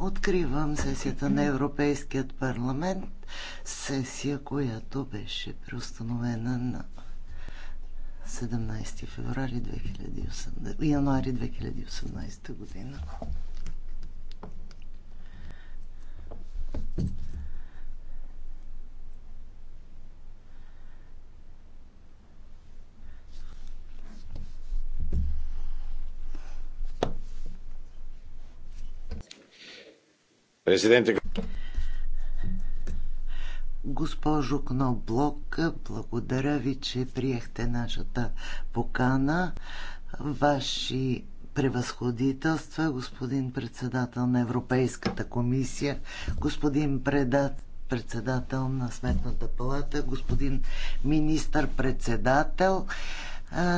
Откривам сесията на Европейският парламент, сесия, която беше преустановена на 17 феврари 2018, януари 2018 година. Президенте. Госпожо Кноблок, благодаря ви, че приехте нашата покана. Ваши превъзходителства, господин председател на Европейската комисия, господин предат, председател на Сметната палата, господин министър-председател,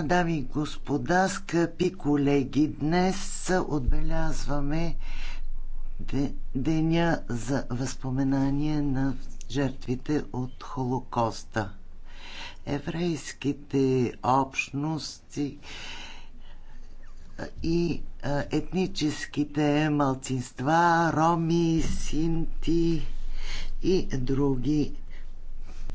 дами и господа, скъпи колеги, днес отбелязваме Деня за възпоменание на жертвите от Холокоста. Еврейските общности и етническите малцинства, роми, синти и други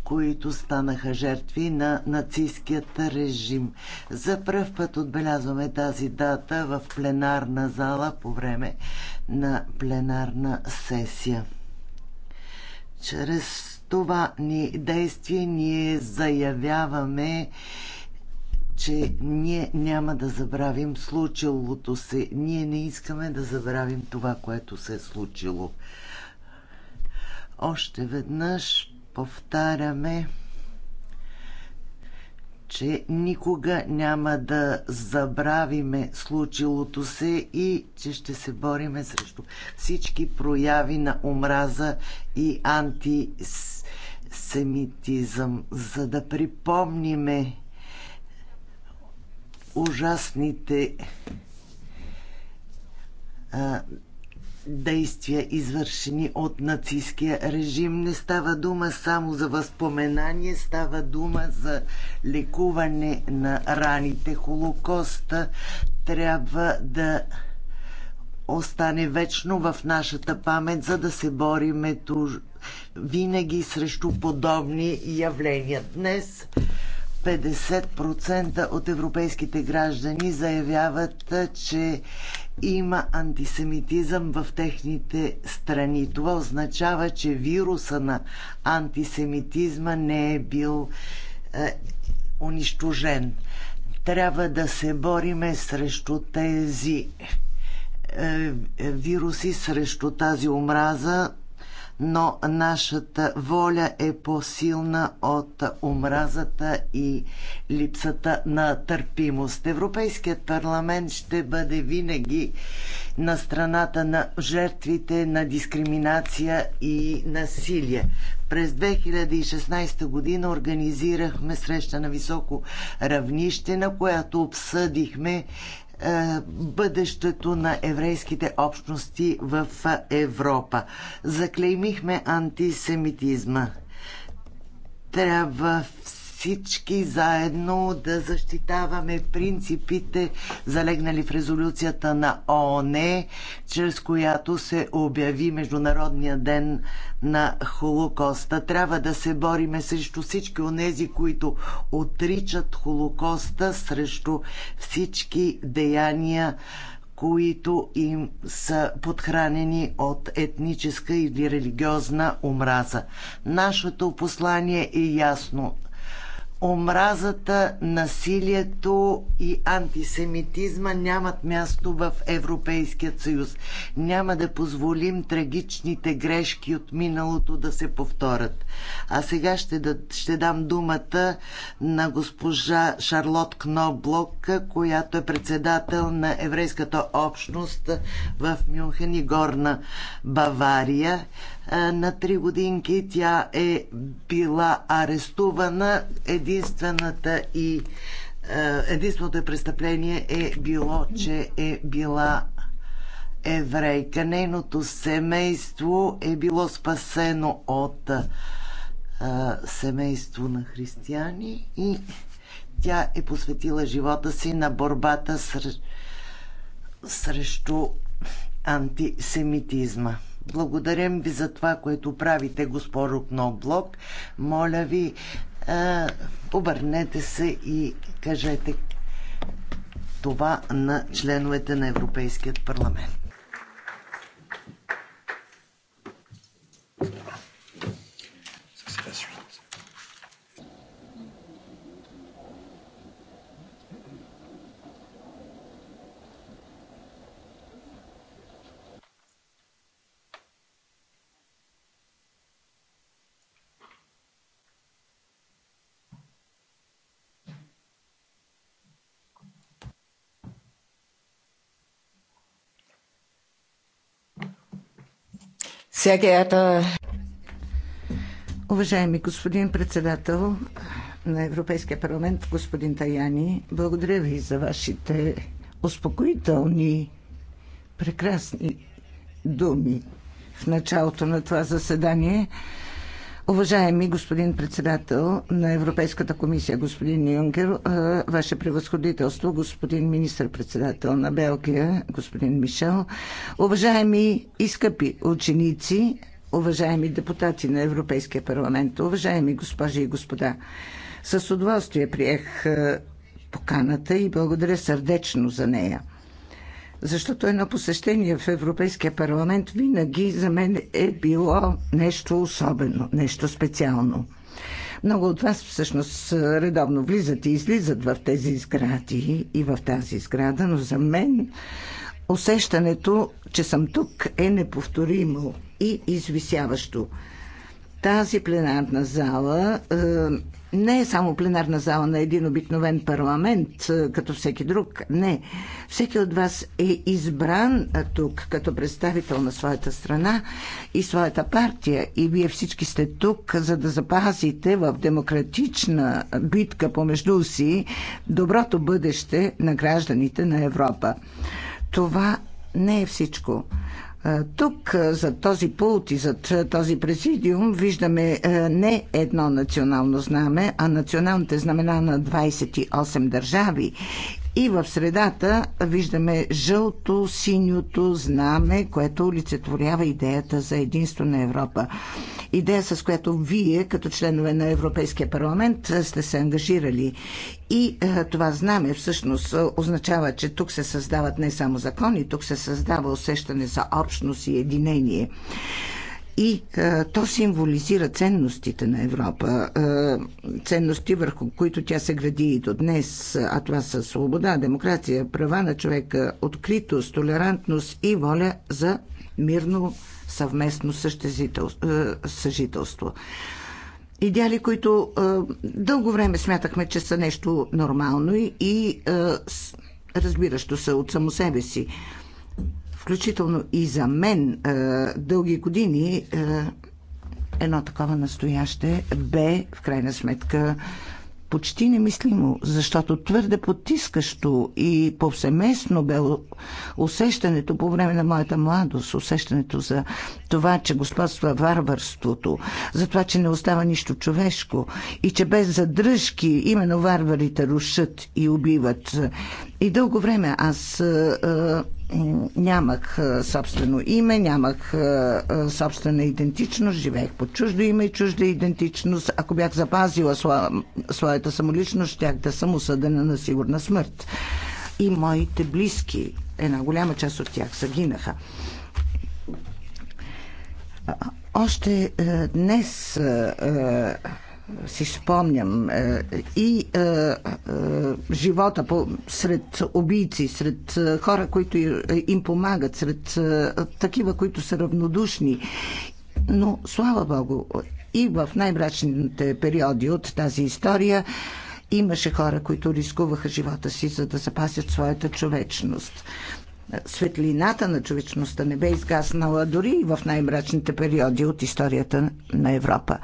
които станаха жертви на нацистският режим. За пръв път отбелязваме тази дата в пленарна зала по време на пленарна сесия. Чрез това ни действие ние заявяваме че ние няма да забравим случилото се. Ние не искаме да забравим това, което се е случило. Още веднъж повтаряме, че никога няма да забравиме случилото се и че ще се бориме срещу всички прояви на омраза и антисемитизъм, за да припомниме ужасните а, действия, извършени от нацистския режим. Не става дума само за възпоменание, става дума за лекуване на раните. Холокоста трябва да остане вечно в нашата памет, за да се бориме туж... винаги срещу подобни явления. Днес 50% от европейските граждани заявяват, че има антисемитизъм в техните страни. Това означава, че вируса на антисемитизма не е бил е, унищожен. Трябва да се бориме срещу тези е, е вируси, срещу тази омраза но нашата воля е по-силна от омразата и липсата на търпимост. Европейският парламент ще бъде винаги на страната на жертвите на дискриминация и насилие. През 2016 година организирахме среща на високо равнище, на която обсъдихме е, бъдещето на еврейските общности в Европа. Заклеймихме антисемитизма. Трябва всички заедно да защитаваме принципите, залегнали в резолюцията на ООН, чрез която се обяви Международния ден на Холокоста. Трябва да се бориме срещу всички онези, които отричат Холокоста, срещу всички деяния, които им са подхранени от етническа или религиозна омраза. Нашето послание е ясно омразата, насилието и антисемитизма нямат място в Европейският съюз. Няма да позволим трагичните грешки от миналото да се повторят. А сега ще, да, ще дам думата на госпожа Шарлот Кноблок, която е председател на еврейската общност в Мюнхен и Горна Бавария. Е, на три годинки тя е била арестувана. Единствената и е, единственото престъпление е било, че е била еврейка. Нейното семейство е било спасено от е, семейство на християни и тя е посветила живота си на борбата срещу антисемитизма. Благодарим ви за това, което правите, госпожо Кноблок. Моля ви, обърнете се и кажете това на членовете на Европейският парламент. Sehr geehrter Уважаеми господин председател на Европейския парламент, господин Таяни, благодаря ви за вашите успокоителни, прекрасни думи в началото на това заседание. Уважаеми господин председател на Европейската комисия, господин Юнкер, ваше превъзходителство, господин министр-председател на Белгия, господин Мишел, уважаеми и скъпи ученици, уважаеми депутати на Европейския парламент, уважаеми госпожи и господа, с удоволствие приех поканата и благодаря сърдечно за нея защото едно посещение в Европейския парламент винаги за мен е било нещо особено, нещо специално. Много от вас всъщност редовно влизат и излизат в тези сгради и в тази сграда, но за мен усещането, че съм тук е неповторимо и извисяващо. Тази пленарна зала е, не е само пленарна зала на един обикновен парламент, е, като всеки друг. Не. Всеки от вас е избран е, тук като представител на своята страна и своята партия. И вие всички сте тук, за да запазите в демократична битка помежду си доброто бъдеще на гражданите на Европа. Това не е всичко. Тук, за този пулт и за този президиум, виждаме не едно национално знаме, а националните знамена на 28 държави. И в средата виждаме жълто-синьото знаме, което олицетворява идеята за единство на Европа. Идея, с която вие, като членове на Европейския парламент, сте се ангажирали. И е, това знаме всъщност е, означава, че тук се създават не само закони, тук се създава усещане за общност и единение и а, то символизира ценностите на Европа, а, ценности върху които тя се гради и до днес, а това са свобода, демокрация, права на човека, откритост, толерантност и воля за мирно съвместно съжителство. Идеали, които а, дълго време смятахме, че са нещо нормално и, и а, разбиращо се от само себе си включително и за мен, е, дълги години е, едно такова настояще бе, в крайна сметка, почти немислимо, защото твърде потискащо и повсеместно бе усещането по време на моята младост, усещането за това, че господства варварството, за това, че не остава нищо човешко и че без задръжки именно варварите рушат и убиват. И дълго време аз е, нямах собствено име, нямах собствена идентичност, живеех под чуждо име и чужда идентичност. Ако бях запазила своята самоличност, щях да съм осъдена на сигурна смърт. И моите близки, една голяма част от тях загинаха. Още днес си спомням, е, и е, е, живота по, сред убийци, сред е, хора, които е, им помагат, сред е, такива, които са равнодушни. Но, слава Богу, и в най-мрачните периоди от тази история имаше хора, които рискуваха живота си, за да запасят своята човечност светлината на човечността не бе изгаснала дори и в най-мрачните периоди от историята на Европа.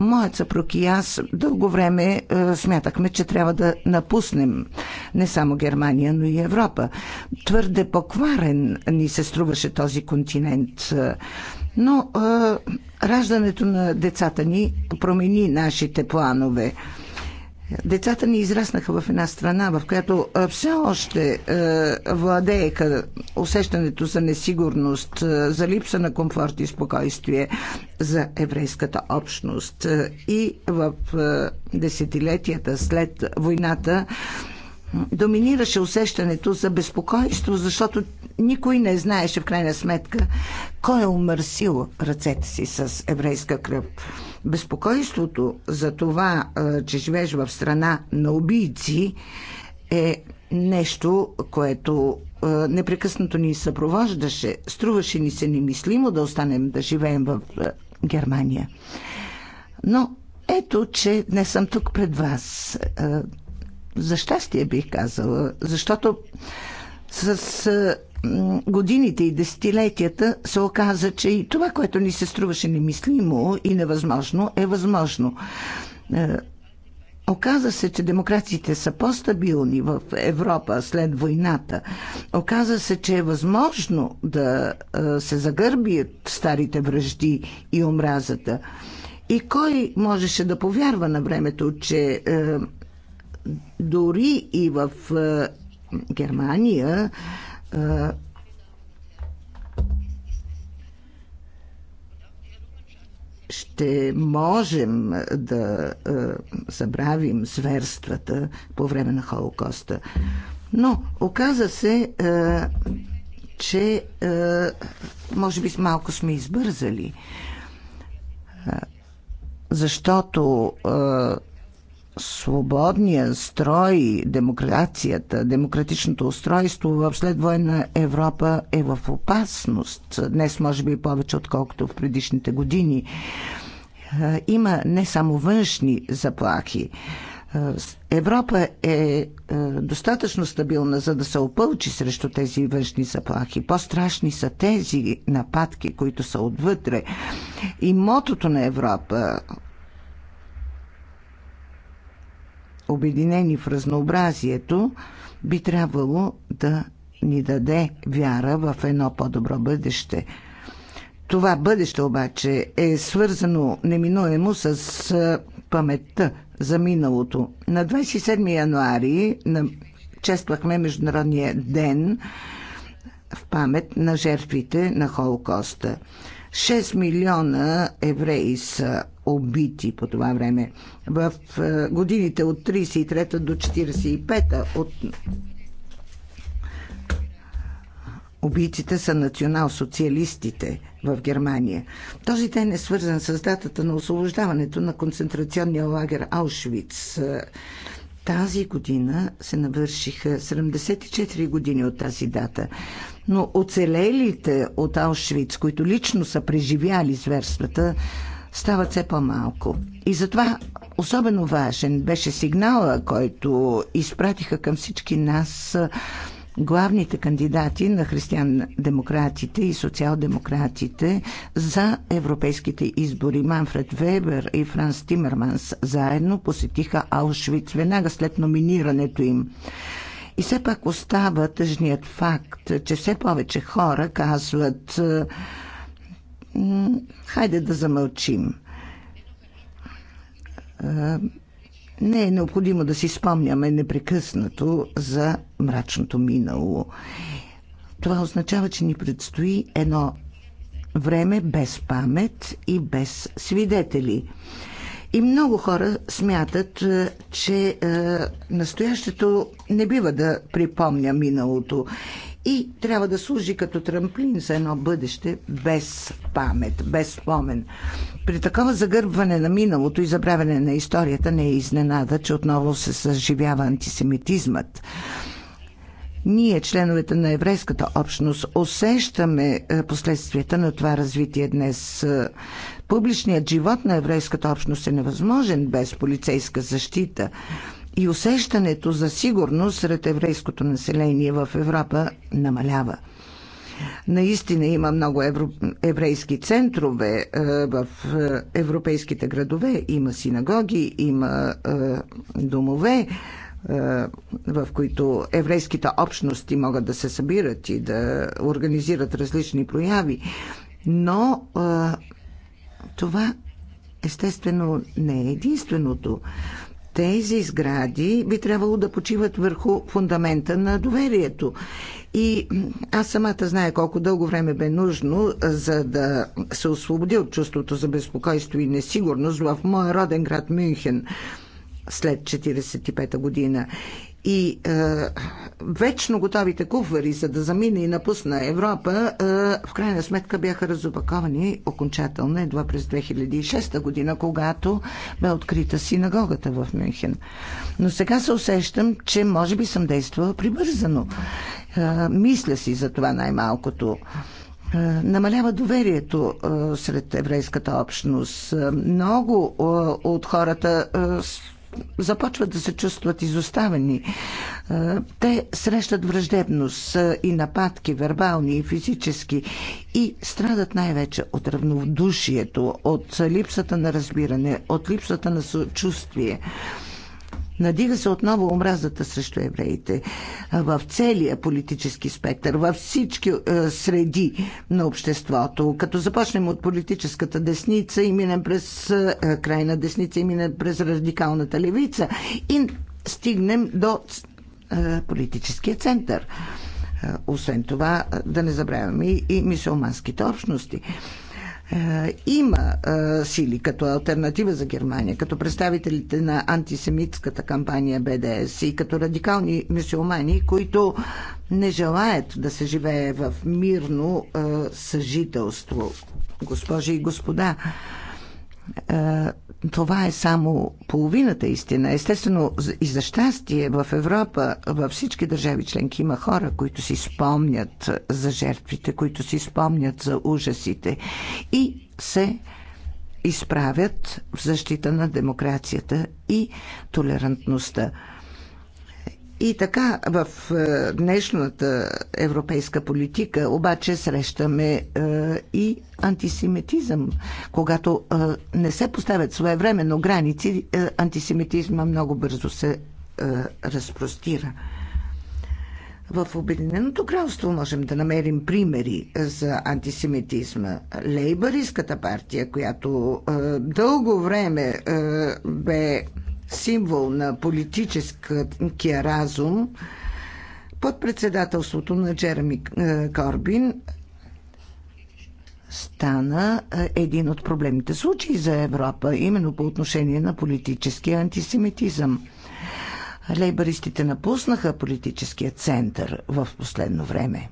Моят съпруг и аз дълго време е, смятахме, че трябва да напуснем не само Германия, но и Европа. Твърде покварен ни се струваше този континент. Но е, раждането на децата ни промени нашите планове. Децата ни израснаха в една страна, в която все още владееха усещането за несигурност, за липса на комфорт и спокойствие за еврейската общност. И в десетилетията след войната доминираше усещането за безпокойство, защото никой не знаеше в крайна сметка кой е умърсил ръцете си с еврейска кръв. Безпокойството за това, че живееш в страна на убийци, е нещо, което непрекъснато ни съпровождаше. Струваше ни се немислимо да останем да живеем в Германия. Но ето, че днес съм тук пред вас за щастие бих казала, защото с годините и десетилетията се оказа, че и това, което ни се струваше немислимо и невъзможно, е възможно. Е, оказа се, че демокрациите са по-стабилни в Европа след войната. Оказа се, че е възможно да е, се загърбият старите връжди и омразата. И кой можеше да повярва на времето, че е, дори и в е, Германия е, ще можем да е, забравим зверствата по време на Холокоста. Но оказа се, че може би малко сме избързали, защото свободния строй, демокрацията, демократичното устройство в следвоенна Европа е в опасност. Днес може би повече отколкото в предишните години. Е, има не само външни заплахи. Е, Европа е, е достатъчно стабилна, за да се опълчи срещу тези външни заплахи. По-страшни са тези нападки, които са отвътре. И мотото на Европа обединени в разнообразието, би трябвало да ни даде вяра в едно по-добро бъдеще. Това бъдеще обаче е свързано неминуемо с паметта за миналото. На 27 януари чествахме Международния ден в памет на жертвите на Холокоста. 6 милиона евреи са убити по това време. В е, годините от 33 до 45 от Убийците са национал-социалистите в Германия. Този ден е свързан с датата на освобождаването на концентрационния лагер Аушвиц. Тази година се навършиха 74 години от тази дата. Но оцелелите от Аушвиц, които лично са преживяли зверствата, стават все по-малко. И затова особено важен беше сигнала, който изпратиха към всички нас главните кандидати на християн-демократите и социал-демократите за европейските избори. Манфред Вебер и Франс Тимерманс заедно посетиха Аушвиц веднага след номинирането им. И все пак остава тъжният факт, че все повече хора казват хайде да замълчим. Не е необходимо да си спомняме непрекъснато за мрачното минало. Това означава, че ни предстои едно време без памет и без свидетели. И много хора смятат, че настоящето не бива да припомня миналото и трябва да служи като трамплин за едно бъдеще без памет, без спомен. При такова загърбване на миналото и забравяне на историята не е изненада, че отново се съживява антисемитизмът. Ние, членовете на еврейската общност, усещаме е, последствията на това развитие днес. Е, публичният живот на еврейската общност е невъзможен без полицейска защита и усещането за сигурност сред еврейското население в Европа намалява. Наистина има много евро... еврейски центрове е, в е, европейските градове. Има синагоги, има е, домове, в които еврейските общности могат да се събират и да организират различни прояви. Но това естествено не е единственото тези сгради би трябвало да почиват върху фундамента на доверието. И аз самата знае колко дълго време бе нужно, за да се освободи от чувството за безпокойство и несигурност в моя роден град Мюнхен след 1945 година и е, вечно готовите куфари, за да замине и напусна Европа, е, в крайна сметка бяха разопаковани окончателно едва през 2006 година, когато бе открита синагогата в Мюнхен. Но сега се усещам, че може би съм действала прибързано. Е, мисля си за това най-малкото е, намалява доверието е, сред еврейската общност. Е, много от хората започват да се чувстват изоставени. Е, те срещат враждебност е, и нападки, вербални и физически, и страдат най-вече от равнодушието, от липсата на разбиране, от липсата на съчувствие. Надига се отново омразата срещу евреите в целия политически спектър, във всички е, среди на обществото. Като започнем от политическата десница и минем през е, крайна десница и минем през радикалната левица и стигнем до е, политическия център. Освен това, да не забравяме и мисулманските общности. Е, има е, сили като альтернатива за Германия, като представителите на антисемитската кампания БДС и като радикални мусулмани, които не желаят да се живее в мирно е, съжителство. Госпожи и господа, това е само половината истина. Естествено, и за щастие в Европа, във всички държави членки има хора, които си спомнят за жертвите, които си спомнят за ужасите и се изправят в защита на демокрацията и толерантността. И така в е, днешната европейска политика обаче срещаме е, и антисемитизъм. Когато е, не се поставят своевременно граници, антисемитизма много бързо се разпростира. В Обединеното кралство можем да намерим примери за антисемитизма. Лейбористската партия, която дълго време бе символ на политическия разум под председателството на Джереми е, Корбин стана е, един от проблемните случаи за Европа, именно по отношение на политическия антисемитизъм. Лейбаристите напуснаха политическия център в последно време.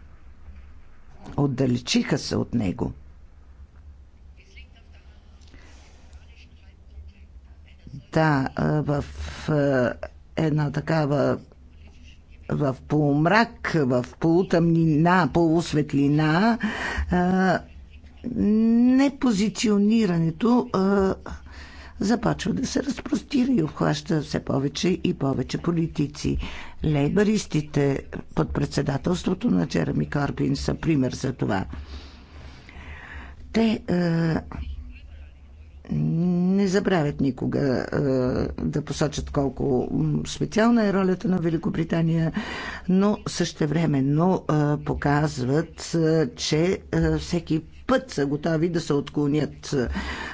Отдалечиха се от него – неща в една такава в полумрак, в полутъмнина, полусветлина, непозиционирането започва да се разпростира и обхваща все повече и повече политици. Лейбаристите под председателството на Джереми Корбин са пример за това. Те е, не забравят никога да посочат колко специална е ролята на Великобритания, но същевременно показват, че всеки път са готови да се отклонят.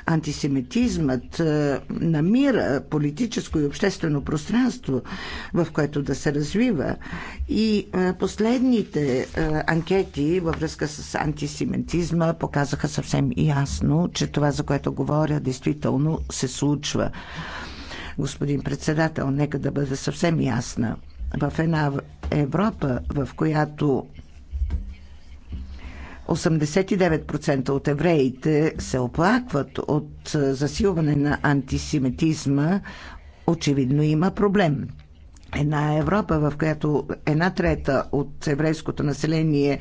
Антисемитизмът е, намира политическо и обществено пространство, в което да се развива. И е, последните е, анкети във връзка с антисемитизма показаха съвсем ясно, че това, за което говоря, действително се случва. Господин председател, нека да бъде съвсем ясна в една Европа, в която 89% от евреите се оплакват от засилване на антисемитизма. Очевидно има проблем. Една Европа, в която една трета от еврейското население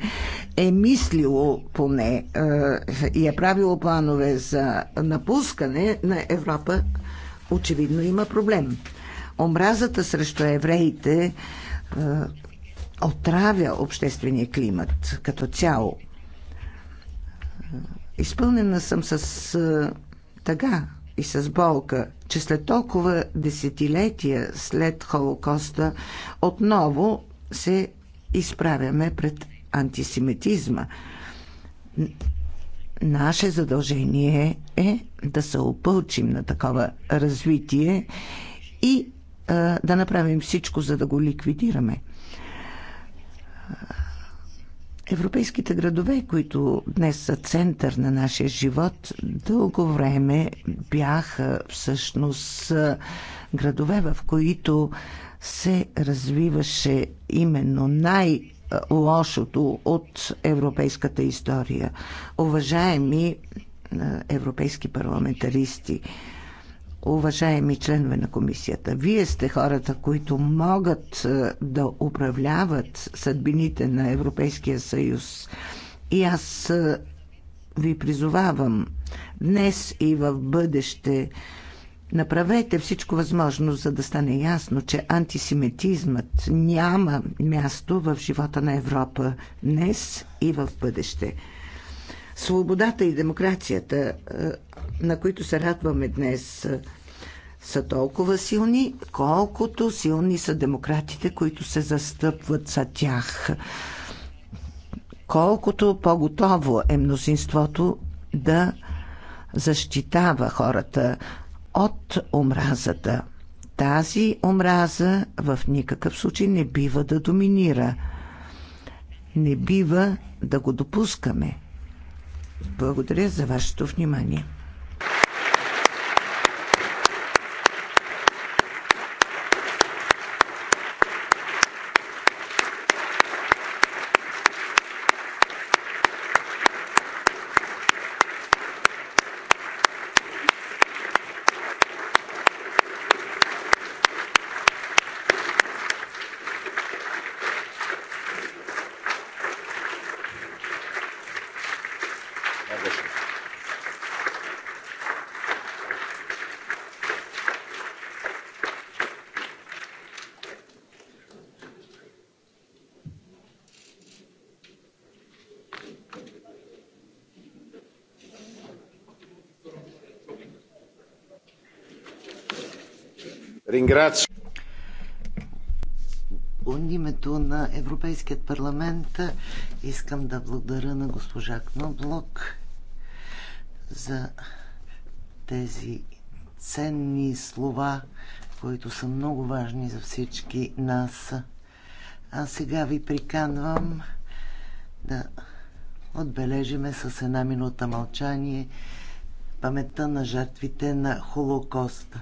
е мислило поне и е правило планове за напускане на Европа, очевидно има проблем. Омразата срещу евреите отравя обществения климат като цяло. Изпълнена съм с тъга и с болка, че след толкова десетилетия след Холокоста отново се изправяме пред антисемитизма. Наше задължение е да се опълчим на такова развитие и а, да направим всичко, за да го ликвидираме. Европейските градове, които днес са център на нашия живот, дълго време бяха всъщност градове, в които се развиваше именно най- лошото от европейската история. Уважаеми европейски парламентаристи, уважаеми членове на комисията, вие сте хората, които могат е, да управляват съдбините на Европейския съюз. И аз е, ви призовавам днес и в бъдеще направете всичко възможно, за да стане ясно, че антисемитизмът няма място в живота на Европа днес и в бъдеще. Свободата и демокрацията, е, на които се радваме днес, са толкова силни, колкото силни са демократите, които се застъпват за тях. Колкото по-готово е мнозинството да защитава хората от омразата. Тази омраза в никакъв случай не бива да доминира. Не бива да го допускаме. Благодаря за вашето внимание. Ringrazio. От името на Европейският парламент искам да благодаря на госпожа Кноблок за тези ценни слова, които са много важни за всички нас. А сега ви приканвам да отбележиме с една минута мълчание паметта на жертвите на Холокоста.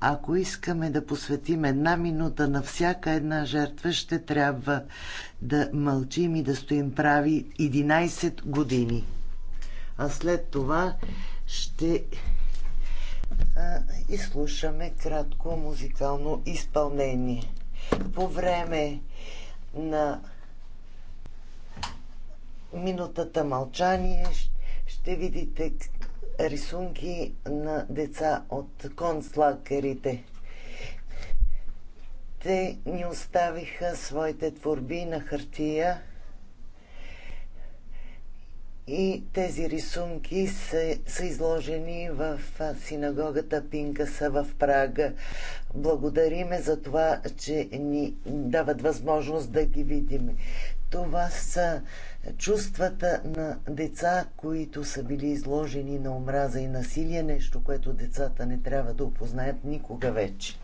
Ако искаме да посветим една минута на всяка една жертва, ще трябва да мълчим и да стоим прави 11 години. А след това ще а, изслушаме кратко музикално изпълнение. По време на минутата мълчание ще видите рисунки на деца от концлагерите. Те ни оставиха своите творби на хартия и тези рисунки са, са изложени в синагогата Пинкаса в Прага. Благодариме за това, че ни дават възможност да ги видим. Това са чувствата на деца, които са били изложени на омраза и насилие, нещо, което децата не трябва да опознаят никога вече.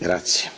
Grazie.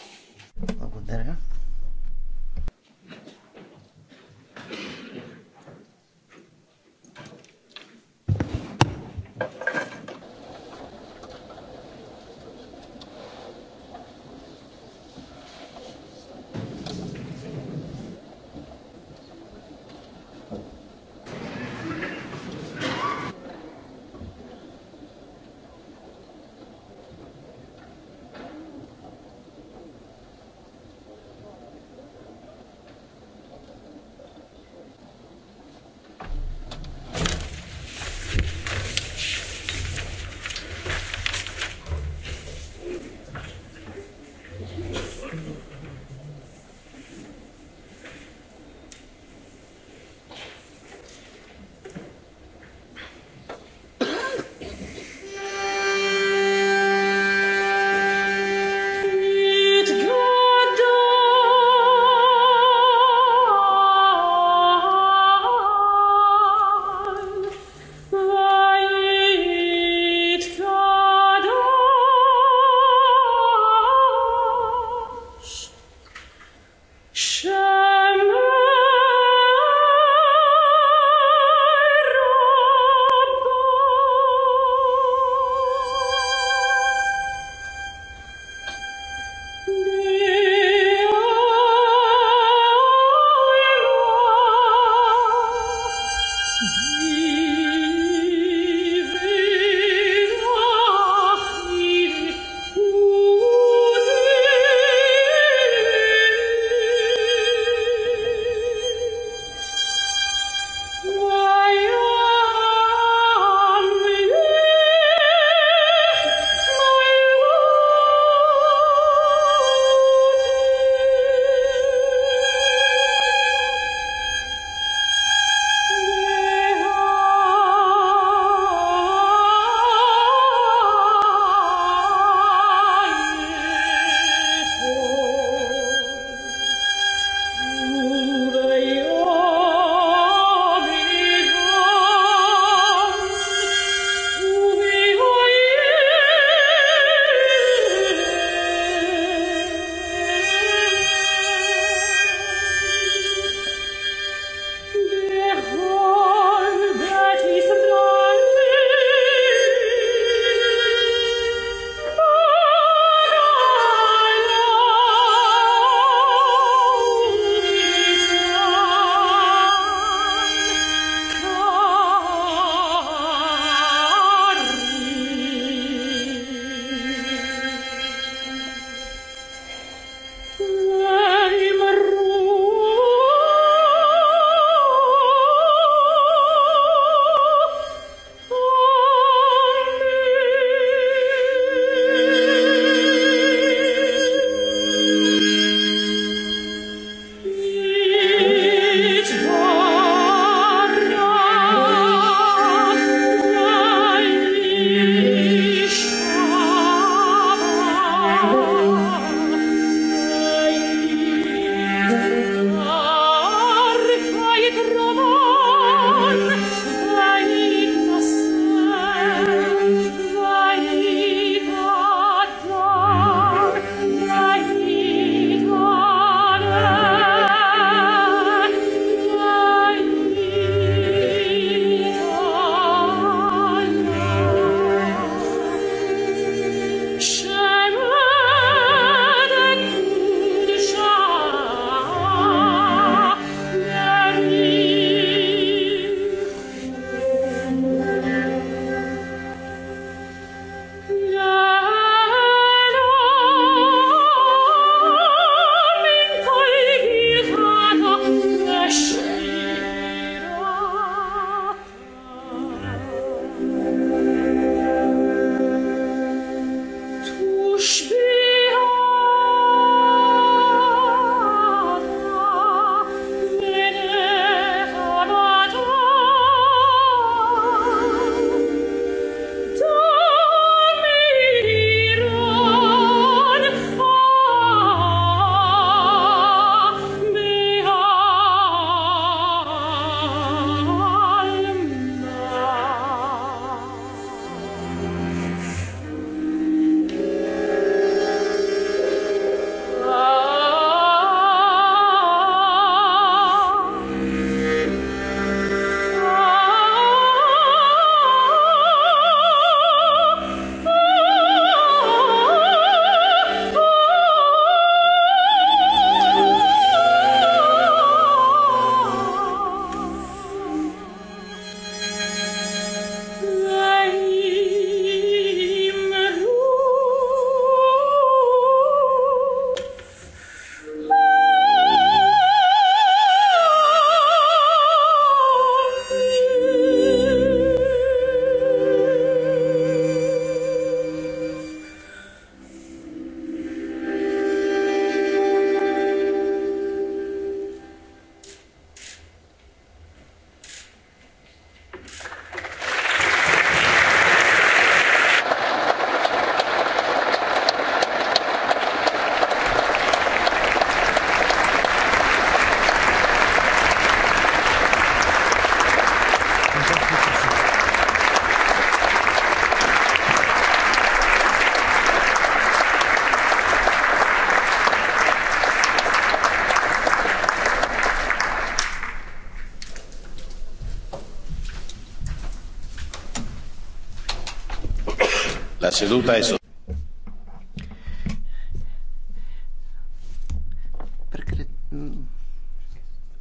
seduta е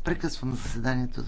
Прекъсвам заседанието.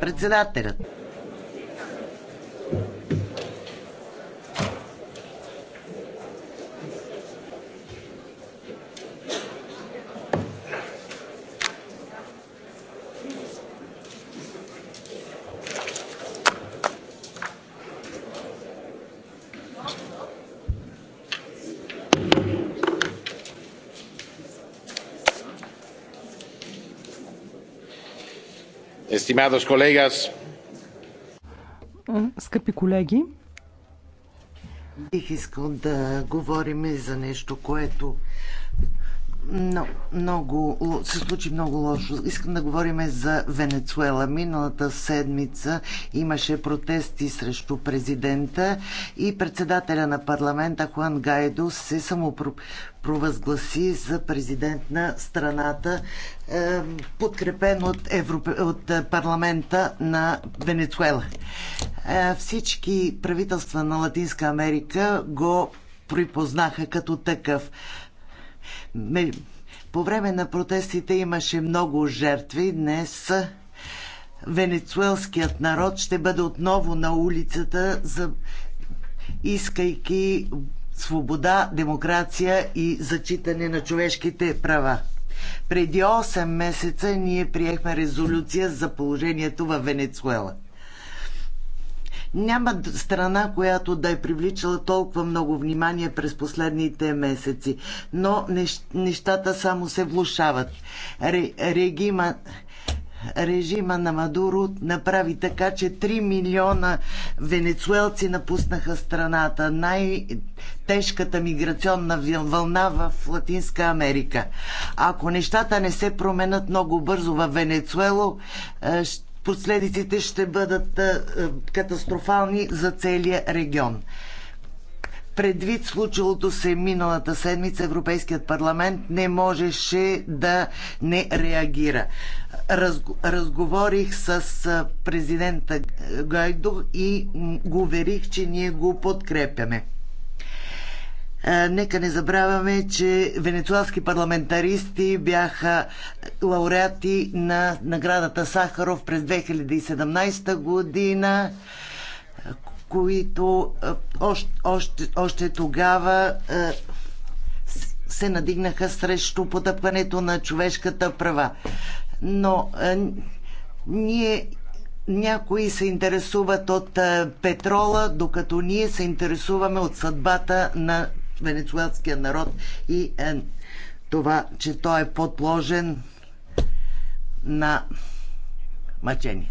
Председателят Estimados колегас. Скъпи колеги, бих искал да говорим за нещо, което много, много, се случи много лошо. Искам да говорим за Венецуела. Миналата седмица имаше протести срещу президента и председателя на парламента Хуан Гайдо се самопровъзгласи за президент на страната е, подкрепен от, Европе, от е, парламента на Венецуела. Е, всички правителства на Латинска Америка го припознаха като такъв. По време на протестите имаше много жертви. Днес венецуелският народ ще бъде отново на улицата, за... искайки свобода, демокрация и зачитане на човешките права. Преди 8 месеца ние приехме резолюция за положението в Венецуела. Няма страна, която да е привличала толкова много внимание през последните месеци, но нещата само се влушават. Регима, режима на Мадуро направи така, че 3 милиона венецуелци напуснаха страната. Най-тежката миграционна вълна в Латинска Америка. Ако нещата не се променят много бързо в Венецуело, е, последиците ще бъдат е, е, катастрофални за целия регион. Предвид случилото се миналата седмица, Европейският парламент не можеше да не реагира разговорих с президента Гайдо и го уверих, че ние го подкрепяме. Нека не забравяме, че венецуалски парламентаристи бяха лауреати на наградата Сахаров през 2017 година, които още, още, още тогава се надигнаха срещу потъпването на човешката права но е, ние някои се интересуват от е, петрола, докато ние се интересуваме от съдбата на венецуелския народ и а, е, това, че той е подложен на мъчение.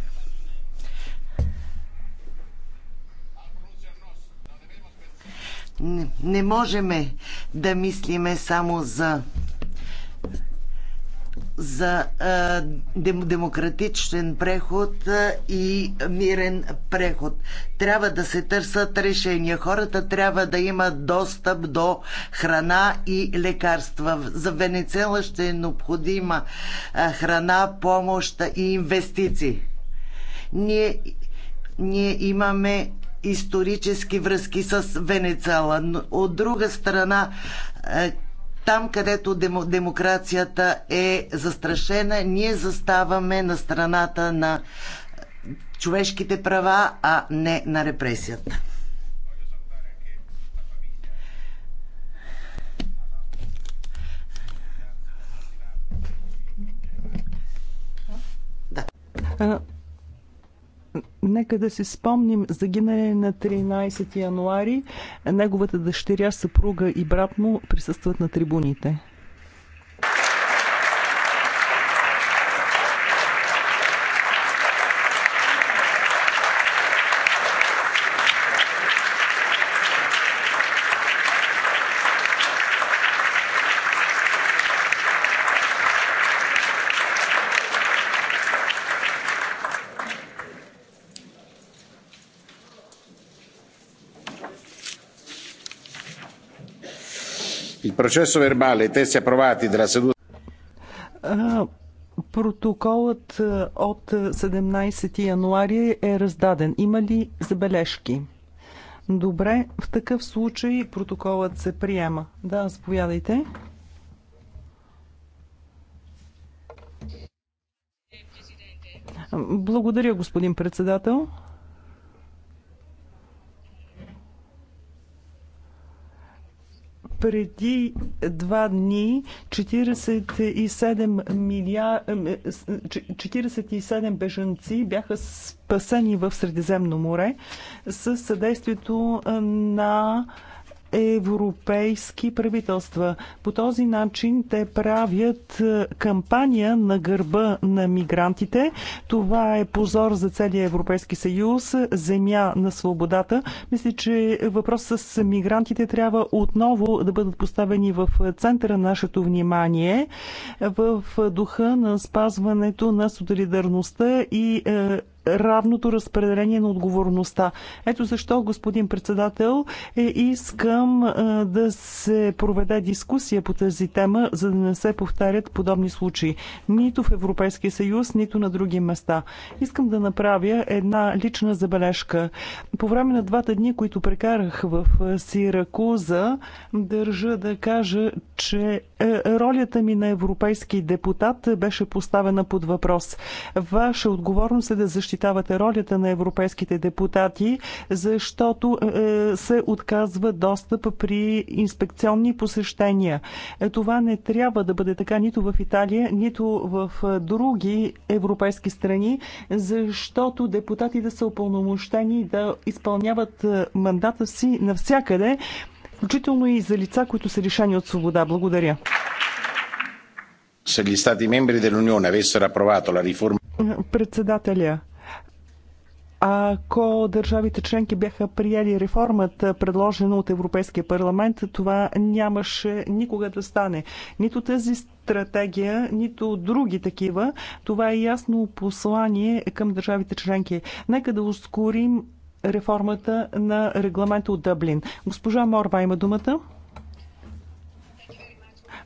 Не, не можем да мислиме само за за демократичен преход и мирен преход. Трябва да се търсят решения. Хората трябва да имат достъп до храна и лекарства. За Венецела ще е необходима храна, помощ и инвестиции. Ние, ние имаме исторически връзки с Венецела. От друга страна, там, където дем, демокрацията е застрашена, ние заставаме на страната на човешките права, а не на репресията. Да. Е, Нека да си спомним загинали на 13 януари. Неговата дъщеря, съпруга и брат му присъстват на трибуните. Processo Те се approvati да seduta. Протоколът от 17 януари е раздаден. Има ли забележки? Добре, в такъв случай протоколът се приема. Да, заповядайте. Благодаря, господин председател. преди два дни 47, милиар... 47 бежанци бяха спасени в Средиземно море с съдействието е, на европейски правителства. По този начин те правят е, кампания на гърба на мигрантите. Това е позор за целия Европейски съюз, земя на свободата. Мисля, че въпросът с мигрантите трябва отново да бъдат поставени в центъра на нашето внимание в духа на спазването на солидарността и е, равното разпределение на отговорността. Ето защо, господин председател, е, искам е, да се проведе дискусия по тази тема, за да не се повтарят подобни случаи. Нито в Европейския съюз, нито на други места. Искам да направя една лична забележка. По време на двата дни, които прекарах в е, Сиракуза, държа да кажа, че е, ролята ми на европейски депутат беше поставена под въпрос. Ваша отговорност е да защитавате ролята на европейските депутати, защото е, се отказва достъп при инспекционни посещения. Е, това не трябва да бъде така нито в Италия, нито в други европейски страни, защото депутатите са упълномощени да изпълняват мандата си навсякъде, включително и за лица, които са лишени от свобода. Благодаря. Председателя, ако държавите членки бяха приели реформата, предложена от Европейския парламент, това нямаше никога да стане. Нито тази стратегия, нито други такива. Това е ясно послание към държавите членки. Нека да ускорим реформата на регламента от Дъблин. Госпожа Морва има думата.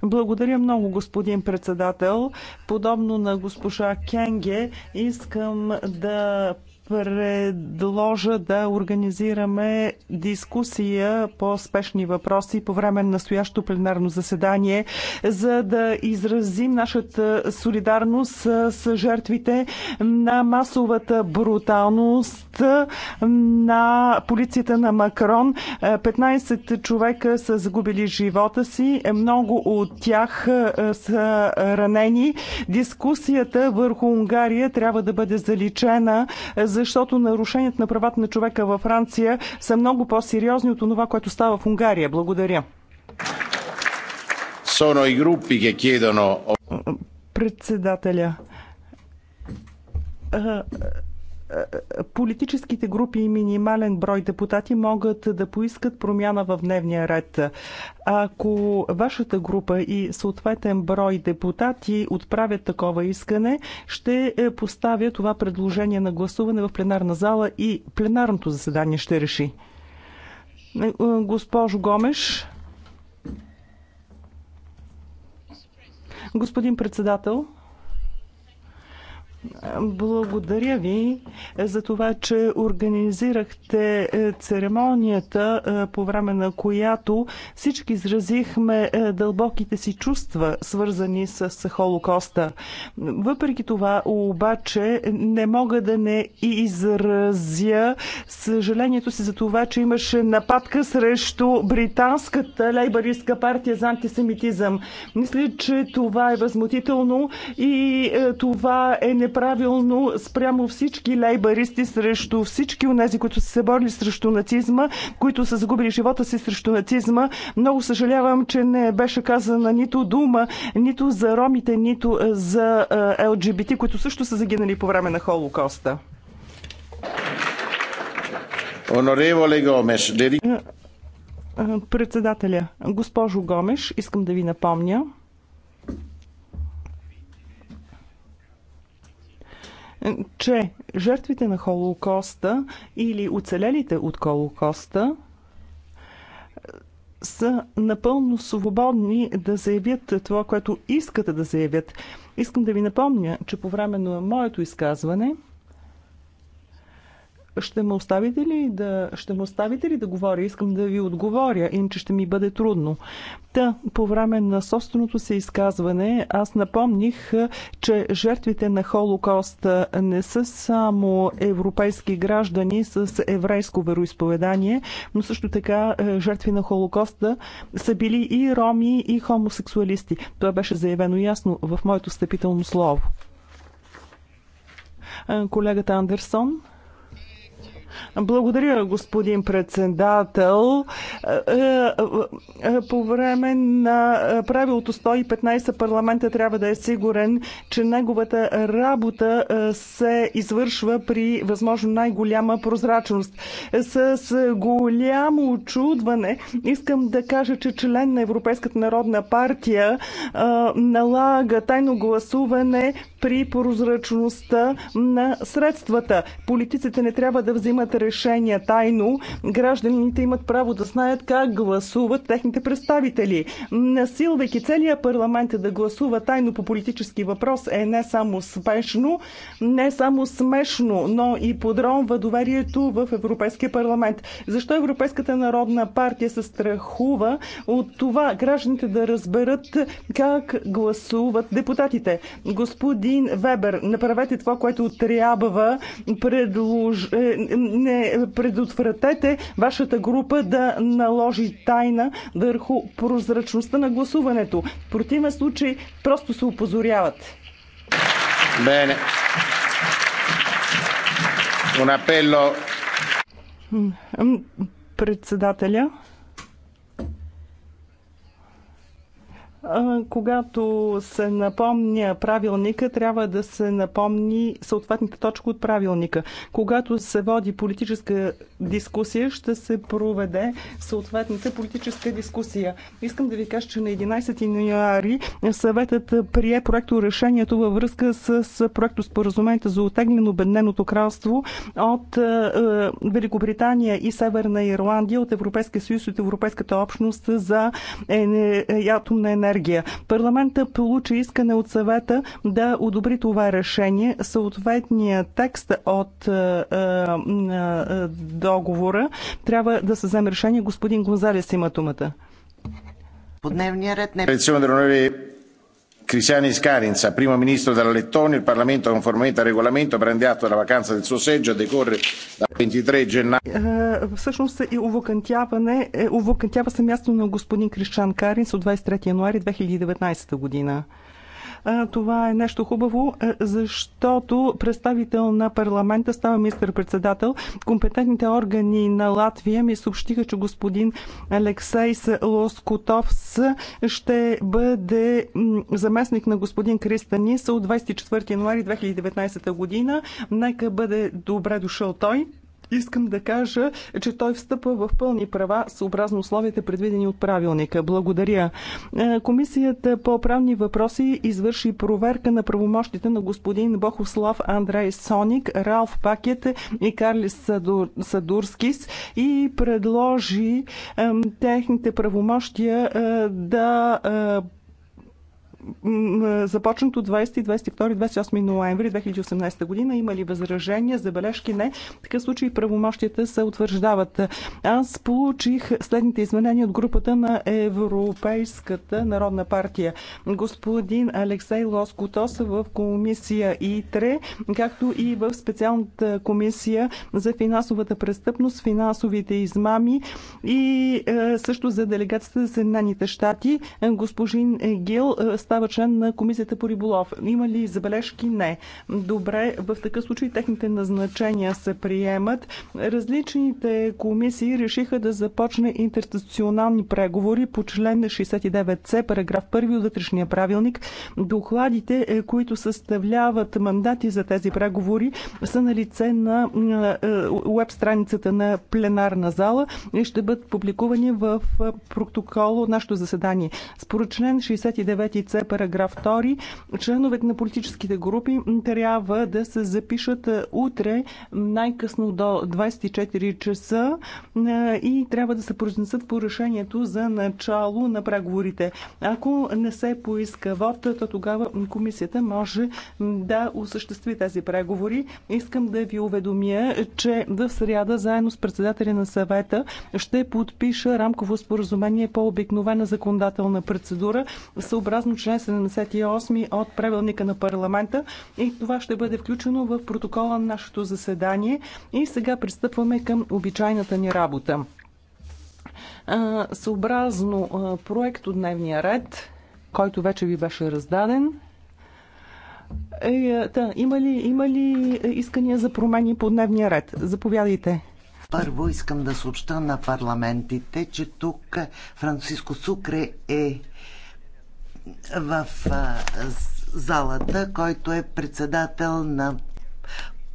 Благодаря много, господин председател. Подобно на госпожа Кенге, искам да предложа да организираме дискусия по спешни въпроси по време на настоящо пленарно заседание, за да изразим нашата солидарност с жертвите на масовата бруталност на полицията на Макрон. 15 човека са загубили живота си, много от тях е, са ранени. Дискусията върху Унгария трябва да бъде заличена, за защото нарушенията на правата на човека във Франция са много по-сериозни от това, което става в Унгария. Благодаря. Председателя политическите групи и минимален брой депутати могат да поискат промяна в дневния ред. Ако вашата група и съответен брой депутати отправят такова искане, ще е, поставя това предложение на гласуване в пленарна зала и пленарното заседание ще реши. Е, е, госпожо Гомеш. Господин председател. Благодаря ви за това, че организирахте е, церемонията, е, по време на която всички изразихме е, дълбоките си чувства, свързани с Холокоста. Въпреки това, обаче, не мога да не изразя съжалението си за това, че имаше нападка срещу британската лейбаристка партия за антисемитизъм. Мисля, че това е възмутително и това е неприятно неправилно спрямо всички лейбаристи, срещу всички от тези, които са се борили срещу нацизма, които са загубили живота си срещу нацизма. Много съжалявам, че не беше казана нито дума, нито за ромите, нито е, за е, ЛГБТ, които също са загинали по време на Холокоста. Онореволе Гомеш, Председателя, госпожо Гомеш, искам да ви напомня, че жертвите на Холокоста или оцелелите от Холокоста са напълно свободни да заявят това, което искат да заявят. Искам да ви напомня, че по време на моето изказване – ще ме оставите ли да, ще ме оставите ли да говоря? Искам да ви отговоря, иначе ще ми бъде трудно. Та, по време на собственото се изказване, аз напомних, е, че жертвите на Холокоста е, не са само европейски граждани с еврейско вероисповедание, но също така е, жертви на Холокоста са били и роми, и хомосексуалисти. Това беше заявено ясно в моето стъпително слово. Колегата Андерсон. Благодаря, господин председател. Е, е, е, по време на правилото 115 парламента трябва да е сигурен, че неговата работа се извършва при възможно най-голяма прозрачност. С голямо очудване искам да кажа, че член на Европейската народна партия налага тайно гласуване при прозрачността на средствата. Политиците не трябва да взимат решения тайно. Гражданите имат право да знаят как гласуват техните представители. Насилвайки целия парламент да гласува тайно по политически въпрос е не само спешно, не само смешно, но и подронва доверието в Европейския парламент. Защо Европейската народна партия се страхува от това гражданите да разберат как гласуват депутатите? Господин Господин Вебер, направете това, което трябва. Предлож... Е, не, предотвратете вашата група да наложи тайна върху прозрачността на гласуването. В противен случай просто се опозоряват. Бене. Un appello. Председателя. когато се напомня правилника, трябва да се напомни съответната точка от правилника. Когато се води политическа дискусия, ще се проведе съответната политическа дискусия. Искам да ви кажа, че на 11 януари съветът прие проекто решението във връзка с проекто споразумението за отегнено бедненото кралство от е, е, Великобритания и Северна Ирландия, от Европейския съюз, от Европейската общност за атомна е, енергия енергия. Парламента получи искане от съвета да одобри това решение. Съответният текст от е, е, е, договора трябва да се вземе решение. Господин Гонзалес има думата. По дневния ред не christianis kariņš primo ministro della lettonia il parlamento conformemente al regolamento prende atto della vacanza del suo seggio a decorrere dal ventitré gennaio. Всъщност се място на господин Кришан Каринс от 23 януари 2019 година. Това е нещо хубаво, защото представител на парламента става министър-председател. Компетентните органи на Латвия ми съобщиха, че господин Алексейс Лоскотовс ще бъде заместник на господин Кристанис от 24 януари 2019 година. Нека бъде добре дошъл той. Искам да кажа, че той встъпва в пълни права съобразно условията, предвидени от правилника. Благодаря. Е, комисията по правни въпроси извърши проверка на правомощите на господин Бохослав Андрей Соник, Ралф Пакет и Карлис Садур... Садурскис и предложи техните правомощия е, да е, започнат от 20, 22, 28 ноември 2018 година. Има ли възражения, забележки? Не. В такъв случай правомощията се утвърждават. Аз получих следните изменения от групата на Европейската народна партия. Господин Алексей Лоскотос в комисия ИТРЕ, както и в специалната комисия за финансовата престъпност, финансовите измами и е, също за делегацията за Съединените щати. Е, господин Гил е, става член на Комисията по риболов. Има ли забележки? Не. Добре, в такъв случай техните назначения се приемат. Различните комисии решиха да започне интерстационални преговори по член 69c, параграф 1 от вътрешния правилник. Докладите, е, които съставляват мандати за тези преговори, са на лице на веб е, е, страницата на пленарна зала и ще бъдат публикувани в протокол от нашето заседание. Според член 69c се параграф 2, членовете на политическите групи трябва да се запишат е, утре най-късно до 24 часа е, и трябва да се произнесат по решението за начало на преговорите. Ако не се поиска вод, то тогава комисията може да осъществи тези преговори. Искам да ви уведомя, че в сряда заедно с председателя на съвета ще подпиша рамково споразумение по обикновена законодателна процедура, съобразно че член 78 от правилника на парламента и това ще бъде включено в протокола на нашето заседание. И сега пристъпваме към обичайната ни работа. Съобразно проект от дневния ред, който вече ви беше раздаден, е, да, има ли, има ли искания за промени по дневния ред? Заповядайте. Първо искам да съобща на парламентите, че тук Франциско Сукре е в залата, който е председател на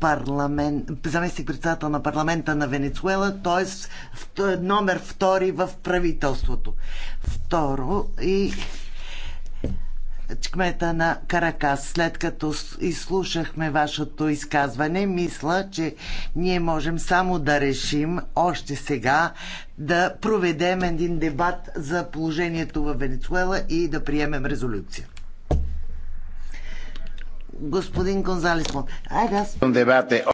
парламент, заместник председател на парламента на Венецуела, т.е. номер втори в правителството. Второ и кмета на Каракас. След като изслушахме вашето изказване, мисля, че ние можем само да решим още сега да проведем един дебат за положението в Венецуела и да приемем резолюция. Господин Гонзалес Айде аз... Е-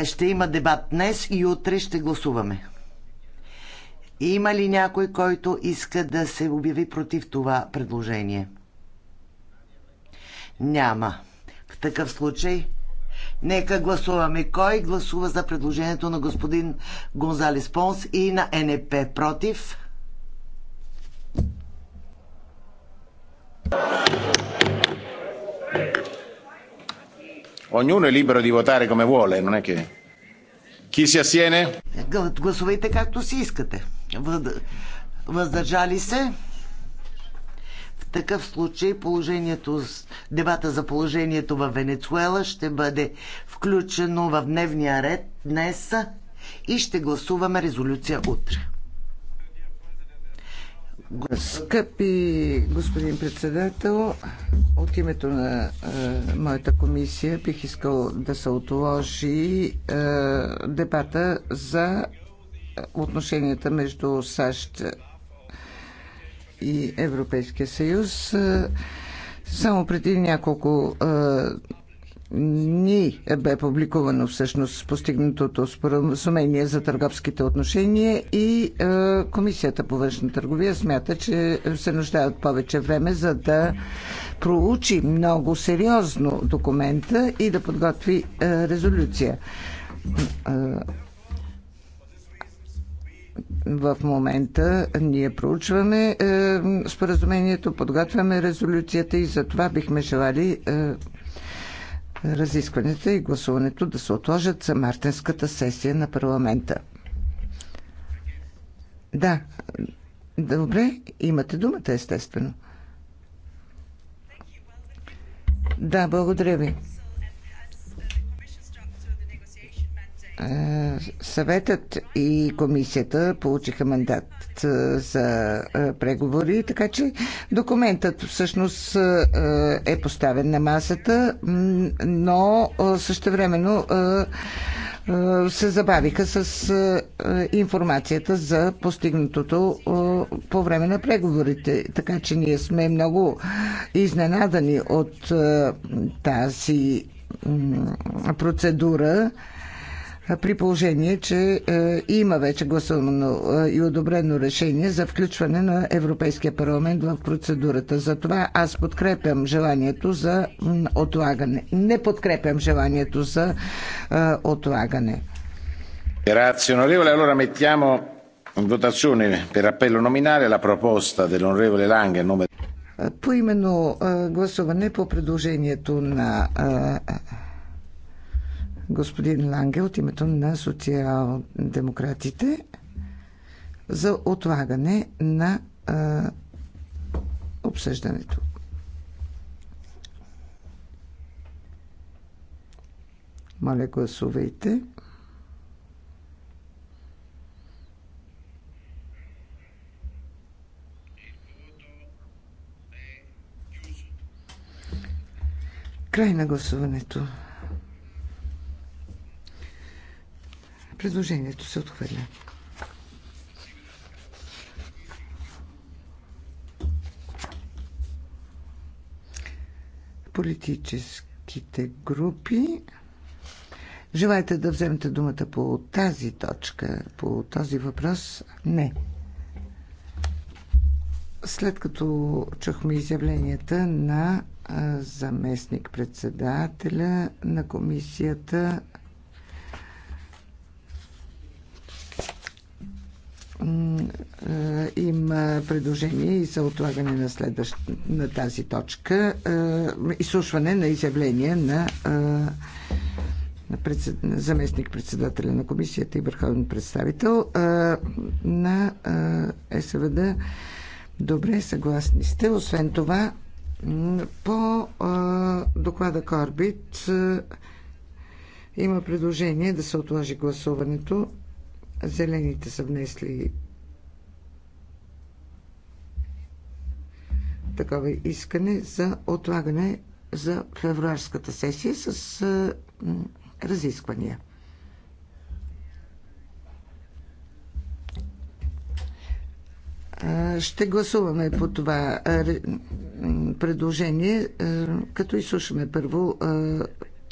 е, ще има дебат днес и утре ще гласуваме. Има ли някой, който иска да се обяви против това предложение? Няма. В такъв случай, нека гласуваме кой гласува за предложението на господин Гонзалес Понс и на НП против. Ognuno è libero di votare come vuole, non è che... Chi si assiene? Гласувайте както си искате въздържали се. В такъв случай положението, дебата за положението в Венецуела ще бъде включено в дневния ред днес и ще гласуваме резолюция утре. Скъпи господин председател, от името на е, моята комисия бих искал да се отложи е, дебата за отношенията между САЩ и Европейския съюз. Само преди няколко дни бе публикувано всъщност постигнатото споразумение за търговските отношения и Комисията по външна търговия смята, че се нуждаят повече време за да проучи много сериозно документа и да подготви резолюция. В момента ние проучваме е, споразумението, подготвяме резолюцията и за това бихме желали е, разискванията и гласуването да се отложат за мартенската сесия на парламента. Да, добре, имате думата, естествено. Да, благодаря ви. съветът и комисията получиха мандат за преговори, така че документът всъщност е поставен на масата, но времено се забавиха с информацията за постигнатото по време на преговорите. Така че ние сме много изненадани от тази процедура при положение, че е, има вече гласувано е, и одобрено решение за включване на Европейския парламент в процедурата. Затова аз подкрепям желанието за отлагане. Не подкрепям желанието за е, отлагане. Grazie onorevole, allora mettiamo in votazione per appello nominale la proposta dell'onorevole Lange Поименно гласуване по предложението на господин Ланге от името на социал-демократите за отлагане на а, обсъждането. Моля, гласувайте. Край на гласуването. Предложението се отхвърля. Политическите групи Желаете да вземете думата по тази точка, по този въпрос? Не. След като чухме изявленията на заместник-председателя на комисията Е, има предложение и за отлагане на, следващ, на тази точка. Е, изслушване на изявление на, е, на председ... заместник-председателя на комисията и върховен представител на СВД. Добре, съгласни сте. Освен това, по доклада Корбит има предложение да се отложи гласуването Зелените са внесли такова искане за отлагане за февруарската сесия с разисквания. Ще гласуваме по това предложение, като изслушаме първо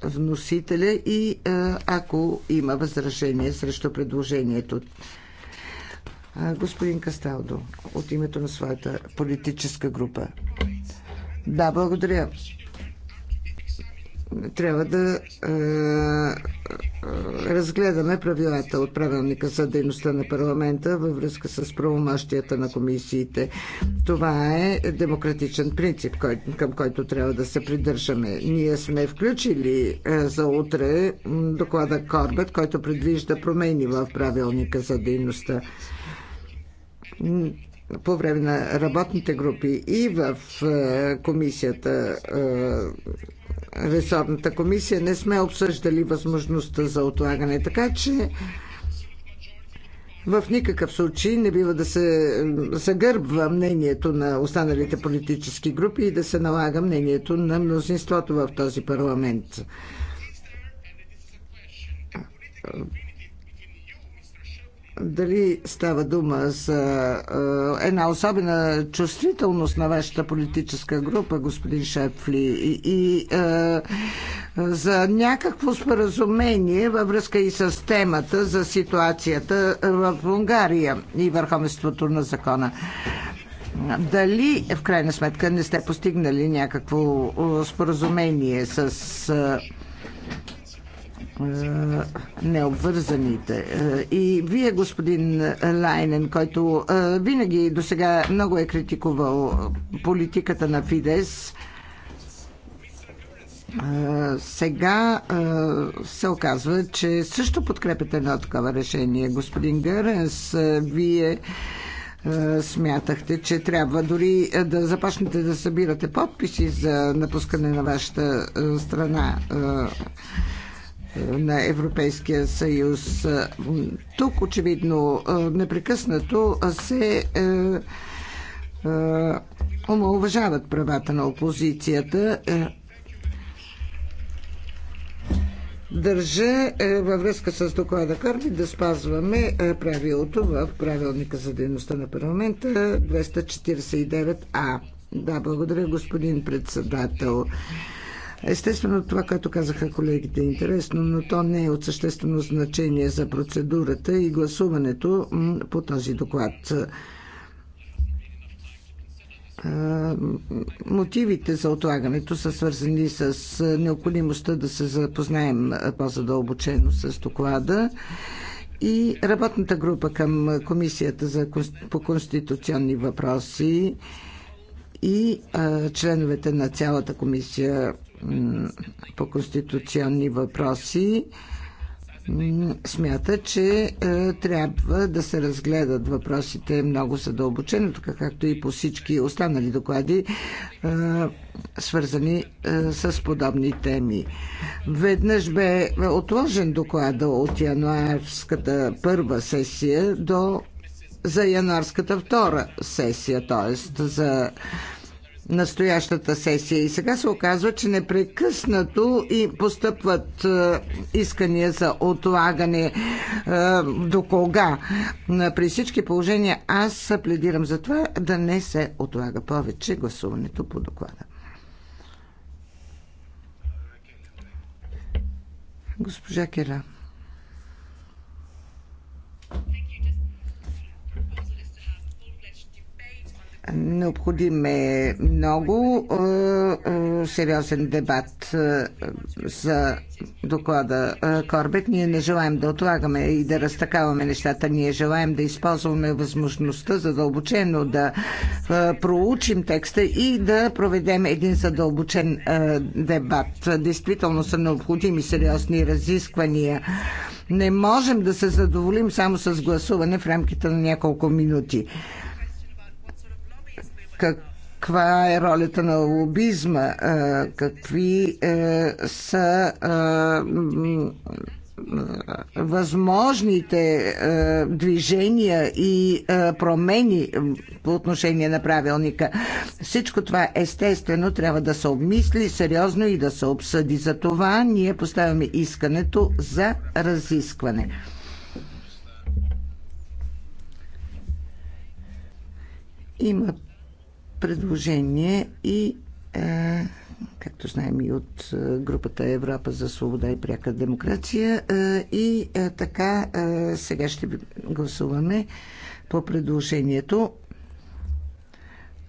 вносителя и е, ако има възражение срещу предложението. Господин Касталдо, от името на своята политическа група. Да, благодаря трябва да е, е, разгледаме правилата от правилника за дейността на парламента във връзка с правомащията на комисиите. Това е демократичен принцип, кой, към който трябва да се придържаме. Ние сме включили е, за утре доклада Корбет, който предвижда промени в правилника за дейността по време на работните групи и в е, комисията е, ресорната комисия не сме обсъждали възможността за отлагане. Така че в никакъв случай не бива да се загърбва мнението на останалите политически групи и да се налага мнението на мнозинството в този парламент дали става дума за е, една особена чувствителност на вашата политическа група, господин Шепфли, и, и е, за някакво споразумение във връзка и с темата за ситуацията в Унгария и върховенството на закона. Дали в крайна сметка не сте постигнали някакво е, споразумение с. Е, е, необвързаните. Е, и вие, господин Лайнен, който е, винаги до сега много е критикувал политиката на Фидес, сега се оказва, че също подкрепяте едно такова решение. Господин Гъренс, вие смятахте, че трябва дори да започнете да събирате подписи за напускане на вашата страна на Европейския съюз. Тук очевидно е, непрекъснато се е, е, омалуважават правата на опозицията. Държа във връзка с доклада Карби да спазваме правилото в правилника за дейността на парламента 249А. Да, благодаря господин председател. Естествено, това, което казаха колегите, е интересно, но то не е от съществено значение за процедурата и гласуването по този доклад. Мотивите за отлагането са свързани с необходимостта да се запознаем по-задълбочено с доклада и работната група към Комисията за, по конституционни въпроси и а, членовете на цялата комисия по конституционни въпроси смята, че е, трябва да се разгледат въпросите много задълбочено, така както и по всички останали доклади, е, свързани е, с подобни теми. Веднъж бе отложен доклада от януарската първа сесия до за януарската втора сесия, т.е. за настоящата сесия. И сега се оказва, че непрекъснато и постъпват е, искания за отлагане е, до кога. При всички положения аз пледирам за това да не се отлага повече гласуването по доклада. Госпожа Кера. Необходим е много е, е, сериозен дебат е, за доклада Корбет. Ние не желаем да отлагаме и да разтакаваме нещата. Ние желаем да използваме възможността задълбочено да проучим текста и да проведем един задълбочен дебат. Действително са необходими сериозни разисквания. Не можем да се задоволим само с гласуване в рамките на няколко минути каква е ролята на лобизма, какви е, са възможните движения и промени по отношение на правилника. Всичко това естествено трябва да се обмисли сериозно и да се обсъди. За това ние поставяме искането за разискване. Има предложение и е, както знаем и от е, групата Европа за свобода и пряка демокрация. Е, и така сега ще гласуваме по предложението.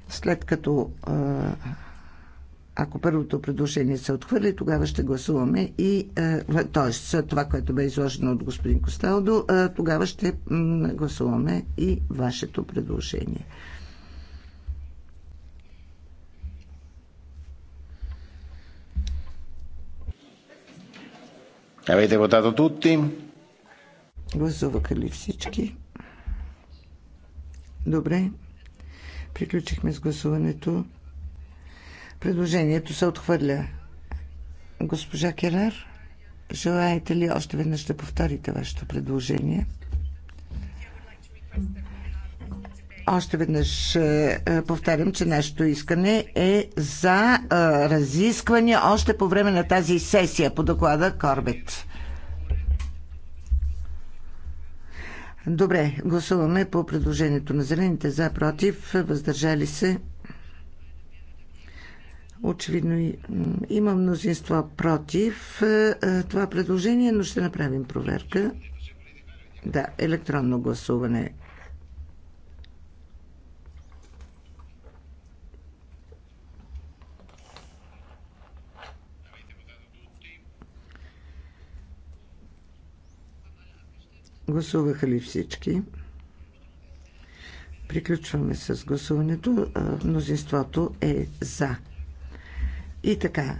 След като ако първото предложение се отхвърли, тогава ще гласуваме и, т.е. това, което бе изложено от господин Косталдо, тогава ще гласуваме и вашето предложение. Avete votato tutti? Гласуваха ли всички? Добре. Приключихме с гласуването. Предложението се отхвърля. Госпожа Керар, желаете ли още веднъж да повторите вашето предложение? Още веднъж е, е, повтарям, че нашето искане е за е, разискване още по време на тази сесия по доклада Корбет. Добре, гласуваме по предложението на зелените за, против, въздържали се. Очевидно има мнозинство против това предложение, но ще направим проверка. Да, електронно гласуване Гласуваха ли всички? Приключваме с гласуването. Мнозинството е за. И така,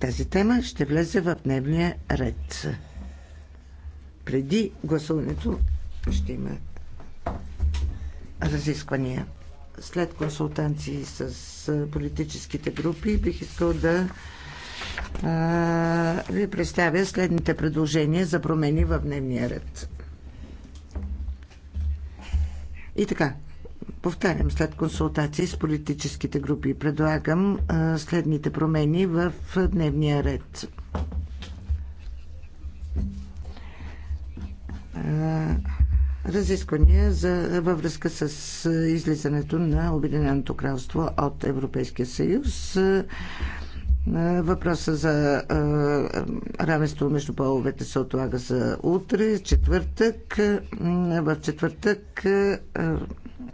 тази тема ще влезе в дневния ред. Преди гласуването ще има разисквания. След консултанции с политическите групи бих искал да ви представя следните предложения за промени в дневния ред. И така, повтарям, след консултации с политическите групи, предлагам следните промени в дневния ред. разисквания за, във връзка с излизането на Обединеното кралство от Европейския съюз. Въпроса за равенство между половете се отлага за утре, четвъртък. В четвъртък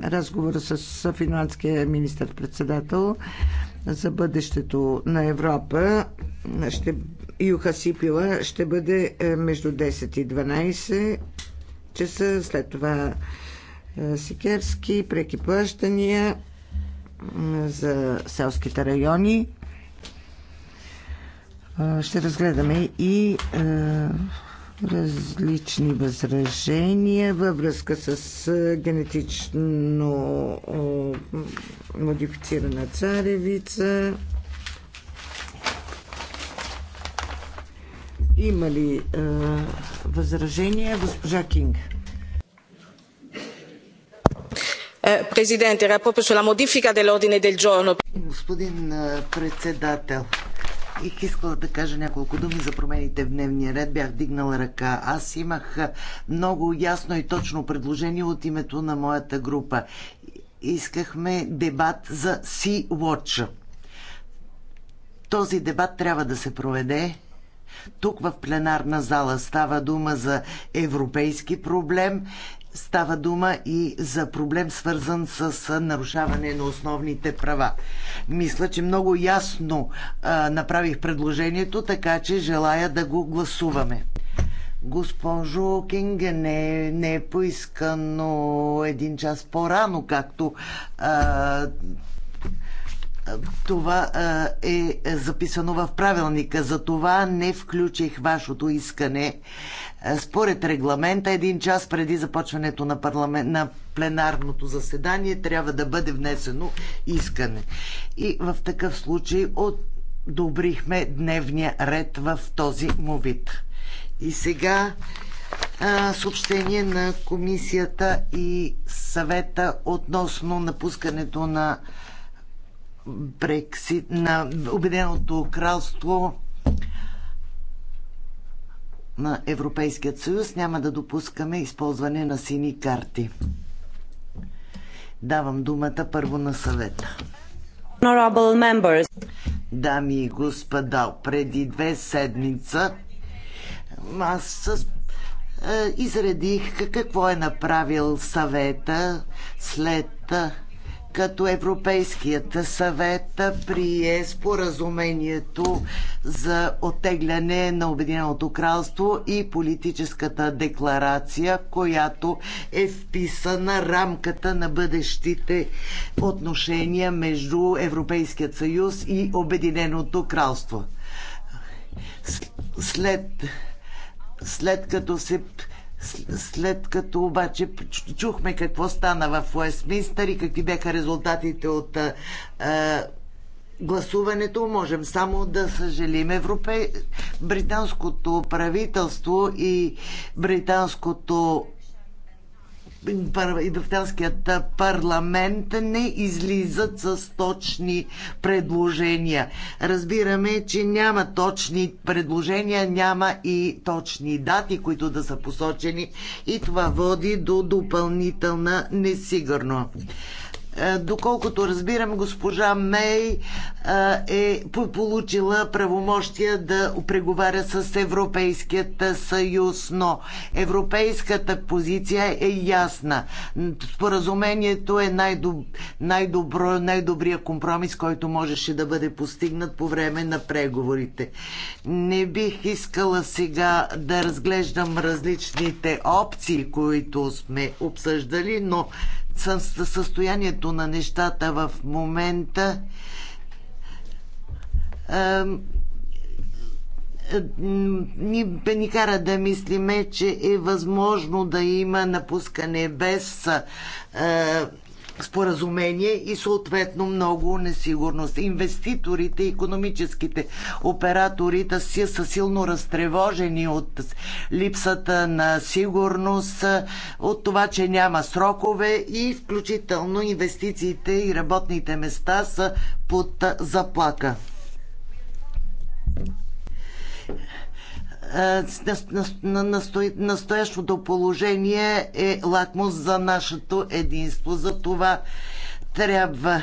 разговора с финландския министр-председател за бъдещето на Европа ще, Юха Сипила ще бъде е, между 10 и 12 часа. След това е, Сикерски, преки плащания за селските райони ще разгледаме и различни възражения във връзка с генетично модифицирана царевица. Има ли възражения, госпожа Кинг? Е, Президент, era proprio sulla modifica Господин председател, Бих искала да кажа няколко думи за промените в дневния ред. Бях дигнала ръка. Аз имах много ясно и точно предложение от името на моята група. Искахме дебат за Sea-Watch. Този дебат трябва да се проведе тук в пленарна зала става дума за европейски проблем става дума и за проблем свързан с нарушаване на основните права. Мисля, че много ясно а, направих предложението, така че желая да го гласуваме. Госпожо Кинге, не, не е поискано един час по-рано, както а, това а, е записано в правилника. За това не включих вашето искане според регламента, един час преди започването на, парламент, на пленарното заседание трябва да бъде внесено искане. И в такъв случай одобрихме дневния ред в този му вид. И сега а, съобщение на комисията и съвета относно напускането на Брексит, на Обединеното кралство на Европейският съюз няма да допускаме използване на сини карти. Давам думата първо на съвета. Дами и господа, преди две седмица аз с е, изредих какво е направил съвета след е, като Европейският съвет прие споразумението за оттегляне на Обединеното кралство и политическата декларация, в която е вписана рамката на бъдещите отношения между Европейският съюз и Обединеното кралство. След, след като се след като обаче чухме какво стана в Уестминстър и какви бяха резултатите от а, а, гласуването, можем само да съжалим. Европе... Британското правителство и британското и в Италският парламент не излизат с точни предложения. Разбираме, че няма точни предложения, няма и точни дати, които да са посочени и това води до допълнителна несигурност. Е, доколкото разбирам, госпожа Мей е, е получила правомощия да преговаря с Европейският съюз, но европейската позиция е ясна. Споразумението е най най-добро най-добрия компромис, който можеше да бъде постигнат по време на преговорите. Не бих искала сега да разглеждам различните опции, които сме обсъждали, но състоянието на нещата в момента ни, ни кара да мислиме, че е възможно да има напускане без споразумение и съответно много несигурност. Инвеститорите, економическите оператори си са силно разтревожени от липсата на сигурност, от това, че няма срокове и включително инвестициите и работните места са под заплака. Е, настоящото положение е лакмус за нашето единство. За това трябва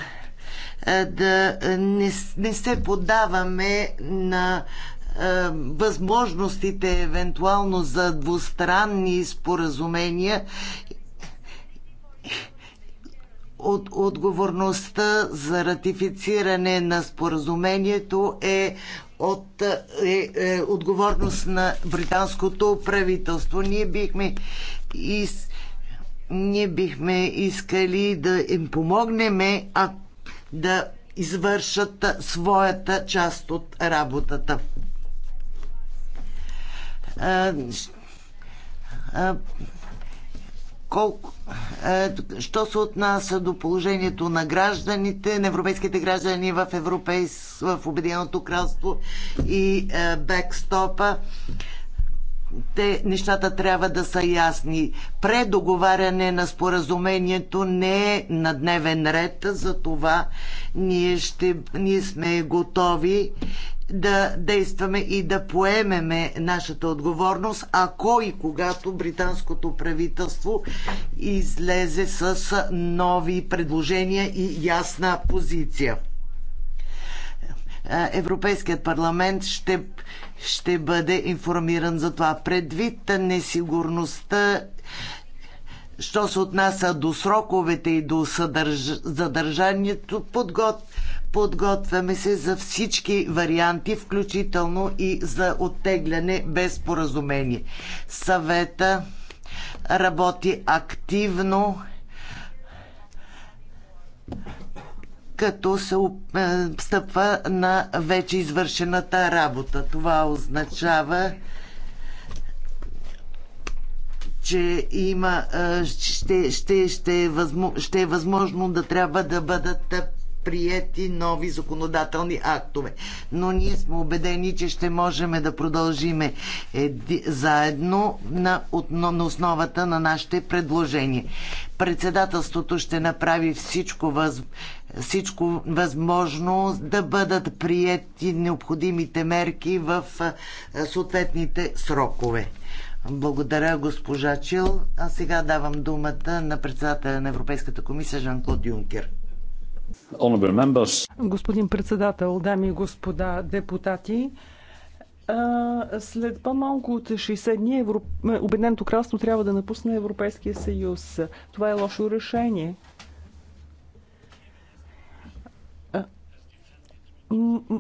е, да не, не се подаваме на е, възможностите евентуално за двустранни споразумения от отговорността за ратифициране на споразумението е от е, е, отговорност на британското правителство. Ние бихме из, ние бихме искали да им помогнем а, да извършат своята част от работата. А, а, колко, е, що се отнася до положението на гражданите, на европейските граждани в Европейс, в Обединеното кралство и е, бекстопа. Те, нещата трябва да са ясни. Предоговаряне на споразумението не е на дневен ред, за това ние, ще, ние сме готови да действаме и да поемеме нашата отговорност, ако и когато британското правителство излезе с нови предложения и ясна позиция. Европейският парламент ще, ще бъде информиран за това. Предвид несигурността Що се отнася до сроковете и до задържанието, подготвя. Подготвяме се за всички варианти, включително и за оттегляне без поразумение. Съвета работи активно като се е, стъпва на вече извършената работа. Това означава, че има, е, ще, ще, ще, е възможно, ще е възможно да трябва да бъдат приети нови законодателни актове. Но ние сме убедени, че ще можем да продължиме еди, заедно на, на основата на нашите предложения. Председателството ще направи всичко, въз, всичко възможно да бъдат приети необходимите мерки в съответните срокове. Благодаря, госпожа Чил. А сега давам думата на председателя на Европейската комисия Жан-Клод Юнкер. Господин председател, дами и господа депутати, след по-малко от 60 дни Обединеното кралство трябва да напусне Европейския съюз. Това е лошо решение.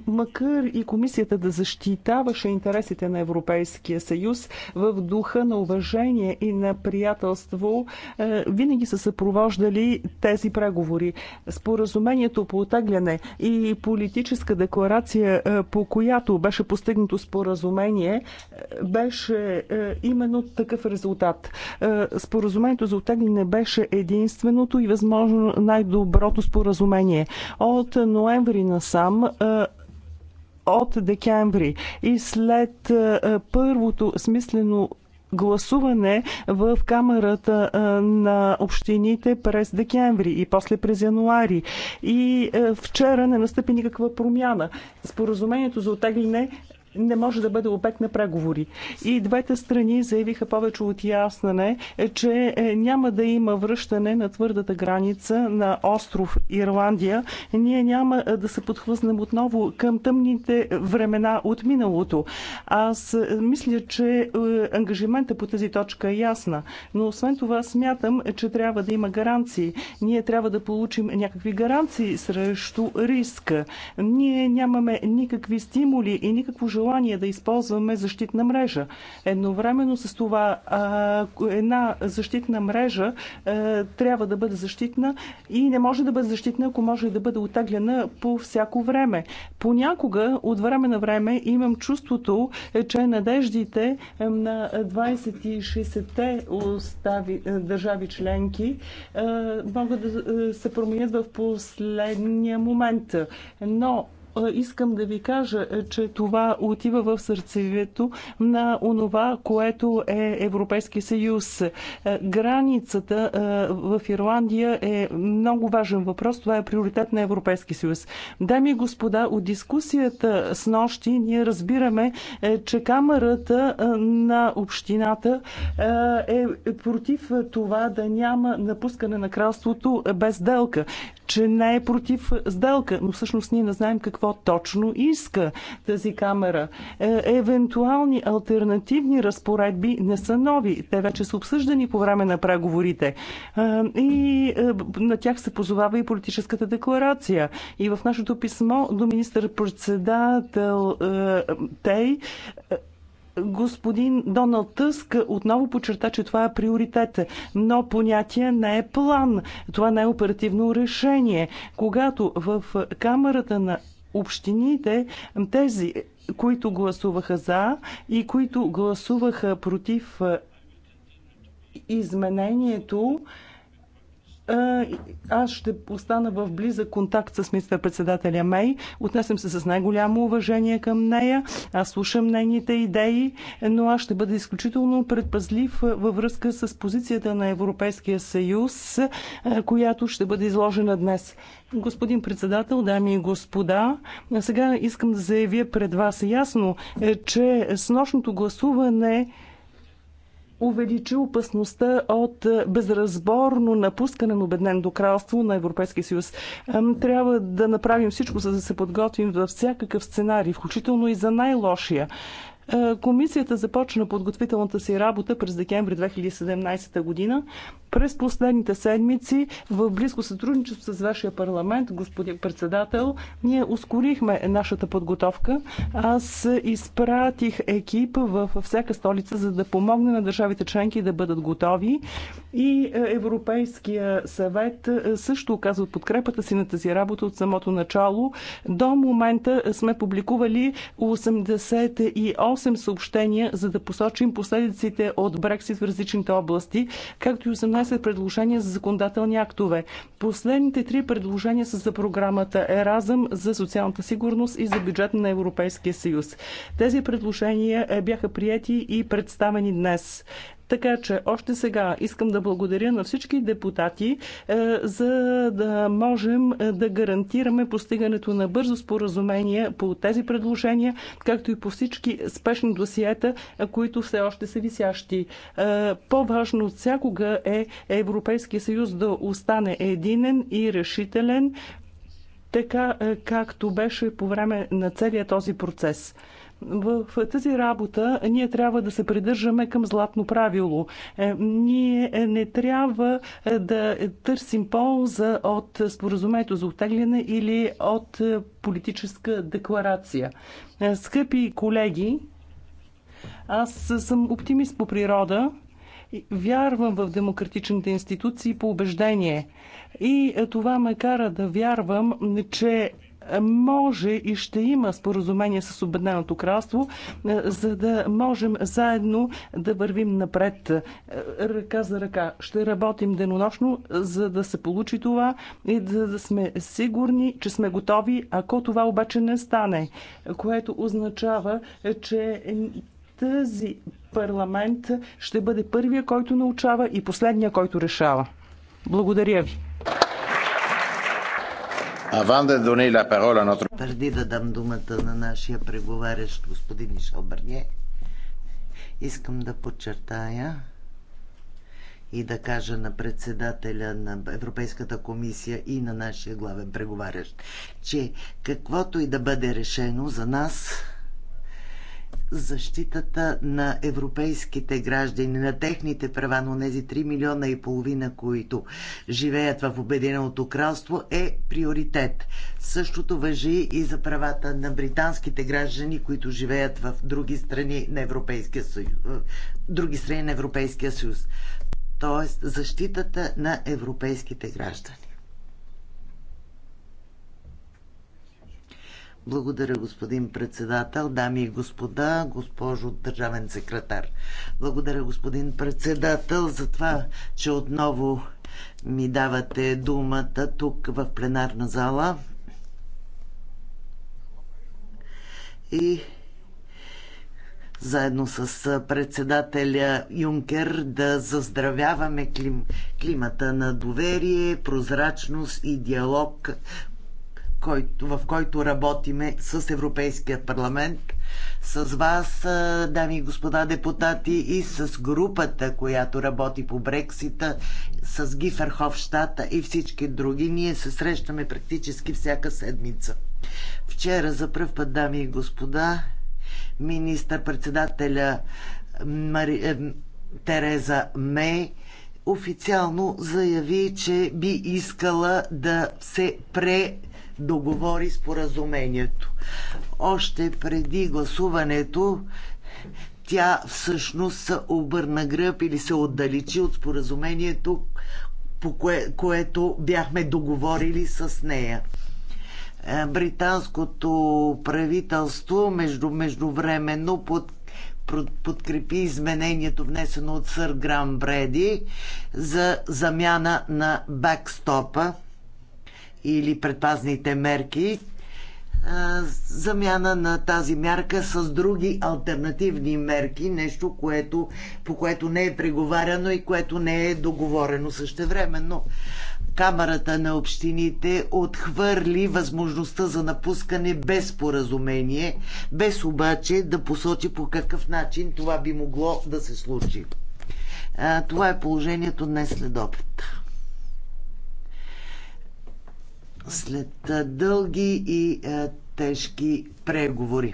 макар и комисията да защитаваше интересите на Европейския съюз в духа на уважение и на приятелство, е, винаги са съпровождали тези преговори. Споразумението по отегляне и политическа декларация, е, по която беше постигнато споразумение, е, беше именно такъв резултат. Споразумението за отегляне беше единственото и възможно най-доброто споразумение. От ноември насам е, от декември и след е, първото смислено гласуване в Камерата е, на общините през декември и после през януари. И вчера не настъпи никаква промяна. Споразумението за отегляне не може да бъде обект на преговори. И двете страни заявиха повече от яснане, е, че е, няма да има връщане на твърдата граница на остров Ирландия. Ние няма е, да се подхлъзнем отново към тъмните времена от миналото. Аз мисля, че ангажимента по тази точка е ясна. Но освен това смятам, че трябва да има гаранции. Ние трябва да получим някакви гаранции срещу риска. Ние нямаме никакви стимули и никакво желание желание да използваме защитна мрежа. Едновременно с това една защитна мрежа трябва да бъде защитна и не може да бъде защитна, ако може да бъде отегляна по всяко време. Понякога, от време на време, имам чувството, че надеждите на 26-те остави, държави членки могат да се променят в последния момент. Но е, искам да ви кажа, е, че това отива в сърцевието на онова, което е Европейски съюз. Е, границата в Ирландия е много важен въпрос. Това е приоритет на Европейски съюз. Дами и господа, от дискусията с нощи ние разбираме, че камерата на общината е против това да няма напускане на кралството без делка че не е против сделка, но всъщност ние не знаем какво точно иска тази камера. Е, евентуални альтернативни разпоредби не са нови. Те вече са обсъждани по време на преговорите. Е, и е, на тях се позовава и политическата декларация. И в нашето писмо до министър-председател е, Тей е, Господин Доналд Тъск отново подчерта, че това е приоритет, но понятие не е план. Това не е оперативно решение. Когато в камерата на общините тези, които гласуваха за и които гласуваха против изменението, аз ще остана в близък контакт с министър-председателя Мей. Отнесем се с най-голямо уважение към нея. Аз слушам нейните идеи, но аз ще бъда изключително предпазлив във връзка с позицията на Европейския съюз, която ще бъде изложена днес. Господин председател, дами и господа, сега искам да заявя пред вас ясно, е, че с нощното гласуване увеличи опасността от е, безразборно напускане на обедненото кралство на Европейския съюз. Трябва да направим всичко, за да се подготвим във всякакъв сценарий, включително и за най-лошия. Е, комисията започна подготвителната си работа през декември 2017 година. През последните седмици в близко сътрудничество с вашия парламент, господин председател, ние ускорихме нашата подготовка. Аз изпратих екип във всяка столица, за да помогне на държавите членки да бъдат готови. И е, Европейския съвет е, също оказва подкрепата си на тази работа от самото начало. До момента сме публикували 88 8 съобщения, за да посочим последиците от Брексит в различните области, както и 18 предложения за законодателни актове. Последните три предложения са за програмата Еразъм за социалната сигурност и за бюджет на Европейския съюз. Тези предложения е, бяха прияти и представени днес. Така че още сега искам да благодаря на всички депутати, е, за да можем е, да гарантираме постигането на бързо споразумение по тези предложения, както и по всички спешни досиета, е, които все още са висящи. По-важно от всякога е Европейския съюз да остане единен и решителен, така както беше по време на целия този процес. В тази работа ние трябва да се придържаме към златно правило. Е, ние не трябва е, да търсим полза от споразумението за отегляне или от е, политическа декларация. Скъпи колеги, аз съм оптимист по природа. Вярвам в демократичните институции по убеждение. И това ме кара да вярвам, че може и ще има споразумение с Обединеното кралство, е, за да можем заедно да вървим напред е, ръка за ръка. Ще работим денонощно, за да се получи това и да, да сме сигурни, че сме готови. Ако това обаче не стане, което означава, че тази парламент ще бъде първия, който научава и последния, който решава. Благодаря ви. Преди да дам думата на нашия преговарящ господин Мишел Барние, искам да подчертая и да кажа на председателя на Европейската комисия и на нашия главен преговарящ, че каквото и да бъде решено за нас защитата на европейските граждани, на техните права, на тези 3 милиона и половина, които живеят в Обединеното кралство, е приоритет. Същото въжи и за правата на британските граждани, които живеят в други страни на Европейския съюз. Други страни на Европейския съюз. Тоест защитата на европейските граждани. Благодаря, господин председател, дами и господа, госпожо държавен секретар. Благодаря, господин председател, за това, че отново ми давате думата тук в пленарна зала. И заедно с председателя Юнкер да заздравяваме клим, климата на доверие, прозрачност и диалог който, в който работиме с Европейския парламент, с вас, дами и господа депутати, и с групата, която работи по Брексита, с Гифърховщата и всички други. Ние се срещаме практически всяка седмица. Вчера за пръв път, дами и господа, министър-председателя Мари... Е, Тереза Мей официално заяви, че би искала да се пре договори споразумението. Още преди гласуването тя всъщност обърна гръб или се отдалечи от споразумението, по кое, което бяхме договорили с нея. Е, британското правителство между, междувременно под, подкрепи изменението, внесено от сър Грам Бреди за замяна на бакстопа или предпазните мерки, замяна на тази мярка с други альтернативни мерки, нещо, което, по което не е преговаряно и което не е договорено същевременно. Камерата на общините отхвърли възможността за напускане без поразумение, без обаче да посочи по какъв начин това би могло да се случи. Това е положението днес след обед след дълги и тежки преговори.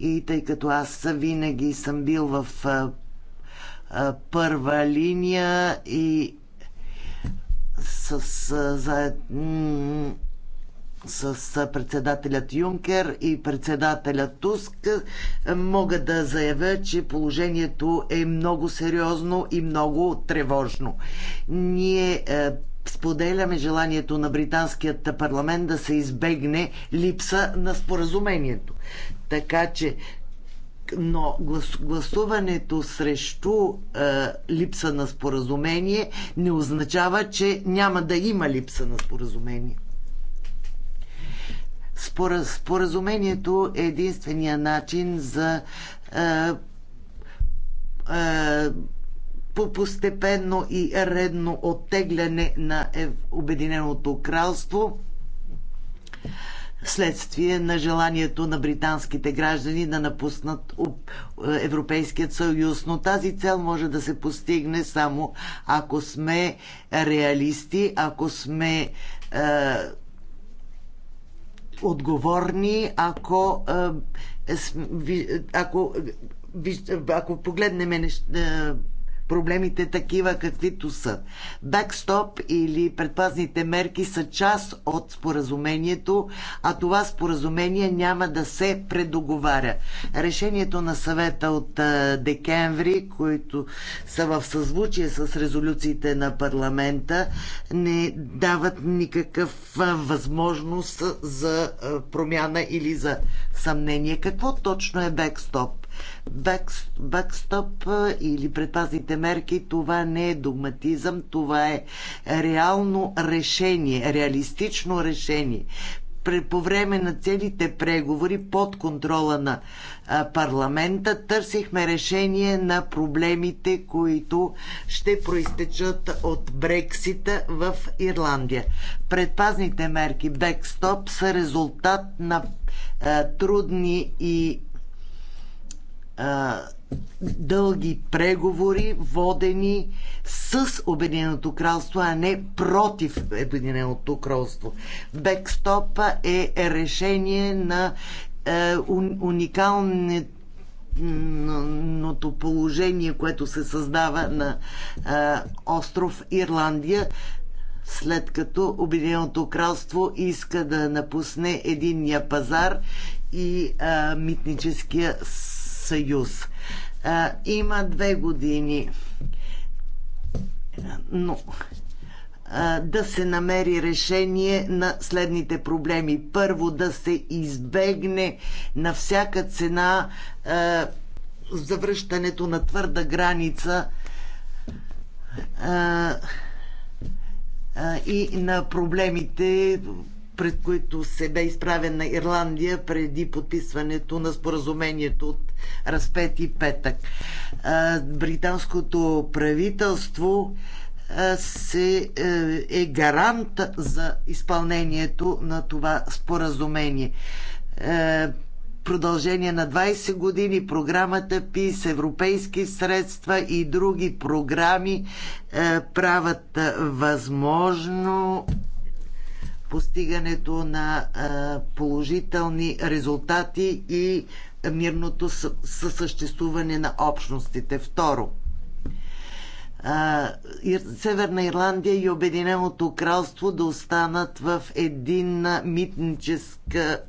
И тъй като аз винаги съм бил в първа линия и с, за, с председателят Юнкер и председателят Туск, мога да заявя, че положението е много сериозно и много тревожно. Ние споделяме желанието на британският парламент да се избегне липса на споразумението. Така че но глас, гласуването срещу е, липса на споразумение не означава, че няма да има липса на споразумение. Спораз, споразумението е единствения начин за е, е, по постепенно и редно оттегляне на Обединеното кралство следствие на желанието на британските граждани да напуснат Европейският съюз. Но тази цел може да се постигне само ако сме реалисти, ако сме е, отговорни, ако, е, ако, ако погледнем неща е, проблемите такива каквито са. Бекстоп или предпазните мерки са част от споразумението, а това споразумение няма да се предоговаря. Решението на съвета от декември, които са в съзвучие с резолюциите на парламента, не дават никакъв възможност за промяна или за съмнение. Какво точно е бекстоп? бак, бакстоп или предпазните мерки, това не е догматизъм, това е реално решение, реалистично решение. По време на целите преговори под контрола на парламента търсихме решение на проблемите, които ще проистечат от Брексита в Ирландия. Предпазните мерки Бекстоп са резултат на трудни и а, дълги преговори, водени с Обединеното кралство, а не против Обединеното кралство. Бекстопа е решение на е, уникалните положение, което се създава на а, е, остров Ирландия, след като Обединеното кралство иска да напусне единния пазар и а, е, митническия съюз. А, има две години. Но да се намери решение на следните проблеми. Първо, да се избегне на всяка цена е, завръщането на твърда граница е, е, и на проблемите пред които се бе изправена Ирландия преди подписването на споразумението от разпет и петък. Британското правителство се е, е гарант за изпълнението на това споразумение продължение на 20 години програмата ПИС, европейски средства и други програми е, правят е, възможно постигането на положителни резултати и мирното съсъществуване на общностите. Второ, Северна Ирландия и Обединеното кралство да останат в единна митническа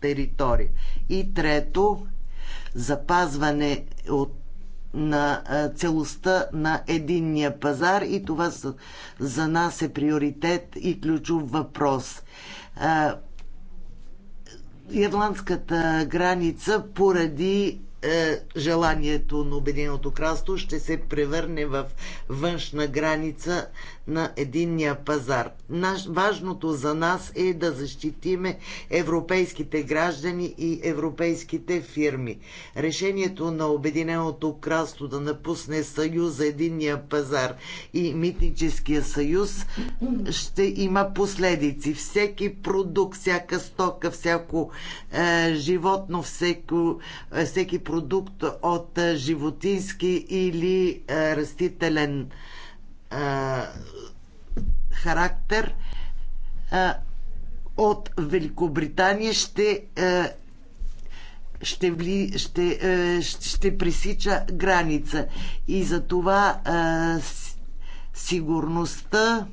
територия. И трето, запазване от на целостта на единния пазар и това за нас е приоритет и ключов въпрос. Ирландската граница поради е, желанието на Обединеното кралство ще се превърне в външна граница на единния пазар. Наш, важното за нас е да защитиме европейските граждани и европейските фирми. Решението на Обединеното кралство да напусне съюз за единния пазар и митническия съюз ще има последици. Всеки продукт, всяка стока, всяко е, животно, всеко, е, всеки продукт от е, животински или е, растителен а, характер а, от Великобритания ще а, ще, вли, ще, а, ще пресича граница. И за това а, сигурността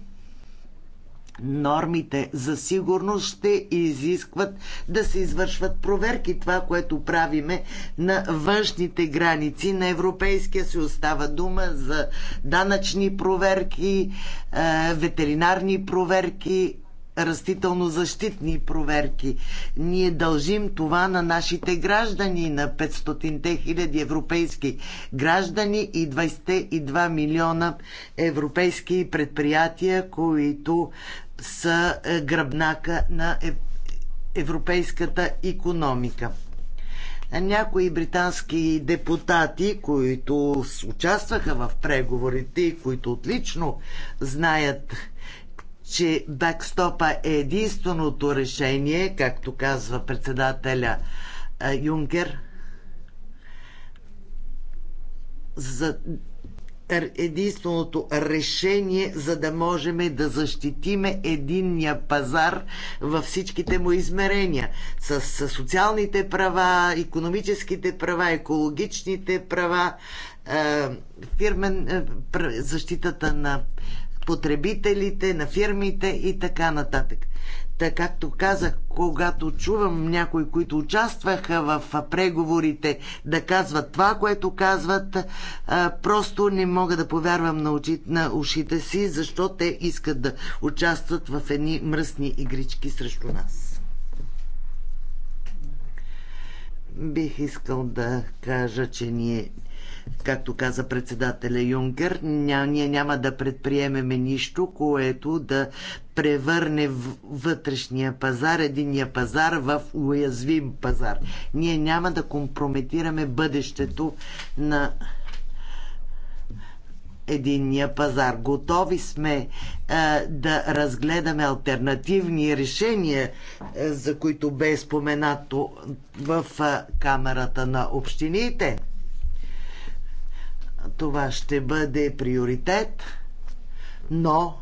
нормите за сигурност ще изискват да се извършват проверки. Това, което правиме на външните граници на Европейския се остава дума за данъчни проверки, е, ветеринарни проверки, растително-защитни проверки. Ние дължим това на нашите граждани, на 500-те хиляди европейски граждани и 22 милиона европейски предприятия, които са е, гръбнака на европейската економика. Някои британски депутати, които участваха в преговорите и които отлично знаят че бакстопа е единственото решение, както казва председателя е, Юнкер, за единственото решение, за да можем да защитиме единния пазар във всичките му измерения. С, с социалните права, економическите права, екологичните права, е, фирмен, е, защитата на потребителите, на фирмите и така нататък. Та както казах, когато чувам някои, които участваха в преговорите, да казват това, което казват, просто не мога да повярвам на, на ушите си, защо те искат да участват в едни мръсни игрички срещу нас. Бих искал да кажа, че ние както каза председателя Юнкер, ня, ние няма да предприемеме нищо, което да превърне вътрешния пазар, единия пазар в уязвим пазар. Ние няма да компрометираме бъдещето на единния пазар. Готови сме а, е, да разгледаме альтернативни решения, а, е, за които бе споменато в а, е, Камерата на общините. Това ще бъде приоритет, но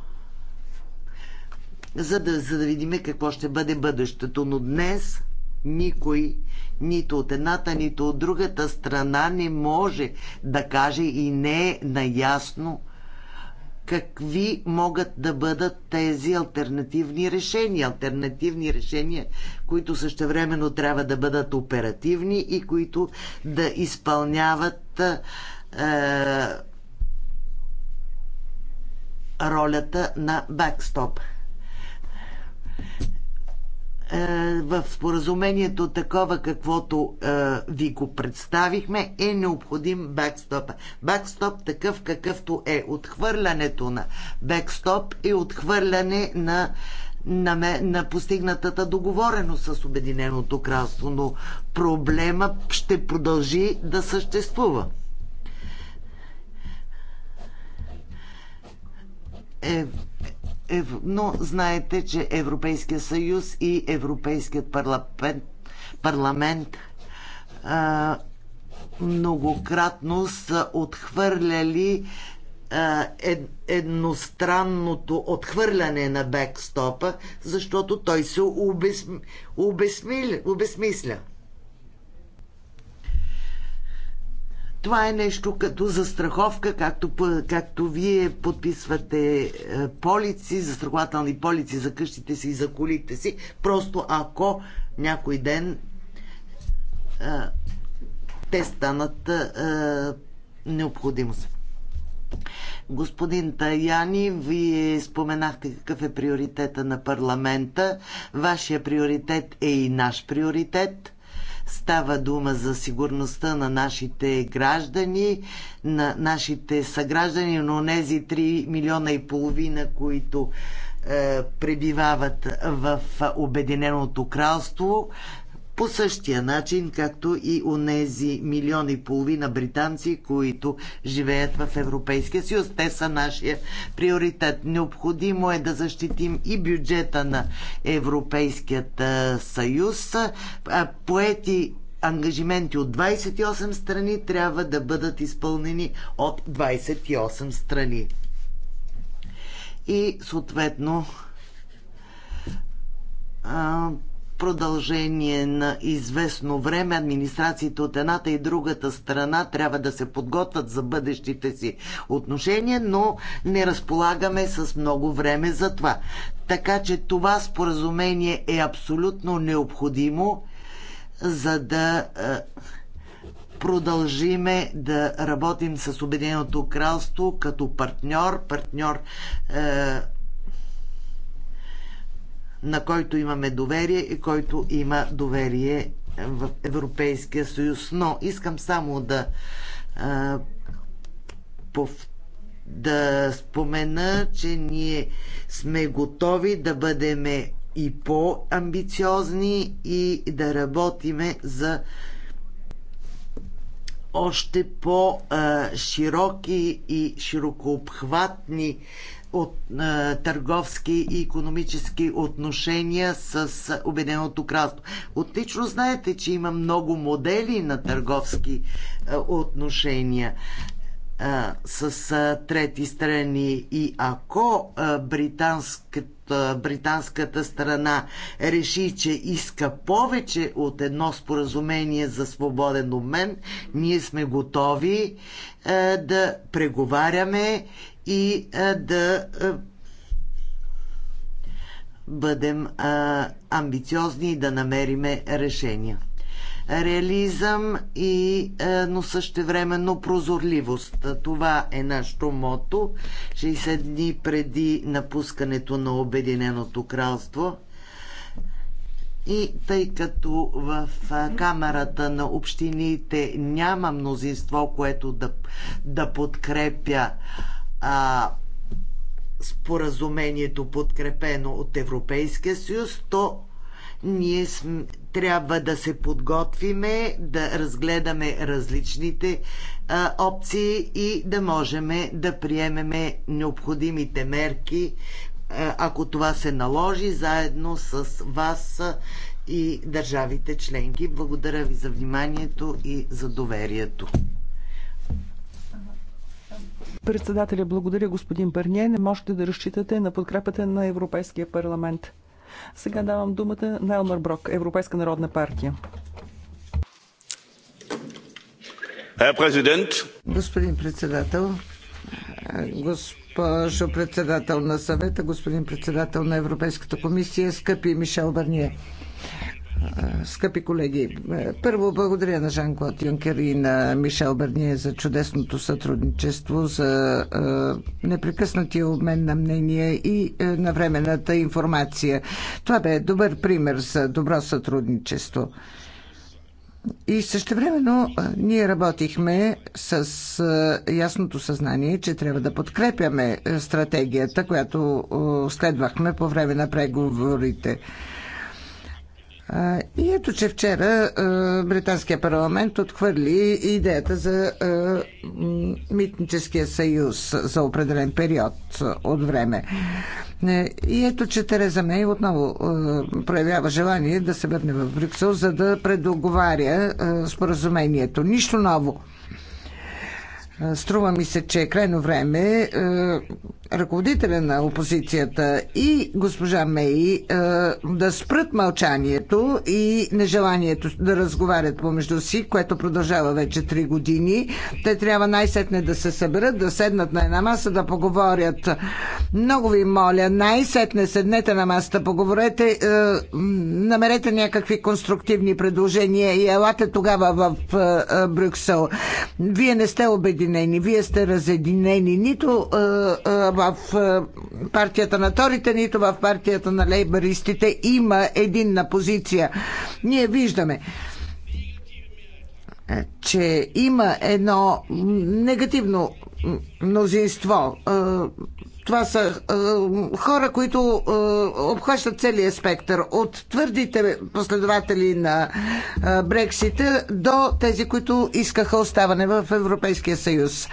за да, за да видим какво ще бъде бъдещето. Но днес никой, нито от едната, нито от другата страна не може да каже и не е наясно какви могат да бъдат тези альтернативни решения. Альтернативни решения, които същевременно трябва да бъдат оперативни и които да изпълняват е, ролята на бакстоп. Е, в споразумението такова, каквото е, ви го представихме, е необходим бакстоп. Бакстоп такъв какъвто е. Отхвърлянето на бакстоп и отхвърляне на на, ме, на постигнатата договореност с Обединеното кралство, но проблема ще продължи да съществува. Е, е, но знаете, че Европейския съюз и Европейският парламент, парламент а, многократно са отхвърляли едностранното отхвърляне на бекстопа, защото той се обесмисля. Това е нещо като застраховка, както, както вие подписвате е, полици, застрахователни полици за къщите си и за колите си. Просто ако някой ден а, е, те станат а, е, необходимост. Господин Таяни, вие споменахте какъв е приоритета на парламента. Вашия приоритет е и наш приоритет. Става дума за сигурността на нашите граждани, на нашите съграждани, но тези 3 милиона и половина, които е, пребивават в Обединеното кралство по същия начин, както и у нези милион и половина британци, които живеят в Европейския съюз. Те са нашия приоритет. Необходимо е да защитим и бюджета на Европейският съюз. Поети ангажименти от 28 страни трябва да бъдат изпълнени от 28 страни. И съответно продължение на известно време администрациите от едната и другата страна трябва да се подготвят за бъдещите си отношения, но не разполагаме с много време за това. Така че това споразумение е абсолютно необходимо, за да е, продължиме да работим с Обединеното кралство като партньор, партньор е, на който имаме доверие и който има доверие в Европейския съюз. Но искам само да, да спомена, че ние сме готови да бъдеме и по-амбициозни и да работиме за още по-широки и широкообхватни от а, търговски и економически отношения с Обединеното кралство. Отлично знаете, че има много модели на търговски а, отношения с а, трети страни и ако а, британската, британската страна реши, че иска повече от едно споразумение за свободен обмен, ние сме готови а, да преговаряме и да бъдем амбициозни и да намериме решения. Реализъм и но същевременно прозорливост. Това е нашето мото. 60 дни преди напускането на Обединеното кралство и тъй като в камерата на общините няма мнозинство, което да, да подкрепя а, споразумението, подкрепено от Европейския съюз, то ние сме, трябва да се подготвиме, да разгледаме различните а, опции и да можем да приемеме необходимите мерки, а, ако това се наложи, заедно с вас и държавите членки. Благодаря ви за вниманието и за доверието. Председателя, благодаря господин Бърние. Не можете да разчитате на подкрепата на Европейския парламент. Сега давам думата на Елмар Брок, Европейска народна партия. Господин председател, госпожо председател на съвета, господин председател на Европейската комисия, скъпи Мишел Бърние скъпи колеги. Е, първо благодаря на Жан-Клод Юнкер и на Мишел Бърние за чудесното сътрудничество, за е, непрекъснатия обмен на мнения и е, на времената информация. Това бе добър пример за добро сътрудничество. И същевременно ние работихме с ясното съзнание, че трябва да подкрепяме стратегията, която следвахме по време на преговорите. И ето, че вчера британския парламент отхвърли идеята за митническия съюз за определен период от време. Е, и ето, че Тереза Мей отново проявява желание да се върне в Брюксел, за да предоговаря споразумението. Нищо ново. Струва ми се, че е крайно време е, ръководителя на опозицията и госпожа Мей е, да спрат мълчанието и нежеланието да разговарят помежду си, което продължава вече три години. Те трябва най-сетне да се съберат, да седнат на една маса, да поговорят. Много ви моля, най-сетне седнете на масата, поговорете, е, намерете някакви конструктивни предложения и елате тогава в Брюксел. Вие не сте убедени разединени. Вие сте разединени нито е, е, в е, партията на Торите, нито в партията на лейбаристите. Има единна позиция. Ние виждаме че има едно негативно мнозинство това са е, хора, които е, обхващат целият спектър. От твърдите последователи на е, Брексита до тези, които искаха оставане в Европейския съюз.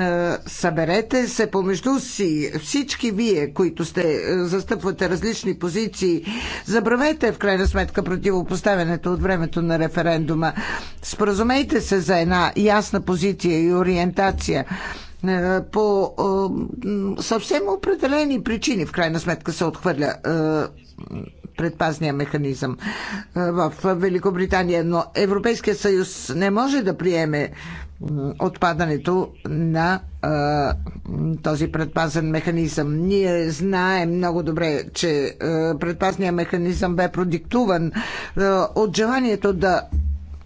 Е, съберете се помежду си всички вие, които сте е, застъпвате различни позиции. Забравете в крайна сметка противопоставянето от времето на референдума. Споразумейте се за една ясна позиция и ориентация. Е, по е, съвсем определени причини, в крайна сметка, се отхвърля е, предпазния механизъм в Великобритания. Но Европейския съюз не може да приеме отпадането на а, този предпазен механизъм. Ние знаем много добре, че а, предпазният механизъм бе продиктуван а, от желанието да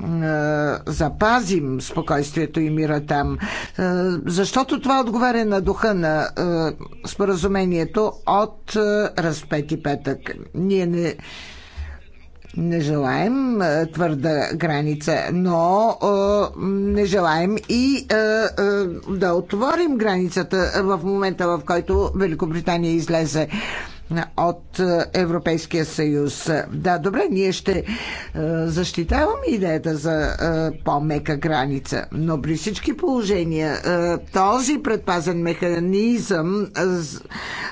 е, запазим спокойствието и мира там. Е, защото това отговаря на духа на е, споразумението от разпети петък. Ние не не желаем твърда граница, но е, не желаем и е, е, да отворим границата в момента, в който Великобритания излезе от Европейския съюз. Да, добре, ние ще е, защитаваме идеята за е, по-мека граница, но при всички положения е, този предпазен механизъм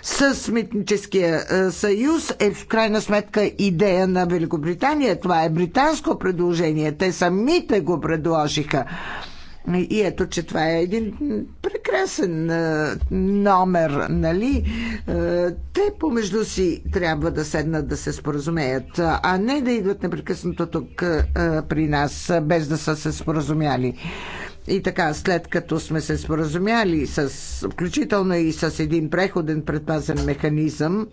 с митническия съюз е в крайна сметка идея на Великобритания. Това е британско предложение. Те самите го предложиха. И ето, че това е един прекрасен номер, нали? Те помежду си трябва да седнат да се споразумеят, а не да идват непрекъснато тук при нас, без да са се споразумяли. И така, след като сме се споразумяли, с, включително и с един преходен предпазен механизъм,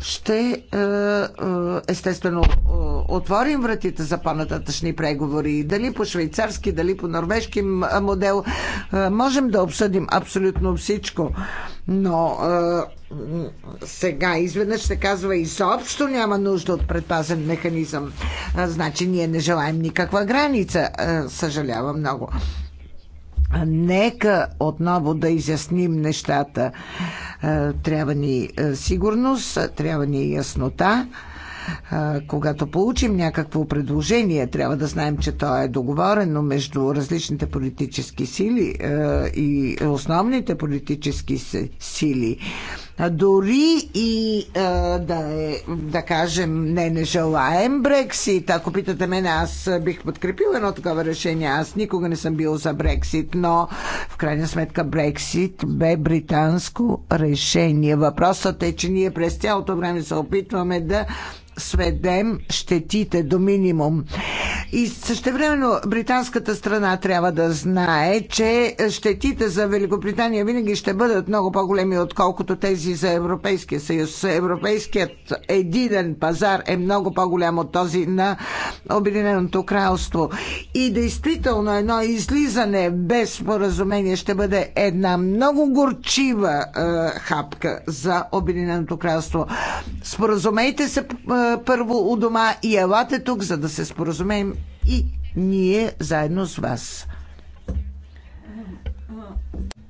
ще е, е, естествено е, отворим вратите за по-нататъчни преговори. Дали по швейцарски, дали по норвежки модел. Можем да обсъдим абсолютно всичко. Но сега изведнъж се казва изобщо няма нужда от предпазен механизъм. Значи ние не желаем никаква граница. Съжалявам много. Нека отново да изясним нещата. Е, трябва ни е, сигурност, трябва ни е яснота. Когато получим някакво предложение, трябва да знаем, че то е договорено между различните политически сили и основните политически сили. Дори и да, е, да кажем, не, не желаем Брексит. Ако питате мен, аз бих подкрепил едно такова решение. Аз никога не съм бил за Брексит, но в крайна сметка Брексит бе британско решение. Въпросът е, че ние през цялото време се опитваме да сведем щетите до минимум. И същевременно британската страна трябва да знае, че щетите за Великобритания винаги ще бъдат много по-големи, отколкото тези ползи за Европейския съюз. Европейският единен пазар е много по-голям от този на Обединеното кралство. И действително едно излизане без споразумение ще бъде една много горчива е, хапка за Обединеното кралство. Споразумейте се е, първо у дома и елате тук, за да се споразумеем и ние заедно с вас.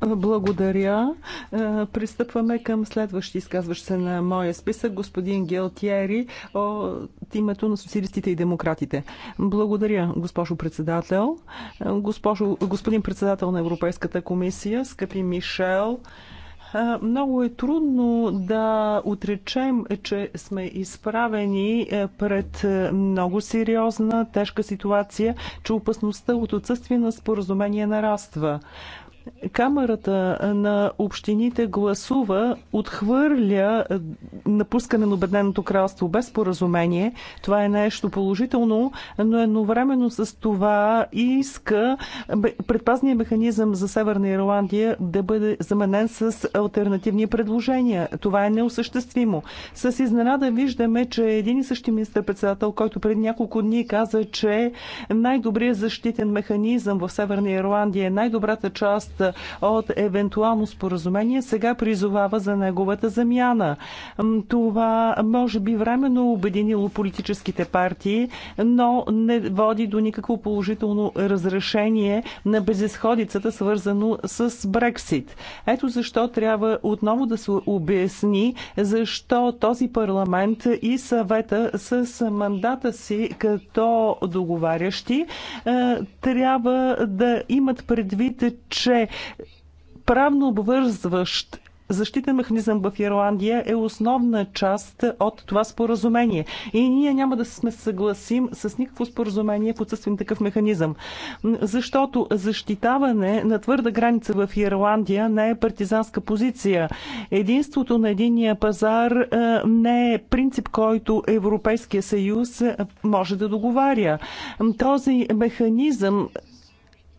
Благодаря. Е, пристъпваме към следващи изказващ се на моя списък, господин Гелтиери от името на социалистите и демократите. Благодаря, госпожо председател. Е, госпожо, господин председател на Европейската комисия, скъпи Мишел, е, много е трудно да отречем, че сме изправени пред много сериозна, тежка ситуация, че опасността от отсъствие на споразумение нараства. Камерата на общините гласува, отхвърля напускане на Обедненото кралство без поразумение. Това е нещо положително, но едновременно с това иска предпазния механизъм за Северна Ирландия да бъде заменен с альтернативни предложения. Това е неосъществимо. С изненада виждаме, че един и същи министър председател който преди няколко дни каза, че най-добрият защитен механизъм в Северна Ирландия е най-добрата част от евентуално споразумение, сега призовава за неговата замяна. Това може би временно обединило политическите партии, но не води до никакво положително разрешение на безисходицата, свързано с Брексит. Ето защо трябва отново да се обясни защо този парламент и съвета с мандата си като договарящи е, трябва да имат предвид, че е правно обвързващ защитен механизъм в Ирландия е основна част от това споразумение. И ние няма да сме съгласим с никакво споразумение в отсъствие на такъв механизъм. Защото защитаване на твърда граница в Ирландия не е партизанска позиция. Единството на единия пазар е, не е принцип, който Европейския съюз може да договаря. Този механизъм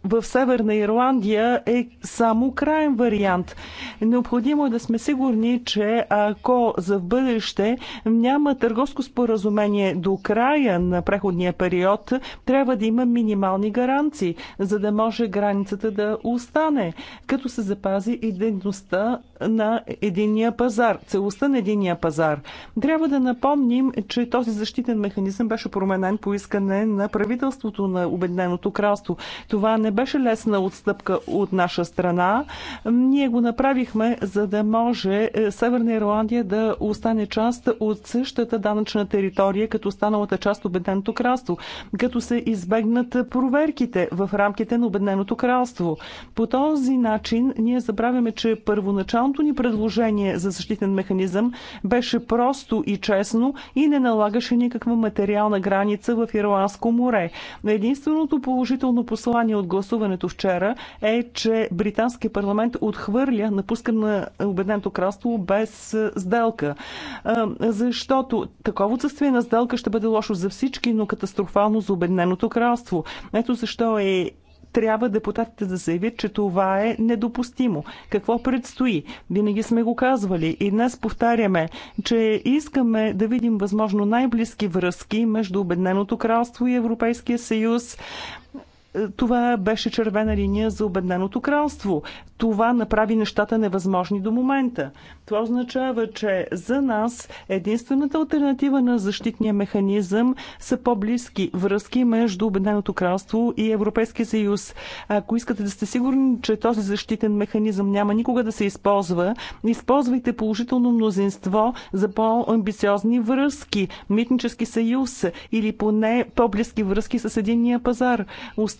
в Северна Ирландия е само крайен вариант. Необходимо е да сме сигурни, че ако за в бъдеще няма търговско споразумение до края на преходния период, трябва да има минимални гаранции, за да може границата да остане, като се запази идентността на единия пазар, целостта на единия пазар. Трябва да напомним, че този защитен механизъм беше променен по искане на правителството на Обединеното кралство. Това не не беше лесна отстъпка от наша страна. Ние го направихме, за да може е, Северна Ирландия да остане част от същата данъчна територия, като останалата част от кралство, като се избегнат проверките в рамките на Обедненото кралство. По този начин ние забравяме, че първоначалното ни предложение за защитен механизъм беше просто и честно и не налагаше никаква материална граница в Ирландско море. Единственото положително послание от гласуването вчера е, че британския парламент отхвърля напускане на Обеденото кралство без сделка. Защото такова отсъствие на сделка ще бъде лошо за всички, но катастрофално за Обеденото кралство. Ето защо е трябва депутатите да заявят, че това е недопустимо. Какво предстои? Винаги сме го казвали и днес повтаряме, че искаме да видим възможно най-близки връзки между Обедненото кралство и Европейския съюз това беше червена линия за обедненото кралство. Това направи нещата невъзможни до момента. Това означава, че за нас единствената альтернатива на защитния механизъм са по-близки връзки между Обединеното кралство и Европейския съюз. Ако искате да сте сигурни, че този защитен механизъм няма никога да се използва, използвайте положително мнозинство за по-амбициозни връзки, митнически съюз или поне по-близки връзки с единния пазар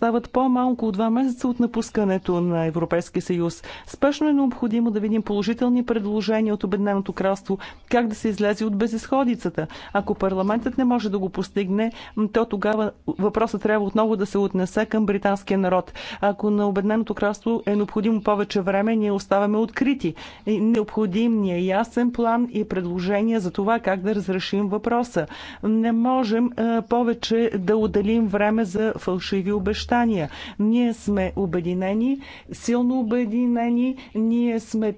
остават по-малко от два месеца от напускането на Европейския съюз. Спешно е необходимо да видим положителни предложения от Обединеното кралство, как да се излезе от безисходицата. Ако парламентът не може да го постигне, то тогава въпросът трябва отново да се отнесе към британския народ. Ако на Обединеното кралство е необходимо повече време, ние оставаме открити. Необходим ни е ясен план и предложения за това как да разрешим въпроса. Не можем повече да отделим време за фалшиви обещания обещания. Ние сме обединени, силно обединени, ние сме,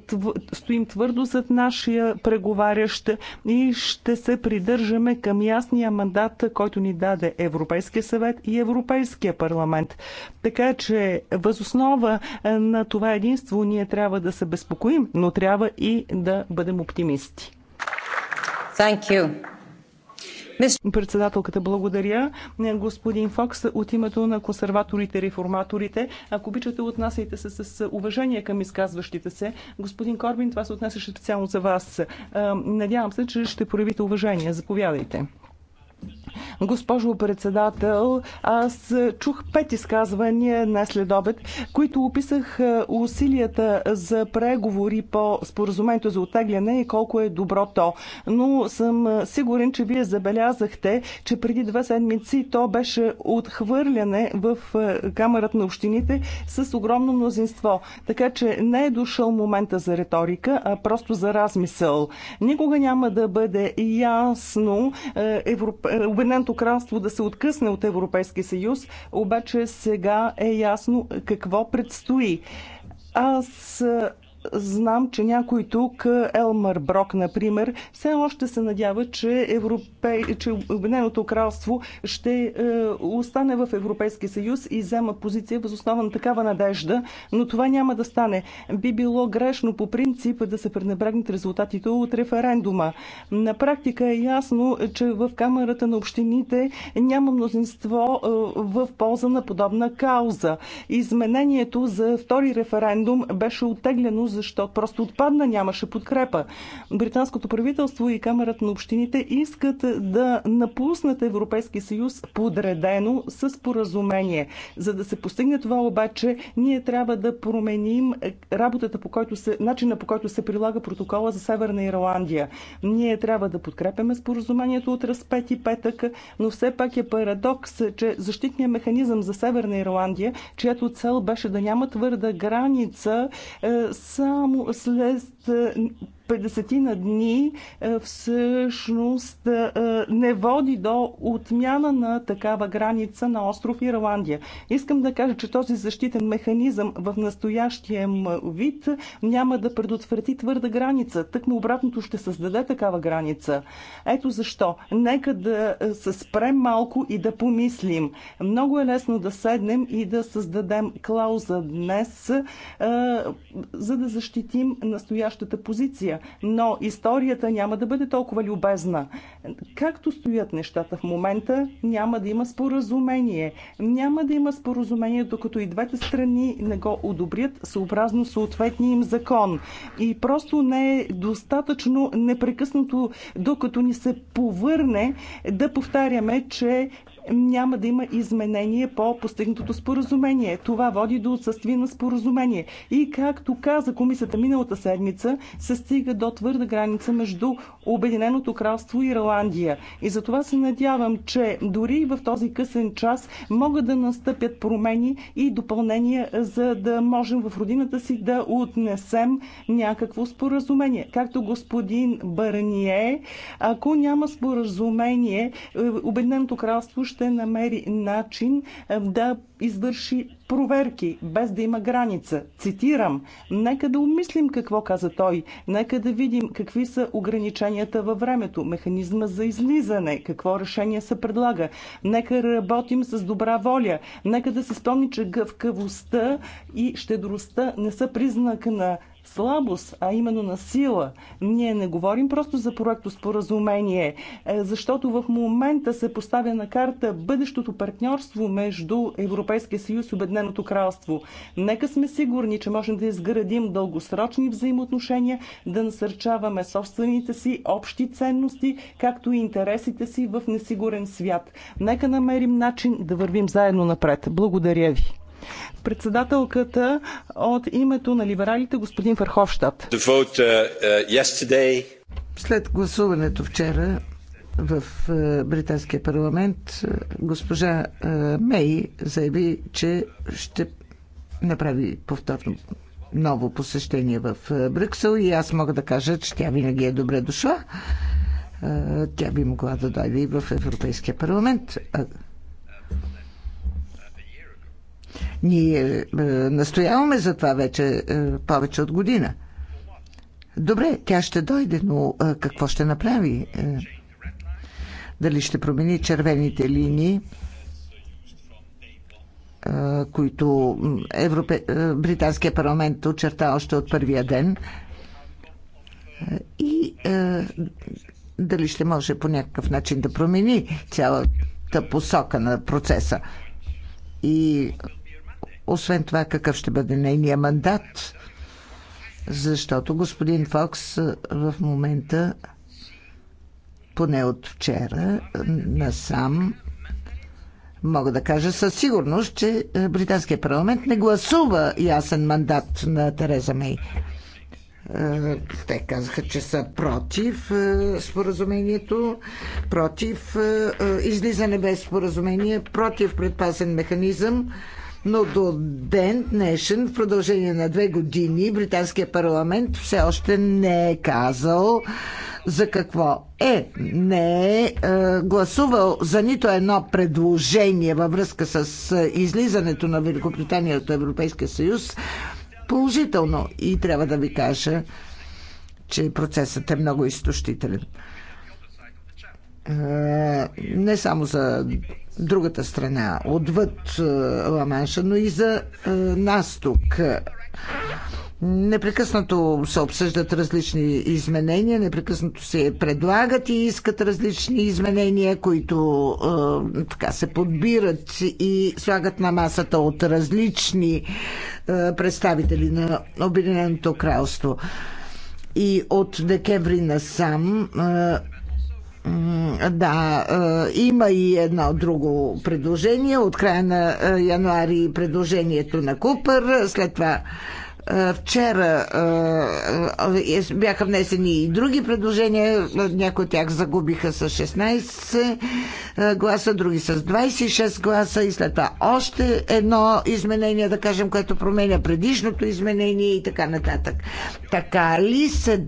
стоим твърдо зад нашия преговарящ и ще се придържаме към ясния мандат, който ни даде Европейския съвет и Европейския парламент. Така че, възоснова е, на това единство, ние трябва да се безпокоим, но трябва и да бъдем оптимисти. Thank you. Председателката, благодаря. Е, господин Фокс, от името на консерваторите, реформаторите, ако обичате, отнасяйте се с уважение към изказващите се. Господин Корбин, това се отнесеше специално за вас. Е, надявам се, че ще проявите уважение. Заповядайте. Госпожо председател, аз чух пет изказвания на следобед, които описах е, усилията за преговори по споразумението за отегляне и колко е добро то. Но съм е, сигурен, че вие забелязахте, че преди две седмици то беше отхвърляне в е, Камерата на общините с огромно мнозинство. Така че не е дошъл момента за риторика, а просто за размисъл. Никога няма да бъде ясно Обединеното кралство да се откъсне от Европейския съюз, обаче сега е ясно какво предстои. Аз Знам, че някой тук, Елмар Брок, например, все още се надява, че, Европе... че Обединеното кралство ще е, остане в Европейския съюз и взема позиция въз основа на такава надежда, но това няма да стане. Би било грешно по принцип да се пренебрегнат резултатите от референдума. На практика е ясно, че в Камерата на общините няма мнозинство е, в полза на подобна кауза. Изменението за втори референдум беше оттеглено защото просто отпадна, нямаше подкрепа. Британското правителство и Камерата на общините искат да напуснат Европейски съюз подредено с споразумение. За да се постигне това обаче, ние трябва да променим работата по който се, начина по който се прилага протокола за Северна Ирландия. Ние трябва да подкрепяме споразумението от разпет и петък, но все пак е парадокс, че защитният механизъм за Северна Ирландия, чиято цел беше да няма твърда граница, е, само след 50 на дни е, всъщност е, е, не води до отмяна на такава граница на остров Ирландия. Искам да кажа, че този защитен механизъм в настоящия вид няма да предотврати твърда граница. Тъкмо обратното ще създаде такава граница. Ето защо. Нека да се спрем малко и да помислим. Много е лесно да седнем и да създадем клауза днес, за да защитим настоящата позиция история, но историята няма да бъде толкова любезна. Както стоят нещата в момента, няма да има споразумение. Няма да има споразумение, докато и двете страни не го одобрят съобразно съответния им закон. И просто не е достатъчно непрекъснато, докато ни се повърне, да повтаряме, че няма да има изменение по постигнатото споразумение. Това води до отсъствие на споразумение. И както каза комисията миналата седмица, се стига до твърда граница между Обединеното кралство и Ирландия. И затова се надявам, че дори в този късен час могат да настъпят промени и допълнения, за да можем в родината си да отнесем някакво споразумение. Както господин Бърние, ако няма споразумение, е, Обединеното кралство ще ще намери начин е, да извърши проверки, без да има граница. Цитирам, нека да умислим какво каза той, нека да видим какви са ограниченията във времето, механизма за излизане, какво решение се предлага. Нека работим с добра воля, нека да се спомни, че гъвкавостта и щедростта не са признак на слабост, а именно на сила. Ние не говорим просто за проекто споразумение, е, защото в момента се поставя на карта бъдещото партньорство между Европейския съюз и Обедненото кралство. Нека сме сигурни, че можем да изградим дългосрочни взаимоотношения, да насърчаваме собствените си общи ценности, както и интересите си в несигурен свят. Нека намерим начин да вървим заедно напред. Благодаря ви. Председателката от името на либералите господин Върховщад. Uh, uh, След гласуването вчера в е, британския парламент е, госпожа е, Мей заяви, че ще направи повторно ново посещение в Брюксел и аз мога да кажа, че тя винаги е добре дошла. Тя би могла да дойде и в Европейския парламент, ние е, настояваме за това вече е, повече от година. Добре, тя ще дойде, но е, какво ще направи? Е, дали ще промени червените линии? Е, които Европе... Е, Британския парламент очерта още от първия ден. Е, и е, дали ще може по някакъв начин да промени цялата посока на процеса. И освен това, какъв ще бъде нейния мандат? Защото господин Фокс в момента, поне от вчера, насам, мога да кажа със сигурност, че британският парламент не гласува ясен мандат на Тереза Мей. Те казаха, че са против споразумението, против излизане без споразумение, против предпасен механизъм. Но до ден днешен, в продължение на две години, британският парламент все още не е казал за какво е. Не е, е гласувал за нито едно предложение във връзка с е, излизането на Великобритания от Европейския съюз положително. И трябва да ви кажа, че процесът е много изтощителен. Е, не само за другата страна, отвъд е, Ламанша, но и за е, нас тук. Непрекъснато се обсъждат различни изменения, непрекъснато се предлагат и искат различни изменения, които е, така се подбират и слагат на масата от различни е, представители на Обединеното кралство. И от декември насам е, да, е, има и едно друго предложение. От края на е, януари предложението на Купър, след това Вчера бяха внесени и други предложения, някои от тях загубиха с 16 гласа, други с 26 гласа и след това още едно изменение, да кажем, което променя предишното изменение и така нататък. Така ли се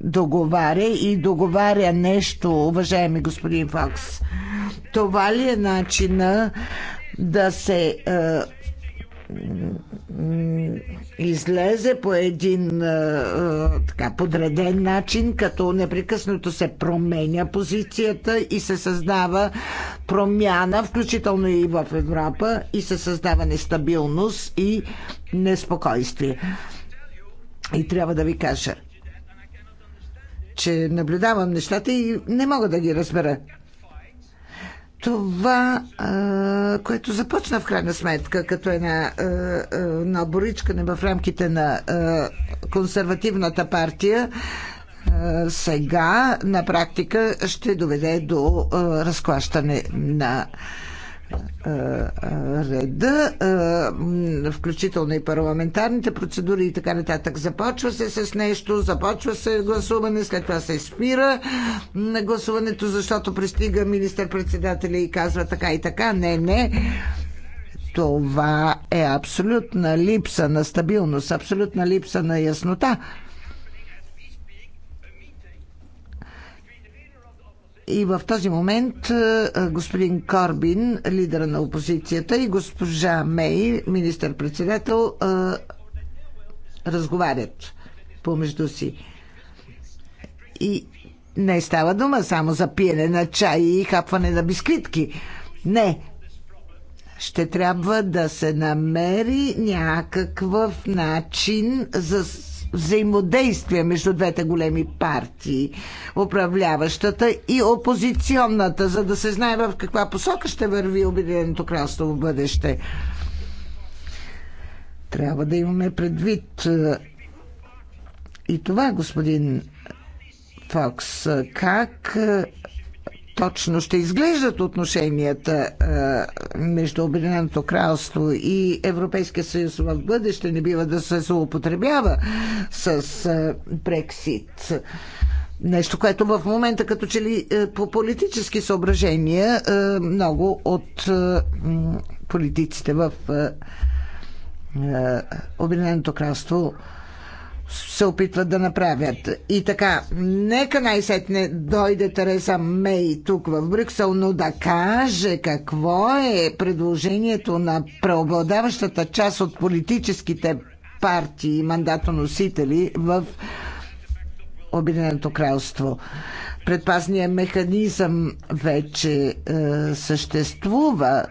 договаря и договаря нещо, уважаеми господин Фокс? Това ли е начина да се излезе по един така подреден начин, като непрекъснато се променя позицията и се създава промяна, включително и в Европа, и се създава нестабилност и неспокойствие. И трябва да ви кажа, че наблюдавам нещата и не мога да ги разбера това, което започна в крайна сметка като една, на оборичкане в рамките на консервативната партия, сега на практика ще доведе до разклащане на е, е, реда, е, включително и парламентарните процедури и така нататък. Започва се с нещо, започва се гласуване, след това се спира на гласуването, защото пристига министър-председателя и казва така и така. Не, не. Това е абсолютна липса на стабилност, абсолютна липса на яснота И в този момент е, е, господин Корбин, лидера на опозицията, и госпожа Мей, министър-председател, е, разговарят помежду си. И не става дума само за пиене на чай и хапване на бисквитки. Не. Ще трябва да се намери някакъв начин за взаимодействие между двете големи партии, управляващата и опозиционната, за да се знае в каква посока ще върви Обединеното кралство в бъдеще. Трябва да имаме предвид е, и това, господин Фокс, как е, точно ще изглеждат отношенията между Обединеното кралство и Европейския съюз в бъдеще, не бива да се злоупотребява с Брексит. Нещо, което в момента като че ли е, по политически съображения е, много от е, политиците в Обединеното кралство се опитват да направят. И така, нека най-сетне дойде Тереса Мей тук в Брюксел, но да каже какво е предложението на преобладаващата част от политическите партии и мандатоносители в Обединеното кралство. Предпазният механизъм вече е, съществува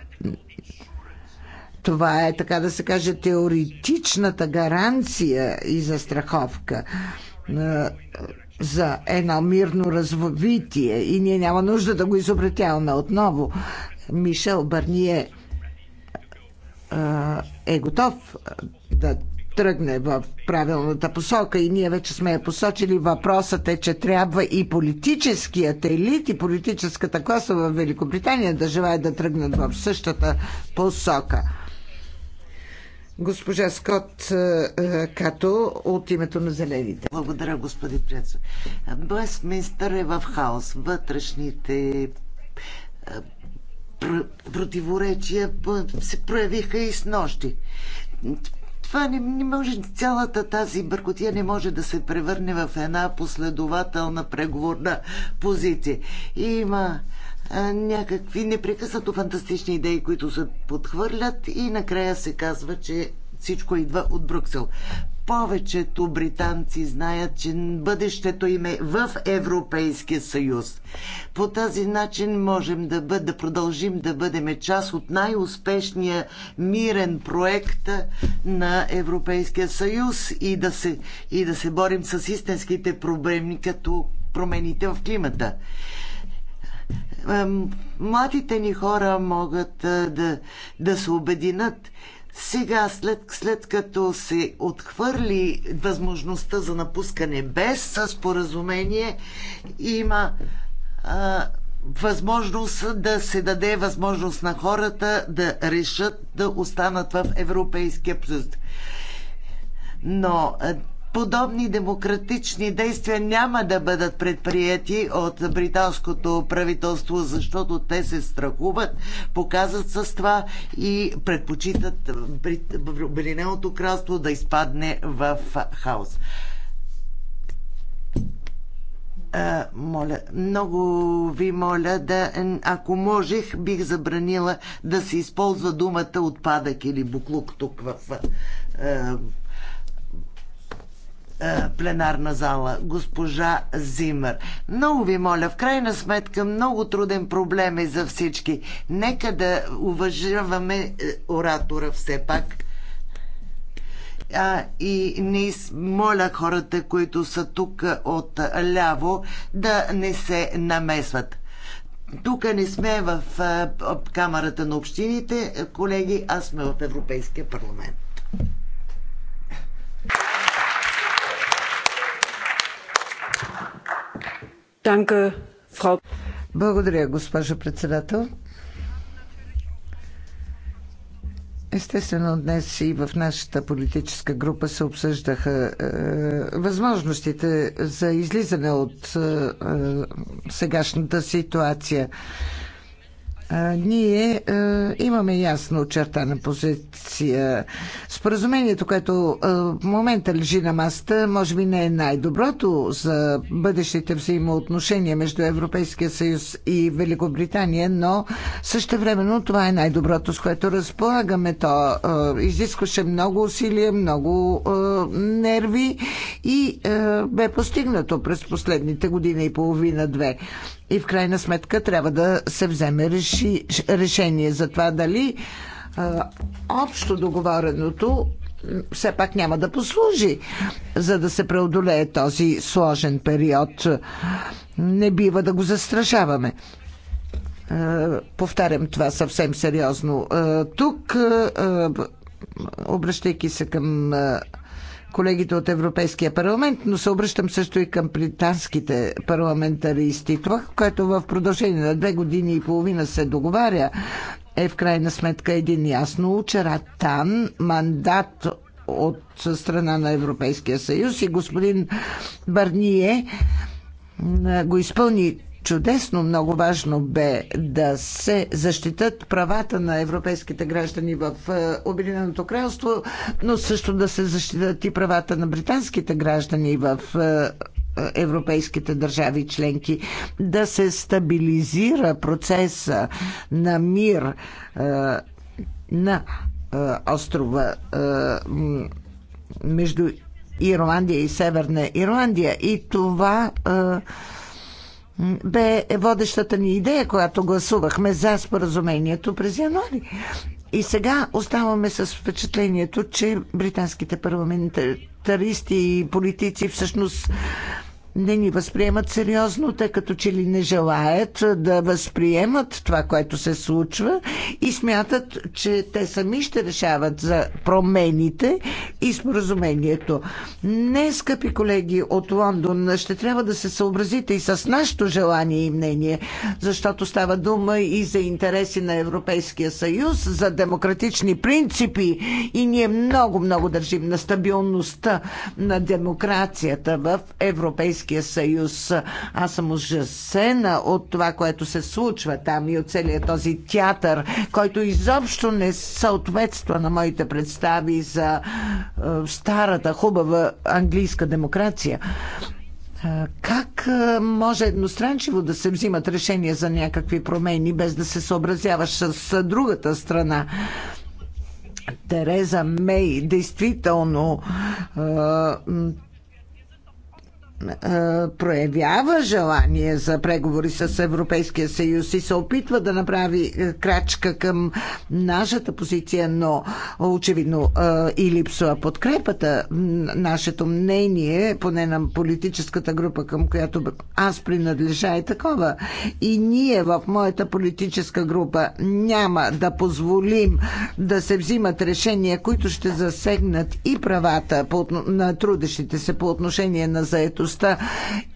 това е, така да се каже, теоретичната гаранция и застраховка е, за едно мирно развитие и ние няма нужда да го изобретяваме отново. Мишел Барние е, е готов е, да тръгне в правилната посока и ние вече сме я посочили. Въпросът е, че трябва и политическият елит и политическата класа в Великобритания да желаят да тръгнат в същата посока. Госпожа Скот е, е, Като от името на Зелените. Благодаря, господин председател. Вестминстър е в хаос. Вътрешните е, противоречия се проявиха и с нощи. Това не, не може, цялата тази бъркотия не може да се превърне в една последователна преговорна позиция. Има някакви непрекъснато фантастични идеи, които се подхвърлят и накрая се казва, че всичко идва от Брюксел. Повечето британци знаят, че бъдещето им е в Европейския съюз. По тази начин можем да, бъд, да продължим да бъдем част от най-успешния мирен проект на Европейския съюз и да се, и да се борим с истинските проблеми, като промените в климата младите ни хора могат да, да се обединят. Сега, след, след като се отхвърли възможността за напускане без споразумение, има а, възможност да се даде възможност на хората да решат да останат в Европейския съюз. Но подобни демократични действия няма да бъдат предприяти от британското правителство, защото те се страхуват, показват с това и предпочитат Обединеното кралство да изпадне в хаос. А, моля, много ви моля да, ако можех, бих забранила да се използва думата отпадък или буклук тук в а, е, пленарна зала, госпожа Зимър. Много ви моля, в крайна сметка много труден проблем е за всички. Нека да уважаваме е, оратора все пак. А, и не моля хората, които са тук е, от ляво, да не се намесват. Тук не сме в Камерата на общините, колеги, а сме в Европейския парламент. Благодаря, госпожо председател. Естествено, днес и в нашата политическа група се обсъждаха е, възможностите за излизане от е, е сегашната ситуация ние имаме ясно очертана позиция. Споразумението, което в момента лежи на масата, може би не е най-доброто за бъдещите взаимоотношения между Европейския съюз и Великобритания, но също времено това е най-доброто, с което разполагаме. То изискваше много усилия, много нерви и бе постигнато през последните година и половина-две и в крайна сметка трябва да се вземе реши, решение за това дали а, общо договореното все пак няма да послужи, за да се преодолее този сложен период. Не бива да го застрашаваме. Повтарям това съвсем сериозно. Тук, обръщайки се към колегите от Европейския парламент, но се обръщам също и към британските парламентаристи. Това, което в продължение на две години и половина се договаря, е в крайна сметка един ясно очаратан мандат от страна на Европейския съюз и господин Барние го изпълни чудесно, много важно бе да се защитат правата на европейските граждани в е, Обединеното кралство, но също да се защитат и правата на британските граждани в е, европейските държави членки, да се стабилизира процеса на мир е, на острова между Ирландия и Северна Ирландия. И това бе водещата ни идея, която гласувахме за споразумението през януари. И сега оставаме с впечатлението, че британските парламентаристи и политици всъщност не ни възприемат сериозно, тъй като че ли не желаят да възприемат това, което се случва и смятат, че те сами ще решават за промените и споразумението. Не, скъпи колеги от Лондон, ще трябва да се съобразите и с нашето желание и мнение, защото става дума и за интереси на Европейския съюз, за демократични принципи и ние много, много държим на стабилността на демокрацията в Европейския Европейския съюз. Аз съм ужасена от това, което се случва там и от целият този театър, който изобщо не съответства на моите представи за е, старата, хубава английска демокрация. Е, как е, може едностранчиво да се взимат решения за някакви промени, без да се съобразяваш с другата страна? Тереза Мей действително е, проявява желание за преговори с Европейския съюз и се опитва да направи е, крачка към нашата позиция, но очевидно е, и липсва подкрепата. Нашето мнение, поне на политическата група, към която аз принадлежа, е такова. И ние в моята политическа група няма да позволим да се взимат решения, които ще засегнат и правата на трудещите се по отношение на заето заетостта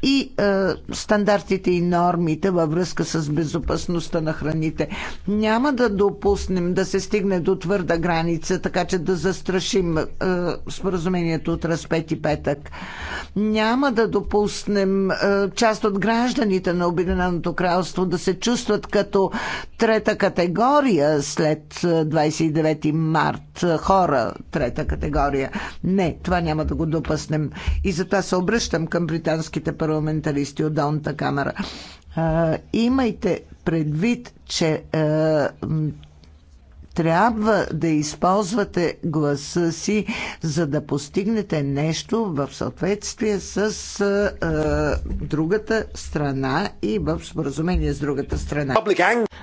и е, стандартите и нормите във връзка с безопасността на храните. Няма да допуснем да се стигне до твърда граница, така че да застрашим е, споразумението от разпети петък. Няма да допуснем е, част от гражданите на Обединеното кралство да се чувстват като трета категория след 29 е, март. Хора трета категория. Не, това няма да го допуснем. И затова се обръщам към към британските парламентаристи от Долната камера. Имайте предвид, че трябва да използвате гласа си, за да постигнете нещо в съответствие с а, другата страна и в споразумение с другата страна.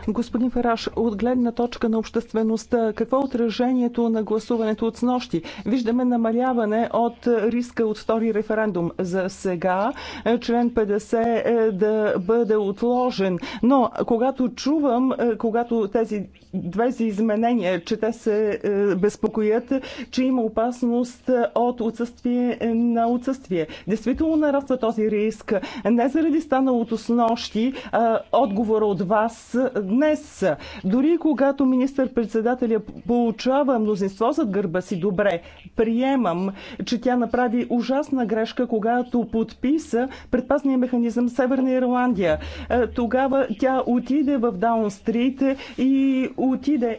Господин Фараш, от гледна точка на обществеността, какво е отражението на гласуването от снощи? Виждаме намаляване от риска от втори референдум. За сега е, член 50 е, да бъде отложен. Но когато чувам, е, когато тези две изменения съмнение, че те се е, безпокоят, че има опасност от отсъствие е, на отсъствие. Действително нараства този риск. Не заради станалото с нощи, а отговора от вас днес. Дори когато министър-председателя получава мнозинство зад гърба си, добре, приемам, че тя направи ужасна грешка, когато подписа предпазния механизъм Северна Ирландия. Е, тогава тя отиде в Даун Стрит и отиде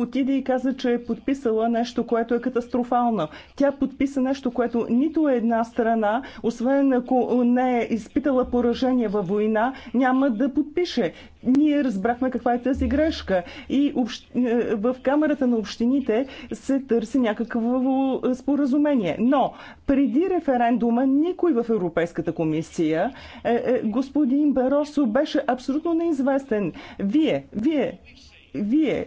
отиде и каза, че е подписала нещо, което е катастрофално. Тя подписа нещо, което нито една страна, освен ако не е изпитала поражение във война, няма да подпише. Ние разбрахме каква е тази грешка. И общ... Е, в Камерата на общините се търси някакво споразумение. Но преди референдума никой в Европейската комисия, е, е, господин Баросо, беше абсолютно неизвестен. Вие, вие, вие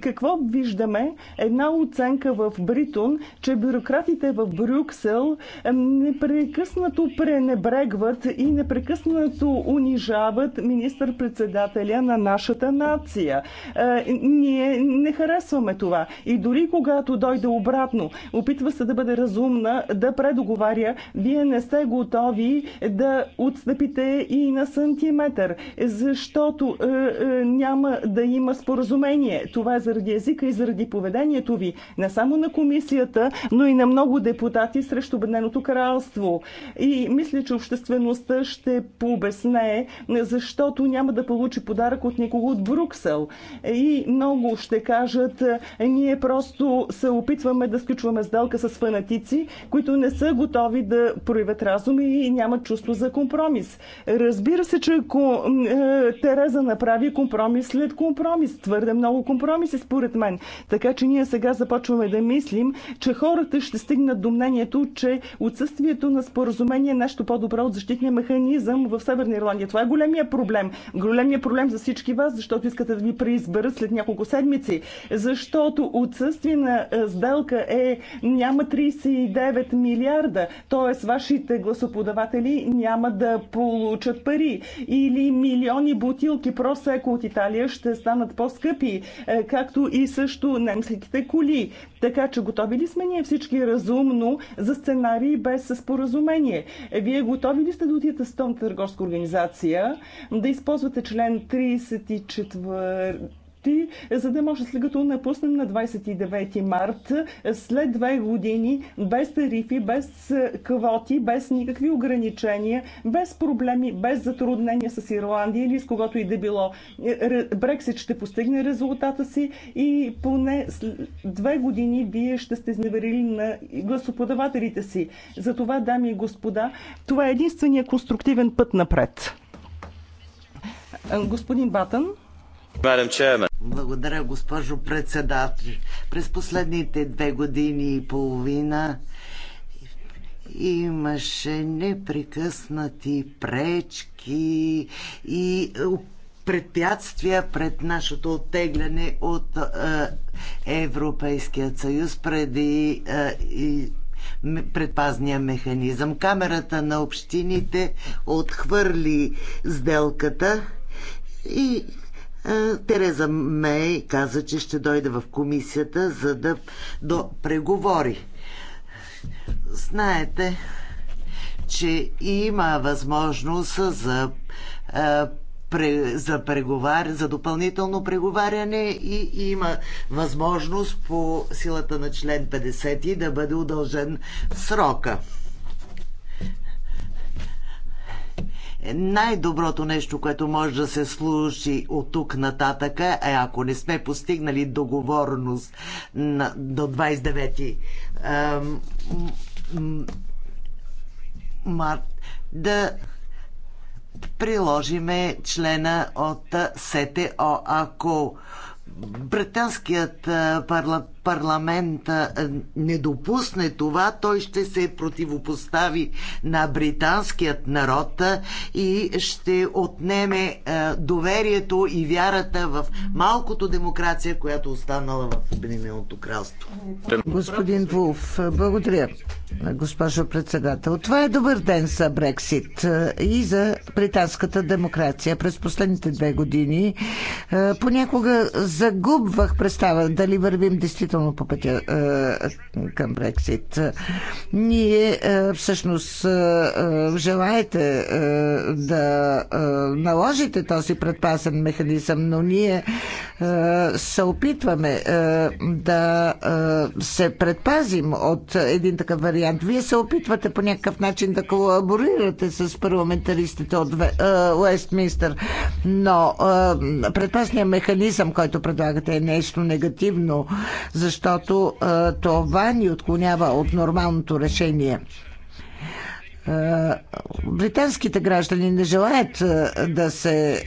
какво виждаме? Една оценка в Бритон, че бюрократите в Брюксел непрекъснато пренебрегват и непрекъснато унижават министър-председателя на нашата нация. Е, ние не харесваме това. И дори когато дойде обратно, опитва се да бъде разумна, да предоговаря, вие не сте готови да отстъпите и на сантиметър, защото е, е, няма да има споразумение. Това е заради езика и заради поведението ви, не само на комисията, но и на много депутати срещу Обединеното кралство. И мисля, че обществеността ще пообясне, защото няма да получи подарък от никого от Бруксел. И много ще кажат, ние просто се опитваме да сключваме сделка с фанатици, които не са готови да проявят разум и нямат чувство за компромис. Разбира се, че ако е, Тереза направи компромис след компромис, твърде много компромис, ми се според мен. Така че ние сега започваме да мислим, че хората ще стигнат до мнението, че отсъствието на споразумение е нещо по-добро от защитния механизъм в Северна Ирландия. Това е големия проблем. Големия проблем за всички вас, защото искате да ви преизберат след няколко седмици. Защото отсъствие на е, сделка е няма 39 милиарда, т.е. вашите гласоподаватели няма да получат пари. Или милиони бутилки просеко от Италия ще станат по-скъпи. Е, както и също немските коли. Така че готови ли сме ние всички разумно за сценарии без споразумение? Вие готови ли сте да отидете с Търговска организация, да използвате член 34 минути, за да може след като напуснем на 29 март, след две години, без тарифи, без квоти, без никакви ограничения, без проблеми, без затруднения с Ирландия или с когото и да било. Брексит ще постигне резултата си и поне две години вие ще сте изневерили на гласоподавателите си. Затова, дами и господа, това е единствения конструктивен път напред. Господин Батън. Благодаря, госпожо председател. През последните две години и половина имаше непрекъснати пречки и препятствия пред нашето оттегляне от е, Европейският съюз преди е, предпазния механизъм. Камерата на общините отхвърли сделката и Тереза Мей каза, че ще дойде в комисията, за да до преговори. Знаете, че има възможност за за, преговар... за допълнително преговаряне и има възможност по силата на член 50 да бъде удължен срока. Е най-доброто нещо, което може да се случи от тук нататък, е ако не сме постигнали договорност на, до 29 март, да приложиме члена от СТО. Ако британският парламент парламента е, не допусне това, той ще се противопостави на британският народ е, и ще отнеме е, доверието и вярата в малкото демокрация, която останала в Обединеното кралство. Господин Вулф, благодаря, госпожо председател. Това е добър ден за Брексит и за британската демокрация. През последните две години понякога загубвах представа дали вървим действително значително по пътя е, към Брексит. Ние е, всъщност е, желаете да наложите този предпасен механизъм, но ние се опитваме да се предпазим от един такъв вариант. Вие се опитвате по някакъв начин да колаборирате с парламентаристите от Уестминстър, но предпазният механизъм, който предлагате е нещо негативно, защото това ни отклонява от нормалното решение британските граждани не желаят да се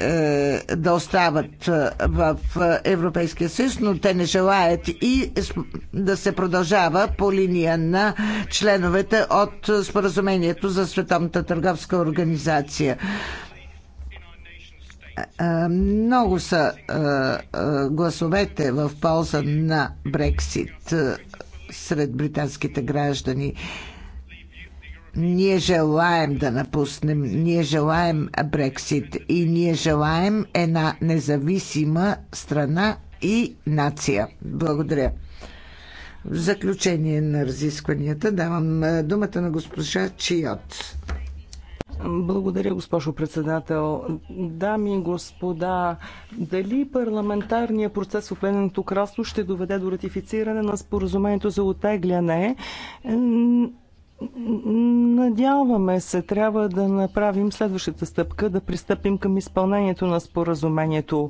да остават в Европейския съюз, но те не желаят и да се продължава по линия на членовете от споразумението за Световната търговска организация. Много са гласовете в полза на Брексит сред британските граждани. Ние желаем да напуснем, ние желаем Брексит и ние желаем една независима страна и нация. Благодаря. В заключение на разискванията давам думата на госпожа Чиот. Благодаря, госпожо председател. Дами и господа, дали парламентарният процес в Обединеното кралство ще доведе до ратифициране на споразумението за отегляне? Надяваме се, трябва да направим следващата стъпка, да пристъпим към изпълнението на споразумението.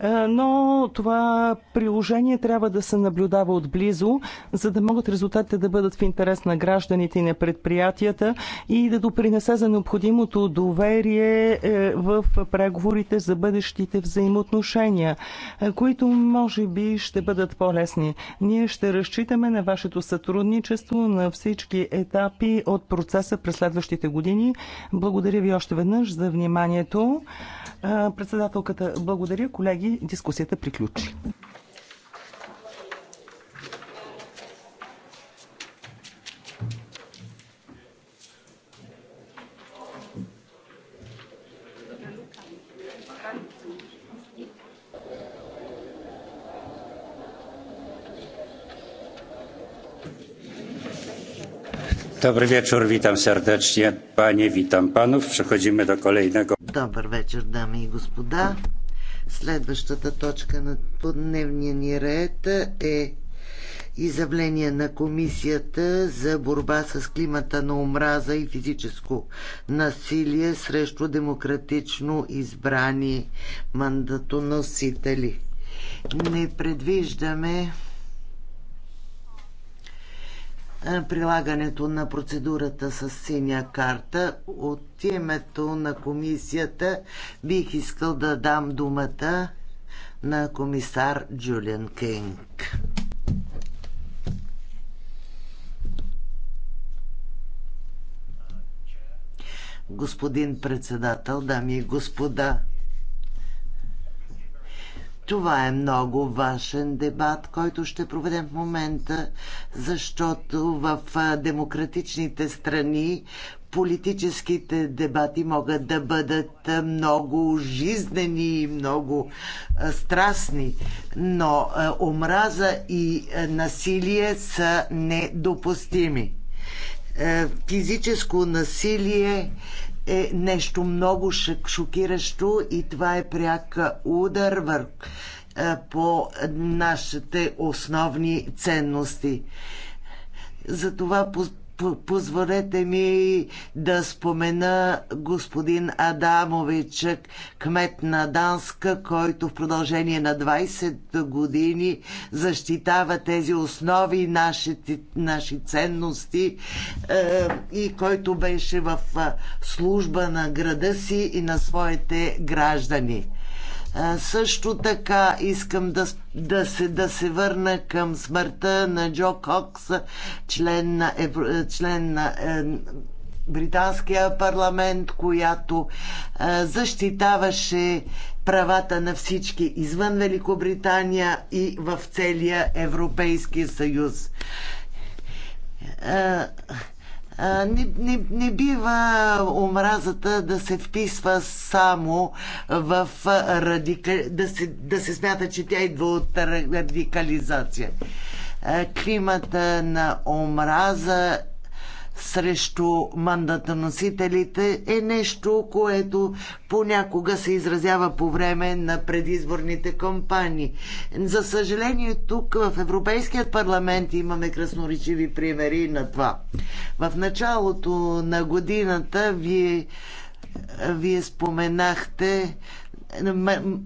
Е, но това приложение трябва да се наблюдава отблизо, за да могат резултатите да бъдат в интерес на гражданите и на предприятията и да допринесе за необходимото доверие е, в преговорите за бъдещите взаимоотношения, е, които може би ще бъдат по-лесни. Ние ще разчитаме на вашето сътрудничество на всички етапи от процеса през следващите години. Благодаря ви още веднъж за вниманието. Председателката, благодаря. Колеги, дискусията приключи. Dobry wieczór, witam serdecznie. Panie, witam panów. Przechodzimy do kolejnego. Dobър вечер, дами и господа. Следващата точка на подневния ни ред е изявление на Комисията за борба с климата на омраза и физическо насилие срещу демократично избрани мандатоносители. Не предвиждаме е, прилагането на процедурата с синя карта. От името на комисията бих искал да дам думата на комисар Джулиан Кинг. Господин председател, дами и господа, това е много важен дебат, който ще проведем в момента, защото в демократичните страни политическите дебати могат да бъдат много жизнени и много страстни, но омраза и насилие са недопустими. Е, физическо насилие е нещо много шокиращо и това е пряк удар върху е, по нашите основни ценности. Затова позволете ми да спомена господин Адамович, кмет на Данска, който в продължение на 20 години защитава тези основи, наши, наши ценности е, и който беше в е, служба на града си и на своите граждани. Също така искам да, да, се, да се върна към смъртта на Джо Кокс, член на, член на е, британския парламент, която е, защитаваше правата на всички извън Великобритания и в целия Европейски съюз. Е, не, не, не бива омразата да се вписва само в радикали... да, се, да се смята, че тя идва от радикализация. Климата на омраза срещу мандатоносителите е нещо, което понякога се изразява по време на предизборните кампании. За съжаление, тук в Европейският парламент имаме красноречиви примери на това. В началото на годината вие, вие споменахте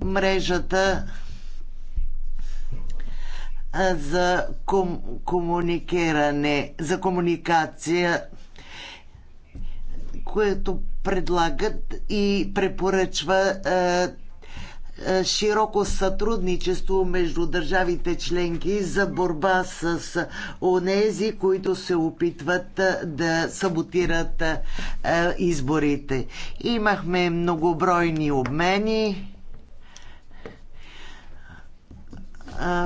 мрежата за ком, комуникиране, за комуникация, което предлагат и препоръчва широко сътрудничество между държавите членки за борба с онези, които се опитват да саботират изборите. Имахме многобройни обмени.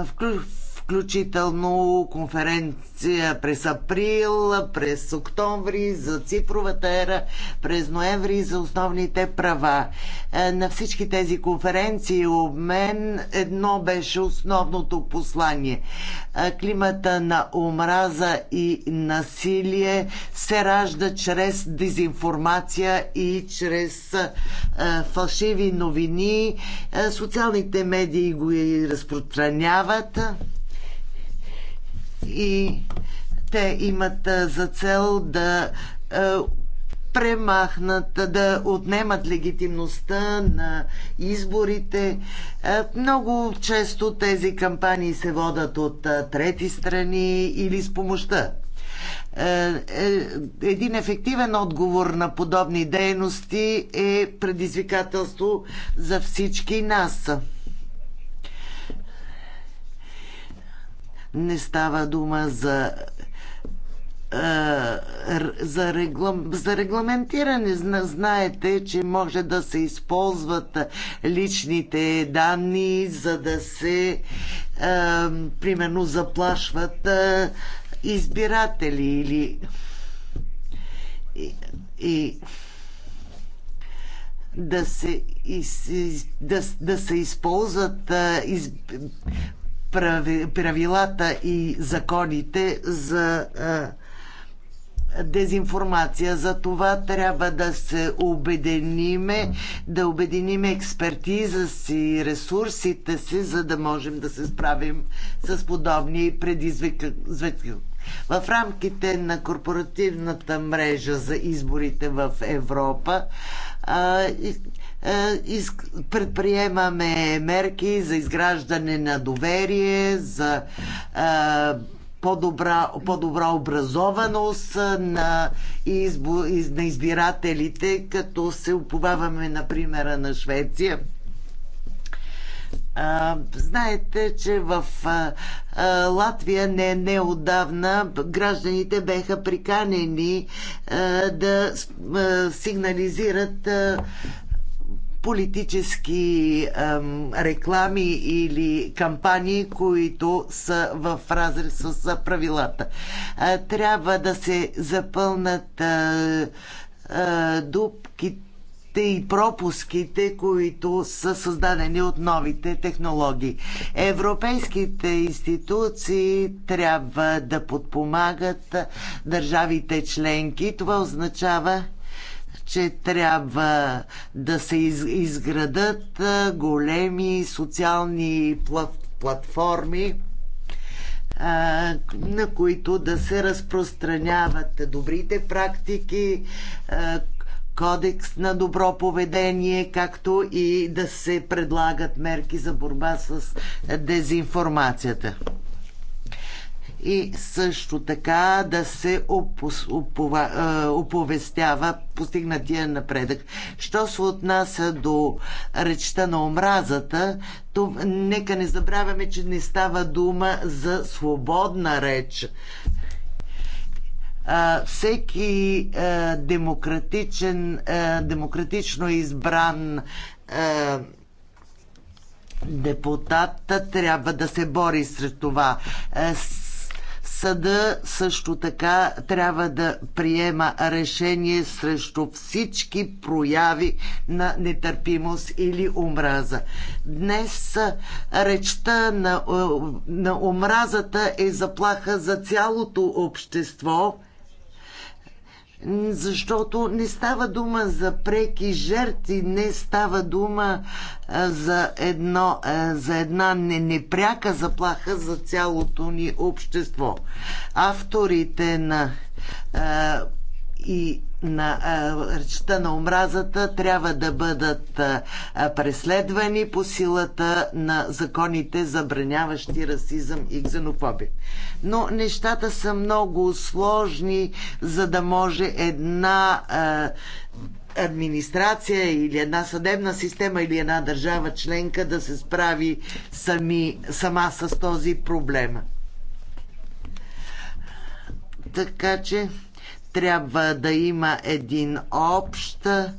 Включ включително конференция през април, през октомври за цифровата ера, през ноември за основните права. Е, на всички тези конференции мен едно беше основното послание. Е, климата на омраза и насилие се ражда чрез дезинформация и чрез е, фалшиви новини. Социалните медии го и разпространяват и те имат за цел да премахнат, да отнемат легитимността на изборите. Много често тези кампании се водат от трети страни или с помощта. Е, е, един ефективен отговор на подобни дейности е предизвикателство за всички нас. Не става дума за за, реглам, за регламентиране. Знаете, че може да се използват личните данни, за да се е, примерно заплашват е, избиратели или и, и да се, из, да, да се използват из, правилата и законите за дезинформация. За това трябва да се обединиме, да обединим експертиза си, и ресурсите си, за да можем да се справим с подобни предизвикателства. В рамките на корпоративната мрежа за изборите в Европа е, предприемаме мерки за изграждане на доверие, за е, по-добра, по-добра образованост е, на, избо, на избирателите, като се уповаваме на примера на Швеция. А, знаете, че в а, а, Латвия не отдавна гражданите беха приканени а, да а, сигнализират а, политически ем, реклами или кампании, които са в разрез с правилата. Е, трябва да се запълнат е, е, дупките и пропуските, които са създадени от новите технологии. Европейските институции трябва да подпомагат държавите членки. Това означава че трябва да се изградат големи социални платформи, на които да се разпространяват добрите практики, кодекс на добро поведение, както и да се предлагат мерки за борба с дезинформацията и също така да се опос, опова, оповестява постигнатия напредък. Що се отнася до речта на омразата, то нека не забравяме, че не става дума за свободна реч. А, всеки а, демократичен, а, демократично избран а, депутата трябва да се бори сред това. Съда също така трябва да приема решение срещу всички прояви на нетърпимост или омраза. Днес речта на, на омразата е заплаха за цялото общество защото не става дума за преки жертви, не става дума за, едно, за една непряка заплаха за цялото ни общество. Авторите на и на речта на омразата трябва да бъдат преследвани по силата на законите, забраняващи расизъм и ксенофобия. Но нещата са много сложни, за да може една администрация или една съдебна система или една държава членка да се справи сами, сама с този проблем. Така че трябва да има един общ е,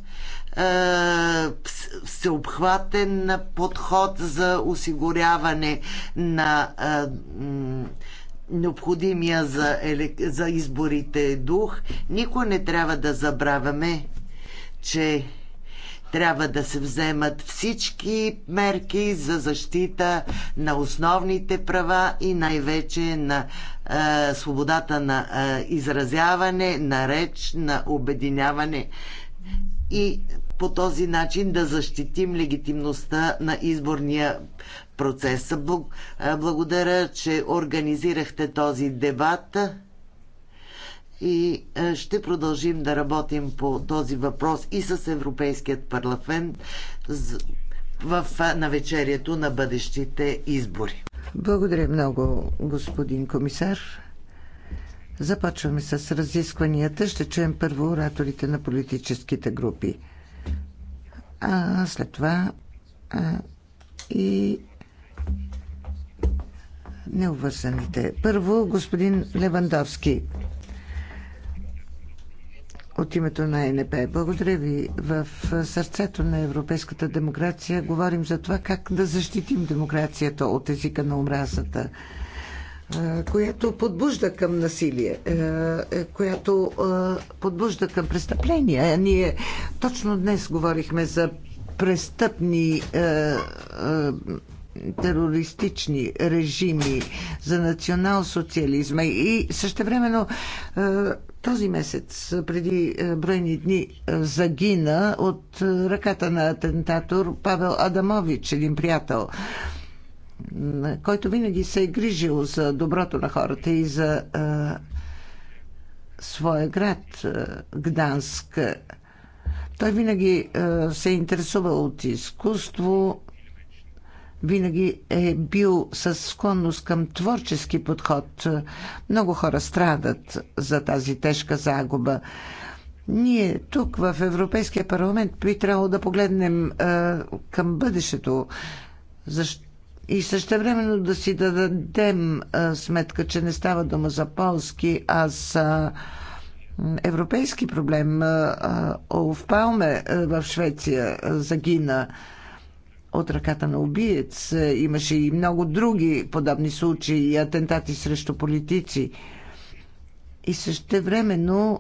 всеобхватен подход за осигуряване на е, необходимия за, за изборите дух. Никой не трябва да забравяме, че трябва да се вземат всички мерки за защита на основните права и най-вече на а, е, свободата на а, е, изразяване, на реч, на обединяване и по този начин да защитим легитимността на изборния процес. Е, благодаря, че организирахте този дебат и ще продължим да работим по този въпрос и с Европейският парламент в навечерието на бъдещите избори. Благодаря много, господин комисар. Започваме с разискванията. Ще чуем първо ораторите на политическите групи. А след това а, и неувързаните. Първо, господин Левандовски от името на ЕНП, Благодаря ви. В сърцето на европейската демокрация говорим за това как да защитим демокрацията от езика на омразата, е, която подбужда към насилие, е, е, която подбужда към престъпления. Ние точно днес говорихме за престъпни терористични режими, за национал-социализма и същевременно е, този месец, преди е, бройни дни, е, загина от ръката на атентатор Павел Адамович, един приятел който винаги се е грижил за доброто на хората и за а, своя град Гданск. Той винаги а, се е интересувал от изкуство, винаги е бил с склонност към творчески подход. Много хора страдат за тази тежка загуба. Ние тук в Европейския парламент би трябвало да погледнем е, към бъдещето и същевременно да си да дадем е, сметка, че не става дума за полски, а за европейски проблем. Е, е, Олф Палме е, в Швеция загина от ръката на убиец. Имаше и много други подобни случаи и атентати срещу политици. И също времено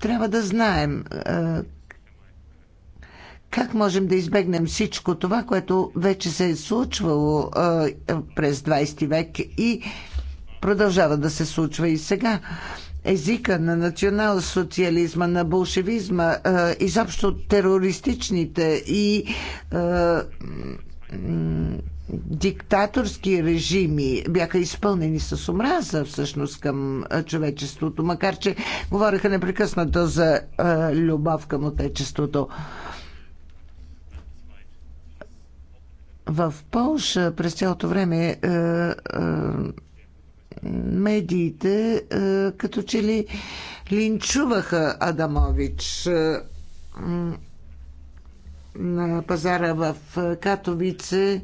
трябва да знаем как можем да избегнем всичко това, което вече се е случвало през 20 век и продължава да се случва и сега езика на национал-социализма, на болшевизма, изобщо терористичните и диктаторски режими бяха изпълнени с омраза всъщност към човечеството, макар че говореха непрекъснато за любов към отечеството. В Полша през цялото време е, е, медиите е, като че ли линчуваха Адамович е, на пазара в е, Катовице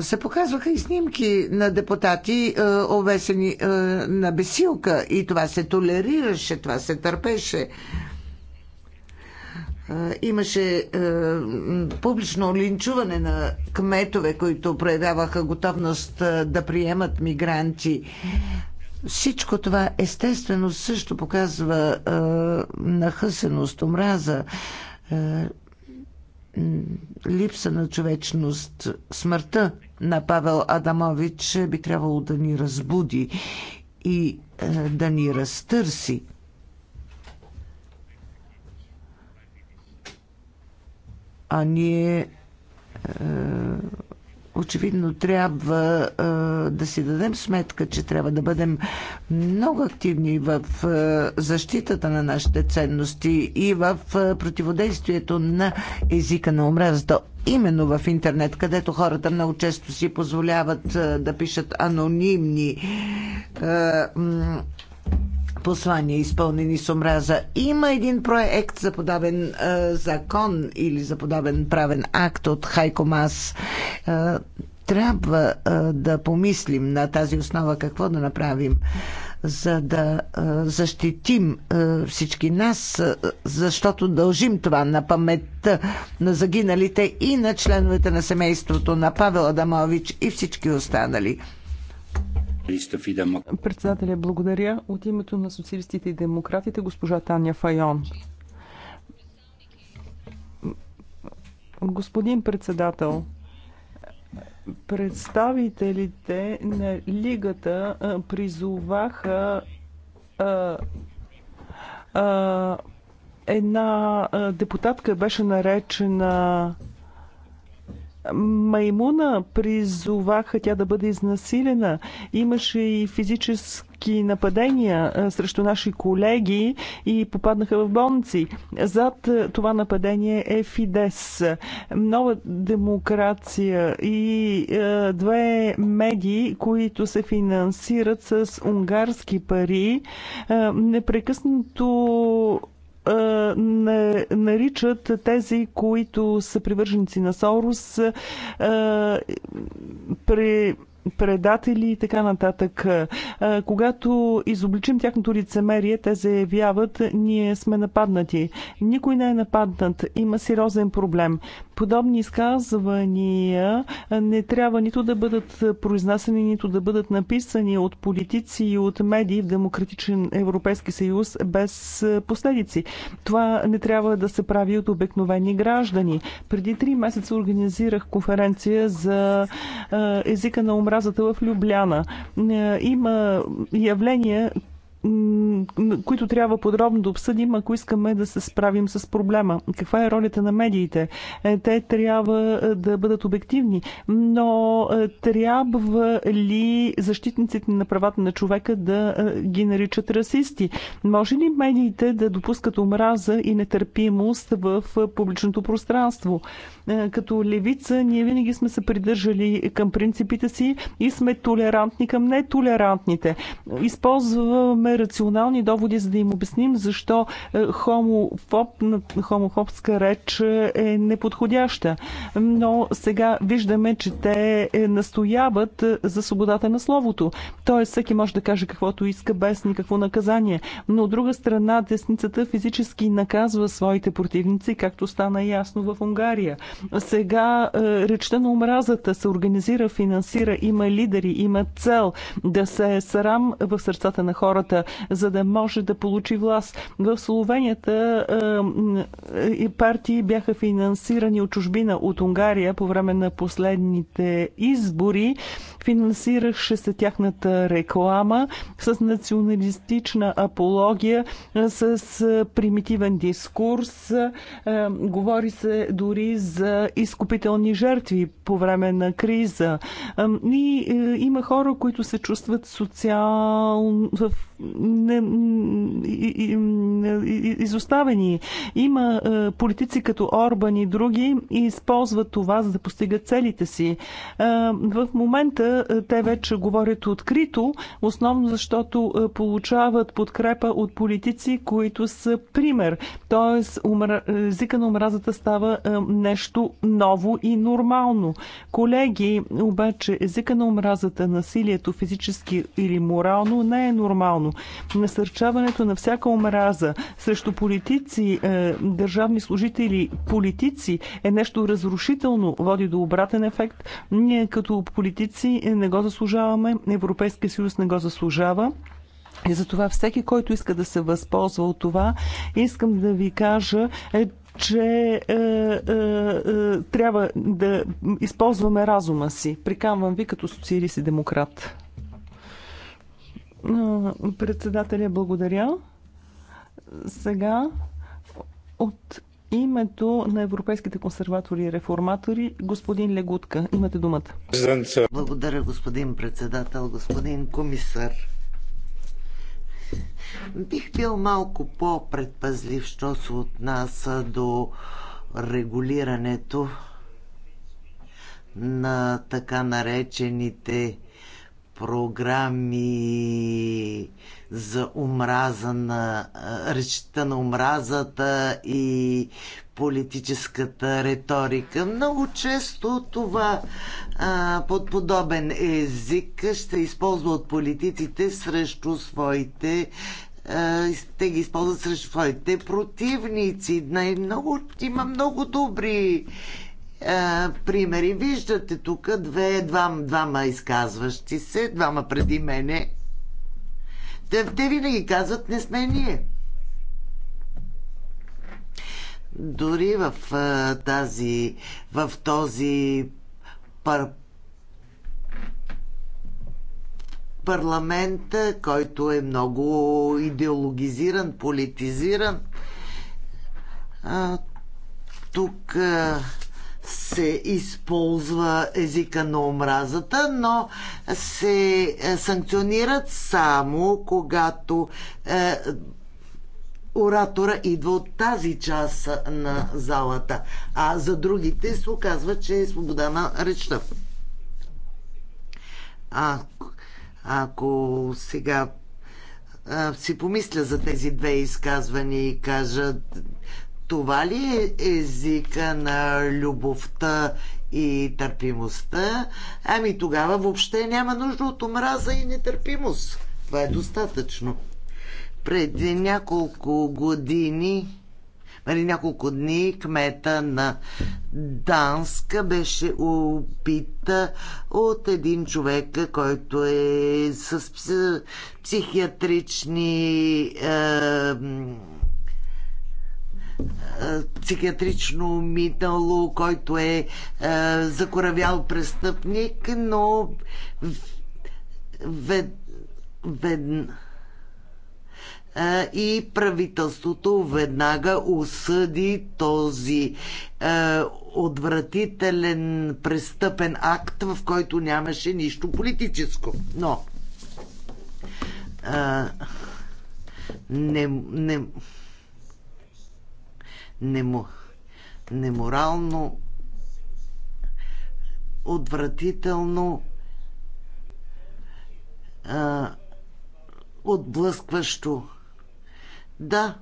се показваха и снимки на депутати, обесени на бесилка. И това се толерираше, това се търпеше. Имаше публично линчуване на кметове, които проявяваха готовност да приемат мигранти. Всичко това естествено също показва нахъсеност, омраза, липса на човечност. Смъртта на Павел Адамович би трябвало да ни разбуди и да ни разтърси. а ние е, очевидно трябва е, да си дадем сметка, че трябва да бъдем много активни в е, защитата на нашите ценности и в е, противодействието на езика на омразата. Именно в интернет, където хората много често си позволяват е, да пишат анонимни. Е, послания, изпълнени с омраза. Има един проект за подобен е, закон или за подобен правен акт от Хайко Мас. Е, трябва е, да помислим на тази основа какво да направим, за да е, защитим е, всички нас, е, защото дължим това на паметта на загиналите и на членовете на семейството на Павел Адамович и всички останали. Председателя, благодаря. От името на социалистите и демократите, госпожа Таня Файон. Господин председател, представителите на лигата призоваха а, а, една депутатка беше наречена маймуна, призоваха тя да бъде изнасилена. Имаше и физически нападения срещу наши колеги и попаднаха в болници. Зад това нападение е Фидес. Нова демокрация и две медии, които се финансират с унгарски пари, непрекъснато не, наричат тези, които са привърженици на Сорос, при предатели и така нататък. Когато изобличим тяхното лицемерие, те заявяват, ние сме нападнати. Никой не е нападнат. Има сериозен проблем. Подобни изказвания не трябва нито да бъдат произнасени, нито да бъдат написани от политици и от медии в демократичен Европейски съюз без последици. Това не трябва да се прави от обикновени граждани. Преди три месеца организирах конференция за езика на умрението омразата в Любляна. Е, има явления, които трябва подробно да обсъдим, ако искаме да се справим с проблема. Каква е ролята на медиите? Е, те трябва е, да бъдат обективни, но трябва ли защитниците на правата на човека да ги наричат расисти? Може ли медиите да допускат омраза и нетърпимост в публичното пространство? Е, като левица ние винаги сме се придържали към принципите си и сме толерантни към нетолерантните. Използваме рационални доводи, за да им обясним защо е, хомофоб, хомофобска реч е, е неподходяща. Но сега виждаме, че те настояват за свободата на словото. Тоест всеки може да каже каквото иска без никакво наказание. Но от друга страна десницата физически наказва своите противници, както стана ясно в Унгария. Сега е, речта на омразата се организира, финансира, има лидери, има цел да се е срам в сърцата на хората, за да може да получи власт. В Словенията е, е, партии бяха финансирани от чужбина, от Унгария по време на последните избори финансираше се тяхната реклама с националистична апология, с примитивен дискурс. Е, говори се дори за изкупителни жертви по време на криза. Е, и е, има хора, които се чувстват социално изоставени. Има политици като Орбан и други и използват това, за да постигат целите си. В момента е, те вече говорят открито, основно защото е, получават подкрепа от политици, които са пример. Тоест, езика на омразата става е, нещо ново и нормално. Колеги, обаче езика на омразата, насилието физически или морално не е нормално. Насърчаването на всяка омраза срещу политици, държавни служители, политици е нещо разрушително, води до обратен ефект. Ние като политици не го заслужаваме, Европейския съюз не го заслужава. И затова всеки, който иска да се възползва от това, искам да ви кажа, е, че е, е, е, трябва да използваме разума си. Прикамвам ви като социалист и демократ. Председателя, благодаря. Сега от името на европейските консерватори и реформатори, господин Легутка. Имате думата. Благодаря, господин председател, господин комисар. Бих бил малко по-предпазлив, що се отнася до регулирането на така наречените програми за омраза на речта на омразата и политическата риторика. Много често това а, под подобен език ще използва от политиците срещу своите те ги използват срещу своите противници. Най- много, има много добри е, примери. Виждате тук две, двам, двама изказващи се, двама преди мене. Те, те винаги казват, не сме ние. Дори в, а, е, тази, в този пар, парламент, е, който е много идеологизиран, политизиран, а, тук а, се използва езика на омразата, но се е, санкционират само когато е, оратора идва от тази част на залата, а за другите се оказва, че е свобода на речта. А, ако сега а, е, си помисля за тези две изказвания и кажа това ли е езика на любовта и търпимостта? Ами тогава въобще няма нужда от омраза и нетърпимост. Това е достатъчно. Преди няколко години преди няколко дни кмета на Данска беше убита от един човек, който е с психиатрични е, е, психиатрично минало, който е, е закоравял престъпник, но вед, вед, е, и правителството веднага осъди този а, отвратителен престъпен акт, в който нямаше нищо политическо. Но а, не, не, немо, неморално, отвратително, а, отблъскващо. Да,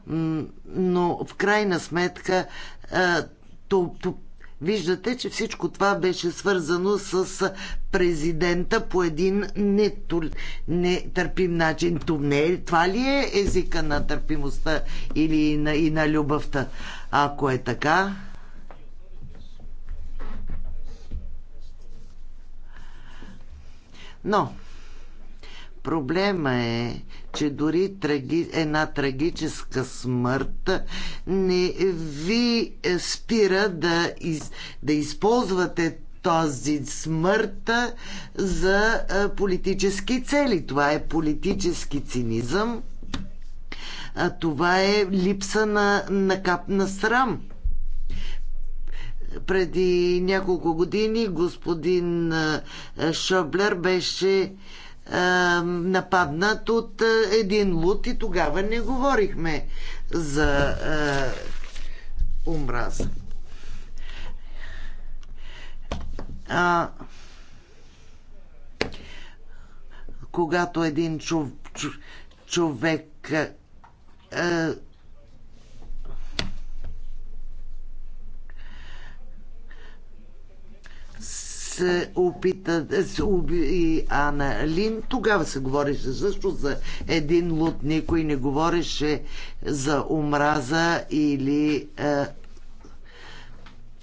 но в крайна сметка а, то, то, виждате, че всичко това беше свързано с президента по един нетол... нетърпим начин. То не е, това ли е езика на търпимостта или на, и на любовта? Ако е така, но проблема е, че дори траги, една трагическа смърт не ви спира да, из, да използвате този смърт за политически цели. Това е политически цинизъм а това е липса на, на кап на срам. Преди няколко години господин Шоблер беше нападнат от един лут и тогава не говорихме за омраза. А, когато един чов, чов, човек се опита, се уби Ана Лин. Тогава се говореше също за един лут. Никой не говореше за омраза или е,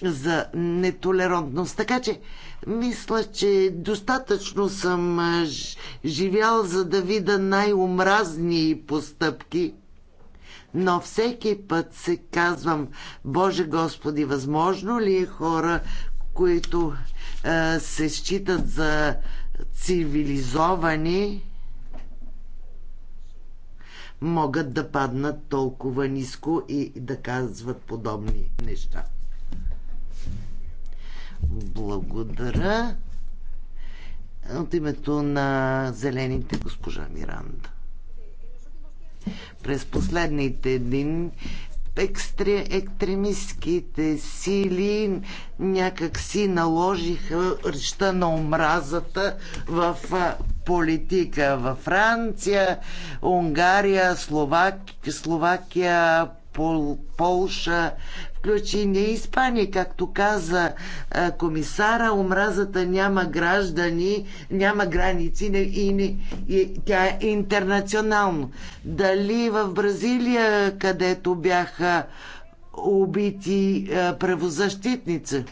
за нетолерантност. Така че, мисля, че достатъчно съм живял, за да видя най-омразни постъпки но всеки път се казвам, Боже Господи, възможно ли е хора, които а, е, се считат за цивилизовани, могат да паднат толкова ниско и да казват подобни неща. Благодаря. От името на зелените госпожа Миранда. През последните дни екстре, екстремистските сили някак си наложиха ръща на омразата в политика във Франция, Унгария, Словак, Словакия, Пол, Полша, не Испания, както каза комисара, омразата няма граждани, няма граници и, не, и тя е интернационално. Дали в Бразилия, където бяха убити правозащитници?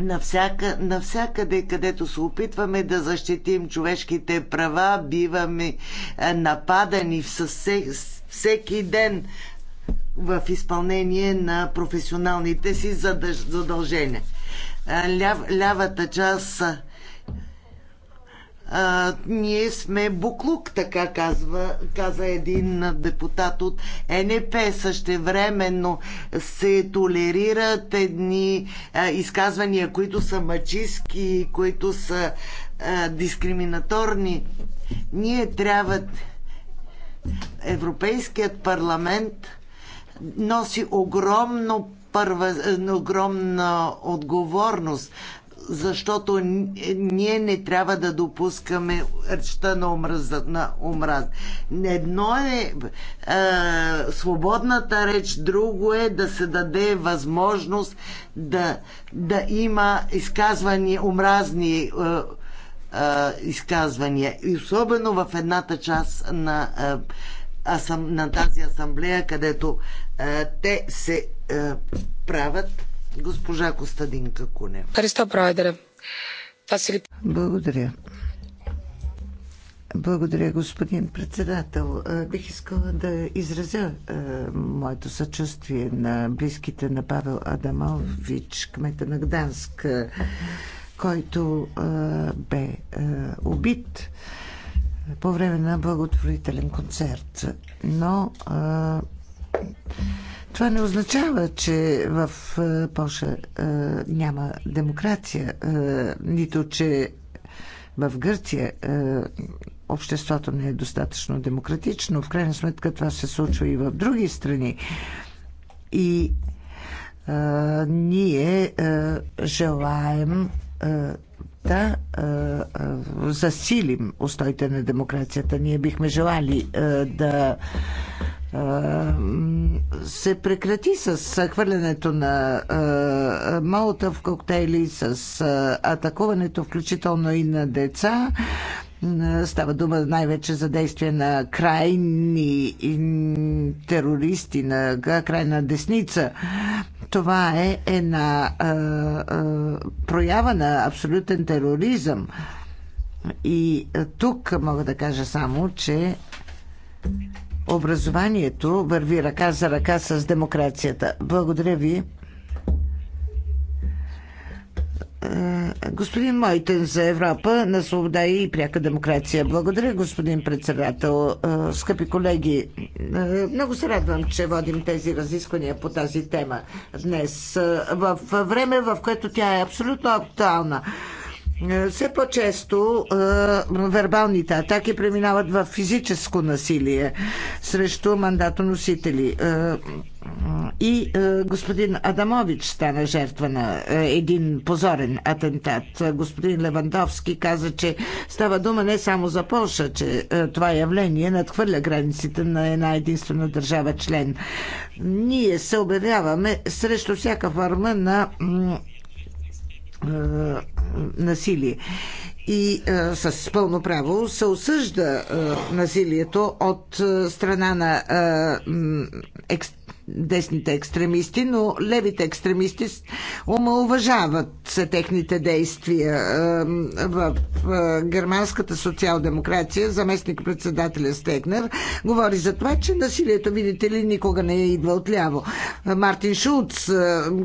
Навсяка, навсякъде, където се опитваме да защитим човешките права, биваме нападани с, с всеки ден в изпълнение на професионалните си задължения. Ляв, лявата част а, ние сме буклук, така казва, каза един депутат от НП. Същевременно се толерират едни а, изказвания, които са мачистки, които са а, дискриминаторни. Ние трябва Европейският парламент носи огромно първа, огромна отговорност, защото ние не трябва да допускаме речта на омраза. На омраз. Едно е, е свободната реч, друго е да се даде възможност да, да има изказвани омразни е, а, изказвания. И особено в едната част на, а, асам, на тази асамблея, където а, те се а, правят. Госпожа Костадинка Куне. Кунев. Благодаря. Благодаря, господин председател. Бих искала да изразя моето съчувствие на близките на Павел Адамович, кмета на Гданск който а, бе а, убит по време на благотворителен концерт. Но а, това не означава, че в а, Польша а, няма демокрация, а, нито че в Гърция а, обществото не е достатъчно демократично. В крайна сметка това се случва и в други страни. И а, ние а, желаем да засилим устоите на демокрацията. Ние бихме желали да се прекрати с хвърлянето на молота в коктейли, с атакуването включително и на деца, Става дума най-вече за действия на крайни терористи, на крайна десница. Това е една а, а, проява на абсолютен тероризъм. И тук мога да кажа само, че образованието върви ръка за ръка с демокрацията. Благодаря ви. Е, господин Мойтен за Европа на свобода и пряка демокрация. Благодаря, господин председател. Е, скъпи колеги, е, много се радвам, че водим тези разисквания по тази тема днес, в време, в което тя е абсолютно актуална. Е, все по-често е, вербалните атаки преминават в физическо насилие срещу мандатоносители. Е, и господин Адамович стана жертва на един позорен атентат. Господин Левандовски каза, че става дума не само за Польша, че това явление надхвърля границите на една единствена държава член. Ние се обявяваме срещу всяка форма на е, насилие. И а, е, с пълно право се осъжда а, е, насилието от а, страна на а, екстремизма десните екстремисти, но левите екстремисти омалуважават са техните действия. В германската социал-демокрация заместник председателя Стегнер говори за това, че насилието, видите ли, никога не е идва от ляво. Мартин Шулц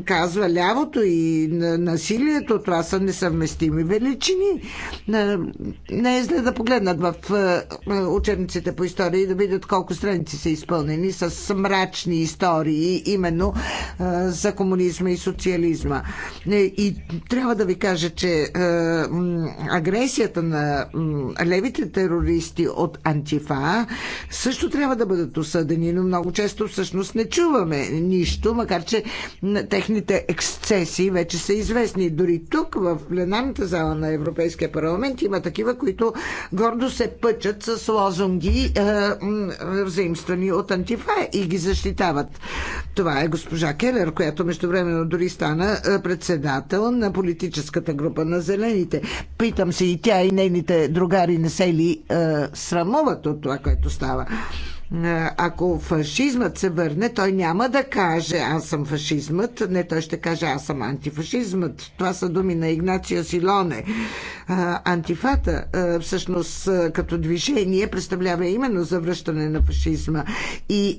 казва лявото и насилието, това са несъвместими величини. Не е зле да погледнат в учебниците по история и да видят колко страници са изпълнени с мрачни истории истории, именно за комунизма и социализма. Е, и трябва да ви кажа, че е, агресията на левите терористи от Антифа също трябва да бъдат осъдени, но много често всъщност не чуваме нищо, макар че техните ексцесии вече са известни. Дори тук, в пленарната зала на Европейския парламент, има такива, които гордо се пъчат с лозунги, е, взаимствани от Антифа и ги защитават. Това е госпожа Келер, която междувременно дори стана е, председател на политическата група на Зелените. Питам се и тя и нейните другари не се ли е, срамуват от това, което става ако фашизмът се върне, той няма да каже аз съм фашизмът, не, той ще каже аз съм антифашизмът. Това са думи на Игнация Силоне. Антифата всъщност като движение представлява именно завръщане на фашизма. И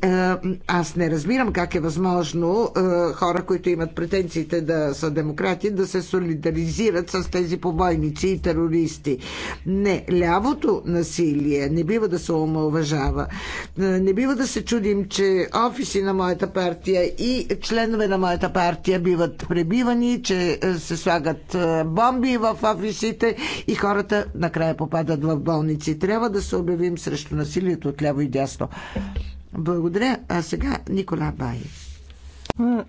аз не разбирам как е възможно хора, които имат претенциите да са демократи, да се солидаризират с тези побойници и терористи. Не, лявото насилие не бива да се омалважава. Е, не бива да се чудим, че офиси на моята партия и членове на моята партия биват пребивани, че е, се слагат е, бомби в офисите и хората накрая попадат в болници. Трябва да се обявим срещу насилието от ляво и дясно. Благодаря. А сега Никола Баев.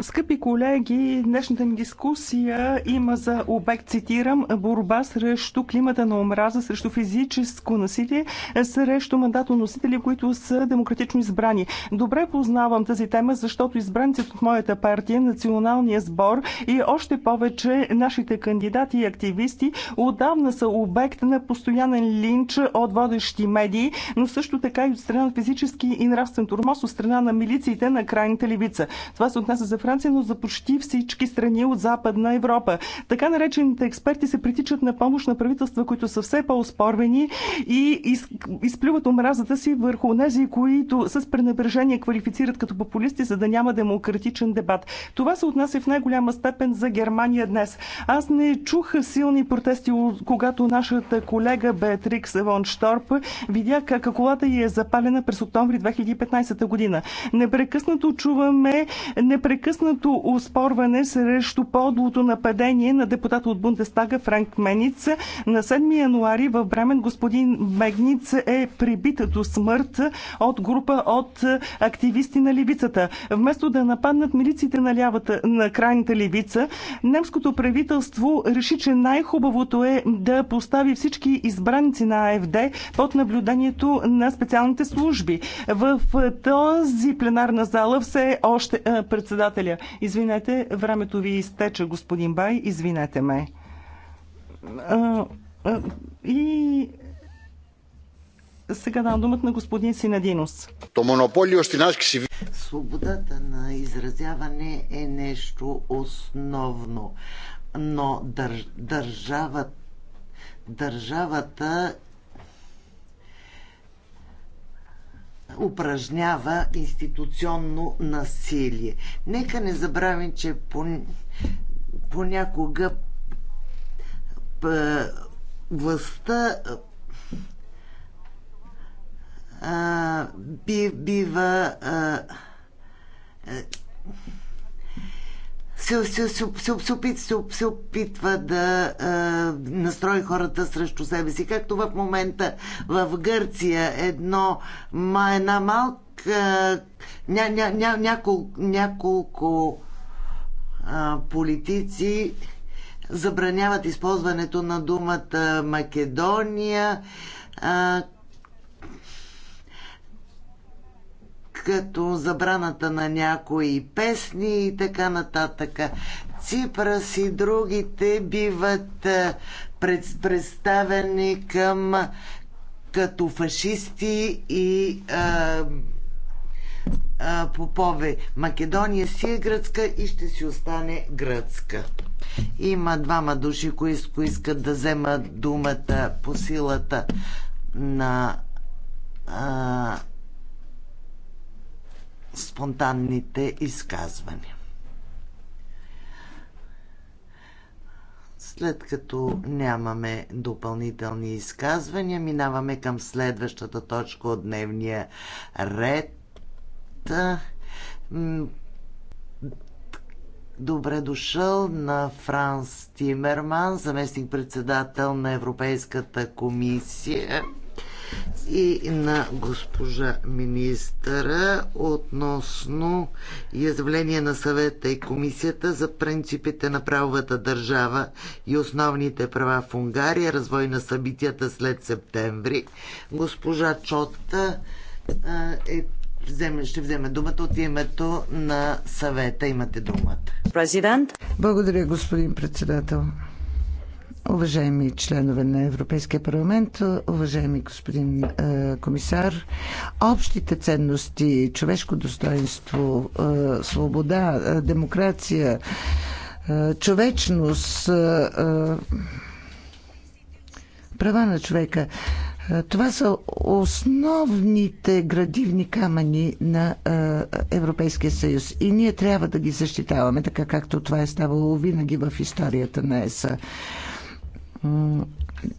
Скъпи колеги, днешната ни дискусия има за обект, цитирам, борба срещу климата на омраза, срещу физическо насилие, срещу мандатоносители, които са демократично избрани. Добре познавам тази тема, защото избранците от моята партия, Националния сбор и още повече нашите кандидати и активисти отдавна са обект на постоянен линч от водещи медии, но също така и от страна на физически и нравствен турмоз от страна на милициите на крайната левица. Това се отнася каза за Франция, но за почти всички страни от Западна Европа. Така наречените експерти се притичат на помощ на правителства, които са все по-оспорвени и из, изплюват омразата си върху тези, които с пренебрежение квалифицират като популисти, за да няма демократичен дебат. Това се отнася в най-голяма степен за Германия днес. Аз не чух силни протести, когато нашата колега Беатрикс Евон Шторп видя как колата й е запалена през октомври 2015 година. Непрекъснато чуваме непрекъснато непрекъснато успорване срещу подлото нападение на депутата от Бундестага Франк Мениц. На 7 януари в Бремен господин Мегниц е прибит до смърт от група от активисти на левицата. Вместо да нападнат милиците на, лявата, на крайната левица, немското правителство реши, че най-хубавото е да постави всички избраници на АФД под наблюдението на специалните служби. В този пленарна зала все още пред Председателя, извинете, времето ви изтече, господин Бай, извинете ме. А, а, и сега дам думата на господин Синадинос. То монополио στην си... Свободата на изразяване е нещо основно, но дър, държавата държавата упражнява институционно насилие. Нека не забравим, че понякога властта бива се, се, се, се, се, опит, се, се опитва да а, настрои хората срещу себе си. Както в момента в Гърция едно, ма, една малка, ня, ня, ня, няколко, няколко а, политици забраняват използването на думата Македония, а, като забраната на някои песни и така нататък. Ципрас и другите биват представени към като фашисти и а, а, попове. Македония си е гръцка и ще си остане гръцка. Има двама души, които искат да вземат думата по силата на а, спонтанните изказвания. След като нямаме допълнителни изказвания, минаваме към следващата точка от дневния ред. Добре дошъл на Франс Тимерман, заместник-председател на Европейската комисия и на госпожа министъра относно изявление на съвета и комисията за принципите на правовата държава и основните права в Унгария, развой на събитията след септември. Госпожа Чотта е вземе, ще вземе думата от името на съвета. Имате думата. Президент. Благодаря, господин председател. Уважаеми членове на Европейския парламент, уважаеми господин е, комисар, общите ценности, човешко достоинство, е, свобода, е, демокрация, е, човечност, е, е, права на човека, е, това са основните градивни камъни на е, Европейския съюз. И ние трябва да ги защитаваме, така както това е ставало винаги в историята на ЕСА.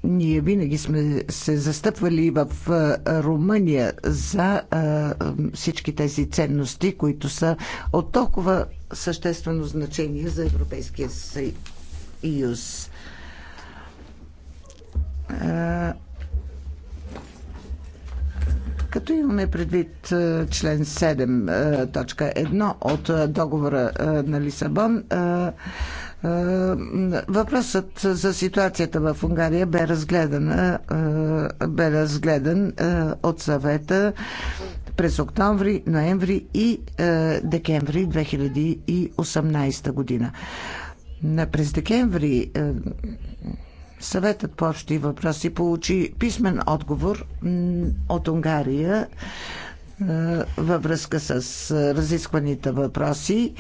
Ние винаги сме се застъпвали в Румъния за всички тези ценности, които са от толкова съществено значение за Европейския съюз. Като имаме предвид член 7, точка 1 от договора на Лисабон, е, въпросът за ситуацията в Унгария бе разгледан, е, е, бе разгледан от съвета през октомври, ноември и декември 2018 година. През декември съветът по общи въпроси получи писмен отговор от Унгария е, във връзка с е, разискваните въпроси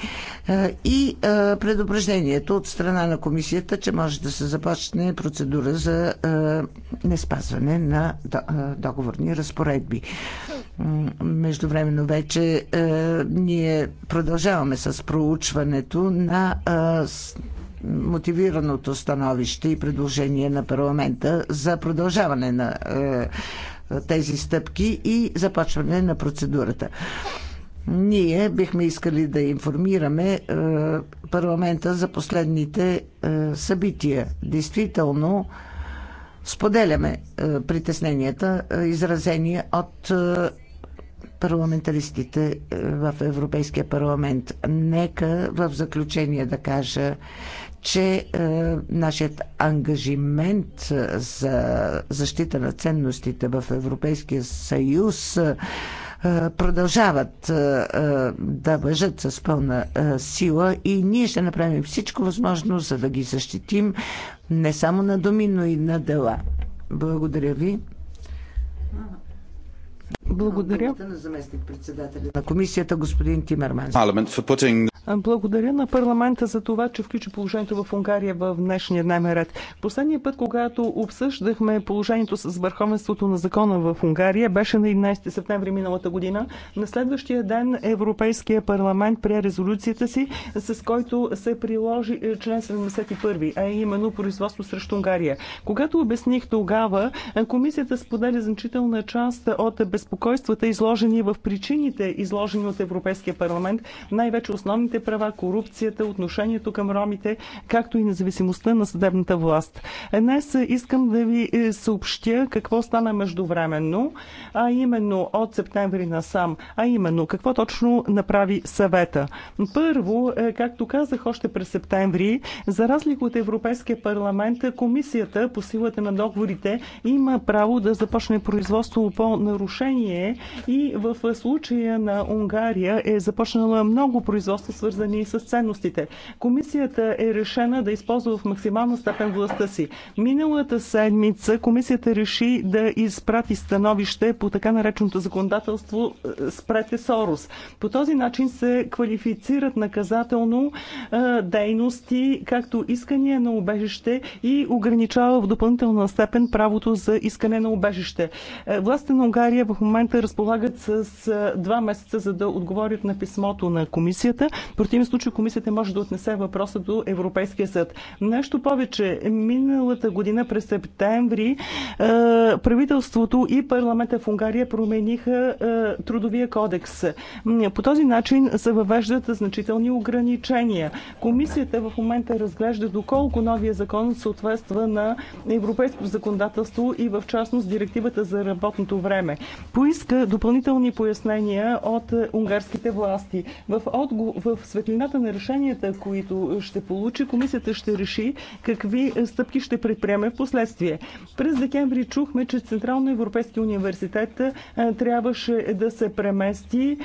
е, и предупреждението от страна на комисията, че може да се започне процедура за неспазване на договорни разпоредби. Междувременно вече ние продължаваме с проучването на мотивираното становище и предложение на парламента за продължаване на тези стъпки и започване на процедурата. Ние бихме искали да информираме парламента за последните събития. Действително, споделяме притесненията, изразени от парламентаристите в Европейския парламент. Нека в заключение да кажа, че е, нашият ангажимент е, за защита на ценностите в Европейския съюз е, продължават е, да въжат с пълна сила и ние ще направим всичко възможно, за да ги защитим не само на думи, но и на дела. Благодаря ви. Благодаря. на заместник председателя на комисията господин Тимерман. Благодаря на парламента за това, че включи положението в Унгария в днешния дневен ред. Последния път, когато обсъждахме положението с върховенството на закона в Унгария, беше на 11 септември миналата година. На следващия ден Европейския парламент прие резолюцията си, с който се приложи е, член 71, а именно производство срещу Унгария. Когато обясних тогава, е, комисията споделя значителна част от безпокоението безпокойствата, изложени в причините, изложени от Европейския парламент, най-вече основните права, корупцията, отношението към ромите, както и независимостта на съдебната власт. Днес искам да ви е, съобщя какво стана междувременно, а именно от септември насам, а именно какво точно направи съвета. Първо, е, както казах още през септември, за разлика от Европейския парламент, комисията по силата на договорите има право да започне производство по нарушение изпълнение и в случая на Унгария е започнала много производства, свързани с ценностите. Комисията е решена да използва в максимална степен властта си. Миналата седмица комисията реши да изпрати становище по така нареченото законодателство е, спрете Сорос. По този начин се квалифицират наказателно е, дейности, както искания на убежище и ограничава в допълнителна степен правото за искане на убежище. Е, властта на Унгария в момента момента разполагат с два месеца, за да отговорят на писмото на комисията. В противен случай комисията може да отнесе въпроса до Европейския съд. Нещо повече, миналата година през септември правителството и парламента в Унгария промениха трудовия кодекс. По този начин се въвеждат значителни ограничения. Комисията в момента разглежда доколко новия закон съответства на европейското законодателство и в частност директивата за работното време. По поиска допълнителни пояснения от е, унгарските власти. В, отго... в светлината на решенията, които ще получи, комисията ще реши какви е, стъпки ще предприеме в последствие. През декември чухме, че Централно Европейски университет е, трябваше да се премести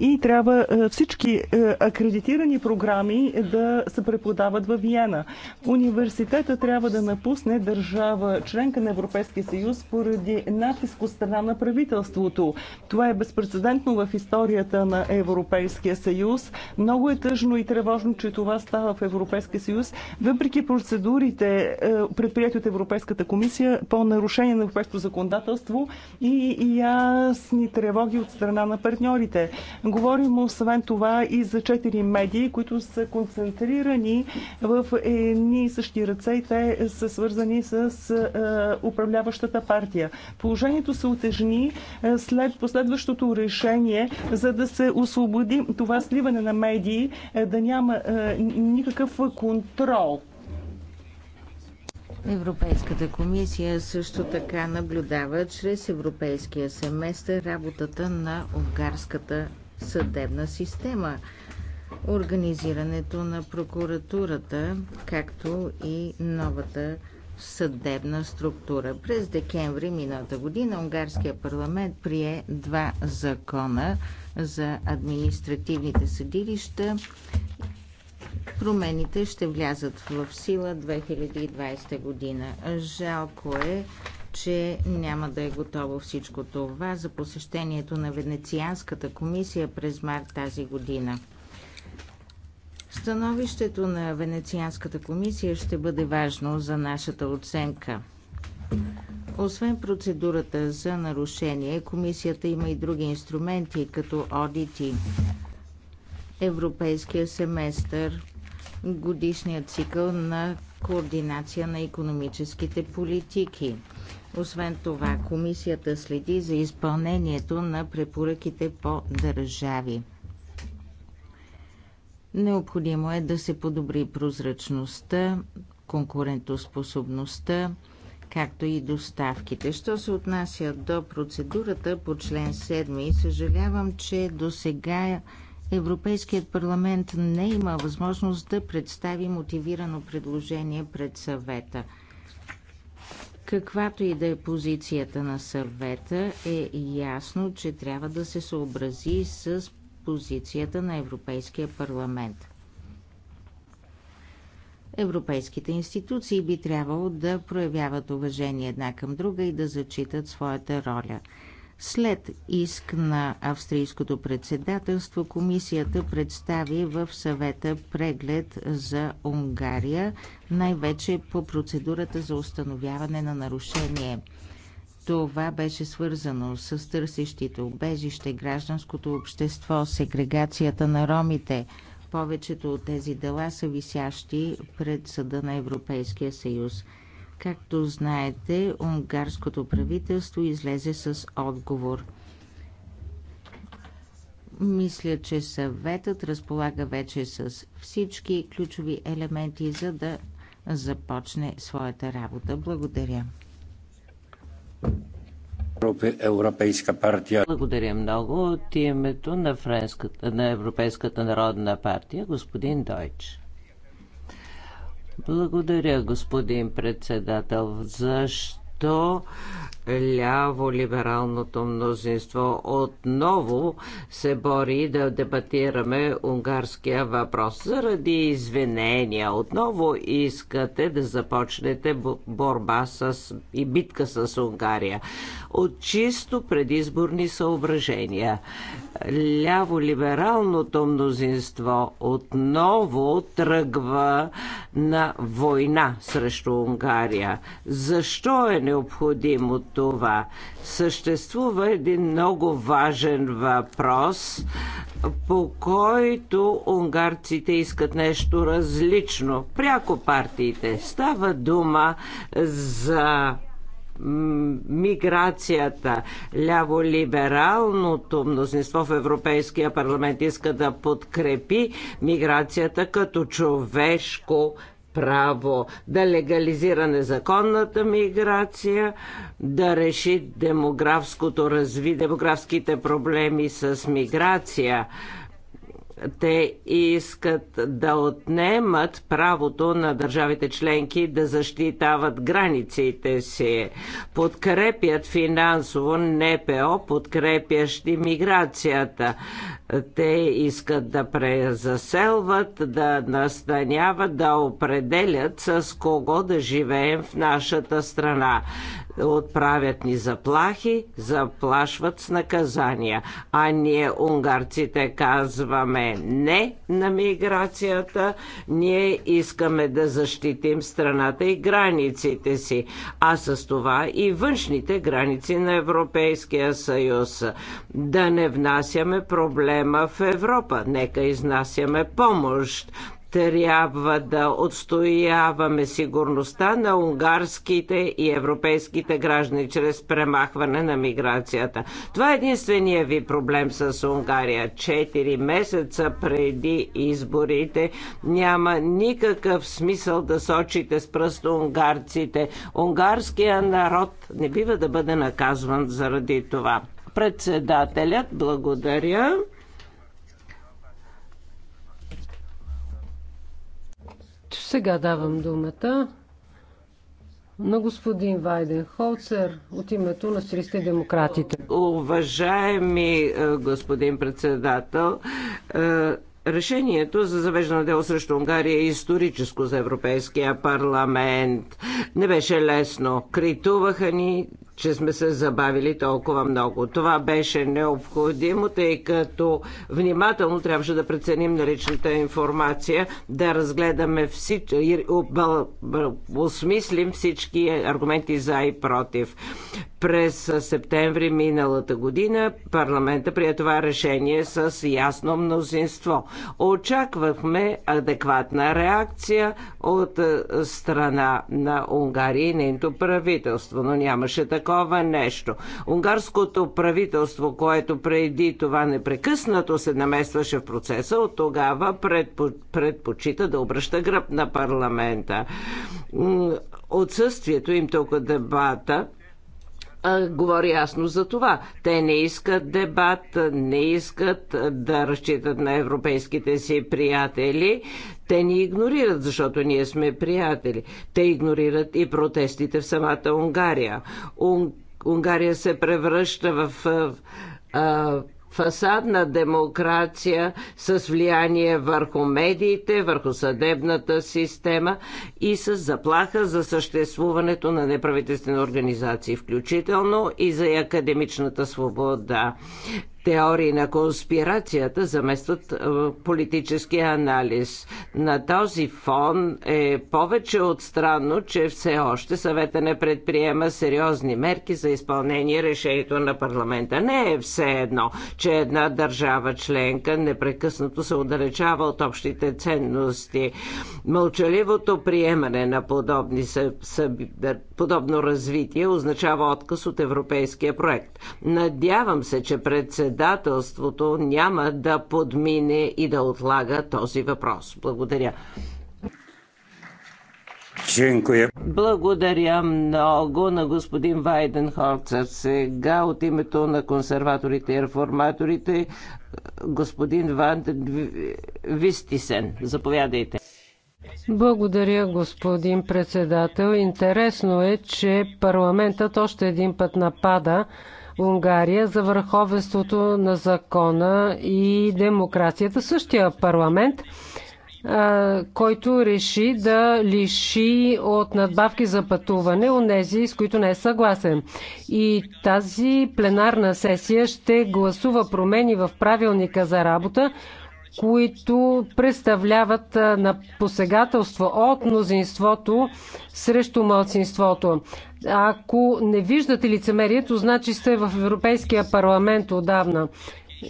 и трябва всички акредитирани програми да се преподават в Виена. Университета трябва да напусне държава членка на Европейския съюз поради натиск от страна на правителството правителството. Това е безпредседентно в историята на Европейския съюз. Много е тъжно и тревожно, че това става в Европейския съюз, въпреки процедурите, е, предприяти от Европейската комисия по нарушение на европейското законодателство и ясни тревоги от страна на партньорите. Говорим освен това и за четири медии, които са концентрирани в едни и същи ръце и те са свързани с е, управляващата партия. Положението се отежни е, след последващото решение, за да се освободи това сливане на медии, е, да няма е, никакъв контрол. Европейската комисия също така наблюдава чрез европейския семестър работата на унгарската съдебна система, организирането на прокуратурата, както и новата съдебна структура. През декември миналата година Унгарския парламент прие два закона за административните съдилища. Промените ще влязат в сила 2020 година. Жалко е, че няма да е готово всичко това за посещението на Венецианската комисия през март тази година. Становището на Венецианската комисия ще бъде важно за нашата оценка. Освен процедурата за нарушение, комисията има и други инструменти, като одити, европейския семестър, годишния цикъл на координация на економическите политики. Освен това, комисията следи за изпълнението на препоръките по държави. Необходимо е да се подобри прозрачността, конкурентоспособността, както и доставките. Що се отнася до процедурата по член 7, съжалявам, че до сега Европейският парламент не има възможност да представи мотивирано предложение пред съвета. Каквато и да е позицията на съвета, е ясно, че трябва да се съобрази с позицията на Европейския парламент. Европейските институции би трябвало да проявяват уважение една към друга и да зачитат своята роля. След иск на австрийското председателство, комисията представи в съвета преглед за Унгария, най-вече по процедурата за установяване на нарушение – това беше свързано с търсещите убежище, гражданското общество, сегрегацията на ромите. Повечето от тези дела са висящи пред Съда на Европейския съюз. Както знаете, унгарското правителство излезе с отговор. Мисля, че съветът разполага вече с всички ключови елементи, за да започне своята работа. Благодаря. Европейска партия. Благодаря много. От името на, Френската, на Европейската народна партия, господин Дойч. Благодаря, господин председател. Защо? то ляво-либералното мнозинство отново се бори да дебатираме унгарския въпрос. Заради извинения отново искате да започнете борба с и битка с Унгария от чисто предизборни съображения. Ляво-либералното мнозинство отново тръгва на война срещу Унгария. Защо е необходимо това? Съществува един много важен въпрос, по който унгарците искат нещо различно. Пряко партиите. Става дума за миграцията. Ляво-либералното мнозинство в Европейския парламент иска да подкрепи миграцията като човешко право, да легализира незаконната миграция, да реши демографското разви, демографските проблеми с миграция те искат да отнемат правото на държавите членки да защитават границите си. Подкрепят финансово НПО, подкрепящи миграцията. Те искат да презаселват, да настаняват, да определят с кого да живеем в нашата страна отправят ни заплахи, заплашват с наказания. А ние, унгарците, казваме не на миграцията, ние искаме да защитим страната и границите си, а с това и външните граници на Европейския съюз. Да не внасяме проблема в Европа, нека изнасяме помощ, трябва да отстояваме сигурността на унгарските и европейските граждани чрез премахване на миграцията. Това е единствения ви проблем с Унгария. Четири месеца преди изборите няма никакъв смисъл да сочите с пръст унгарците. Унгарския народ не бива да бъде наказван заради това. Председателят, благодаря. Сега давам думата на господин Вайден Холцер от името на Сирийските демократите. Уважаеми е, господин председател, е, Решението за завеждане дело срещу Унгария е историческо за Европейския парламент. Не беше лесно. Критуваха ни, че сме се забавили толкова много. Това беше необходимо, тъй като внимателно трябваше да преценим наличната информация, да разгледаме всички, осмислим всички аргументи за и против. През септември миналата година парламента прие това решение с ясно мнозинство. Очаквахме адекватна реакция от страна на Унгария и нейното правителство, но нямаше така такова нещо. Унгарското правителство, което преди това непрекъснато се намесваше в процеса, от тогава предпо, предпочита да обръща гръб на парламента. Отсъствието им тук дебата а, говори ясно за това. Те не искат дебат, не искат да разчитат на европейските си приятели. Те ни игнорират, защото ние сме приятели. Те игнорират и протестите в самата Унгария. Унгария се превръща в. в фасадна демокрация с влияние върху медиите, върху съдебната система и с заплаха за съществуването на неправителствени организации, включително и за академичната свобода теории на конспирацията заместват е, политическия анализ. На този фон е повече от странно, че все още съвета не предприема сериозни мерки за изпълнение решението на парламента. Не е все едно, че една държава членка непрекъснато се отдалечава от общите ценности. Мълчаливото приемане на подобни подобно развитие означава отказ от европейския проект. Надявам се, че председател председателството няма да подмине и да отлага този въпрос. Благодаря. Благодаря много на господин Вайден Сега от името на консерваторите и реформаторите господин Ван Вистисен. Заповядайте. Благодаря, господин председател. Интересно е, че парламентът още един път напада Унгария за върховенството на закона и демокрацията. Същия парламент който реши да лиши от надбавки за пътуване у нези, с които не е съгласен. И тази пленарна сесия ще гласува промени в правилника за работа, които представляват на посегателство от мнозинството срещу малцинството. Ако не виждате лицемерието, значи сте в Европейския парламент отдавна.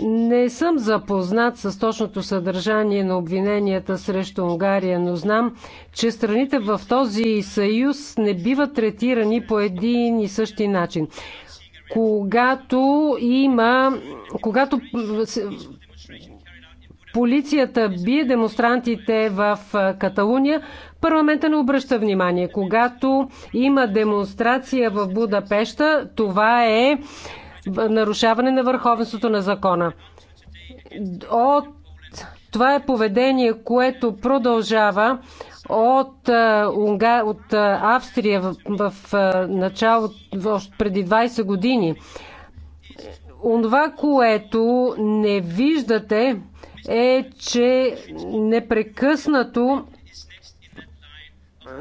Не съм запознат с точното съдържание на обвиненията срещу Унгария, но знам, че страните в този съюз не биват третирани по един и същи начин. Когато има, когато Полицията бие демонстрантите в Каталуния. Парламента не обръща внимание. Когато има демонстрация в Будапеща, това е нарушаване на върховенството на закона. От... Това е поведение, което продължава от, Унга... от Австрия в, в началото, преди 20 години. Онова, което не виждате, е, че непрекъснато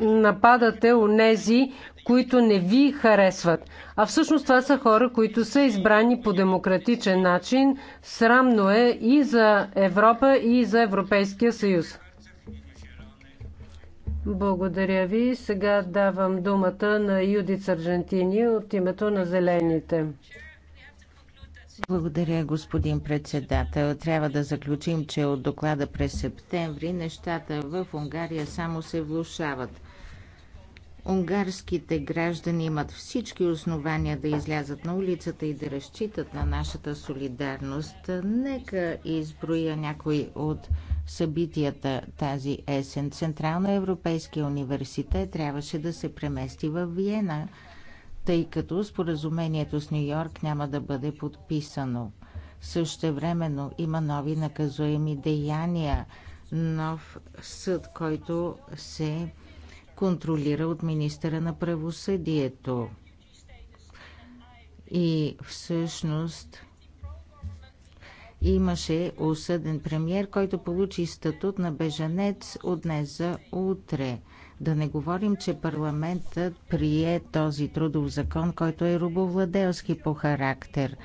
нападате нези, които не ви харесват. А всъщност това са хора, които са избрани по демократичен начин. Срамно е и за Европа, и за Европейския съюз. Благодаря ви. Сега давам думата на Юди Саржентини от името на Зелените. Благодаря, господин председател. Трябва да заключим, че от доклада през септември нещата в Унгария само се влушават. Унгарските граждани имат всички основания да излязат на улицата и да разчитат на нашата солидарност. Нека изброя някои от събитията тази есен. Централна Европейския университет трябваше да се премести в Виена – тъй като споразумението с Нью Йорк няма да бъде подписано. Същевременно има нови наказуеми деяния, нов съд, който се контролира от министъра на правосъдието. И всъщност имаше осъден премьер, който получи статут на бежанец от днес за утре – да не говорим, че парламентът прие този трудов закон, който е рубовладелски по характер.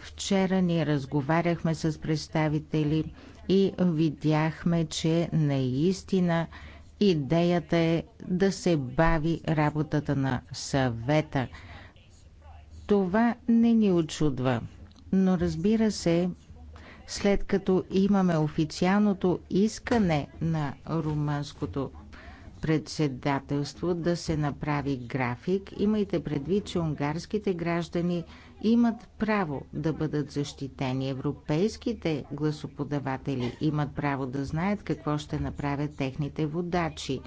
Вчера ние разговаряхме с представители и видяхме, че наистина идеята е да се бави работата на съвета. Това не ни очудва. Но разбира се, след като имаме официалното искане на румънското председателство да се направи график. Имайте предвид, че унгарските граждани имат право да бъдат защитени. Европейските гласоподаватели имат право да знаят какво ще направят техните водачи.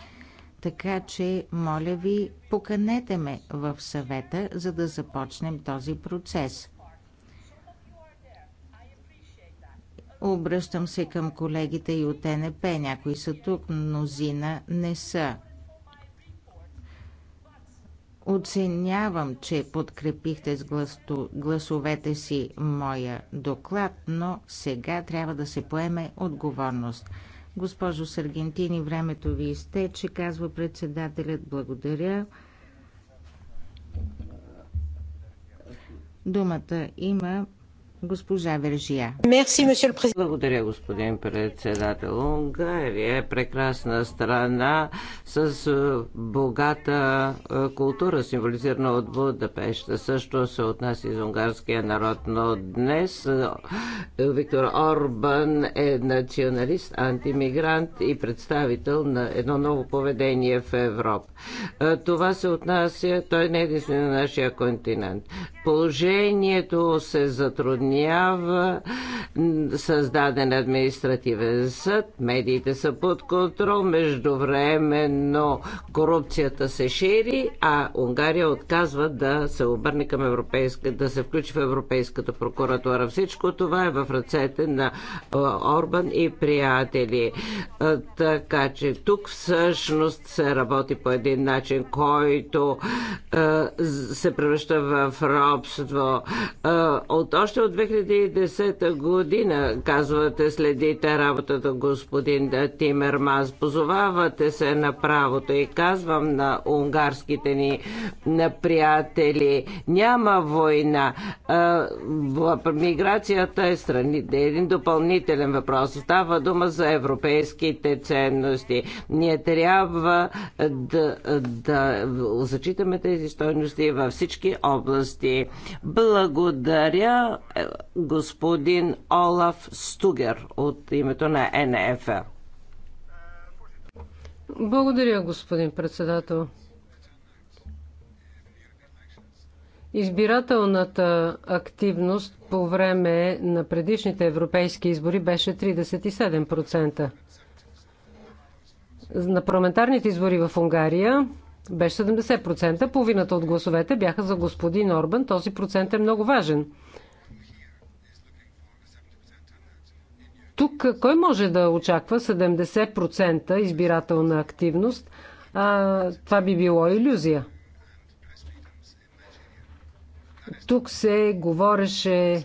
Така че, моля ви, поканете ме в съвета, за да започнем този процес. Обръщам се към колегите и от НП. Някои са тук, мнозина не са. Оценявам, че подкрепихте с гласто, гласовете си моя доклад, но сега трябва да се поеме отговорност. Госпожо Саргентини, времето ви изтече, казва председателят. Благодаря. Думата има Госпожа Вержия. Благодаря, господин председател. Унгария е прекрасна страна с е, богата е, култура, символизирана от Будапешта. Също се отнася за унгарския народ, но днес е, Виктор Орбан е националист, антимигрант и представител на едно ново поведение в Европа. Това се отнася, той не е единствено на нашия континент. Положението се затрудни преценява създаден административен съд, медиите са под контрол, междувременно корупцията се шири, а Унгария отказва да се обърне към европейска, да се включи в Европейската прокуратура. Всичко това е в ръцете на Орбан и приятели. Така че тук всъщност се работи по един начин, който се превръща в робство. От още от 2010 година, казвате, следите работата господин Тимермас. Позовавате се на правото и казвам на унгарските ни на приятели, няма война. Миграцията е страни, е един допълнителен въпрос. Става дума за европейските ценности. Ние трябва да, да зачитаме тези стойности във всички области. Благодаря господин Олаф Стугер от името на НФ. Благодаря, господин председател. Избирателната активност по време на предишните европейски избори беше 37%. На парламентарните избори в Унгария беше 70%. Половината от гласовете бяха за господин Орбан. Този процент е много важен. Тук кой може да очаква 70% избирателна активност? А, това би било иллюзия. Тук се говореше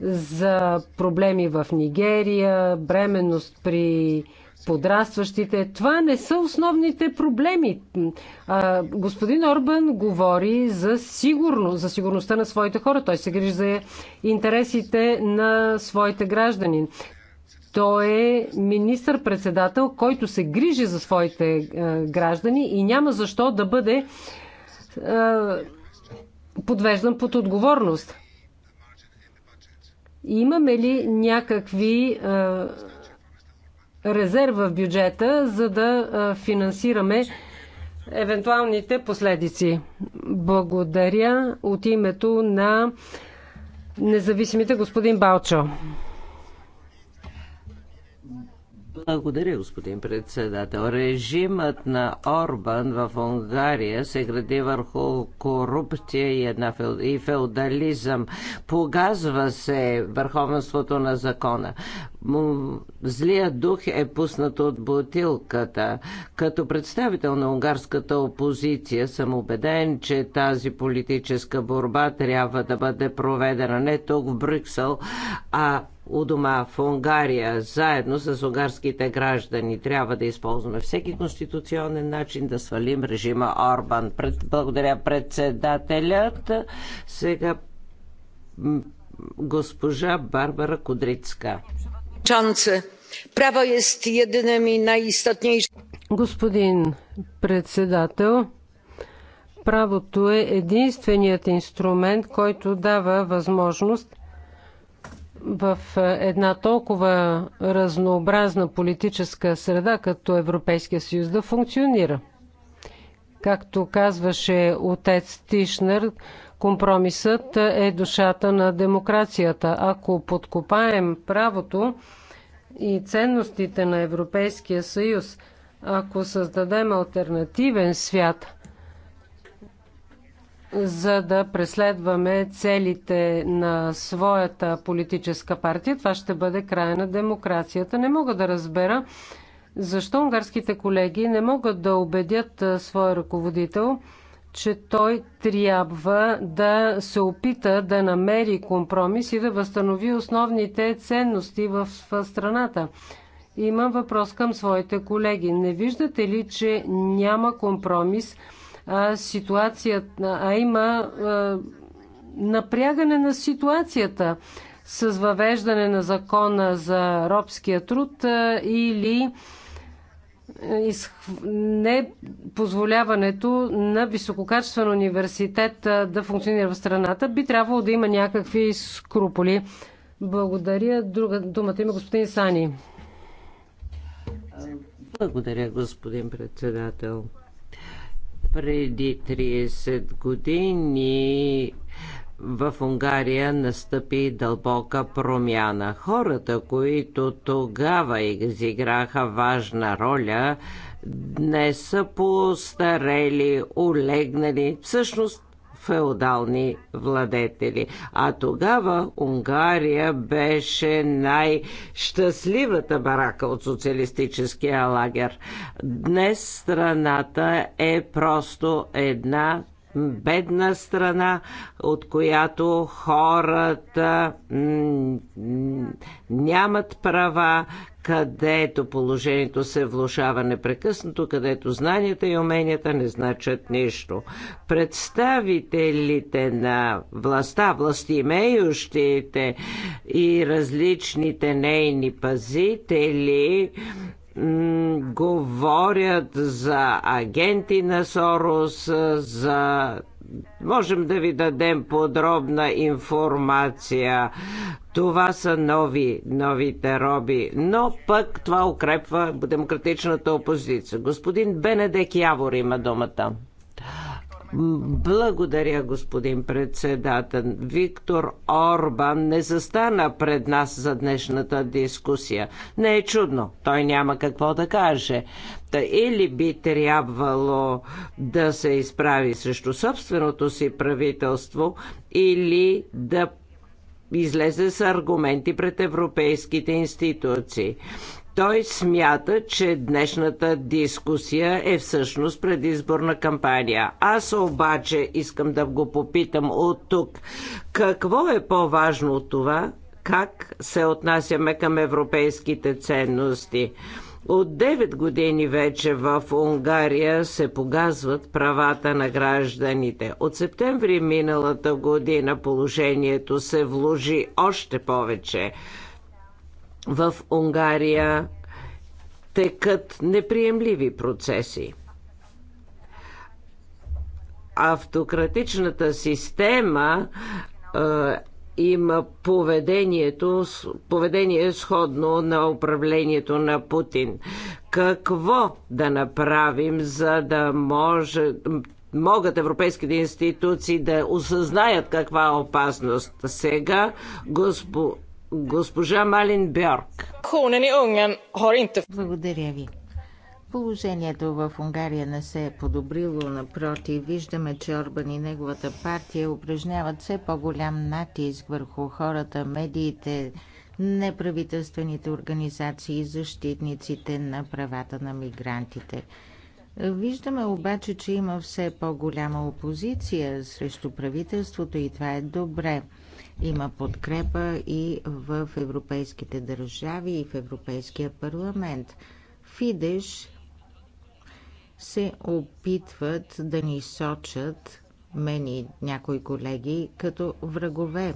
за проблеми в Нигерия, бременност при подрастващите. Това не са основните проблеми. А, господин Орбан говори за сигурно, за сигурността на своите хора. Той се грижи за интересите на своите граждани. Той е министър-председател, който се грижи за своите е, граждани и няма защо да бъде е, подвеждан под отговорност. Имаме ли някакви е, резерва в бюджета, за да финансираме евентуалните последици. Благодаря от името на независимите господин Балчо. Благодаря, господин председател. Режимът на Орбан в Унгария се гради върху корупция и, една фел... и феодализъм. Погазва се върховенството на закона. Злия дух е пуснат от бутилката. Като представител на унгарската опозиция съм убеден, че тази политическа борба трябва да бъде проведена не тук в Брюксел, а у дома в Унгария, заедно с унгарските граждани. Трябва да използваме всеки конституционен начин да свалим режима Орбан. Пред, благодаря председателят. Сега госпожа Барбара Кудрицка. Право е единим ми най-истотнейшим. Господин председател, правото е единственият инструмент, който дава възможност в една толкова разнообразна политическа среда, като Европейския съюз, да функционира. Както казваше отец Тишнер, компромисът е душата на демокрацията. Ако подкопаем правото и ценностите на Европейския съюз, ако създадем альтернативен свят – за да преследваме целите на своята политическа партия. Това ще бъде края на демокрацията. Не мога да разбера защо унгарските колеги не могат да убедят своя ръководител, че той трябва да се опита да намери компромис и да възстанови основните ценности в страната. Имам въпрос към своите колеги. Не виждате ли, че няма компромис? а ситуацията, а има напрягане на ситуацията с въвеждане на закона за робския труд или не позволяването на висококачествен университет да функционира в страната, би трябвало да има някакви скруполи. Благодаря. Друга думата има господин Сани. Благодаря, господин председател. Преди 30 години в Унгария настъпи дълбока промяна. Хората, които тогава изиграха важна роля, днес са постарели, олегнали. Всъщност феодални владетели. А тогава Унгария беше най-щастливата барака от социалистическия лагер. Днес страната е просто една бедна страна, от която хората нямат права, където положението се влушава непрекъснато, където знанията и уменията не значат нищо. Представителите на властта, властимеющите и различните нейни пазители говорят за агенти на Сорос, за можем да ви дадем подробна информация. Това са нови, новите роби, но пък това укрепва демократичната опозиция. Господин Бенедек Явор има думата. Благодаря, господин председател. Виктор Орбан не застана пред нас за днешната дискусия. Не е чудно, той няма какво да каже. Та или би трябвало да се изправи срещу собственото си правителство, или да излезе с аргументи пред европейските институции. Той смята, че днешната дискусия е всъщност предизборна кампания. Аз обаче искам да го попитам от тук. Какво е по-важно от това? Как се отнасяме към европейските ценности? От 9 години вече в Унгария се погазват правата на гражданите. От септември миналата година положението се вложи още повече в Унгария текат неприемливи процеси. Автократичната система има поведението, поведение сходно на управлението на Путин. Какво да направим, за да може могат европейските институции да осъзнаят каква е опасност. Сега Господ. Госпожа Малин Бьорк. Благодаря ви. Положението в Унгария не се е подобрило, напротив, виждаме, че Орбан и неговата партия упражняват все по-голям натиск върху хората, медиите, неправителствените организации и защитниците на правата на мигрантите. Виждаме обаче, че има все по-голяма опозиция срещу правителството и това е добре. Има подкрепа и в европейските държави и в Европейския парламент. Фидеш се опитват да ни сочат, мен и някои колеги, като врагове.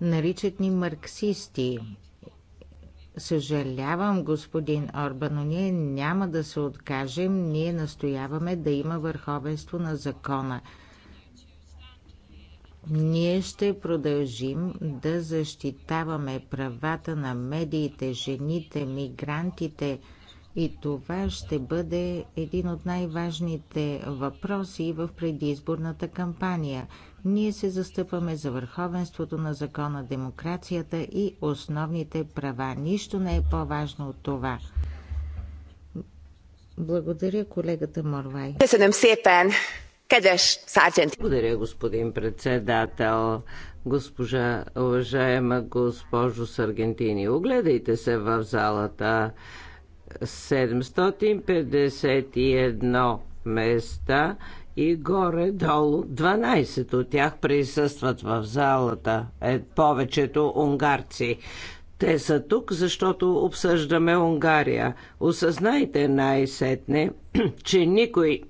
Наричат ни марксисти. Съжалявам, господин Орбан, но ние няма да се откажем. Ние настояваме да има върховенство на закона – ние ще продължим да защитаваме правата на медиите, жените, мигрантите и това ще бъде един от най-важните въпроси в предизборната кампания. Ние се застъпваме за върховенството на закона, демокрацията и основните права. Нищо не е по-важно от това. Благодаря колегата Морвай. Благодаря, господин председател. Госпожа, уважаема госпожо Саргентини, огледайте се в залата. 751 места и горе-долу 12 от тях присъстват в залата. Е, повечето унгарци. Те са тук, защото обсъждаме Унгария. Осъзнайте най-сетне, че никой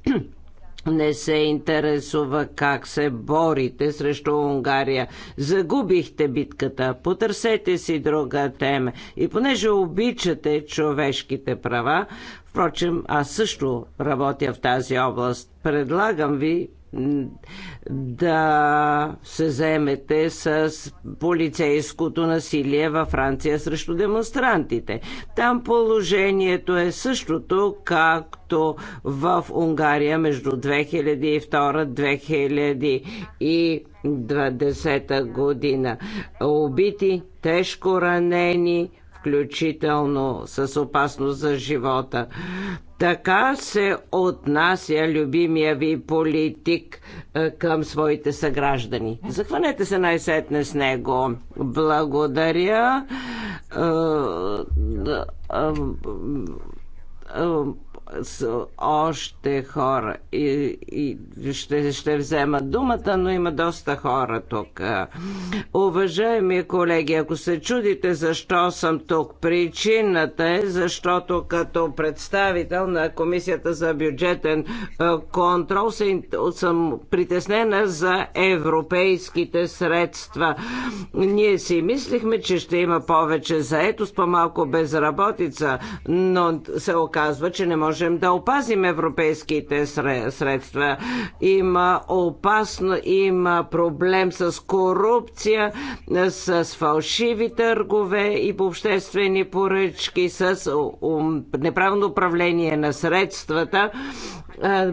не се интересува как се борите срещу Унгария. Загубихте битката, потърсете си друга тема. И понеже обичате човешките права, впрочем, аз също работя в тази област, предлагам ви да се заемете с полицейското насилие във Франция срещу демонстрантите. Там положението е същото, както в Унгария между 2002-2020 година. Убити, тежко ранени, включително с опасност за живота. Така се отнася любимия ви политик е, към своите съграждани. Захванете се най-сетне с него. Благодаря е, е, с още хора и, и ще, ще взема думата, но има доста хора тук. Уважаеми колеги, ако се чудите защо съм тук, причината е защото като представител на Комисията за бюджетен е, контрол съм притеснена за европейските средства. Ние си мислихме, че ще има повече заетост, по-малко безработица, но се оказва, че не може можем да опазим европейските средства. Има опасно, има проблем с корупция, с фалшиви търгове и по обществени поръчки, с неправилно управление на средствата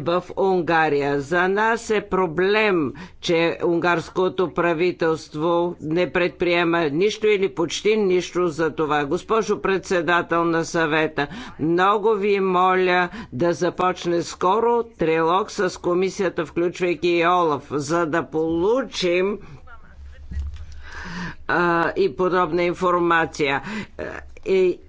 в Унгария. За нас е проблем, че унгарското правителство не предприема нищо или почти нищо за това. Госпожо председател на съвета, много ви моля да започне скоро трилог с комисията, включвайки и Олаф, за да получим а, и подобна информация. Е, и,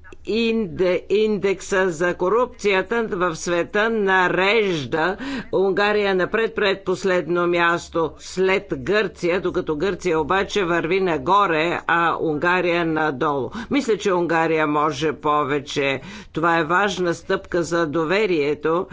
индекса за корупцията в света нарежда Унгария напред предпредпоследно място след Гърция, докато Гърция обаче върви нагоре, а Унгария надолу. Мисля, че Унгария може повече. Това е важна стъпка за доверието,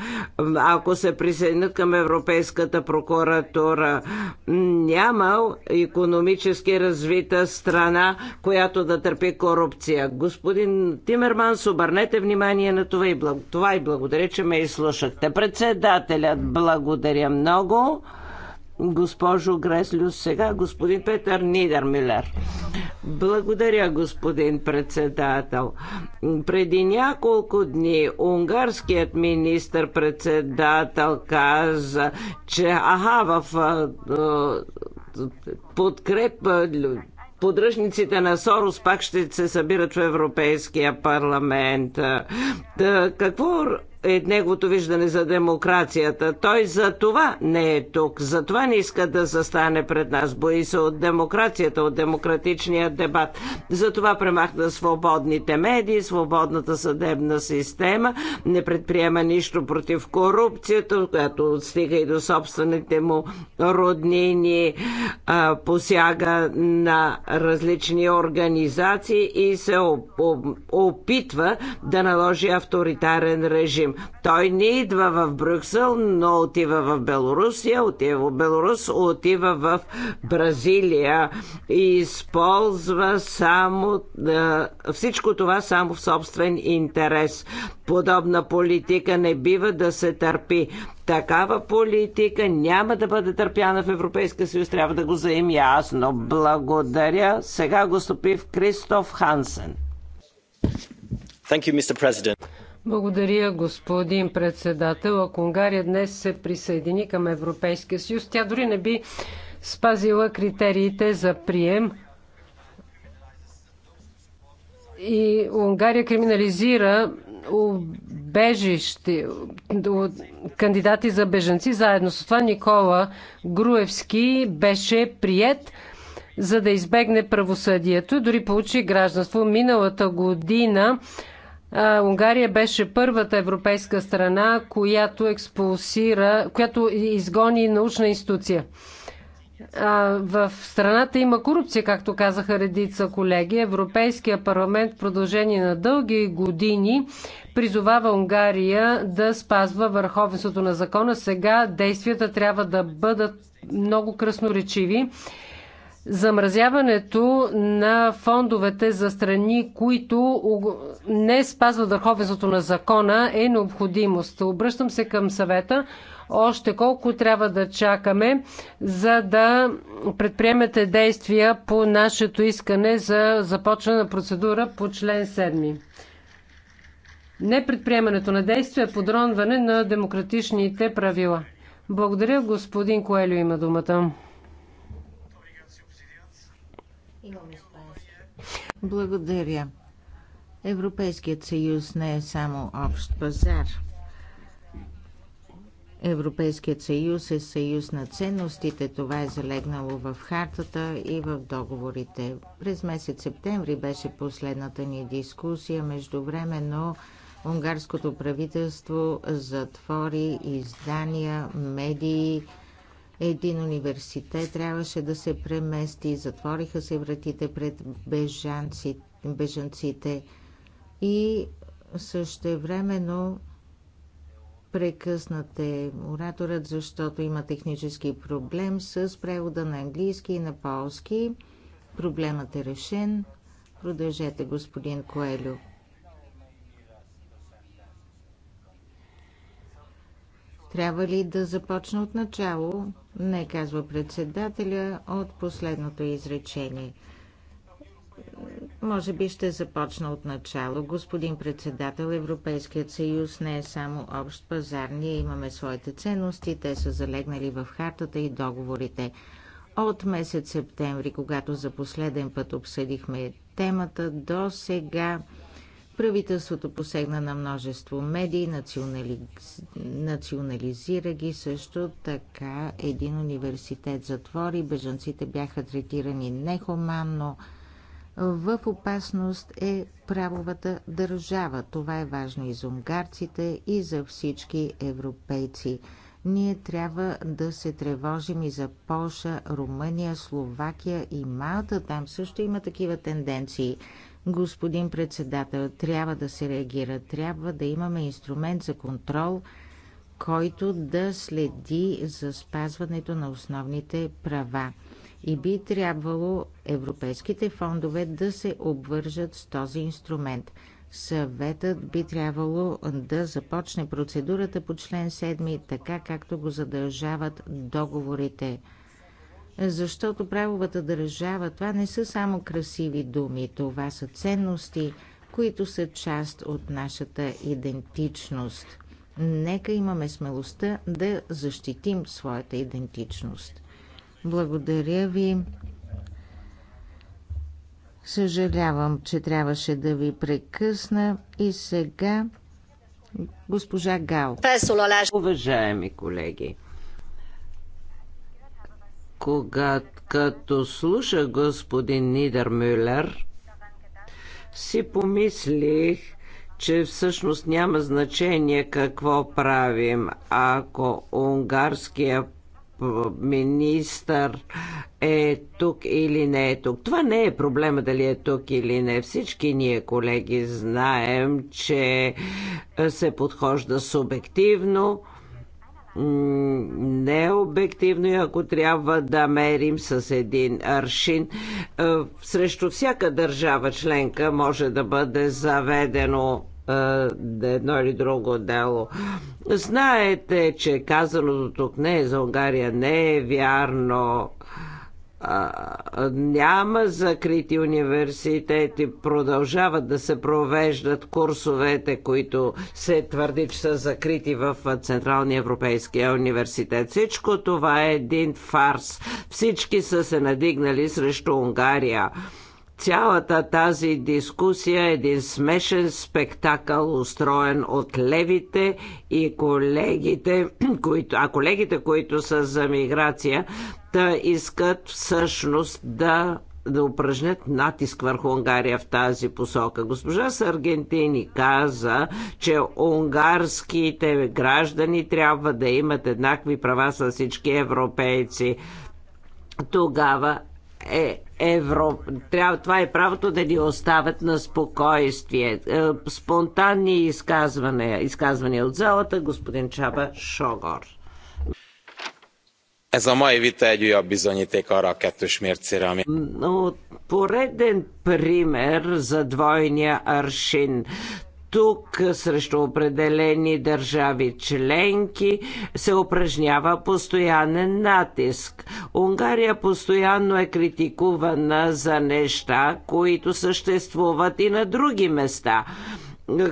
ако се присъединят към Европейската прокуратура. Няма економически развита страна, която да търпи корупция. Господин Тим Тимерманс, обърнете внимание на това и, благ... това и благодаря, че ме изслушахте. Председателят, благодаря много. Госпожо Греслюс, сега господин Петър Нидермилер. Благодаря, господин председател. Преди няколко дни унгарският министр-председател каза, че аха, в подкрепа Подръжниците на Сорос пак ще се събират в Европейския парламент. Да, какво е неговото виждане за демокрацията. Той за това не е тук, за това не иска да застане пред нас. Бои се от демокрацията, от демократичния дебат. За това премахна свободните медии, свободната съдебна система, не предприема нищо против корупцията, която стига и до собствените му роднини, посяга на различни организации и се опитва да наложи авторитарен режим работим. Той не идва в Брюксел, но отива в Белорусия, отива в Белорус, отива в Бразилия и използва само всичко това само в собствен интерес. Подобна политика не бива да се търпи. Такава политика няма да бъде търпяна в Европейска съюз. Трябва да го заим ясно. Благодаря. Сега го стопи в Кристоф Хансен. Thank you, Mr. President. Благодаря, господин председател. Ако Унгария днес се присъедини към Европейския съюз, тя дори не би спазила критериите за прием. И Унгария криминализира убежище, кандидати за беженци. Заедно с това Никола Груевски беше прият за да избегне правосъдието. Дори получи гражданство. Миналата година Унгария беше първата европейска страна, която експулсира, която изгони научна институция. В страната има корупция, както казаха редица колеги. Европейския парламент в продължение на дълги години призовава Унгария да спазва върховенството на закона. Сега действията трябва да бъдат много красноречиви замразяването на фондовете за страни, които не спазват върховенството на закона, е необходимост. Обръщам се към съвета. Още колко трябва да чакаме, за да предприемете действия по нашето искане за започване на процедура по член 7. Непредприемането на действия е подронване на демократичните правила. Благодаря, господин Коелю има думата. Благодаря. Европейският съюз не е само общ пазар. Европейският съюз е съюз на ценностите. Това е залегнало в хартата и в договорите. През месец септември беше последната ни дискусия. Междувременно унгарското правителство затвори издания, медии, един университет трябваше да се премести, затвориха се вратите пред бежанците, бежанците и същевременно прекъснате ораторът, защото има технически проблем с превода на английски и на полски. Проблемът е решен. Продължете, господин Коелю. Трябва ли да започна от начало? Не, казва председателя от последното изречение. Може би ще започна от начало. Господин председател, Европейският съюз не е само общ пазар. Ние имаме своите ценности, те са залегнали в хартата и договорите. От месец септември, когато за последен път обсъдихме темата, до сега Правителството посегна на множество медии, национали... национализира ги също така един университет затвори, бежанците бяха третирани нехуманно. В опасност е правовата държава. Това е важно и за унгарците, и за всички европейци. Ние трябва да се тревожим и за Полша, Румъния, Словакия и Малта. Там също има такива тенденции. Господин председател, трябва да се реагира. Трябва да имаме инструмент за контрол, който да следи за спазването на основните права. И би трябвало европейските фондове да се обвържат с този инструмент. Съветът би трябвало да започне процедурата по член 7, така както го задължават договорите защото правовата държава това не са само красиви думи, това са ценности, които са част от нашата идентичност. Нека имаме смелостта да защитим своята идентичност. Благодаря ви. Съжалявам, че трябваше да ви прекъсна и сега госпожа Гал. Е Уважаеми колеги, когато като слуша господин Нидермюлер, си помислих, че всъщност няма значение какво правим, ако унгарския министър е тук или не е тук. Това не е проблема дали е тук или не. Всички ние, колеги, знаем, че се подхожда субективно не обективно и ако трябва да мерим с един аршин, е, срещу всяка държава членка може да бъде заведено е, едно или друго дело. Знаете, че казаното тук не е за Унгария, не е вярно а, няма закрити университети, продължават да се провеждат курсовете, които се твърди, че са закрити в Централния Европейския университет. Всичко това е един фарс. Всички са се надигнали срещу Унгария цялата тази дискусия е един смешен спектакъл, устроен от левите и колегите, които, а колегите, които са за миграция, да искат всъщност да да упражнят натиск върху Унгария в тази посока. Госпожа Саргентини каза, че унгарските граждани трябва да имат еднакви права с всички европейци. Тогава е Европа. Трябва, това е правото да ни оставят на спокойствие. Е, спонтанни изказвания, изказвания от залата, господин Чаба Шогор. Ez a mai vita egy újabb bizonyíték arra a kettős mércére, ami... No, пореден пример за двойния аршин тук срещу определени държави членки се упражнява постоянен натиск. Унгария постоянно е критикувана за неща, които съществуват и на други места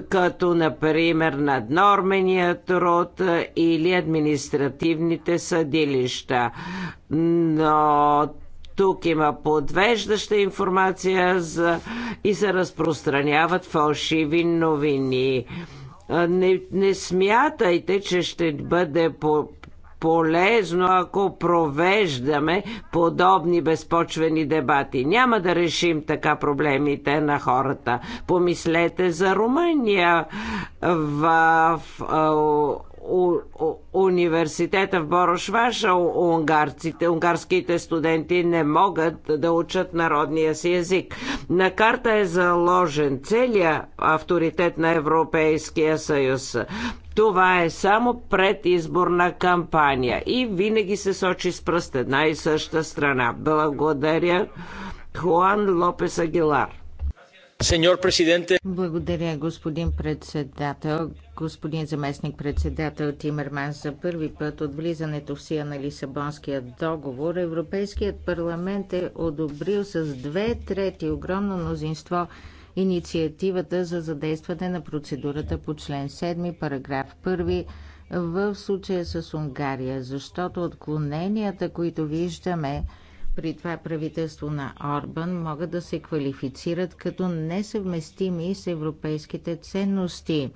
като например наднормения труд или административните съдилища. Но тук има подвеждаща информация за... и се разпространяват фалшиви новини. Не, не смятайте, че ще бъде по, полезно, ако провеждаме подобни безпочвени дебати. Няма да решим така проблемите на хората. Помислете за Румъния. В, в университета в Борошваша унгарците, унгарските студенти не могат да учат народния си език. На карта е заложен целият авторитет на Европейския съюз. Това е само предизборна кампания и винаги се сочи с пръст една и съща страна. Благодаря Хуан Лопес Агилар. Благодаря, господин председател. Господин заместник председател Тимерман, за първи път от влизането в сия на Лисабонския договор, Европейският парламент е одобрил с две трети огромно мнозинство инициативата за задействане на процедурата по член 7, параграф 1 в случая с Унгария, защото отклоненията, които виждаме, при това правителство на Орбан могат да се квалифицират като несъвместими с европейските ценности.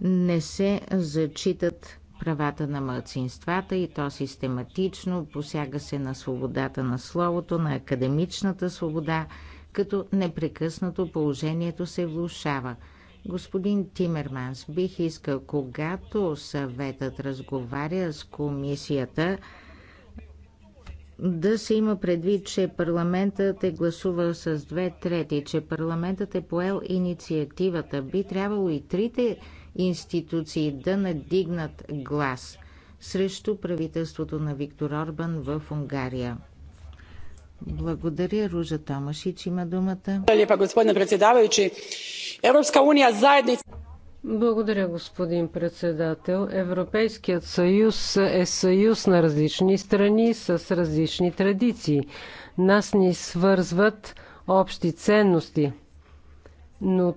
Не се зачитат правата на мълцинствата и то систематично посяга се на свободата на словото, на академичната свобода, като непрекъснато положението се влушава. Господин Тимерманс, бих искал, когато съветът разговаря с комисията, да се има предвид, че парламентът е гласувал с две трети, че парламентът е поел инициативата. Би трябвало и трите институции да надигнат глас срещу правителството на Виктор Орбан в Унгария. Благодаря. Ружа Томашич има думата. Hvala господин председавайчи, Европска уния заедница... Благодаря, господин председател. Европейският съюз е съюз на различни страни с различни традиции. Нас ни свързват общи ценности, но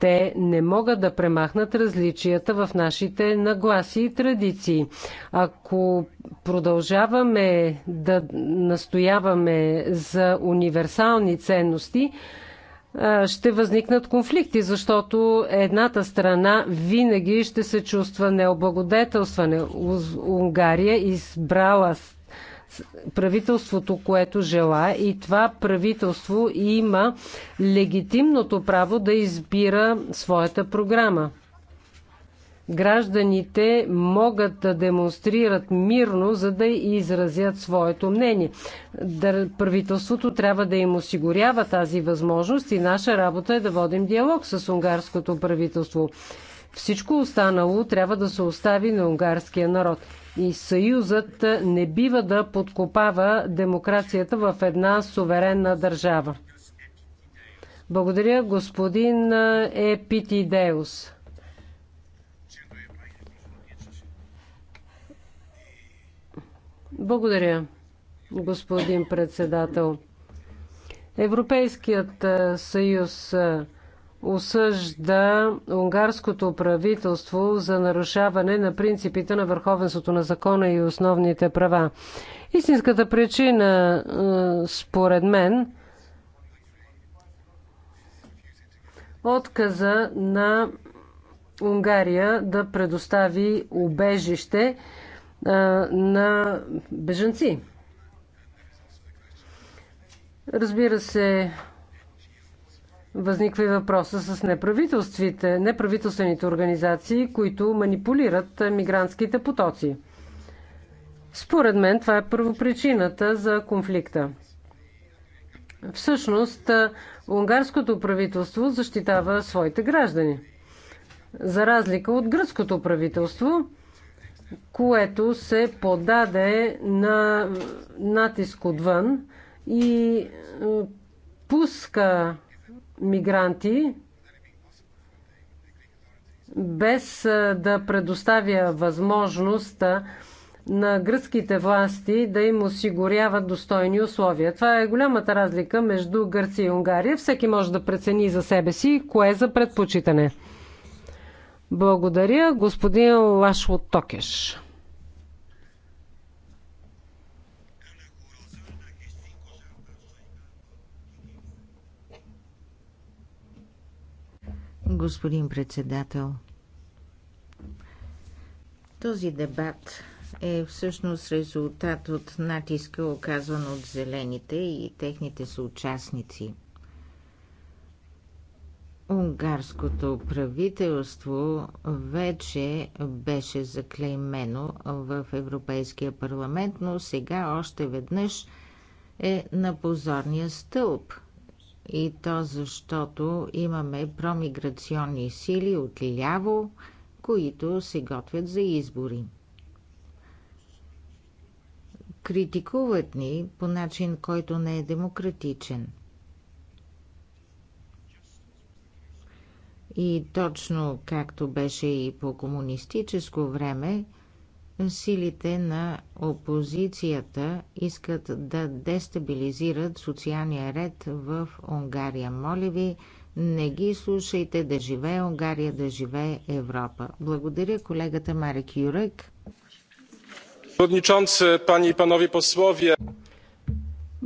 те не могат да премахнат различията в нашите нагласи и традиции. Ако продължаваме да настояваме за универсални ценности, ще възникнат конфликти, защото едната страна винаги ще се чувства необлагодетелстване. Унгария избрала правителството, което жела, и това правителство има легитимното право да избира своята програма гражданите могат да демонстрират мирно, за да изразят своето мнение. Правителството трябва да им осигурява тази възможност и наша работа е да водим диалог с унгарското правителство. Всичко останало трябва да се остави на унгарския народ. И Съюзът не бива да подкопава демокрацията в една суверенна държава. Благодаря, господин Епитидеус. Благодаря, господин председател. Европейският съюз осъжда унгарското правителство за нарушаване на принципите на върховенството на закона и основните права. Истинската причина, според мен, отказа на Унгария да предостави убежище на бежанци. Разбира се, възниква и въпроса с неправителствите, неправителствените организации, които манипулират мигрантските потоци. Според мен това е първопричината за конфликта. Всъщност, унгарското правителство защитава своите граждани. За разлика от гръцкото правителство, което се подаде на натиск отвън и е, пуска мигранти без е, да предоставя възможност на гръцките власти да им осигуряват достойни условия. Това е голямата разлика между Гърция и Унгария. Всеки може да прецени за себе си кое е за предпочитане. Благодаря, господин Лашло Токеш. Господин председател, този дебат е всъщност резултат от натиска, оказан от зелените и техните съучастници. Унгарското правителство вече беше заклеймено в Европейския парламент, но сега още веднъж е на позорния стълб. И то защото имаме промиграционни сили от ляво, които се готвят за избори. Критикуват ни по начин, който не е демократичен – И точно както беше и по комунистическо време, силите на опозицията искат да дестабилизират социалния ред в Унгария. Моля ви, не ги слушайте, да живее Унгария, да живее Европа. Благодаря колегата Марик Юрек. Przewodniczący, panie i panowie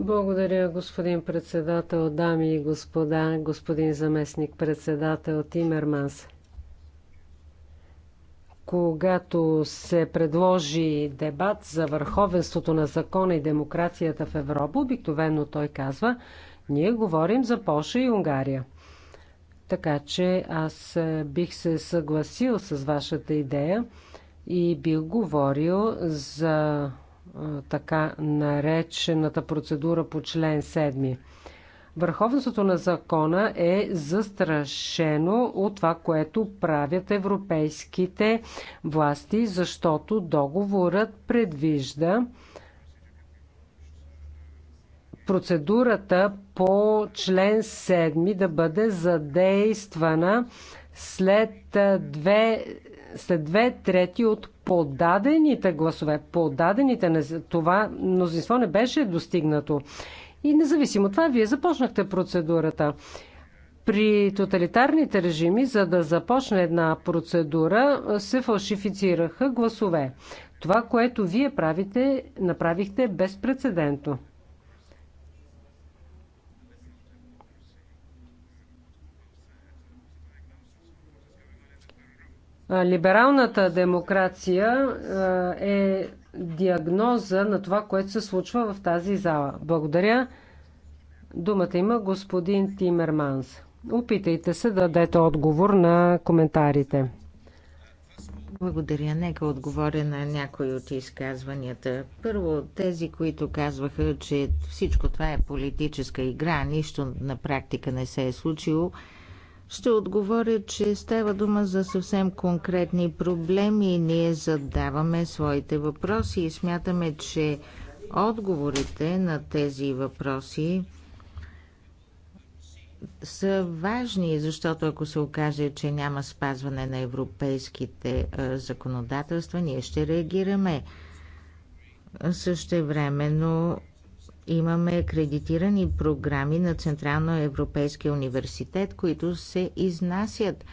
благодаря, господин председател, дами и господа, господин заместник председател Тимерманс. Когато се предложи дебат за върховенството на закона и демокрацията в Европа, обикновено той казва, ние говорим за Польша и Унгария. Така че аз е, бих се съгласил с вашата идея и бих говорил за така наречената процедура по член 7. Върховенството на закона е застрашено от това, което правят европейските власти, защото договорът предвижда процедурата по член 7 да бъде задействана след две, след две трети от подадените гласове, подадените, това мнозинство не беше достигнато. И независимо от това, вие започнахте процедурата. При тоталитарните режими, за да започне една процедура, се фалшифицираха гласове. Това, което вие правите, направихте безпредседентно. Либералната демокрация е диагноза на това, което се случва в тази зала. Благодаря. Думата има господин Тимерманс. Опитайте се да дадете отговор на коментарите. Благодаря. Нека отговоря на някои от изказванията. Първо, тези, които казваха, че всичко това е политическа игра, нищо на практика не се е случило. Ще отговоря, че става дума за съвсем конкретни проблеми и ние задаваме своите въпроси и смятаме, че отговорите на тези въпроси са важни, защото ако се окаже, че няма спазване на европейските законодателства, ние ще реагираме. също но Имаме кредитирани програми на Централно Европейския университет, които се изнасят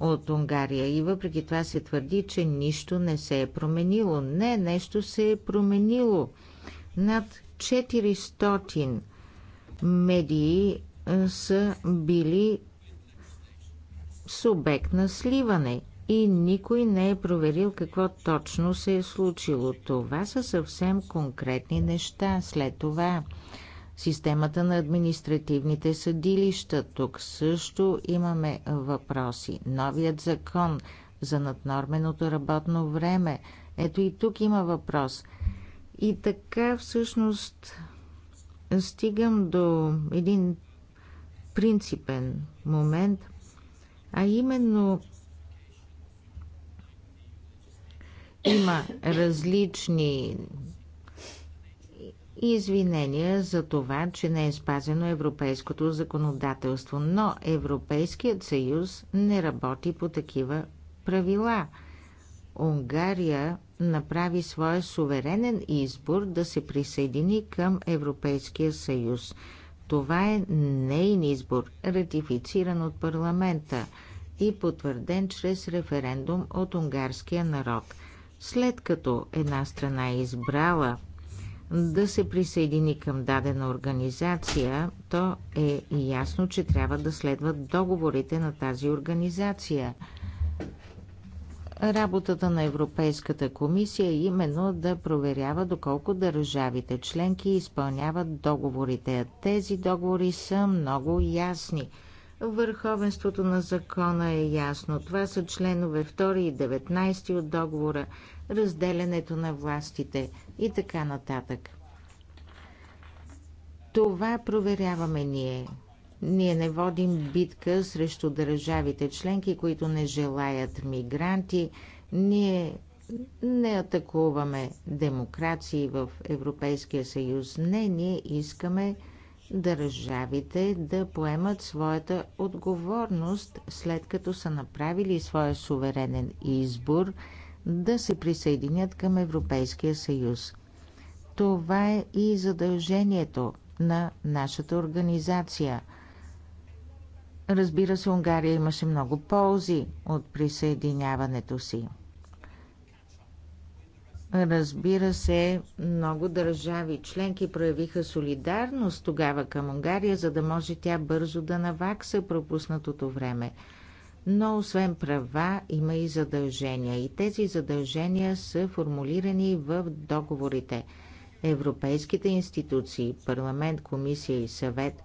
от Унгария и въпреки това се твърди, че нищо не се е променило. Не, нещо се е променило. Над 400 медии са били субект на сливане и никой не е проверил какво точно се е случило. Това са съвсем конкретни неща. След това системата на административните съдилища. Тук също имаме въпроси. Новият закон за наднорменото работно време. Ето и тук има въпрос. И така всъщност стигам до един принципен момент, а именно Има различни извинения за това, че не е спазено европейското законодателство, но Европейският съюз не работи по такива правила. Унгария направи своя суверенен избор да се присъедини към Европейския съюз. Това е нейн избор, ратифициран от парламента и потвърден чрез референдум от унгарския народ – след като една страна е избрала да се присъедини към дадена организация, то е ясно, че трябва да следват договорите на тази организация. Работата на Европейската комисия е именно да проверява доколко държавите членки изпълняват договорите. Тези договори са много ясни – Върховенството на закона е ясно. Това са членове 2 и 19 от договора, разделянето на властите и така нататък. Това проверяваме ние. Ние не водим битка срещу държавите членки, които не желаят мигранти. Ние не атакуваме демокрации в Европейския съюз. Не, ние искаме държавите да поемат своята отговорност, след като са направили своя суверенен избор да се присъединят към Европейския съюз. Това е и задължението на нашата организация. Разбира се, Унгария имаше много ползи от присъединяването си. Разбира се, много държави членки проявиха солидарност тогава към Унгария, за да може тя бързо да навакса пропуснатото време. Но освен права има и задължения. И тези задължения са формулирани в договорите. Европейските институции, парламент, комисия и съвет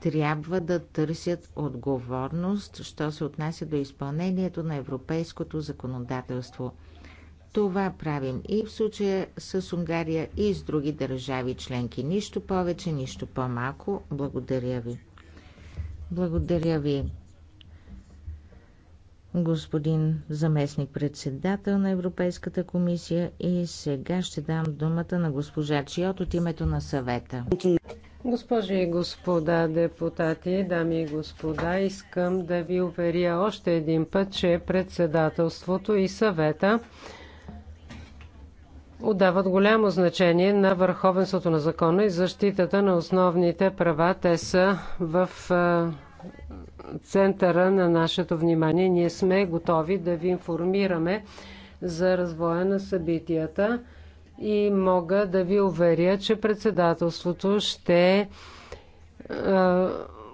трябва да търсят отговорност, що се отнася до изпълнението на европейското законодателство – това правим и в случая с Унгария и с други държави членки. Нищо повече, нищо по-малко. Благодаря ви. Благодаря ви, господин заместник председател на Европейската комисия. И сега ще дам думата на госпожа Чиот от името на съвета. Госпожи и господа депутати, дами и господа, искам да ви уверя още един път, че председателството и съвета отдават голямо значение на върховенството на закона и защитата на основните права. Те са в центъра на нашето внимание. Ние сме готови да ви информираме за развоя на събитията и мога да ви уверя, че председателството ще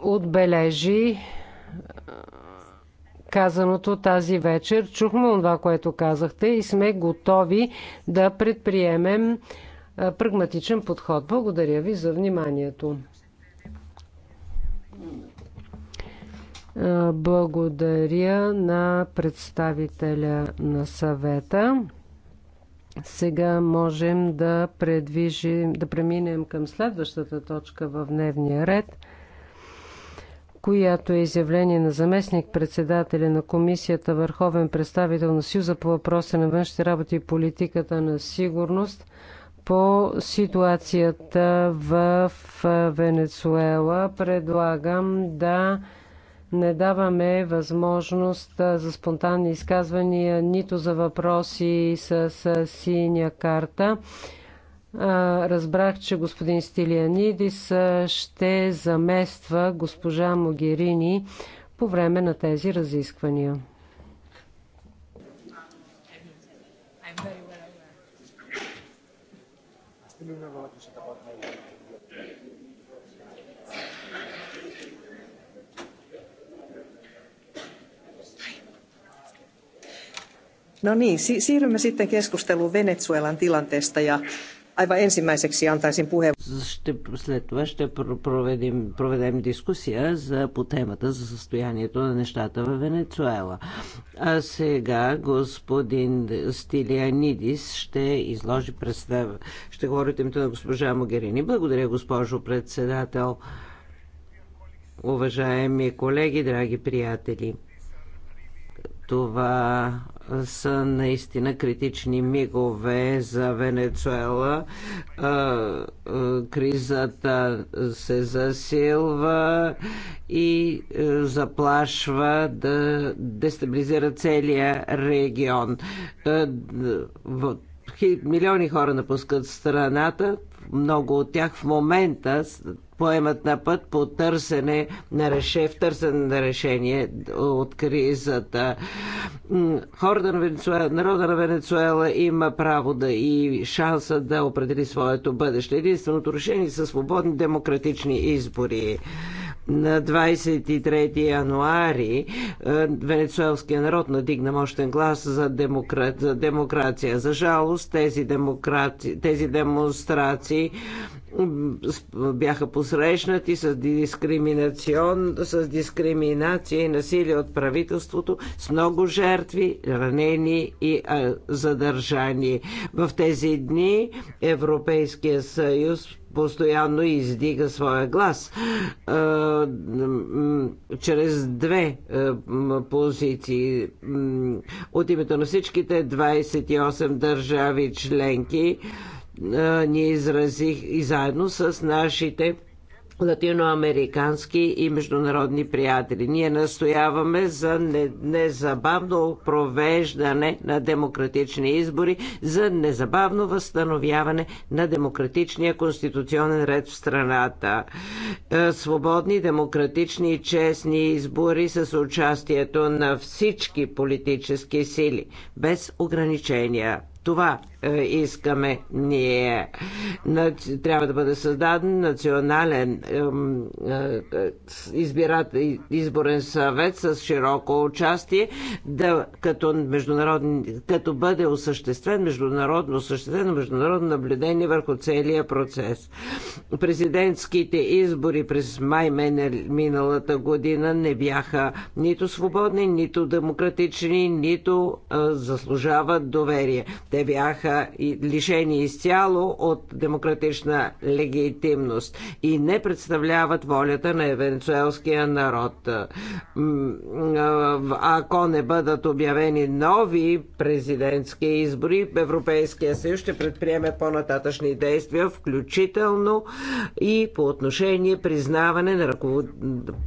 отбележи казаното тази вечер. Чухме това, което казахте и сме готови да предприемем прагматичен подход. Благодаря ви за вниманието. Благодаря на представителя на съвета. Сега можем да, предвижим, да преминем към следващата точка в дневния ред – която е изявление на заместник председателя на комисията, върховен представител на Сюза по въпроса на външните работи и политиката на сигурност по ситуацията в Венецуела. Предлагам да не даваме възможност за спонтанни изказвания, нито за въпроси с синя карта. Разбрах, че господин Стилианидис ще замества госпожа Могерини по време на тези разисквания. No niin, siirrymme sitten keskusteluun Venezuelan tilanteesta ja Aivan ensimmäiseksi antaisin puheenvuoron. след това ще проведем, проведем дискусия за, по темата за състоянието на нещата в Венецуела. А сега господин Стилианидис ще изложи представа. Ще говори от името на госпожа Могерини. Благодаря, госпожо председател. Уважаеми колеги, драги приятели. Това са наистина критични мигове за Венецуела. Кризата се засилва и заплашва да дестабилизира целия регион. Милиони хора напускат страната, много от тях в момента поемат на път по търсене на реше, в търсене на решение от кризата. Хората на Венецуела, народа на Венецуела има право да и шанса да определи своето бъдеще. Единственото решение са свободни демократични избори на 23 януари е, венецуелския народ надигна мощен глас за, демокра... за демокрация. За жалост тези, демокраци... тези демонстрации бяха посрещнати с, дискриминацион, с дискриминация и насилие от правителството, с много жертви, ранени и а, задържани. В тези дни Европейския съюз постоянно издига своя глас е, чрез две е, позиции от името на всичките 28 държави членки е, ние изразих и заедно с нашите латиноамерикански и международни приятели. Ние настояваме за незабавно провеждане на демократични избори, за незабавно възстановяване на демократичния конституционен ред в страната. Е, свободни, демократични и честни избори с участието на всички политически сили, без ограничения. Това е, искаме ние. Трябва да бъде създаден национален е, е, избират, изборен съвет с широко участие, да, като, като бъде осъществен международно, осъществено международно наблюдение върху целия процес. Президентските избори през май миналата година не бяха нито свободни, нито демократични, нито а, заслужават доверие. Те бяха са лишени изцяло от демократична легитимност и не представляват волята на венецуелския народ. Ако не бъдат обявени нови президентски избори, Европейския съюз ще предприеме по-нататъчни действия, включително и по отношение признаване на ръковод...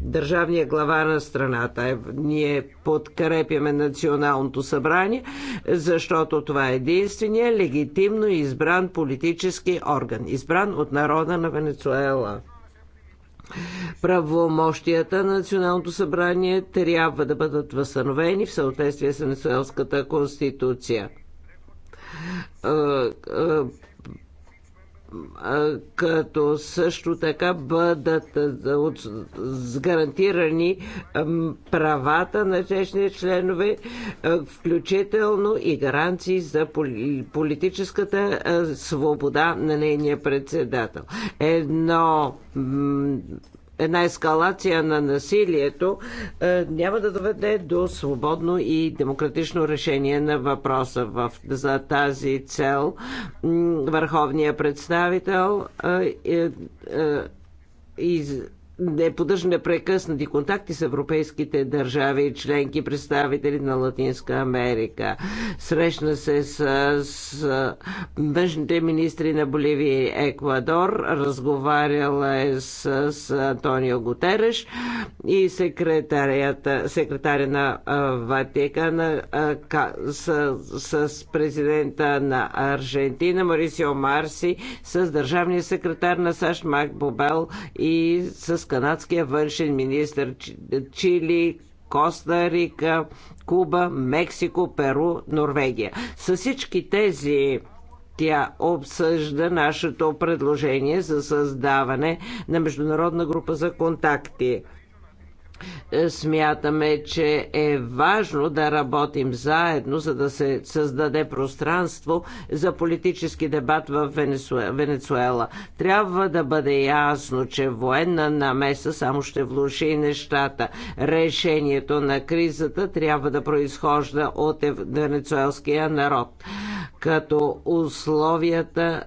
държавния глава на страната. Е, ние подкрепяме националното събрание, защото това е единствения легитимно избран политически орган, избран от народа на Венецуела. Правомощията на Националното събрание трябва да бъдат възстановени в съответствие с Венецуелската конституция е, е, като също така бъдат гарантирани правата на чешни членове, включително и гаранции за политическата свобода на нейния председател. Едно една ескалация на насилието е, няма да доведе до свободно и демократично решение на въпроса. В, за тази цел върховният представител е, е, из, не поддържа непрекъснати контакти с европейските държави и членки, представители на Латинска Америка. Срещна се с, с външните министри на Боливия и Еквадор, разговаряла е с, с Антонио Гутереш и секретаря на Ватикана с, с президента на Аржентина Марисио Марси, с държавния секретар на САЩ Мак Бобел и с канадския външен министр Чили, Коста Рика, Куба, Мексико, Перу, Норвегия. С всички тези тя обсъжда нашето предложение за създаване на международна група за контакти е, смятаме, че е важно да работим заедно, за да се създаде пространство за политически дебат в Венецуела. Трябва да бъде ясно, че военна намеса само ще влуши нещата. Решението на кризата трябва да произхожда от венецуелския народ, като условията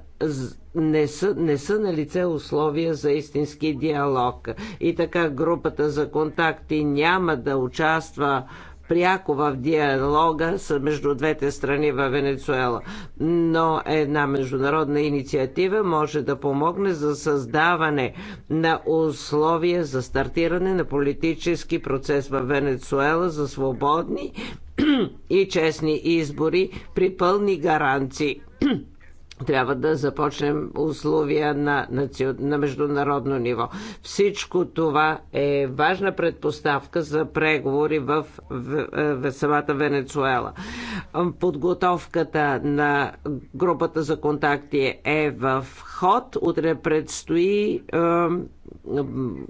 не са, не са на лице условия за истински диалог. И така групата за контакти няма да участва пряко в диалога между двете страни в Венецуела. Но една международна инициатива може да помогне за създаване на условия за стартиране на политически процес в Венецуела за свободни и честни избори при пълни гаранции трябва да започнем условия на, на международно ниво. Всичко това е важна предпоставка за преговори в, в, в самата Венецуела. Подготовката на групата за контакти е в ход. Утре предстои. Е,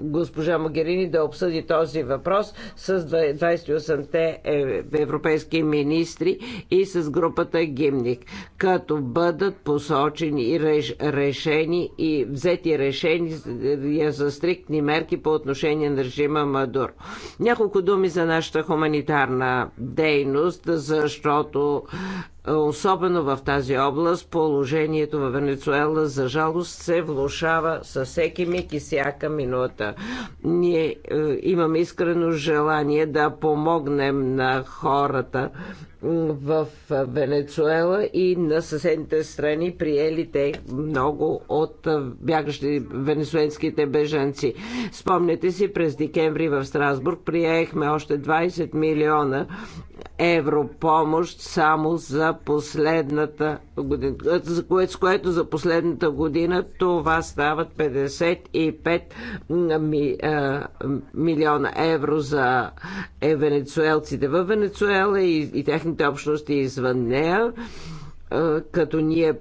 госпожа Магерини да обсъди този въпрос с 28-те е- европейски министри и с групата Гимник, като бъдат посочени и решени и взети решения е, е, за стриктни мерки по отношение на режима Мадур. Няколко думи за нашата хуманитарна дейност, защото особено в тази област, положението в Венецуела, за жалост, се влушава със всеки миг и всяка минута. Ние е, имаме искрено желание да помогнем на хората в Венецуела и на съседните страни приели те много от бягащи венецуенските бежанци. Спомняте си, през декември в Страсбург приехме още 20 милиона евро помощ само за последната година, с което за последната година това стават 55 милиона евро за е, венецуелците в Венецуела и, и техните Общност общности извън нея, е, като ние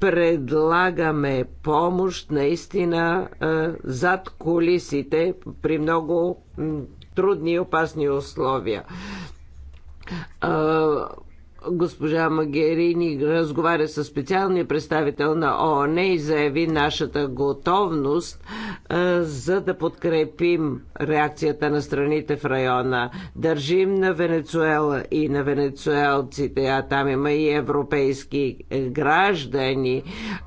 предлагаме помощ наистина е, зад колисите при много трудни и опасни условия е, Госпожа Магерини разговаря с специалния представител на ООН и заяви нашата готовност а, за да подкрепим реакцията на страните в района. Държим на Венецуела и на венецуелците, а там има и европейски е, граждани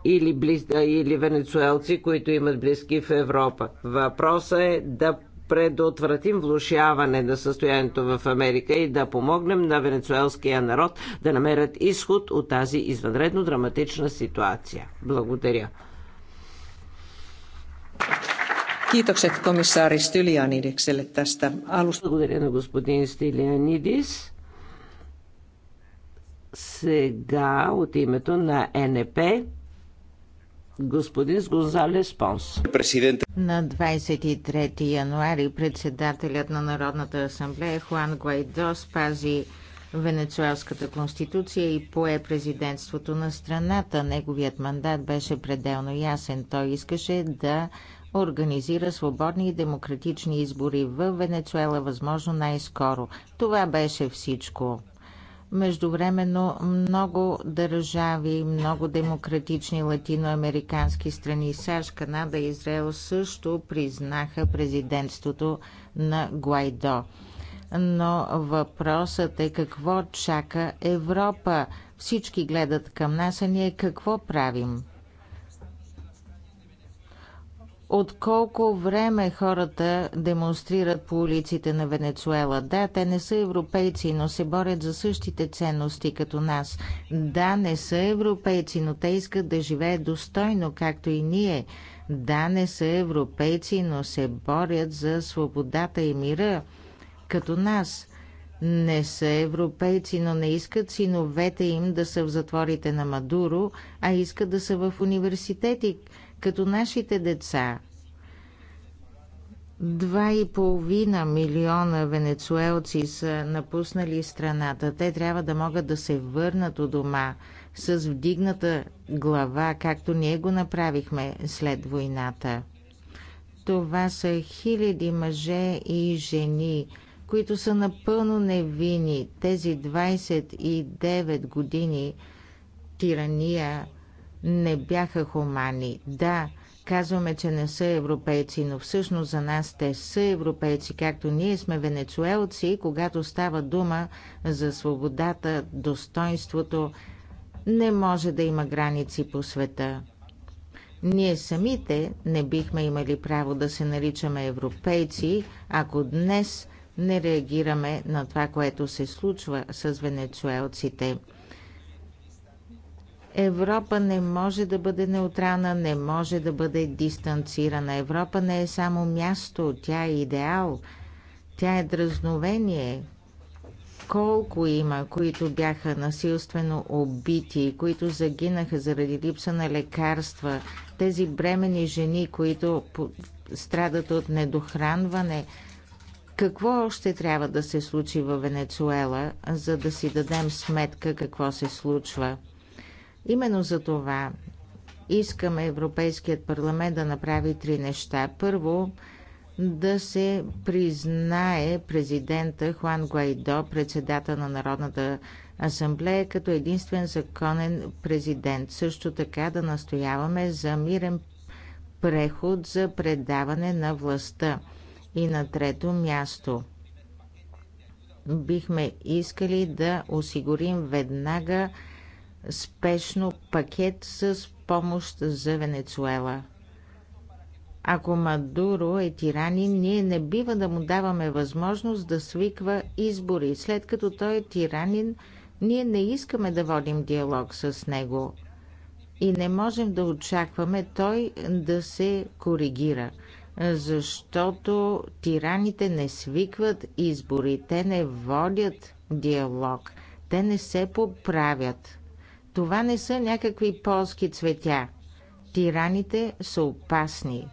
или, близ, или венецуелци, които имат близки в Европа. Въпросът е да предотвратим влушаване на състоянието в Америка и да помогнем на венецуелския народ да намерят изход от тази извънредно драматична ситуация. Благодаря. Kiitokset komissaari Stylianidikselle tästä alusta. Благодаря на господин Стилианидис. Сега от името на НП господин Гонзалес Понс. Президент. На 23 януари председателят на Народната асамблея Хуан Гуайдо спази Венецуелската конституция и пое президентството на страната. Неговият мандат беше пределно ясен. Той искаше да организира свободни и демократични избори в Венецуела възможно най-скоро. Това беше всичко. Междувременно много държави, много демократични латиноамерикански страни, САЩ, Канада и Израел също признаха президентството на Гуайдо. Но въпросът е какво чака Европа. Всички гледат към нас, а ние какво правим? от колко време хората демонстрират по улиците на Венецуела. Да, те не са европейци, но се борят за същите ценности като нас. Да, не са европейци, но те искат да живеят достойно, както и ние. Да, не са европейци, но се борят за свободата и мира, като нас. Не са европейци, но не искат синовете им да са в затворите на Мадуро, а искат да са в университети – като нашите деца. 2,5 милиона венецуелци са напуснали страната. Те трябва да могат да се върнат у дома с вдигната глава, както ние го направихме след войната. Това са хиляди мъже и жени, които са напълно невини. Тези 29 години тирания не бяха хумани. Да, казваме, че не са европейци, но всъщност за нас те са европейци, както ние сме венецуелци, когато става дума за свободата, достоинството, не може да има граници по света. Ние самите не бихме имали право да се наричаме европейци, ако днес не реагираме на това, което се случва с венецуелците. Европа не може да бъде неутрална, не може да бъде дистанцирана. Европа не е само място, тя е идеал, тя е дразновение. Колко има, които бяха насилствено убити, които загинаха заради липса на лекарства, тези бремени жени, които страдат от недохранване. Какво още трябва да се случи във Венецуела, за да си дадем сметка какво се случва? Именно за това искаме Европейският парламент да направи три неща. Първо, да се признае президента Хуан Гуайдо, председател на Народната асамблея, като единствен законен президент. Също така да настояваме за мирен преход за предаване на властта. И на трето място бихме искали да осигурим веднага спешно пакет с помощ за Венецуела. Ако Мадуро е тиранин, ние не бива да му даваме възможност да свиква избори. След като той е тиранин, ние не искаме да водим диалог с него и не можем да очакваме той да се коригира, защото тираните не свикват избори, те не водят диалог, те не се поправят. Това не са някакви полски цветя. Тираните са опасни.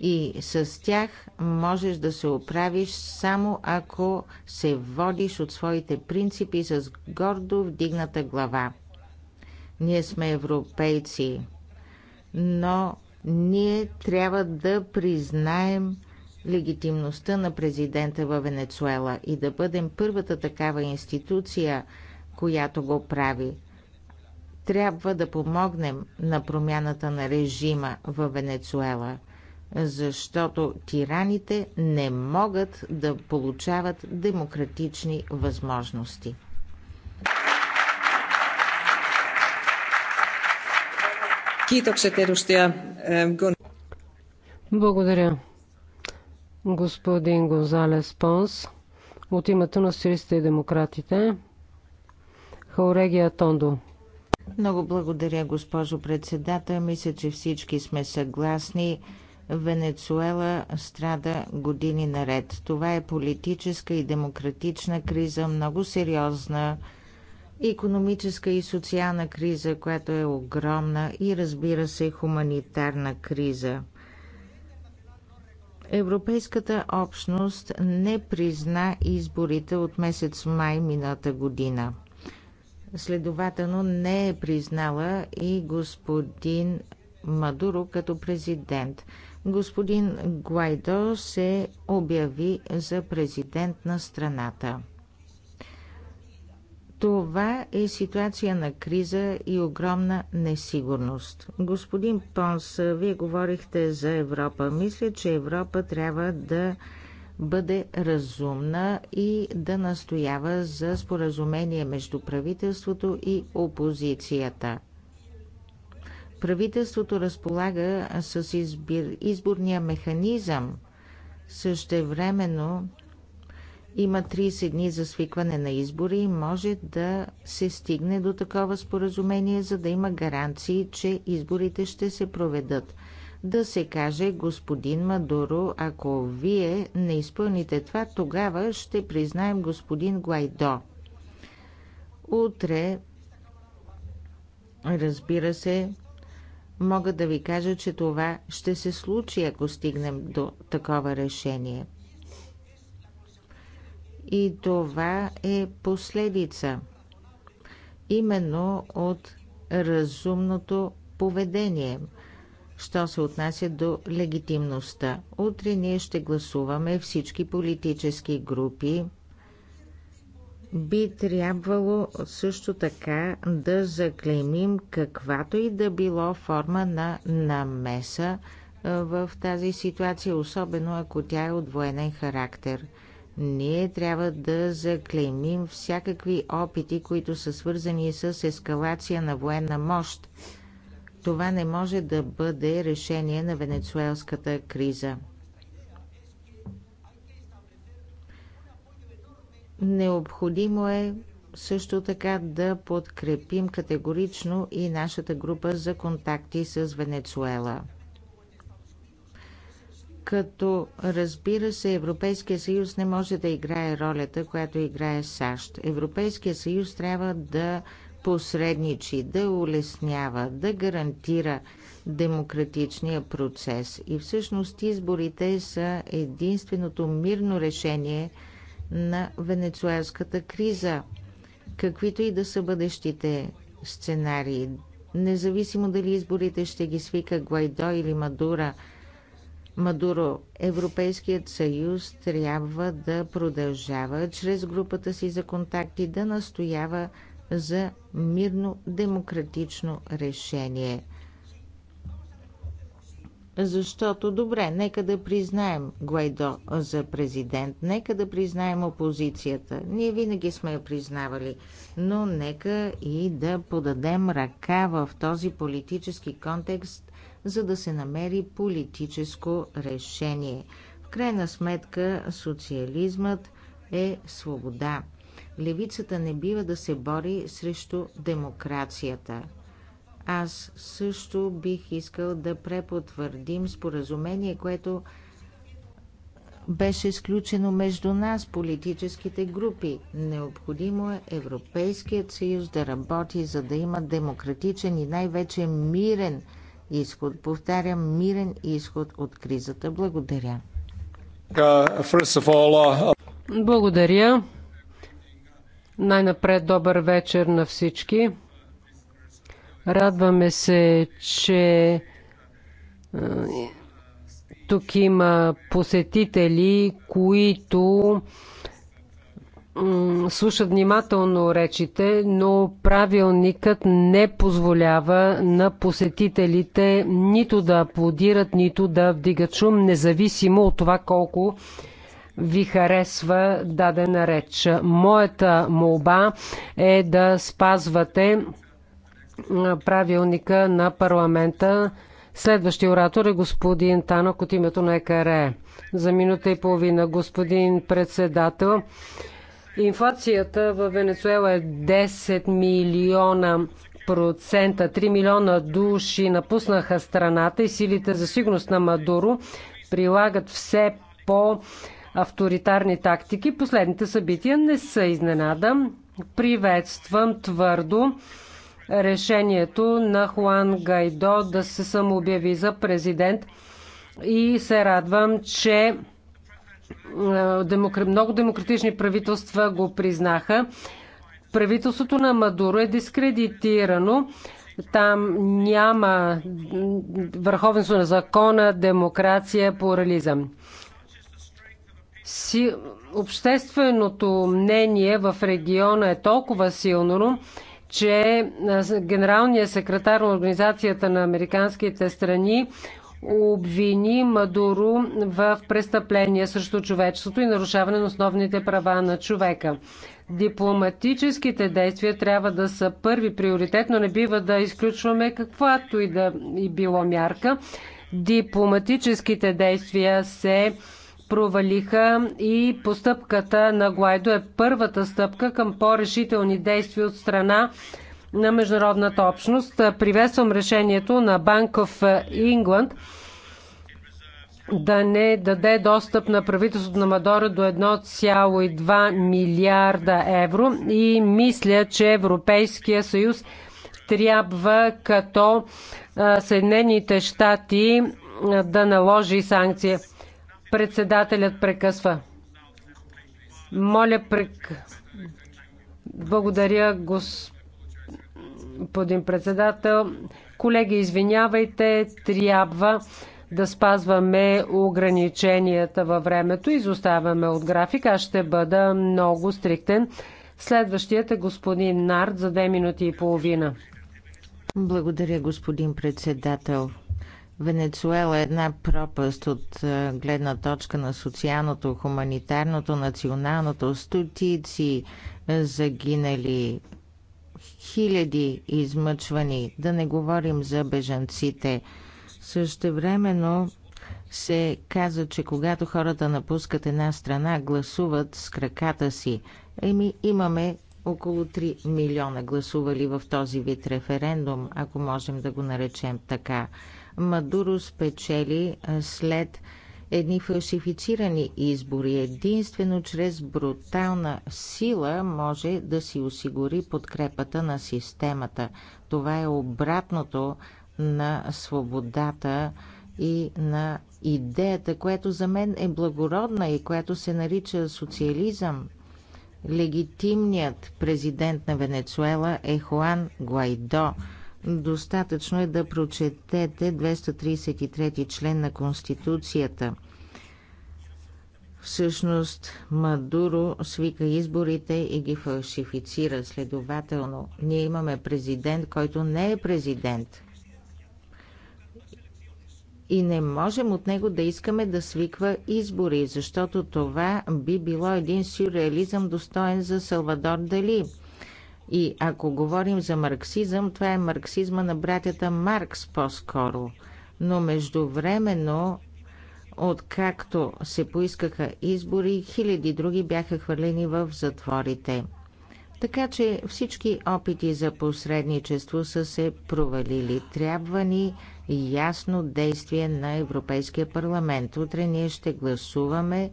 И с тях можеш да се оправиш само ако се водиш от своите принципи с гордо вдигната глава. Ние сме европейци, но ние трябва да признаем легитимността на президента във Венецуела и да бъдем първата такава институция, която го прави. Трябва да помогнем на промяната на режима в Венецуела, защото тираните не могат да получават демократични възможности. Е, Благодаря. Господин Гонзалес Понс, от името на Сирийста и демократите, Хаурегия Тондо. Много благодаря, госпожо председател. Мисля, че всички сме съгласни. Венецуела страда години наред. Това е политическа и демократична криза, много сериозна економическа и социална криза, която е огромна и разбира се хуманитарна криза. Европейската общност не призна изборите от месец май мината година – Следователно не е признала и господин Мадуро като президент. Господин Гуайдо се обяви за президент на страната. Това е ситуация на криза и огромна несигурност. Господин Понс, вие говорихте за Европа. Мисля, че Европа трябва да бъде разумна и да настоява за споразумение между правителството и опозицията. Правителството разполага с избир... изборния механизъм. Същевременно има 30 дни за свикване на избори и може да се стигне до такова споразумение, за да има гаранции, че изборите ще се проведат – да се каже господин Мадуро, ако вие не изпълните това, тогава ще признаем господин Гуайдо. Утре, разбира се, мога да ви кажа, че това ще се случи, ако стигнем до такова решение. И това е последица именно от разумното поведение – що се отнася до легитимността. Утре ние ще гласуваме всички политически групи. Би трябвало също така да заклеймим каквато и да било форма на намеса в тази ситуация, особено ако тя е от военен характер. Ние трябва да заклеймим всякакви опити, които са свързани с ескалация на военна мощ това не може да бъде решение на венецуелската криза. Необходимо е също така да подкрепим категорично и нашата група за контакти с Венецуела. Като разбира се, Европейския съюз не може да играе ролята, която играе САЩ. Европейския съюз трябва да посредничи, да улеснява, да гарантира демократичния процес. И всъщност изборите са единственото мирно решение на венецуелската криза, каквито и да са бъдещите сценарии. Независимо дали изборите ще ги свика Гуайдо или Мадура, Мадуро, Европейският съюз трябва да продължава чрез групата си за контакти да настоява за мирно демократично решение. Защото, добре, нека да признаем Гуайдо за президент, нека да признаем опозицията. Ние винаги сме я признавали, но нека и да подадем ръка в този политически контекст, за да се намери политическо решение. В крайна сметка, социализмът е свобода. Левицата не бива да се бори срещу демокрацията. Аз също бих искал да препотвърдим споразумение, което беше изключено между нас, политическите групи. Необходимо е Европейският съюз да работи, за да има демократичен и най-вече мирен изход. Повтарям, мирен изход от кризата. Благодаря. Uh, uh, Благодаря. Най-напред добър вечер на всички. Радваме се, че тук има посетители, които слушат внимателно речите, но правилникът не позволява на посетителите нито да аплодират, нито да вдигат шум, независимо от това колко ви харесва дадена реч. Моята молба е да спазвате правилника на парламента. Следващия оратор е господин Танок от името на ЕКРЕ. За минута и половина, господин председател. Инфлацията в Венецуела е 10 милиона процента. 3 милиона души напуснаха страната и силите за сигурност на Мадуро прилагат все по- авторитарни тактики. Последните събития не са изненада. Приветствам твърдо решението на Хуан Гайдо да се самообяви за президент и се радвам, че е, много демократични правителства го признаха. Правителството на Мадуро е дискредитирано. Там няма върховенство на закона, демокрация, плурализъм си, общественото мнение в региона е толкова силно, че генералният секретар на Организацията на Американските страни обвини Мадуро в престъпление срещу човечеството и нарушаване на основните права на човека. Дипломатическите действия трябва да са първи приоритет, но не бива да изключваме каквато и да и било мярка. Дипломатическите действия се провалиха и постъпката на Гуайдо е първата стъпка към по-решителни действия от страна на международната общност. Приветствам решението на Банк в Ингланд да не даде достъп на правителството на Мадора до 1,2 милиарда евро и мисля, че Европейския съюз трябва като Съединените щати да наложи санкция. Председателят прекъсва. Моля, прек... благодаря, господин председател. Колеги, извинявайте, трябва да спазваме ограниченията във времето. Изоставяме от графика. Аз ще бъда много стриктен. Следващият е господин Нарт за две минути и половина. Благодаря, господин председател. Венецуела е една пропаст от гледна точка на социалното, хуманитарното, националното. Стотици загинали, хиляди измъчвани, да не говорим за бежанците. Същевременно се каза, че когато хората напускат една страна, гласуват с краката си. Еми, имаме около 3 милиона гласували в този вид референдум, ако можем да го наречем така. Мадуро спечели след едни фалшифицирани избори. Единствено чрез брутална сила може да си осигури подкрепата на системата. Това е обратното на свободата и на идеята, която за мен е благородна и която се нарича социализъм. Легитимният президент на Венецуела е Хуан Гуайдо – Достатъчно е да прочетете 233 член на Конституцията. Всъщност Мадуро свика изборите и ги фалшифицира. Следователно, ние имаме президент, който не е президент. И не можем от него да искаме да свиква избори, защото това би било един сюрреализъм достоен за Салвадор Дали – и ако говорим за марксизъм, това е марксизма на братята Маркс по-скоро. Но междувременно, откакто се поискаха избори, хиляди други бяха хвърлени в затворите. Така че всички опити за посредничество са се провалили. Трябва ни ясно действие на Европейския парламент. Утре ние ще гласуваме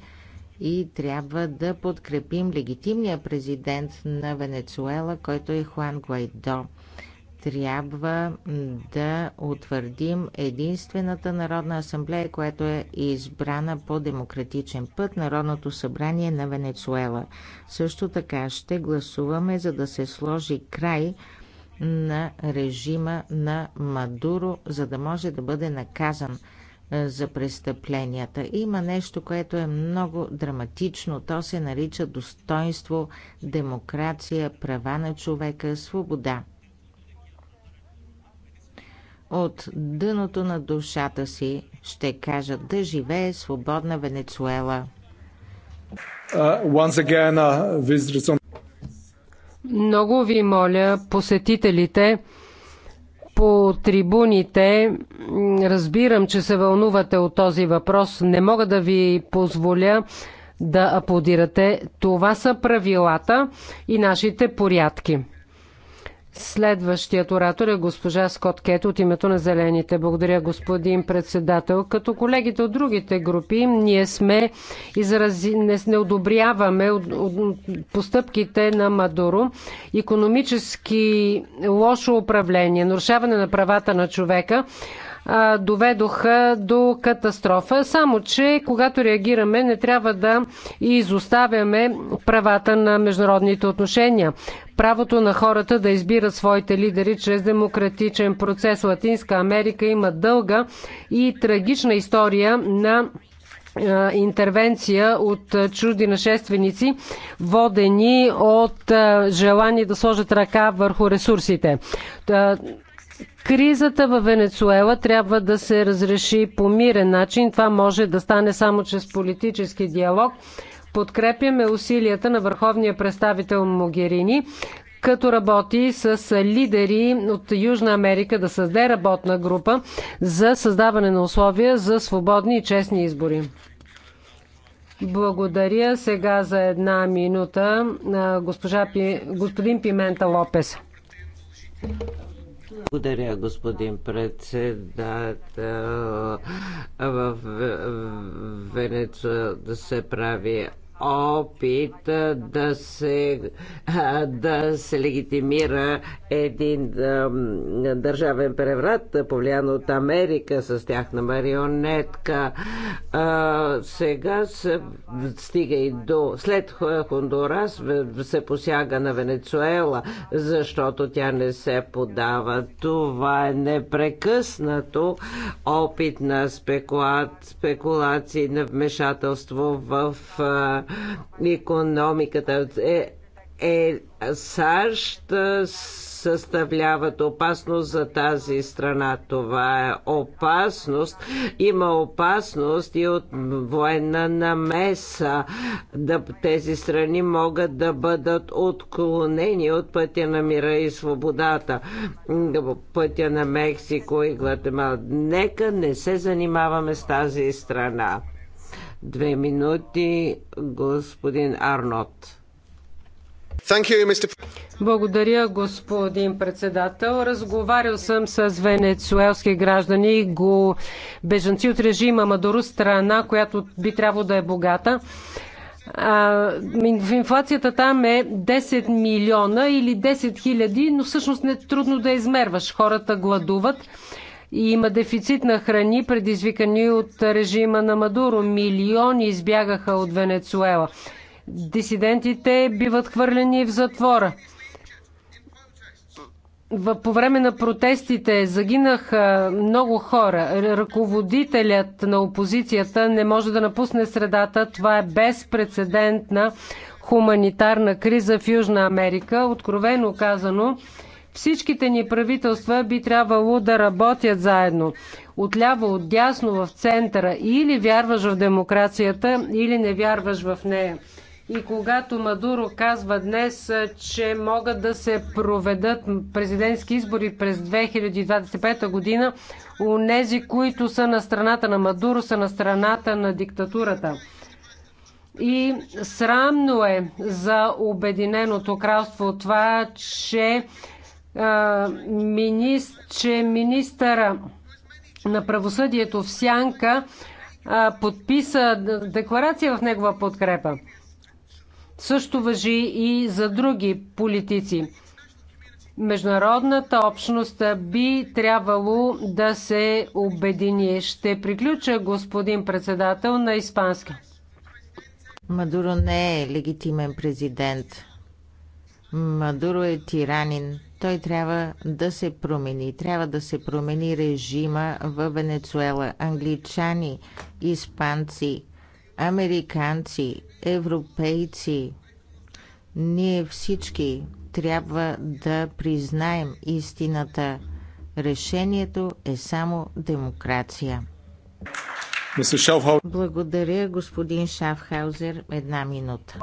и трябва да подкрепим легитимния президент на Венецуела, който е Хуан Гуайдо. Трябва да утвърдим единствената Народна асамблея, която е избрана по демократичен път Народното събрание на Венецуела. Също така ще гласуваме, за да се сложи край на режима на Мадуро, за да може да бъде наказан – е, за престъпленията. Има нещо, което е много драматично. То се нарича достоинство, демокрация, права на човека, свобода. От дъното на душата си ще кажат да живее свободна Венецуела. Uh, again, uh, Много ви моля, посетителите, по трибуните. Разбирам, че се вълнувате от този въпрос. Не мога да ви позволя да аплодирате. Това са правилата и нашите порядки. Следващият оратор е госпожа Скот Кет от името на Зелените. Благодаря, господин председател. Като колегите от другите групи, ние сме изрази... не, не одобряваме от... от... постъпките на Мадуро. Економически лошо управление, нарушаване на правата на човека доведоха до катастрофа. Само, че когато реагираме, не трябва да изоставяме правата на международните отношения. Правото на хората да избират своите лидери чрез демократичен процес. Латинска Америка има дълга и трагична история на интервенция от чужди нашественици, водени от желание да сложат ръка върху ресурсите. Кризата в Венецуела трябва да се разреши по мирен начин. Това може да стане само чрез политически диалог. Подкрепяме усилията на върховния представител Могерини, като работи с лидери от Южна Америка да създаде работна група за създаване на условия за свободни и честни избори. Благодаря сега за една минута госпожа, господин Пимента Лопес. Благодаря, господин председател. В Венецуела да се прави опит да се, да се легитимира един държавен преврат, повлиян от Америка с тяхна марионетка. Сега се стига и до... След Хондурас се посяга на Венецуела, защото тя не се подава. Това е непрекъснато опит на спекулации, на вмешателство в економиката. Е, е, САЩ съставляват опасност за тази страна. Това е опасност. Има опасност и от военна намеса. Да, тези страни могат да бъдат отклонени от пътя на мира и свободата. Пътя на Мексико и Гватемала. Нека не се занимаваме с тази страна. Две минути, господин Арнот. Благодаря, господин председател. Разговарял съм с венецуелски граждани, го бежанци от режима Мадуру страна, която би трябвало да е богата. А, инфлацията там е 10 милиона или 10 хиляди, но всъщност не е трудно да измерваш. Хората гладуват и има дефицит на храни, предизвикани от режима на Мадуро. Милиони избягаха от Венецуела. Дисидентите биват хвърлени в затвора. По време на протестите загинаха много хора. Ръководителят на опозицията не може да напусне средата. Това е безпредседентна хуманитарна криза в Южна Америка. Откровено казано, Всичките ни правителства би трябвало да работят заедно. Отляво, отдясно, в центъра. Или вярваш в демокрацията, или не вярваш в нея. И когато Мадуро казва днес, че могат да се проведат президентски избори през 2025 година, у нези, които са на страната на Мадуро, са на страната на диктатурата. И срамно е за Обединеното кралство това, че че министъра на правосъдието в Сянка подписа декларация в негова подкрепа. Също въжи и за други политици. Международната общност би трябвало да се обедини. Ще приключа, господин председател, на испанска. Мадуро не е легитимен президент. Мадуро е тиранин той трябва да се промени. Трябва да се промени режима в Венецуела. Англичани, испанци, американци, европейци, ние всички трябва да признаем истината. Решението е само демокрация. Благодаря, господин Шафхаузер. Една минута.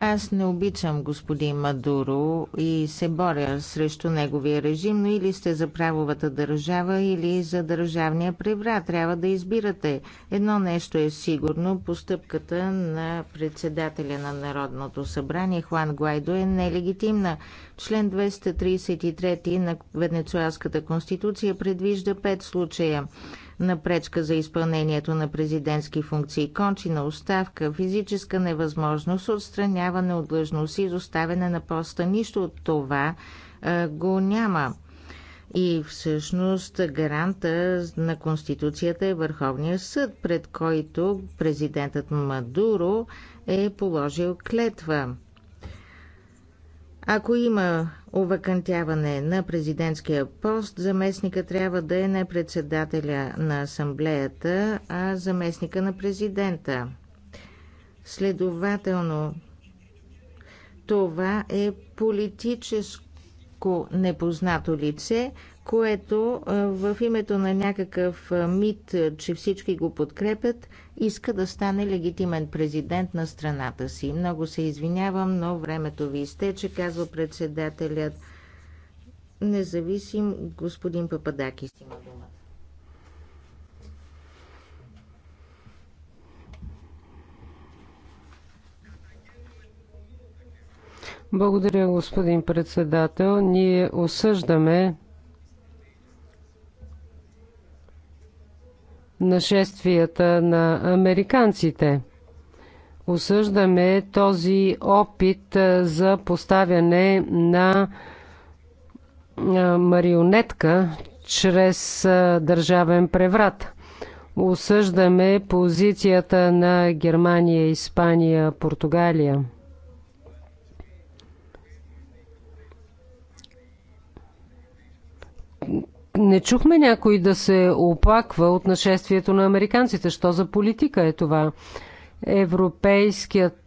Аз не обичам господин Мадуро и се боря срещу неговия режим, но или сте за правовата държава, или за държавния преврат. Трябва да избирате. Едно нещо е сигурно. Постъпката на председателя на Народното събрание Хуан Гуайдо е нелегитимна. Член 233 на Венецуелската конституция предвижда пет случая на пречка за изпълнението на президентски функции, кончина оставка, физическа невъзможност, отстраняване от длъжност и доставяне на поста. Нищо от това а, го няма. И всъщност гаранта на Конституцията е Върховния съд, пред който президентът Мадуро е положил клетва. Ако има Овакантяване на президентския пост. Заместника трябва да е не председателя на асамблеята, а заместника на президента. Следователно, това е политическо непознато лице, което в името на някакъв мит, че всички го подкрепят, иска да стане легитимен президент на страната си. Много се извинявам, но времето ви изтече, казва председателят. Независим господин си има думата. Благодаря, господин председател. Ние осъждаме нашествията на американците. Осъждаме този опит за поставяне на марионетка чрез държавен преврат. Осъждаме позицията на Германия, Испания, Португалия не чухме някой да се оплаква от нашествието на американците. Що за политика е това? Европейският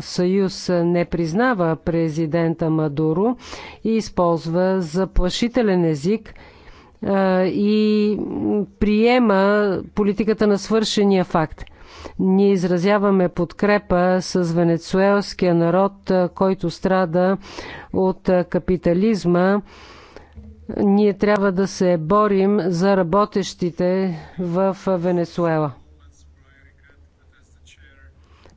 съюз не признава президента Мадуро и използва заплашителен език и приема политиката на свършения факт. Ние изразяваме подкрепа с венецуелския народ, който страда от капитализма ние трябва да се борим за работещите в Венесуела.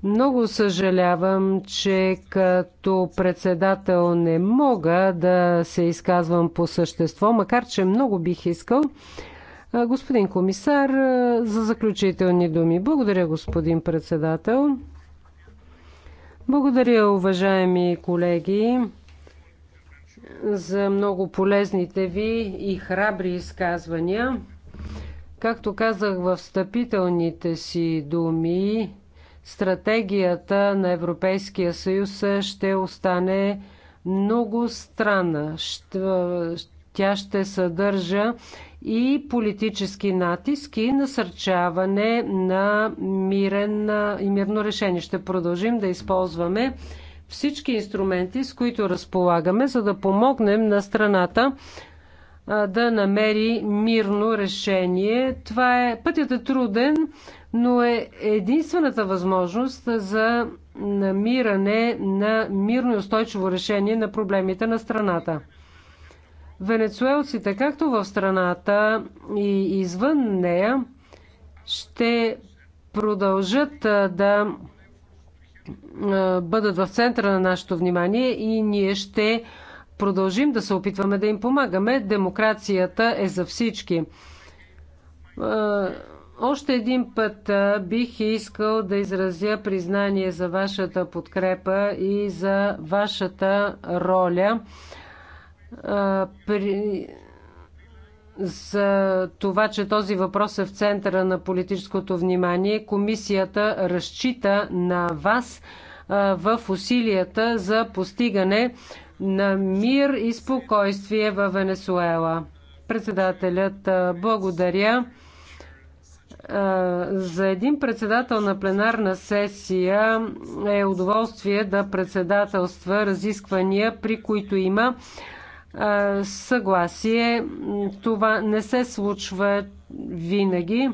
Много съжалявам, че като председател не мога да се изказвам по същество, макар че много бих искал. Господин комисар, за заключителни думи. Благодаря, господин председател. Благодаря, уважаеми колеги за много полезните ви и храбри изказвания. Както казах в встъпителните си думи, стратегията на Европейския съюз ще остане много странна. Тя ще съдържа и политически натиск и насърчаване на мирен и мирно решение. Ще продължим да използваме всички инструменти, с които разполагаме, за да помогнем на страната да намери мирно решение. Това е пътят е труден, но е единствената възможност за намиране на мирно и устойчиво решение на проблемите на страната. Венецуелците, както в страната и извън нея, ще продължат да бъдат в центъра на нашето внимание и ние ще продължим да се опитваме да им помагаме. Демокрацията е за всички. Още един път бих искал да изразя признание за вашата подкрепа и за вашата роля при за това, че този въпрос е в центъра на политическото внимание. Комисията разчита на вас в усилията за постигане на мир и спокойствие във Венесуела. Председателят, благодаря за един председател на пленарна сесия е удоволствие да председателства разисквания, при които има съгласие. Това не се случва винаги.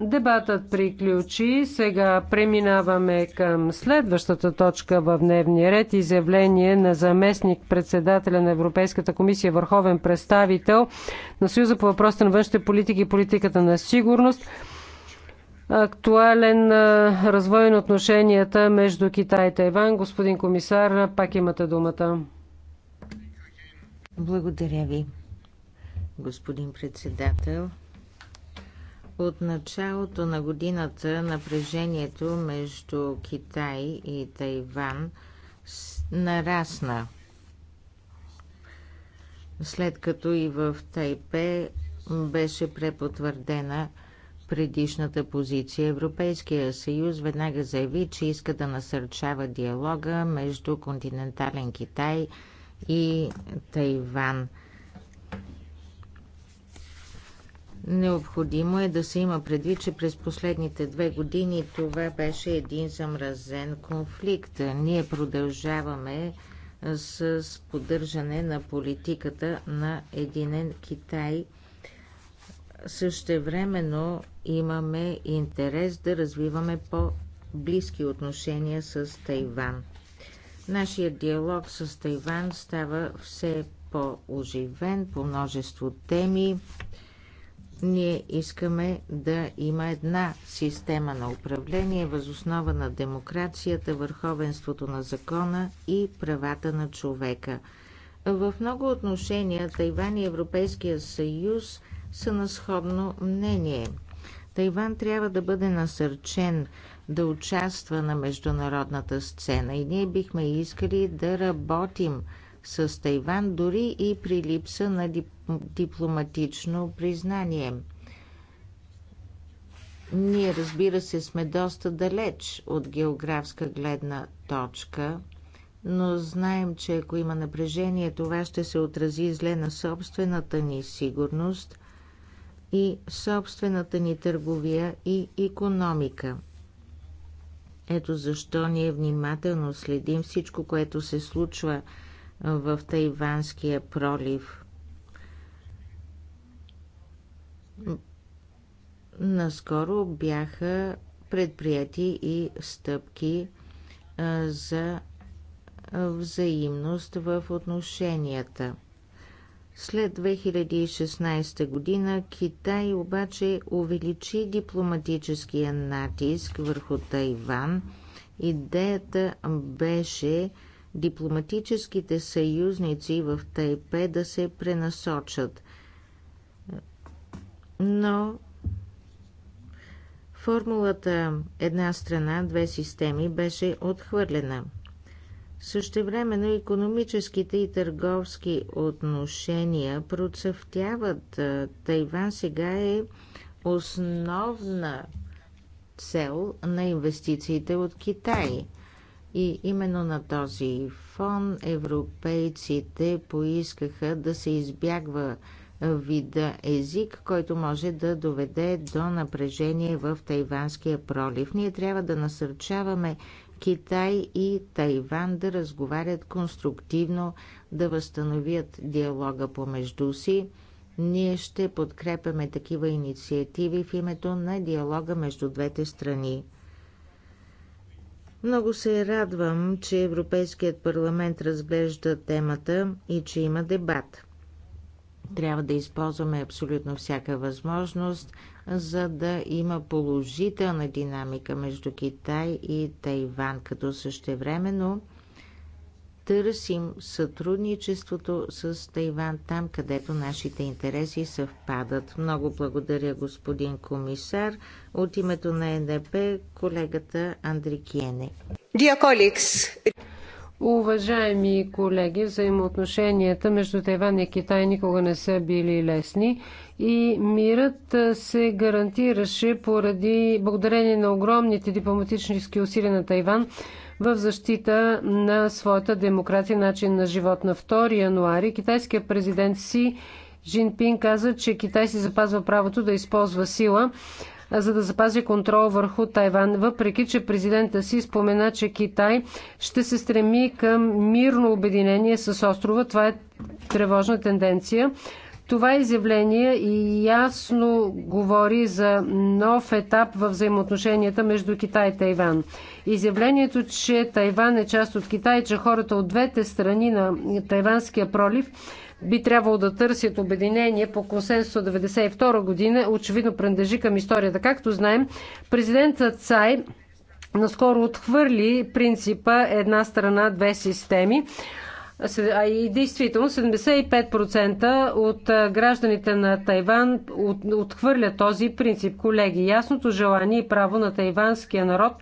Дебатът приключи. Сега преминаваме към следващата точка в дневния ред. Изявление на заместник председателя на Европейската комисия, върховен представител на Съюза по въпросите на външните политики и политиката на сигурност актуален развой на отношенията между Китай и Тайван. Господин комисар, пак имате думата. Благодаря ви, господин председател. От началото на годината напрежението между Китай и Тайван нарасна. След като и в Тайпе беше препотвърдена предишната позиция. Европейския съюз веднага заяви, че иска да насърчава диалога между континентален Китай и Тайван. Необходимо е да се има предвид, че през последните две години това беше един замразен конфликт. Ние продължаваме с поддържане на политиката на единен Китай – Същевременно имаме интерес да развиваме по-близки отношения с Тайван. Нашият диалог с Тайван става все по-оживен по множество теми. Ние искаме да има една система на управление възоснова на демокрацията, върховенството на закона и правата на човека. В много отношения Тайван и Европейския съюз са на сходно мнение. Тайван трябва да бъде насърчен да участва на международната сцена и ние бихме искали да работим с Тайван дори и при липса на дипломатично признание. Ние, разбира се, сме доста далеч от географска гледна точка, но знаем, че ако има напрежение, това ще се отрази зле на собствената ни сигурност и собствената ни търговия и економика. Ето защо ние внимателно следим всичко, което се случва в Тайванския пролив. Наскоро бяха предприяти и стъпки за взаимност в отношенията. След 2016 година Китай обаче увеличи дипломатическия натиск върху Тайван. Идеята беше дипломатическите съюзници в Тайпе да се пренасочат. Но формулата една страна, две системи беше отхвърлена – Същевременно економическите и търговски отношения процъфтяват. Тайван сега е основна цел на инвестициите от Китай. И именно на този фон европейците поискаха да се избягва вида език, който може да доведе до напрежение в Тайванския пролив. Ние трябва да насърчаваме Китай и Тайван да разговарят конструктивно, да възстановят диалога помежду си. Ние ще подкрепяме такива инициативи в името на диалога между двете страни. Много се радвам, че Европейският парламент разглежда темата и че има дебат. Трябва да използваме абсолютно всяка възможност – за да има положителна динамика между Китай и Тайван, като същевременно търсим сътрудничеството с Тайван там, където нашите интереси съвпадат. Много благодаря, господин комисар. От името на НДП колегата Андрикиене. Диаколикс. Уважаеми колеги, взаимоотношенията между Тайван и Китай никога не са били лесни и мирът се гарантираше поради благодарение на огромните дипломатически усилия на Тайван в защита на своята демокрация и начин на живот. На 2 януари китайският президент Си Жинпин каза, че Китай си запазва правото да използва сила, за да запази контрол върху Тайван, въпреки че президента си спомена, че Китай ще се стреми към мирно обединение с острова. Това е тревожна тенденция това изявление и ясно говори за нов етап в взаимоотношенията между Китай и Тайван. Изявлението, че Тайван е част от Китай, че хората от двете страни на Тайванския пролив би трябвало да търсят обединение по консенсус от 1992 година, очевидно принадлежи към историята. Както знаем, президентът Цай наскоро отхвърли принципа една страна, две системи а и действително 75% от гражданите на Тайван отхвърлят този принцип. Колеги, ясното желание и право на тайванския народ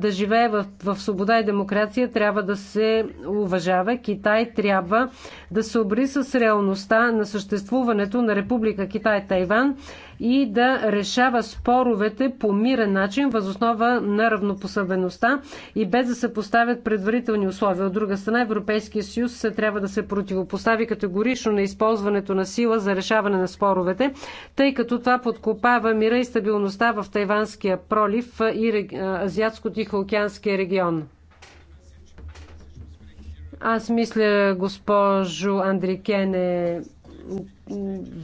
да живее в, в свобода и демокрация трябва да се уважава. Китай трябва да се обри с реалността на съществуването на Република Китай-Тайван и да решава споровете по мирен начин, възоснова на равнопосъбеността и без да се поставят предварителни условия. От друга страна, Европейския съюз се трябва да се противопостави категорично на използването на сила за решаване на споровете, тъй като това подкопава мира и стабилността в Тайванския пролив и Азиатско-Тихоокеанския регион. Аз мисля, госпожо Андрикене,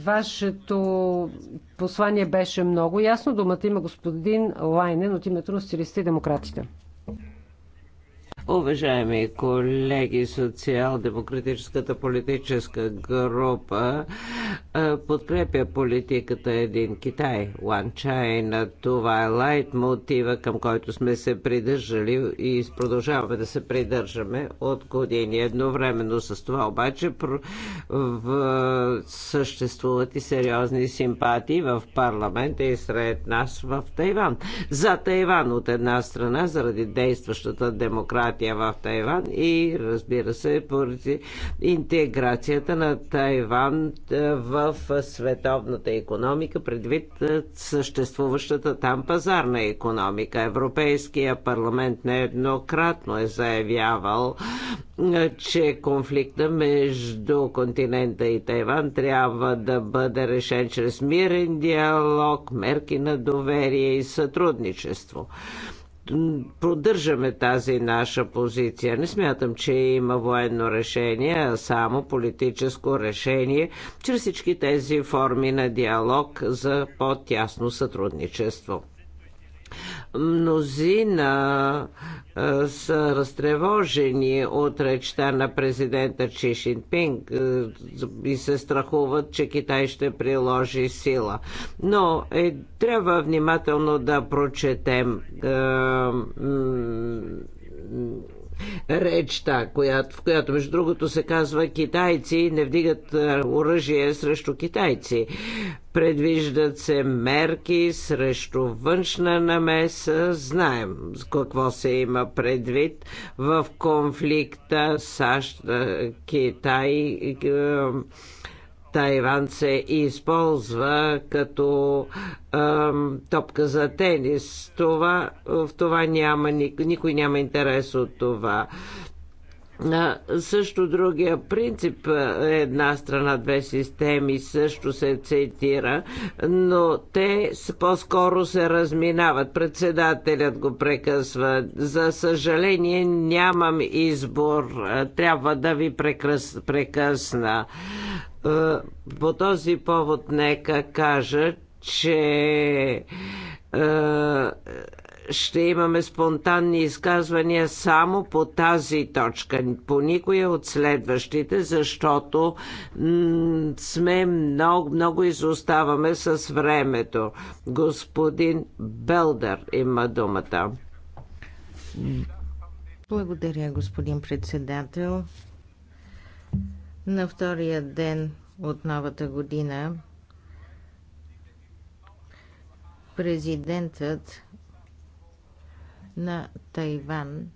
Вашето послание беше много ясно. Думата има господин Лайнен от името на стилистите и демократите. Уважаеми колеги, социал-демократическата политическа група подкрепя политиката Един Китай, One China. Това е лайт мотива, към който сме се придържали и продължаваме да се придържаме от години. Едновременно с това обаче в... съществуват и сериозни симпатии в парламента и сред нас в Тайван. За Тайван от една страна, заради действащата демократия предприятия в Тайван и разбира се, поради интеграцията на Тайван е, в световната економика, предвид е, съществуващата там пазарна економика. Европейския парламент нееднократно е заявявал, е, че конфликта между континента и Тайван трябва да бъде решен чрез мирен диалог, мерки на доверие и сътрудничество продържаме тази наша позиция. Не смятам, че има военно решение, а само политическо решение чрез всички тези форми на диалог за по-тясно сътрудничество. Мнозина са разтревожени от речта на президента Чи Шинпинг и се страхуват, че Китай ще приложи сила. Но е, трябва внимателно да прочетем е, речта, която, в която между другото се казва китайци не вдигат оръжие срещу китайци. Предвиждат се мерки срещу външна намеса. Знаем какво се има предвид в конфликта САЩ-Китай Тайван се използва като ам, топка за тенис. Това, в това няма, никой няма интерес от това. Също другия принцип една страна, две системи също се цитира, но те по-скоро се разминават. Председателят го прекъсва. За съжаление нямам избор. Трябва да ви прекъс... прекъсна. По този повод нека кажа, че ще имаме спонтанни изказвания само по тази точка, по никоя от следващите, защото сме много, много изоставаме с времето. Господин Белдър има думата. Благодаря, господин председател. На втория ден от новата година президентът на Тайван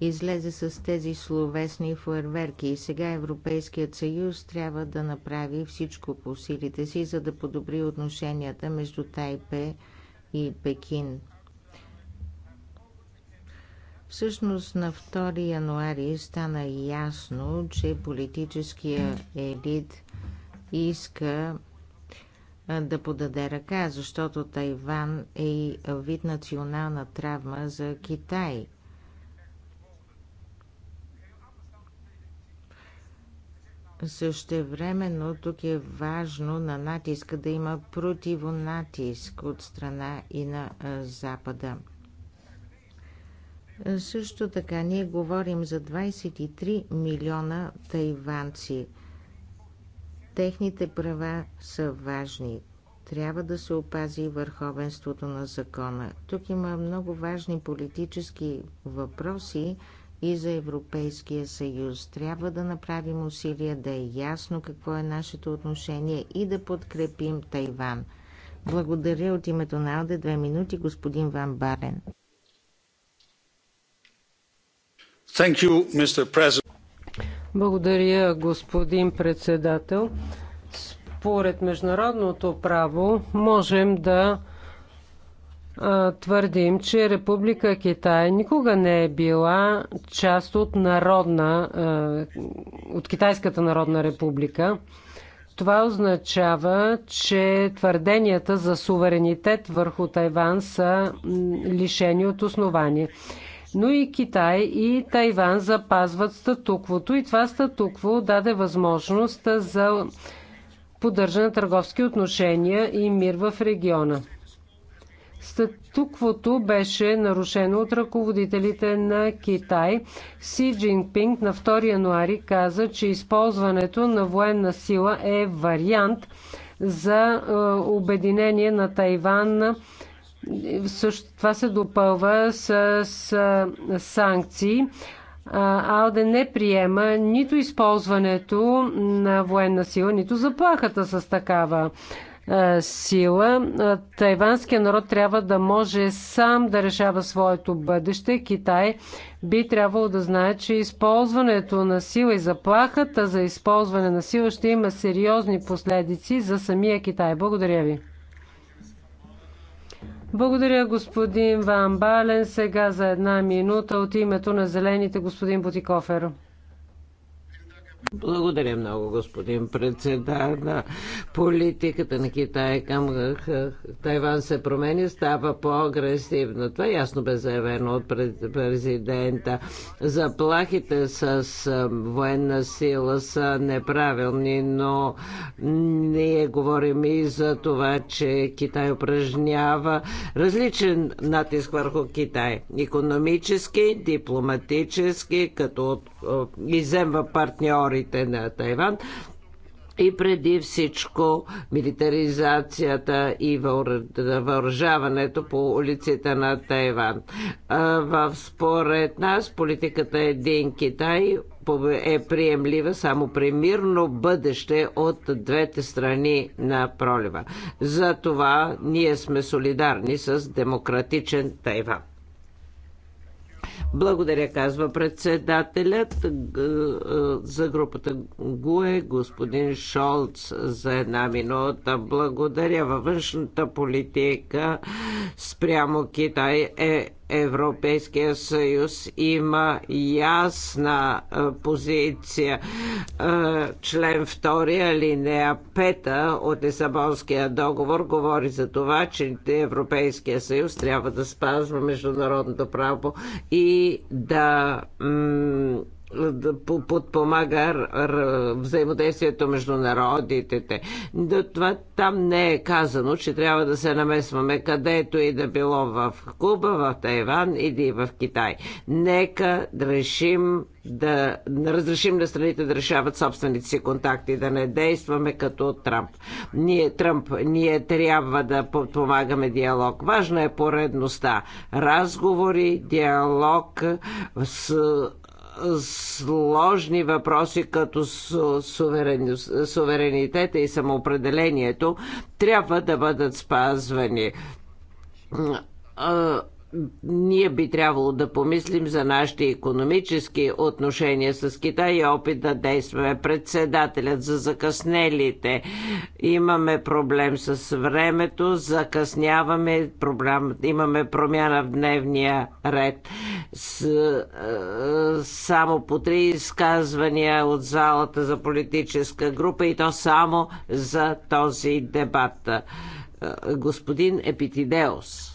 излезе с тези словесни фуерверки и сега Европейският съюз трябва да направи всичко по силите си, за да подобри отношенията между Тайпе и Пекин. Всъщност на 2 януари стана ясно, че политическия елит иска да подаде ръка, защото Тайван е и вид национална травма за Китай. Същевременно тук е важно на натиска да има противонатиск от страна и на Запада. Също така ние говорим за 23 милиона тайванци – Техните права са важни. Трябва да се опази върховенството на закона. Тук има много важни политически въпроси и за Европейския съюз. Трябва да направим усилия да е ясно какво е нашето отношение и да подкрепим Тайван. Благодаря от името на Алде. Две минути, господин Ван Барен. Thank you, Mr. President. Благодаря, господин председател. Според международното право можем да твърдим, че Република Китай никога не е била част от народна, от Китайската народна република. Това означава, че твърденията за суверенитет върху Тайван са лишени от основание но и Китай и Тайван запазват статуквото и това статукво даде възможност за поддържане на търговски отношения и мир в региона. Статуквото беше нарушено от ръководителите на Китай. Си Джинпинг на 2 януари каза, че използването на военна сила е вариант за е, обединение на Тайван също това се допълва с, с санкции. Алде не приема нито използването на военна сила, нито заплахата с такава сила. Тайванският народ трябва да може сам да решава своето бъдеще. Китай би трябвало да знае, че използването на сила и заплахата за използване на сила ще има сериозни последици за самия Китай. Благодаря ви. Благодаря, господин Ван Бален. Сега за една минута от името на Зелените, господин Бутикофер. Благодаря много, господин председател. Политиката на Китай към Тайван се промени, става по-агресивна. Това е ясно бе заявено от президента. Заплахите с военна сила са неправилни, но ние говорим и за това, че Китай упражнява различен натиск върху Китай. Економически, дипломатически, като иземва партньори партньорите на Тайван и преди всичко милитаризацията и въоръжаването по улиците на Тайван. В според нас политиката е Един Китай е приемлива само при мирно бъдеще от двете страни на пролива. Затова ние сме солидарни с демократичен Тайван. Благодаря, казва председателят е, за групата ГУЕ, господин Шолц, за една минута. Благодаря. Във външната политика спрямо Китай е Европейския съюз има ясна позиция. Член 2 алинея 5 от Лисабонския договор говори за това, че Европейския съюз трябва да спазва международното право и да подпомага взаимодействието между народите. Да, това там не е казано, че трябва да се намесваме където и да било в Куба, в Тайван или в Китай. Нека да решим да разрешим на страните да решават собствените си контакти, да не действаме като Трамп. Ние, Тръмп, ние трябва да подпомагаме диалог. Важна е поредността. Разговори, диалог с сложни въпроси като суверенитета и самоопределението трябва да бъдат спазвани ние би трябвало да помислим за нашите економически отношения с Китай и опит да действаме. Председателят за закъснелите. Имаме проблем с времето, закъсняваме, проблем, имаме промяна в дневния ред. С, е, само по три изказвания от залата за политическа група и то само за този дебат. Е, господин Епитидеос.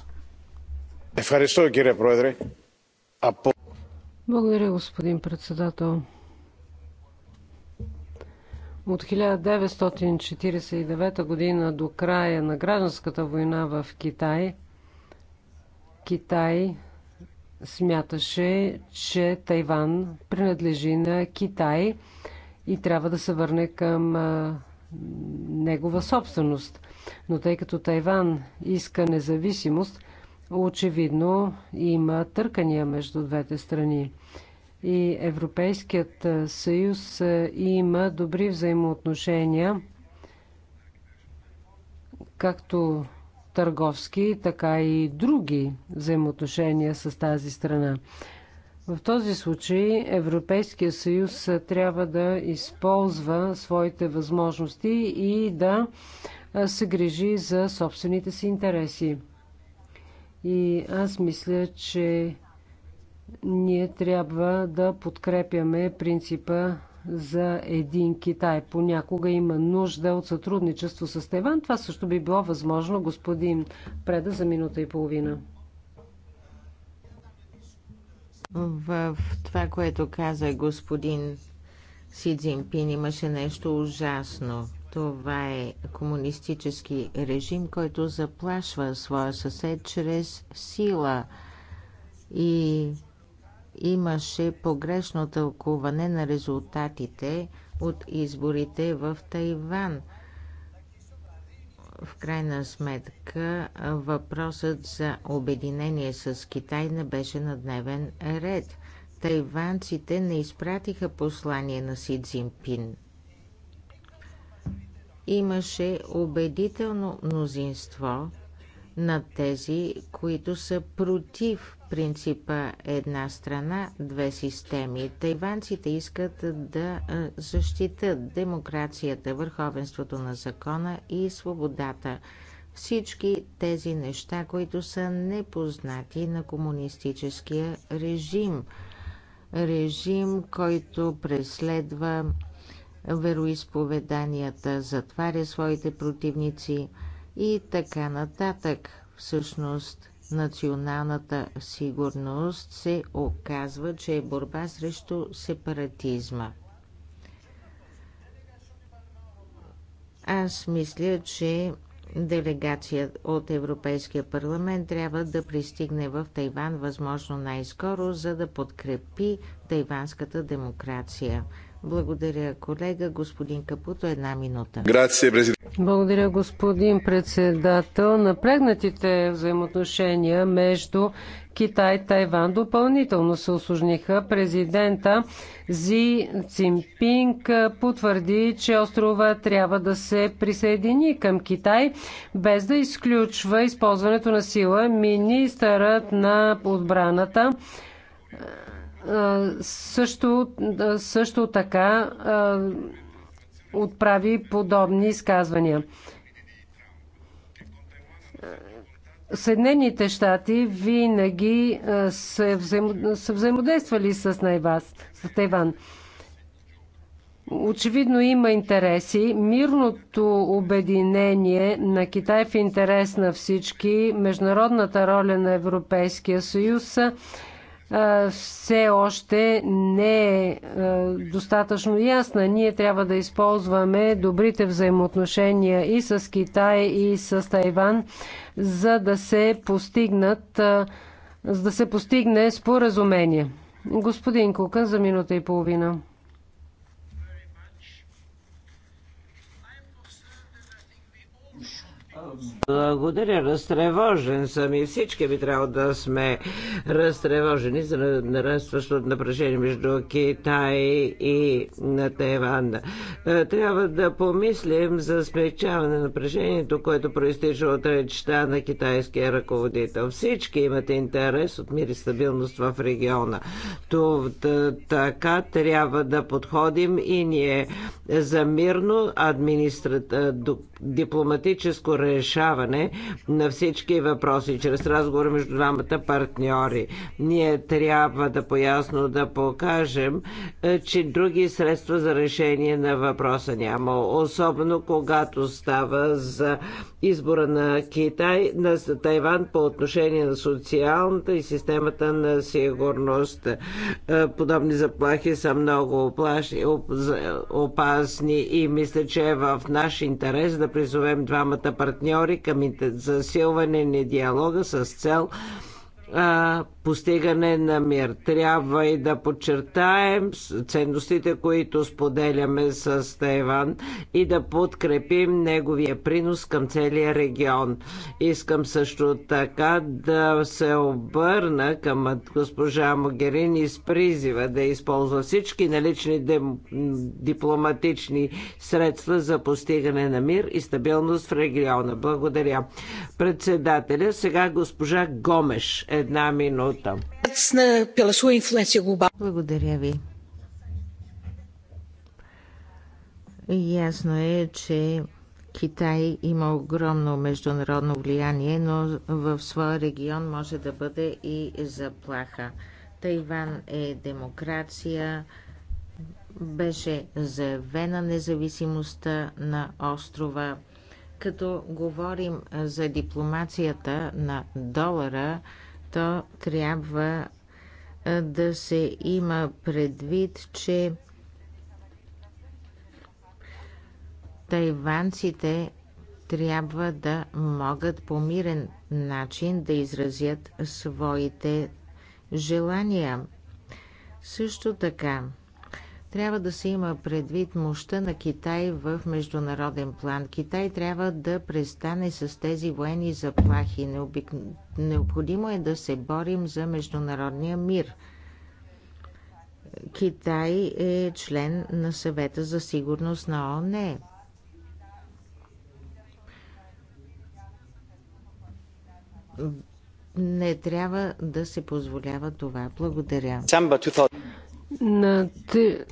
Ευχαριστώ, κύριε Πρόεδρε. Благодаря, господин председател. От 1949 година до края на гражданската война в Китай, Китай смяташе, че Тайван принадлежи на Китай и трябва да се върне към негова собственост. Но тъй като Тайван иска независимост, Очевидно има търкания между двете страни. И Европейският е, съюз е, има добри взаимоотношения, както търговски, така и други взаимоотношения с тази страна. В този случай Европейския съюз е, трябва да използва своите възможности и да се грижи за собствените си интереси. И аз мисля, че ние трябва да подкрепяме принципа за един Китай. Понякога има нужда от сътрудничество с Тайван. Това също би било възможно, господин Преда, за минута и половина. В това, което каза господин Си Цзинпин, имаше нещо ужасно. Това е комунистически режим, който заплашва своя съсед чрез сила. И имаше погрешно тълкуване на резултатите от изборите в Тайван. В крайна сметка въпросът за обединение с Китай не беше на дневен ред. Тайванците не изпратиха послание на Си Цзинпин имаше убедително мнозинство на тези, които са против принципа една страна, две системи. Тайванците искат да защитат демокрацията, върховенството на закона и свободата. Всички тези неща, които са непознати на комунистическия режим. Режим, който преследва вероисповеданията, затваря своите противници и така нататък. Всъщност, националната сигурност се оказва, че е борба срещу сепаратизма. Аз мисля, че делегация от Европейския парламент трябва да пристигне в Тайван възможно най-скоро, за да подкрепи тайванската демокрация. Благодаря, колега. Господин Капуто, една минута. Благодаря, господин председател. Напрегнатите взаимоотношения между Китай и Тайван допълнително се осложниха. Президента Зи Цинпинг потвърди, че острова трябва да се присъедини към Китай, без да изключва използването на сила. Министърът на отбраната също, също така отправи подобни изказвания. Съединените щати винаги са, взаимо, са взаимодействали с, Найвас, с Тайван. Очевидно има интереси. Мирното обединение на Китай в интерес на всички, международната роля на Европейския съюз все още не е достатъчно ясна. Ние трябва да използваме добрите взаимоотношения и с Китай, и с Тайван, за да се постигнат за да се постигне споразумение. Господин Кукън за минута и половина. Благодаря, разтревожен съм и всички би трябва да сме разтревожени за нарастващото напрежение между Китай и на Тайван. Е, трябва да помислим за смягчаване на напрежението, което проистича от речта на китайския ръководител. Всички имат интерес от мир и стабилност в региона. То, така трябва да подходим и ние за мирно администра... дипломатическо решаване решаване на всички въпроси чрез разговор между двамата партньори. Ние трябва да поясно да покажем, е, че други средства за решение на въпроса няма. Особено когато става за избора на Китай, на Тайван по отношение на социалната и системата на сигурност. Е, подобни заплахи са много оплашни, е, опасни и мисля, че е в наш интерес да призовем двамата партньори към засилване на диалога с цел а, постигане на мир. Трябва и да подчертаем ценностите, които споделяме с Тайван и да подкрепим неговия принос към целия регион. Искам също така да се обърна към госпожа Могерини с призива да използва всички налични дем... дипломатични средства за постигане на мир и стабилност в региона. Благодаря. Председателя, сега госпожа Гомеш една минута. Благодаря ви. Ясно е, че Китай има огромно международно влияние, но в своя регион може да бъде и заплаха. Тайван е демокрация, беше заявена независимостта на острова. Като говорим за дипломацията на долара, то трябва да се има предвид, че тайванците трябва да могат по мирен начин да изразят своите желания. Също така, трябва да се има предвид мощта на Китай в международен план. Китай трябва да престане с тези военни заплахи, необик... Необходимо е да се борим за международния мир. Китай е член на съвета за сигурност на ООН. Не трябва да се позволява това. Благодаря. На те...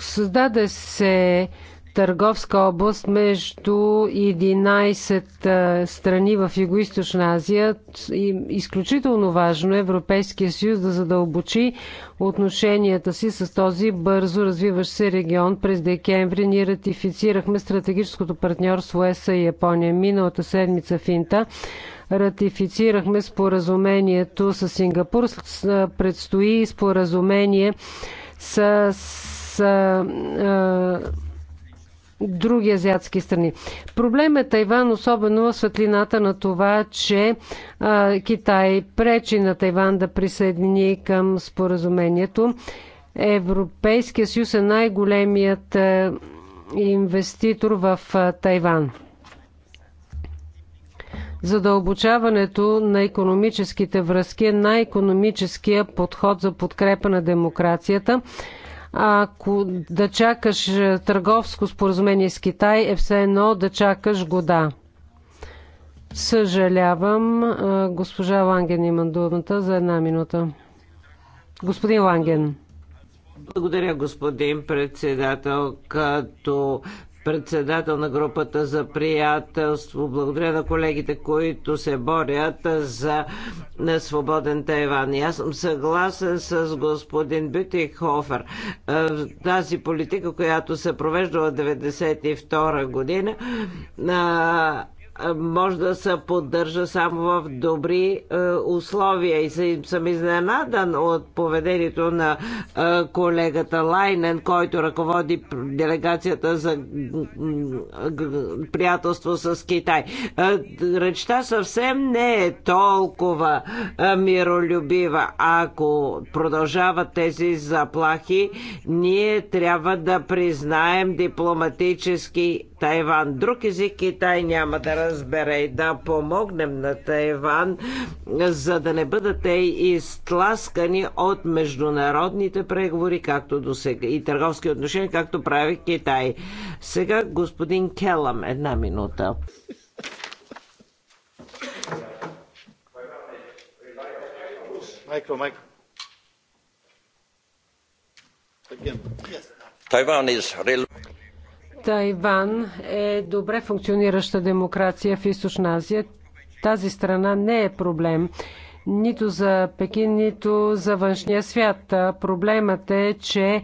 Създаде се търговска област между 11 страни в Юго-Источна Азия. И изключително важно е Европейския съюз да задълбочи отношенията си с този бързо развиващ се регион. През декември ние ратифицирахме стратегическото партньорство ЕСА и Япония. Миналата седмица Финта ратифицирахме споразумението с Сингапур. Предстои споразумение с, с други азиатски страни. Проблем е Тайван, особено в светлината на това, че а, Китай пречи на Тайван да присъедини към споразумението. Европейския съюз е най-големият инвеститор в Тайван. Задълбочаването на економическите връзки е най-економическия подход за подкрепа на демокрацията. Ако да чакаш е, търговско споразумение с Китай е все едно да чакаш года. Съжалявам, е, госпожа Ланген има думата за една минута. Господин Ланген. Благодаря, господин председател. Като председател на групата за приятелство. Благодаря на колегите, които се борят за свободен Тайван. И аз съм съгласен с господин Бютихофер. Е, тази политика, която се провежда от 1992 година, е, може да се поддържа само в добри е, условия. И съм изненадан от поведението на е, колегата Лайнен, който ръководи делегацията за приятелство с Китай. Е, речта съвсем не е толкова е, миролюбива. Ако продължават тези заплахи, ние трябва да признаем дипломатически Тайван друг език, Китай няма да разбере и да помогнем на Тайван, за да не бъдат те изтласкани от международните преговори, както до сега, и търговски отношения, както прави Китай. Сега господин Келам, една минута. Майко, Майкъл. Again. Yes. Taiwan is Тайван е добре функционираща демокрация в Източна Азия. Тази страна не е проблем нито за Пекин, нито за външния свят. Проблемът е, че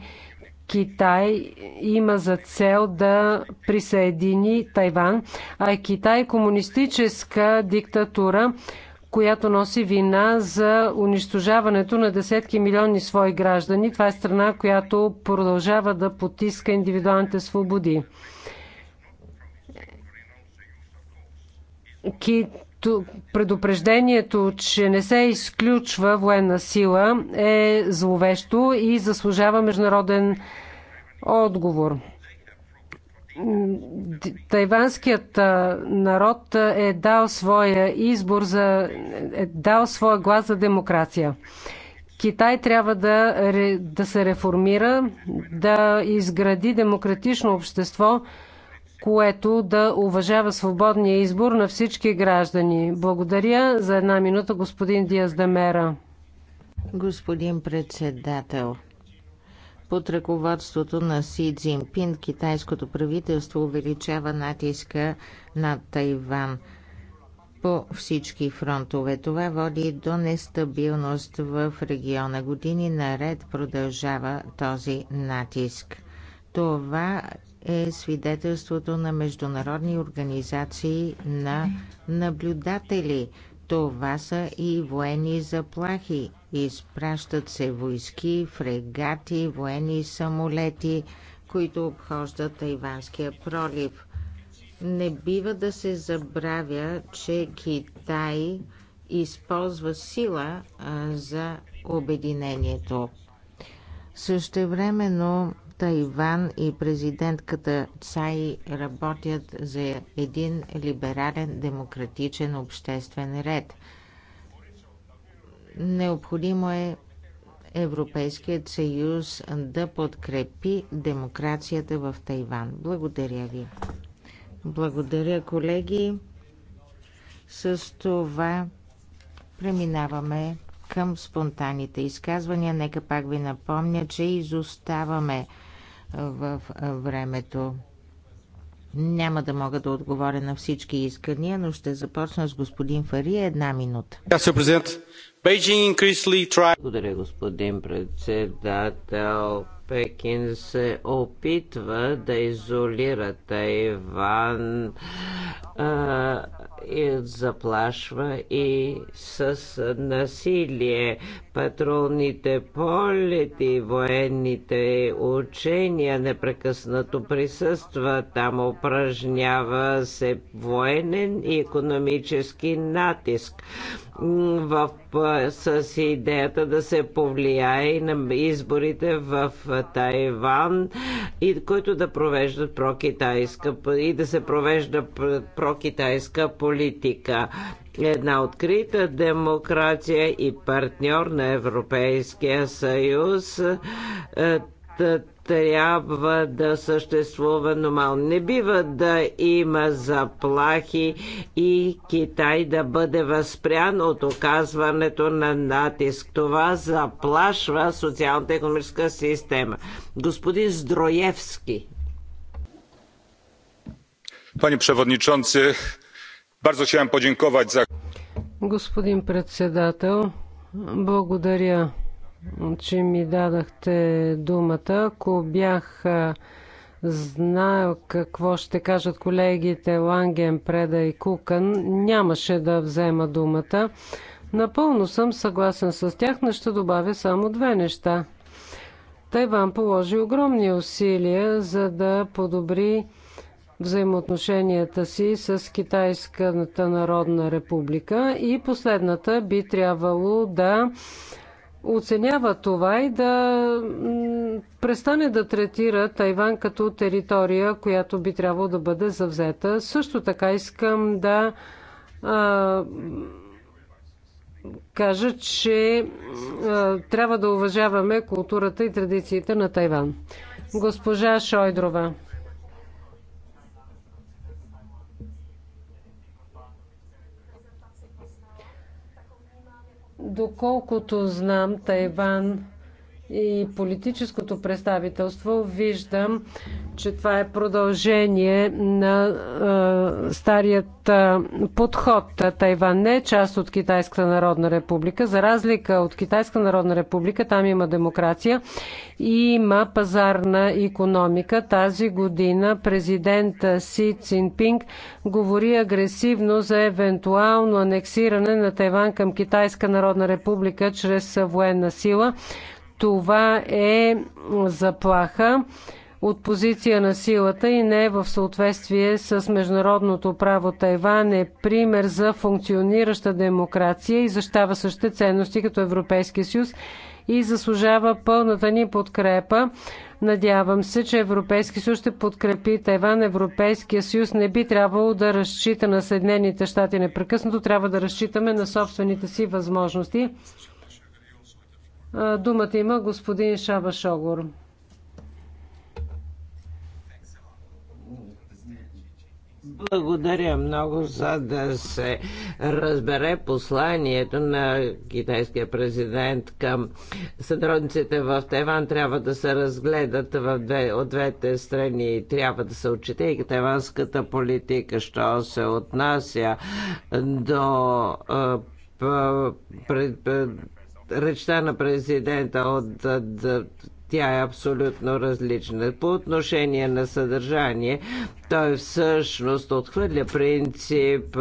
Китай има за цел да присъедини Тайван, а Китай е комунистическа диктатура, която носи вина за унищожаването на десетки милиони свои граждани. Това е страна, която продължава да потиска индивидуалните свободи. Предупреждението, че не се изключва военна сила е зловещо и заслужава международен отговор. Тайванският народ е дал своя избор за, е дал своя глас за демокрация. Китай трябва да, да се реформира, да изгради демократично общество, което да уважава свободния избор на всички граждани. Благодаря за една минута, господин Диаз Дамера. Господин председател, под ръководството на Си Цзинпин китайското правителство увеличава натиска на Тайван по всички фронтове. Това води до нестабилност в региона. Години наред продължава този натиск. Това е свидетелството на международни организации на наблюдатели – това са и военни заплахи. Изпращат се войски, фрегати, военни самолети, които обхождат Тайванския пролив. Не бива да се забравя, че Китай използва сила за обединението. Същевременно Тайван и президентката Цай работят за един либерален, демократичен обществен ред. Необходимо е Европейският съюз да подкрепи демокрацията в Тайван. Благодаря ви. Благодаря, колеги. С това преминаваме към спонтанните изказвания. Нека пак ви напомня, че изоставаме в времето. Няма да мога да отговоря на всички искания, но ще започна с господин Фария една минута. Благодаря, господин председател. Пекин се опитва да изолира Тайван а, и заплашва и с насилие. Патрулните полети, военните учения непрекъснато присъства. Там упражнява се военен и економически натиск в, с идеята да се повлияе и на изборите в Тайван, и, които да провеждат прокитайска и да се провежда прокитайска политика една открита демокрация и партньор на Европейския съюз трябва да съществува нормално. Не бива да има заплахи и Китай да бъде възпрян от оказването на натиск. Това заплашва социалната економическа система. Господин Здроевски. Panie przewodniczący, bardzo chciałem подинковат за... Господин председател, благодаря че ми дадахте думата. Ако бях знаел какво ще кажат колегите Ланген, Преда и Кукън, нямаше да взема думата. Напълно съм съгласен с тях, но ще добавя само две неща. Тайван положи огромни усилия, за да подобри взаимоотношенията си с Китайската народна република и последната би трябвало да оценява това и да престане да третира Тайван като територия, която би трябвало да бъде завзета. Също така искам да а, кажа, че а, трябва да уважаваме културата и традициите на Тайван. Госпожа Шойдрова. Доколкото знам, Тайван и политическото представителство виждам че това е продължение на е, старият е, подход. Тайван не е част от Китайската народна република. За разлика от Китайска народна република, там има демокрация и има пазарна економика. Тази година президент Си Цинпинг говори агресивно за евентуално анексиране на Тайван към Китайска народна република чрез военна сила. Това е заплаха от позиция на силата и не е в съответствие с международното право. Тайван е пример за функционираща демокрация и защава същите ценности като Европейския съюз и заслужава пълната ни подкрепа. Надявам се, че Европейския съюз ще подкрепи Тайван. Европейския съюз не би трябвало да разчита на Съединените щати непрекъснато, трябва да разчитаме на собствените си възможности. Думата има господин Шаба Шогор. Благодаря много за да се разбере посланието на китайския президент към сътрудниците в Тайван. Трябва да се разгледат в две, от двете страни и трябва да се отчете и тайванската политика, що се отнася до пред, пред, речта на президента от, от тя е абсолютно различна. По отношение на съдържание, той всъщност отхвърля принцип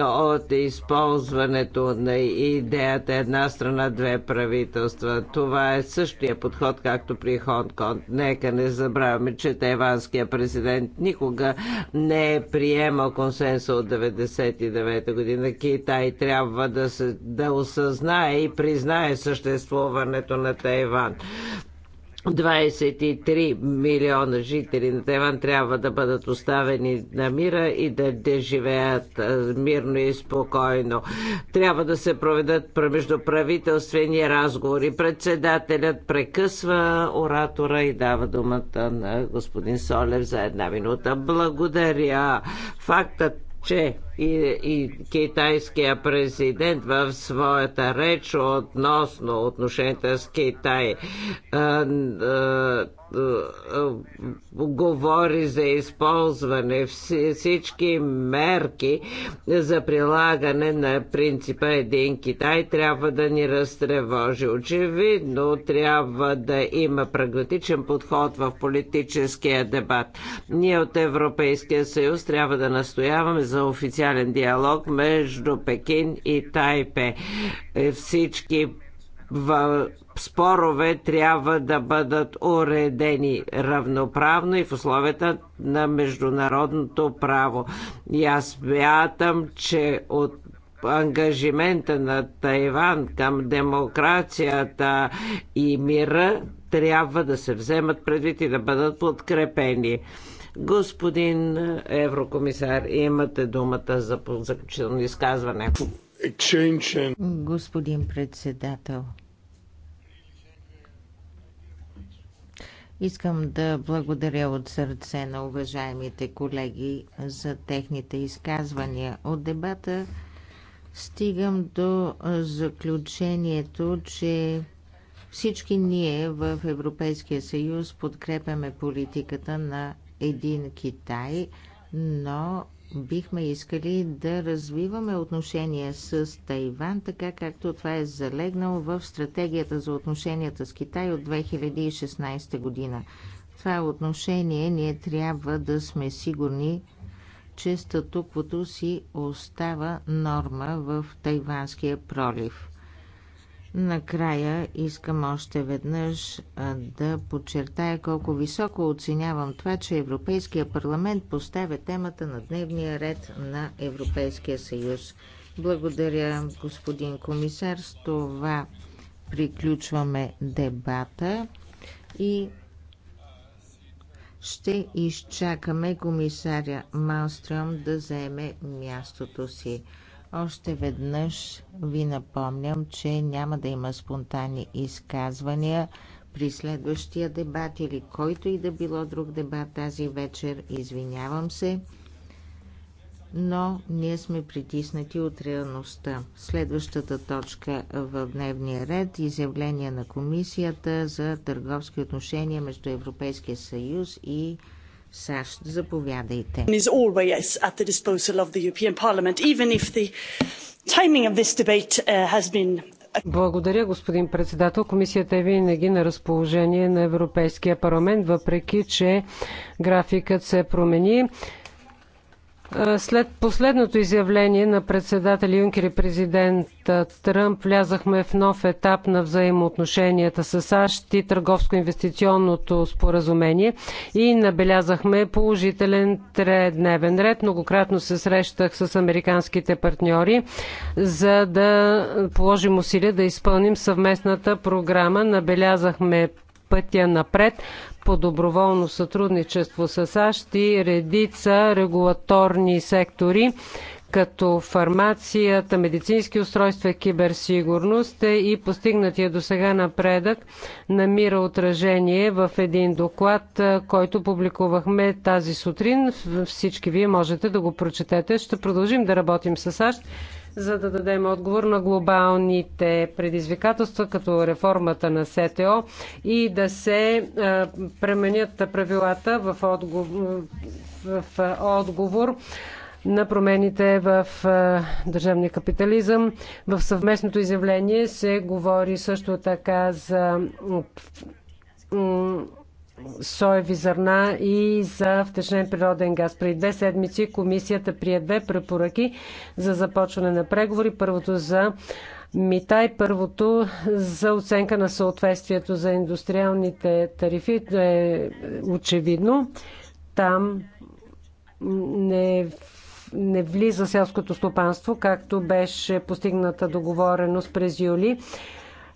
от използването на идеята една страна, две правителства. Това е същия подход, както при Хонконг. Нека не забравяме, че тайванския президент никога не е приемал консенсус от 1999 година. Китай трябва да, се, да осъзнае и признае съществуването на Тайван. 23 милиона жители на Тайван трябва да бъдат оставени на мира и да, да живеят мирно и спокойно. Трябва да се проведат междуправителствени разговори. Председателят прекъсва оратора и дава думата на господин Солев за една минута. Благодаря. Фактът, че и, и китайския президент в своята реч относно отношенията с Китай говори за използване всички мерки за прилагане на принципа един Китай трябва да ни разтревожи. Очевидно трябва да има прагматичен подход в политическия дебат. Ние от Европейския съюз трябва да настояваме за официално социален диалог между Пекин и Тайпе. Е, всички в спорове трябва да бъдат уредени равноправно и в условията на международното право. И аз смятам, че от ангажимента на Тайван към демокрацията и мира трябва да се вземат предвид и да бъдат подкрепени. Господин еврокомисар, имате думата за заключително изказване. Господин председател, Искам да благодаря от сърце на уважаемите колеги за техните изказвания. От дебата стигам до заключението, че всички ние в Европейския съюз подкрепяме политиката на един Китай, но бихме искали да развиваме отношения с Тайван, така както това е залегнало в стратегията за отношенията с Китай от 2016 година. В това отношение ние трябва да сме сигурни, че статуквото си остава норма в Тайванския пролив. Накрая искам още веднъж да подчертая колко високо оценявам това, че Европейския парламент поставя темата на дневния ред на Европейския съюз. Благодаря, господин комисар. С това приключваме дебата и ще изчакаме комисаря Малстрем да заеме мястото си. Още веднъж ви напомням, че няма да има спонтанни изказвания при следващия дебат или който и да било друг дебат тази вечер. Извинявам се, но ние сме притиснати от реалността. Следващата точка в дневния ред – изявление на Комисията за търговски отношения между Европейския съюз и САЩ. Заповядайте. Благодаря, господин председател. Комисията е винаги на разположение на Европейския парламент, въпреки че графикът се промени. Е, след последното изявление на председателя Юнкер и президент Тръмп влязахме в нов етап на взаимоотношенията с САЩ и търговско-инвестиционното споразумение и набелязахме положителен тредневен ред. Многократно се срещах с американските партньори, за да положим усилия да изпълним съвместната програма. Набелязахме пътя напред по доброволно сътрудничество с САЩ и редица регулаторни сектори, като фармацията, медицински устройства, киберсигурност и постигнатия до сега напредък намира отражение в един доклад, който публикувахме тази сутрин. Всички вие можете да го прочетете. Ще продължим да работим с САЩ за да дадем отговор на глобалните предизвикателства, като реформата на СТО и да се пременят правилата в отговор, в отговор на промените в държавния капитализъм. В съвместното изявление се говори също така за соеви зърна и за втечнен природен газ. Преди две седмици комисията прие две препоръки за започване на преговори. Първото за мита и първото за оценка на съответствието за индустриалните тарифи е, е очевидно. Там не не влиза селското стопанство, както беше постигната договореност през юли.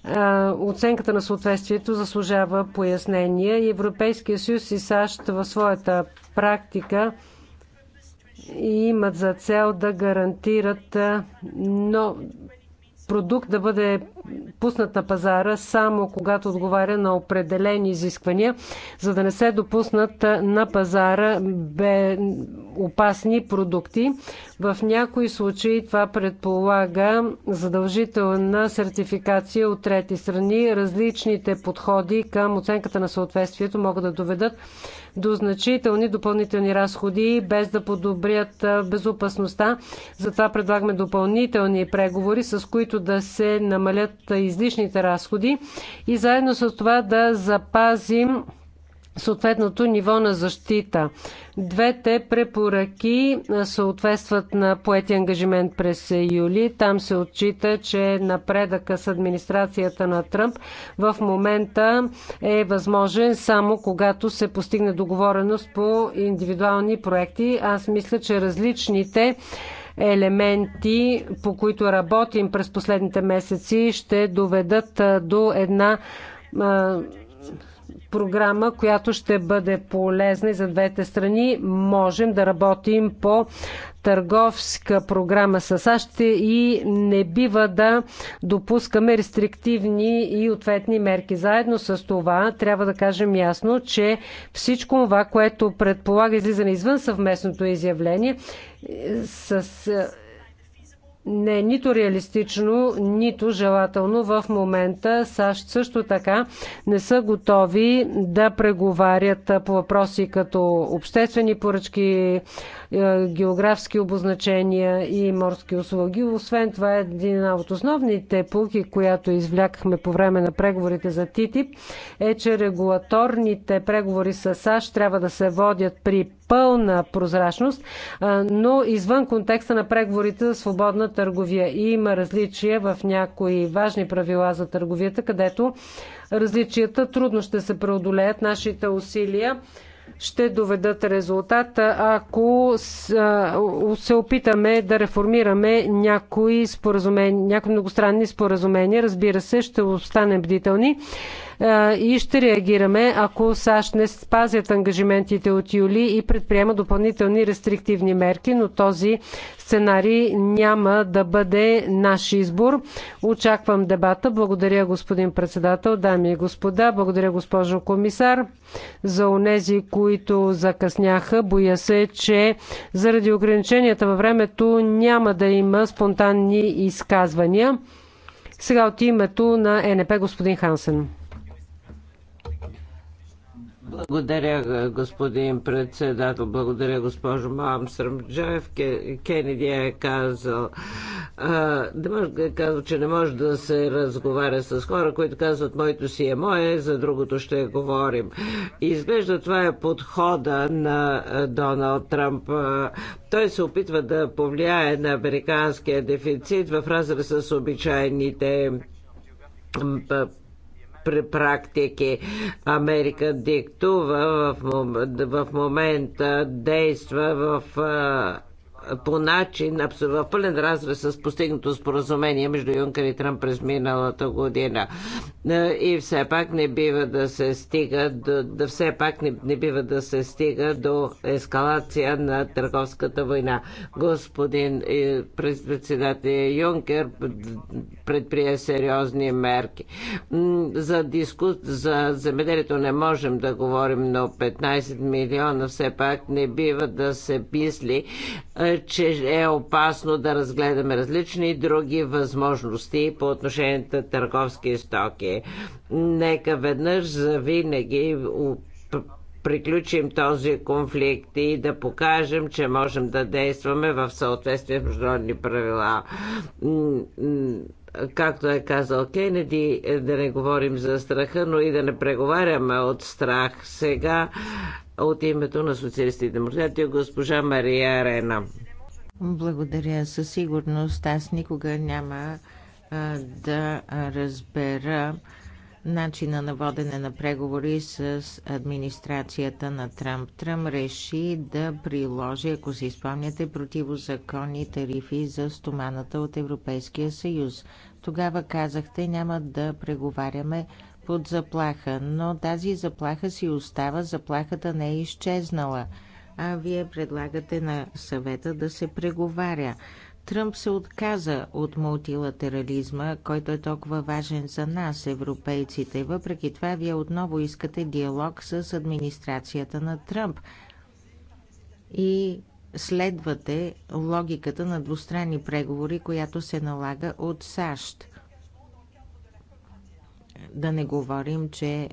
Е, оценката на съответствието заслужава пояснение. Европейския съюз и САЩ в своята практика имат за цел да гарантират е, но продукт да бъде пуснат на пазара само когато отговаря на определени изисквания, за да не се допуснат е, на пазара опасни продукти. В някои случаи това предполага задължителна сертификация от трети страни. Различните подходи към оценката на съответствието могат да доведат до значителни допълнителни разходи, без да подобрят безопасността. Затова предлагаме допълнителни преговори, с които да се намалят излишните разходи и заедно с това да запазим съответното ниво на защита. Двете препоръки съответстват на поети ангажимент през юли. Там се отчита, че напредъка с администрацията на Тръмп в момента е възможен само когато се постигне договореност по индивидуални проекти. Аз мисля, че различните елементи, по които работим през последните месеци, ще доведат до една програма, която ще бъде полезна и за двете страни. Можем да работим по търговска програма с САЩ и не бива да допускаме рестриктивни и ответни мерки. Заедно с това трябва да кажем ясно, че всичко това, което предполага излизане извън съвместното изявление, с не е нито реалистично, нито желателно в момента. САЩ също така не са готови да преговарят по въпроси като обществени поръчки, е, географски обозначения и морски услуги. Освен това, е една от основните пулки, която извлякахме по време на преговорите за ТИТИП, е, че регулаторните преговори с САЩ трябва да се водят при пълна прозрачност, е, но извън контекста на преговорите за свободна търговия. И има различия в някои важни правила за търговията, където различията трудно ще се преодолеят. Нашите усилия ще доведат резултата, ако се опитаме да реформираме някои, някои многостранни споразумения. Разбира се, ще останем бдителни. Е, и ще реагираме, ако САЩ не спазят ангажиментите от юли и предприема допълнителни рестриктивни мерки, но този сценарий няма да бъде наш избор. Очаквам дебата. Благодаря, господин председател, дами и господа. Благодаря, госпожо комисар. За онези, които закъсняха, боя се, че заради ограниченията във времето няма да има спонтанни изказвания. Сега от името на ЕНП господин Хансен. Благодаря, господин председател. Благодаря, госпожо Мамстрам. Джаев Кенеди е казал, а, не може да е казва, че не може да се разговаря с хора, които казват, моето си е мое, за другото ще говорим. И изглежда това е подхода на Доналд Трамп. Той се опитва да повлияе на американския дефицит в разрез с обичайните при практики. Америка диктува в, в момента действа в по начин в пълен разрез с постигнато споразумение между Юнкер и Тръмп през миналата година. Е, и все пак не бива да се стига до, да все пак не, не бива да се стига до ескалация на търговската война. Господин е, председател Юнкер предприе сериозни мерки. За, диску... за земеделието не можем да говорим, но 15 милиона все пак не бива да се мисли, е, че е опасно да разгледаме различни други възможности по отношение на търговски стоки. Нека веднъж за винаги приключим този конфликт и да покажем, че можем да действаме в съответствие с международни правила. Както е казал Кенеди, е, да не говорим за страха, но и да не преговаряме от страх. Сега от името на социалисти и демократи госпожа Мария Арена. Благодаря. Със сигурност аз никога няма а, да разбера начина на водене на преговори с администрацията на Трамп. Трамп реши да приложи, ако си спомняте, противозаконни тарифи за стоманата от Европейския съюз. Тогава казахте, няма да преговаряме под заплаха, но тази заплаха си остава, заплахата не е изчезнала – а вие предлагате на съвета да се преговаря. Тръмп се отказа от мултилатерализма, който е толкова важен за нас, европейците. Въпреки това, вие отново искате диалог с администрацията на Тръмп. И следвате логиката на двустранни преговори, която се налага от САЩ. Да не говорим, че е,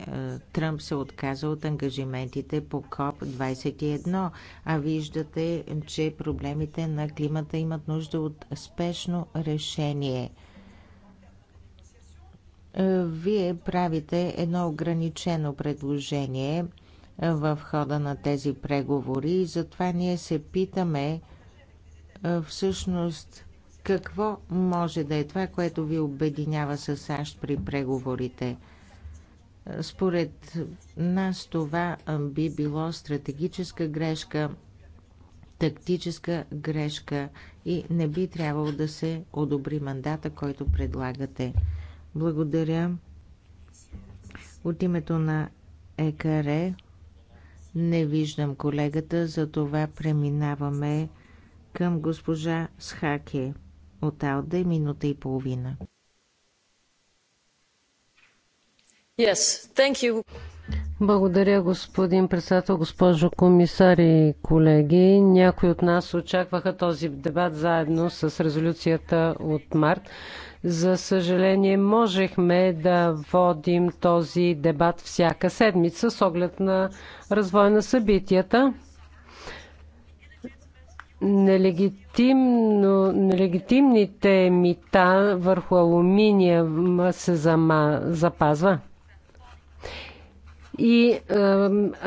Тръмп се отказа от ангажиментите по КОП-21, а виждате, че проблемите на климата имат нужда от спешно решение. Е, вие правите едно ограничено предложение е, в хода на тези преговори и затова ние се питаме всъщност какво може да е това, което ви обединява с САЩ при преговорите? Според нас това би било стратегическа грешка, тактическа грешка и не би трябвало да се одобри мандата, който предлагате. Благодаря. От името на ЕКР не виждам колегата, затова преминаваме към госпожа Схаке. От Алда е минута и половина. Yes, thank you. Благодаря, господин председател, госпожо комисар и колеги. Някои от нас очакваха този дебат заедно с резолюцията от март. За съжаление, можехме да водим този дебат всяка седмица с оглед на развой на събитията нелегитимно, нелегитимните мита върху алуминия се зама, запазва. И е,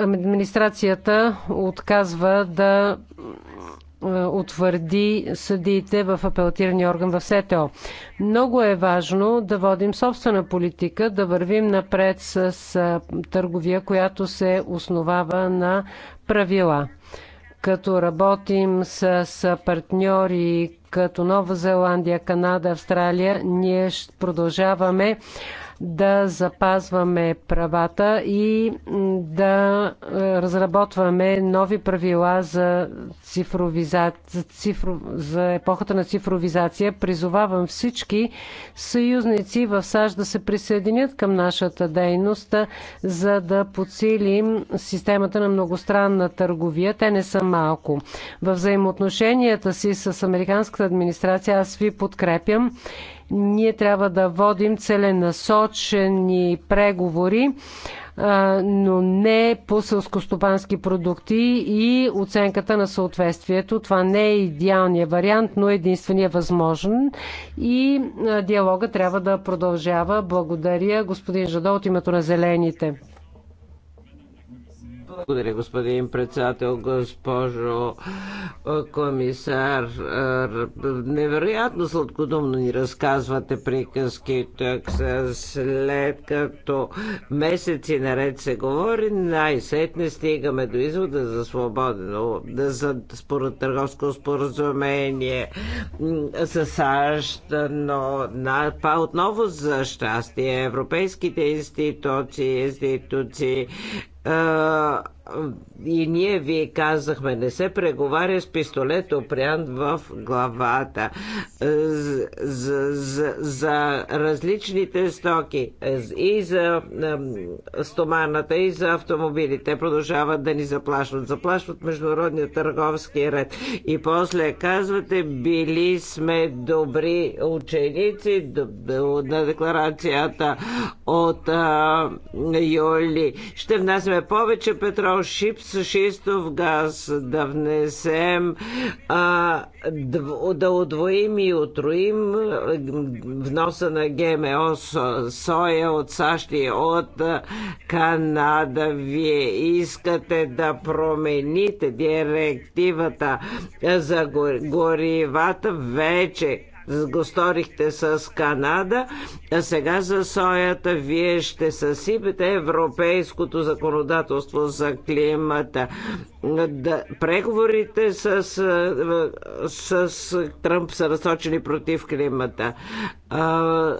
администрацията отказва да утвърди съдиите в апелатирания орган в СТО. Много е важно да водим собствена политика, да вървим напред с търговия, която се основава на правила като работим с партньори като Нова Зеландия, Канада, Австралия, ние продължаваме да запазваме правата и да е, разработваме нови правила за, цифровиза... за, цифро... за епохата на цифровизация. Призовавам всички съюзници в САЩ да се присъединят към нашата дейност, е, за да подсилим системата на многостранна търговия. Те не са малко. В взаимоотношенията си с американската администрация аз ви подкрепям ние трябва да водим целенасочени преговори, но не по сълскостопански продукти и оценката на съответствието. Това не е идеалният вариант, но единствения възможен. И диалога трябва да продължава. Благодаря, господин Жадо, от името на Зелените. Благодаря, господин председател, госпожо комисар. Невероятно сладкодумно ни разказвате приказки так, след като месеци наред се говори, най-сетне стигаме до извода за свободно, за според търговско споразумение с САЩ, но на, па отново за щастие европейските институции, институции а, и ние ви казахме, не се преговаря с пистолет опрян в главата за, е, за, за различните стоки е, и за е, стоманата и за автомобилите. Те продължават да ни заплашват. Заплашват международния търговски ред. И после казвате, били сме добри ученици на декларацията от а, Юли. Ще внасяме повече петрол шип с шистов газ, да внесем, а, да удвоим и отруим вноса на ГМО соя от САЩ и от Канада. Вие искате да промените директивата за горивата вече го сторихте с Канада, а сега за соята вие ще съсипете европейското законодателство за климата. Да, преговорите с, с Тръмп са насочени против климата. А,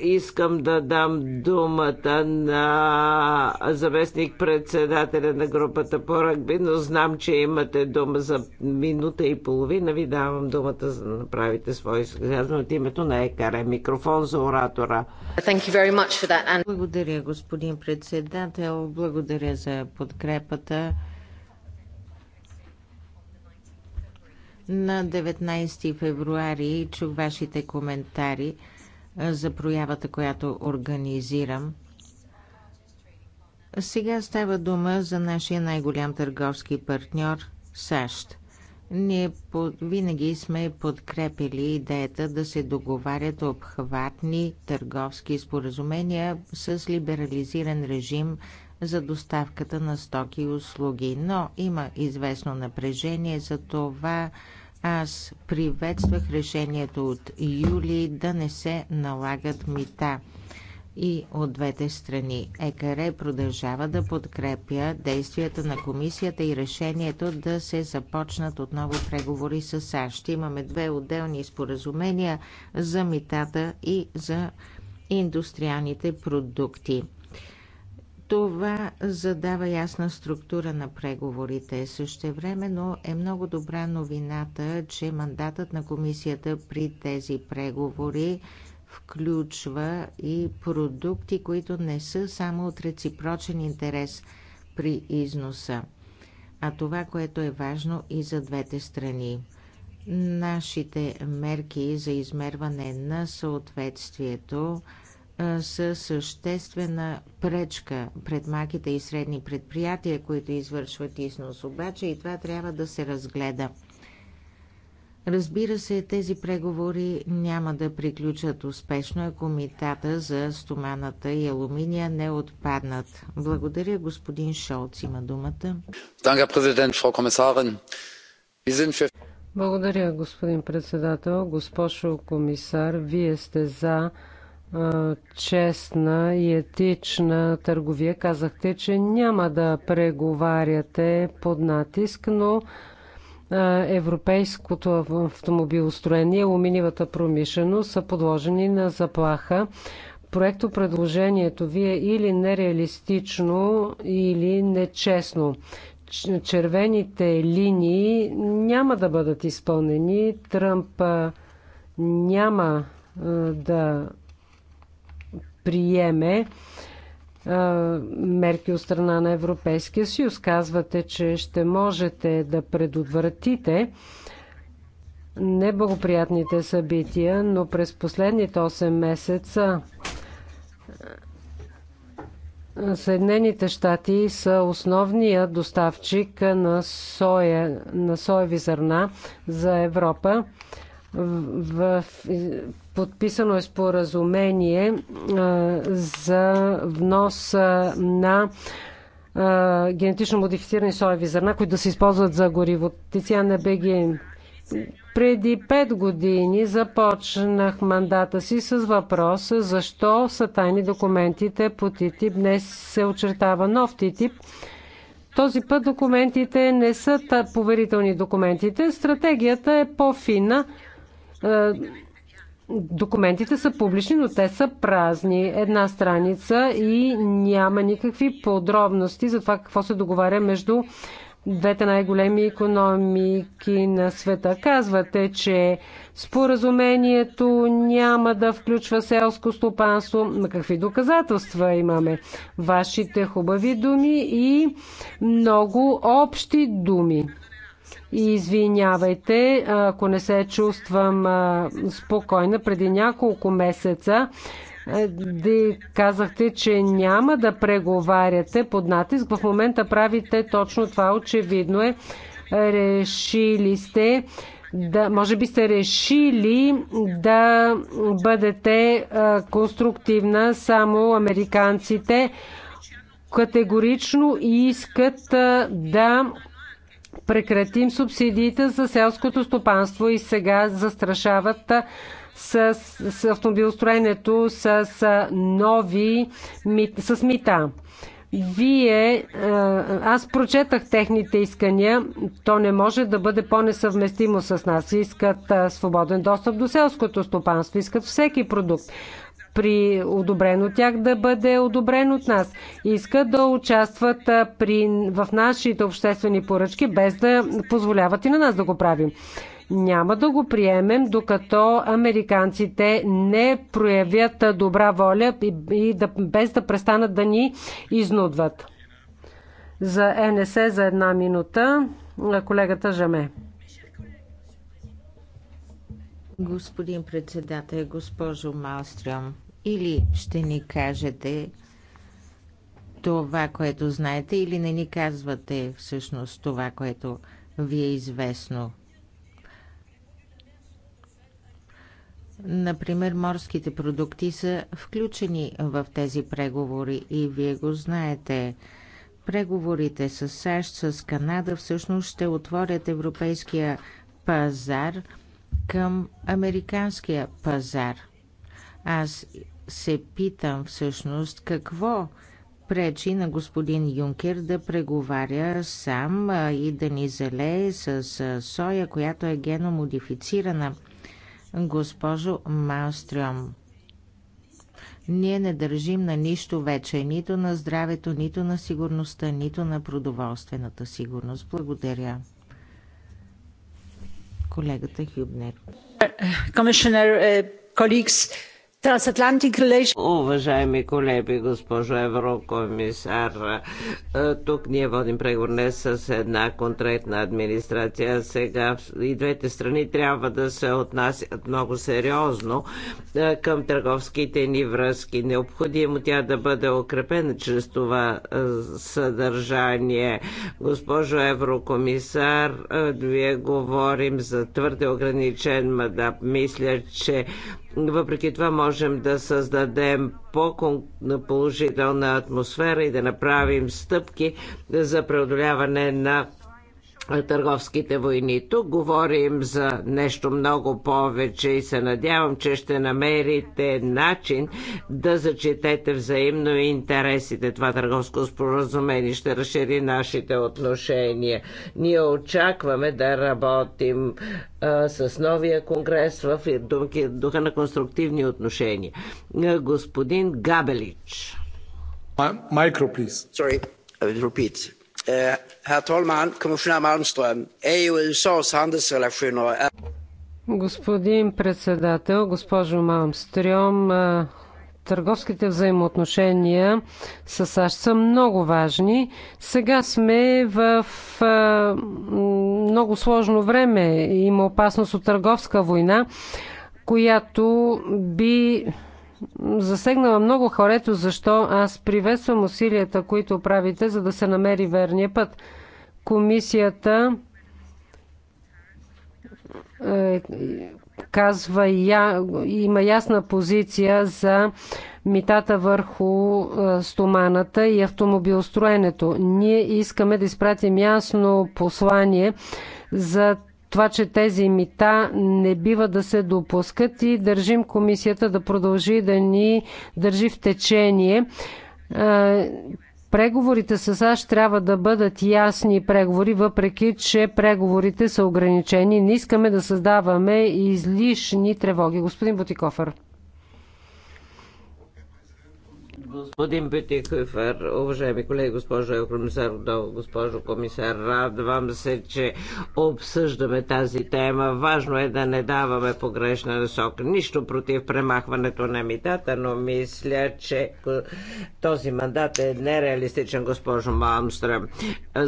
искам да дам думата на заместник председателя на групата по ръгби, но знам, че имате дума за минута и половина. Ви давам думата за да направите свой изказване от името на ЕКАРЕ. Микрофон за оратора. Благодаря, господин председател. Благодаря за подкрепата. На 19 февруари чух вашите коментари за проявата, която организирам. Сега става дума за нашия най-голям търговски партньор САЩ. Ние по- винаги сме подкрепили идеята да се договарят обхватни търговски споразумения с либерализиран режим за доставката на стоки и услуги. Но има известно напрежение за това. Аз приветствах решението от юли да не се налагат мита и от двете страни. ЕКР продължава да подкрепя действията на комисията и решението да се започнат отново преговори с САЩ. Имаме две отделни споразумения за митата и за индустриалните продукти. Това задава ясна структура на преговорите. Същевременно е много добра новината, че мандатът на комисията при тези преговори включва и продукти, които не са само от реципрочен интерес при износа, а това, което е важно и за двете страни. Нашите мерки за измерване на съответствието – са съществена пречка пред маките и средни предприятия, които извършват износ. Обаче и това трябва да се разгледа. Разбира се, тези преговори няма да приключат успешно, ако митата за стоманата и алуминия не отпаднат. Благодаря, господин Шолц. Има думата. Благодаря, господин председател. Госпожо комисар, вие сте за честна и етична търговия. Казахте, че няма да преговаряте под натиск, но европейското автомобилостроение уминивата промишленост са подложени на заплаха. Проекто предложението ви е или нереалистично, или нечестно. Червените линии няма да бъдат изпълнени. Тръмп няма да предприеме мерки от страна на Европейския съюз. Казвате, че ще можете да предотвратите неблагоприятните събития, но през последните 8 месеца Съединените щати са основния доставчик на, соя, на соеви зърна за Европа в, подписано е споразумение за внос на генетично модифицирани соеви зърна, които да се използват за гориво. Тициана беги. преди 5 години започнах мандата си с въпроса защо са тайни документите по ТИТИП. Днес се очертава нов ТИТИП. Този път документите не са поверителни документите. Стратегията е по-фина е, документите са публични, но те са празни. Една страница и няма никакви подробности за това какво се договаря между двете най-големи економики на света. Казвате, че споразумението няма да включва селско стопанство. На какви доказателства имаме? Вашите хубави думи и много общи думи. И извинявайте, ако не се чувствам спокойна. Преди няколко месеца казахте, че няма да преговаряте под натиск. В момента правите точно това. Очевидно е. Решили сте да, може би сте решили да бъдете а, конструктивна, само американците категорично искат а, да прекратим субсидиите за селското стопанство и сега застрашават с, с автомобилостроенето с, с нови с мита. Вие, е, аз прочетах техните искания, то не може да бъде по-несъвместимо с нас. Искат е, свободен достъп до селското стопанство, искат всеки продукт при одобрен от тях, да бъде одобрен от нас. Искат да участват при, в нашите обществени поръчки, без да позволяват и на нас да го правим. Няма да го приемем, докато американците не проявят добра воля и, и да, без да престанат да ни изнудват. За НС за една минута колегата Жаме. Господин председател, госпожо Малстрям, или ще ни кажете това, което знаете, или не ни казвате всъщност това, което ви е известно. Например, морските продукти са включени в тези преговори и вие го знаете. Преговорите с САЩ, с Канада всъщност ще отворят европейския пазар към американския пазар. Аз се питам всъщност какво пречи на господин Юнкер да преговаря сам и да ни залее с соя, която е геномодифицирана. Госпожо Маустрюм, ние не държим на нищо вече, нито на здравето, нито на сигурността, нито на продоволствената сигурност. Благодаря. Колегата Хюбнер. Е, е, комисионер, колегс, Трансатлантик Уважаеми колеги, госпожо Еврокомисар, е, тук ние водим преговор не с една конкретна администрация. Сега и двете страни трябва да се отнасят много сериозно е, към търговските ни връзки. Необходимо тя да бъде укрепена чрез това е, съдържание. Госпожо Еврокомисар, вие говорим за твърде ограничен мадап. Мисля, че въпреки това можем да създадем по-положителна атмосфера и да направим стъпки за преодоляване на търговските войни. Тук говорим за нещо много повече и се надявам, че ще намерите начин да зачетете взаимно интересите. Това търговско споразумение ще разшири нашите отношения. Ние очакваме да работим а, с новия конгрес в духа на конструктивни отношения. Господин Габелич. Майкро, please. Sorry, repeat. Eh, herr talman, kommissionär Malmström, EU och USAs handelsrelationer är... Господин председател, госпожо Малмстрём, е, търговските взаимоотношения с САЩ са много важни. Сега сме в е, много сложно време. Има опасност от търговска война, която би засегнала много хорето, защо аз приветствам усилията, които правите, за да се намери верния път. Комисията е, казва, я, има ясна позиция за митата върху е, стоманата и автомобилстроенето. Ние искаме да изпратим ясно послание за това, че тези мита не бива да се допускат и държим комисията да продължи да ни държи в течение. Е, преговорите с САЩ трябва да бъдат ясни преговори, въпреки че преговорите са ограничени. Не искаме да създаваме излишни тревоги. Господин Бутикофър. Господин Бютикофер, уважаеми колеги, госпожо Еврокомисар, госпожо комисар, радвам се, че обсъждаме тази тема. Важно е да не даваме погрешна насока. Нищо против премахването на митата, но мисля, че този мандат е нереалистичен, госпожо Малмстрем.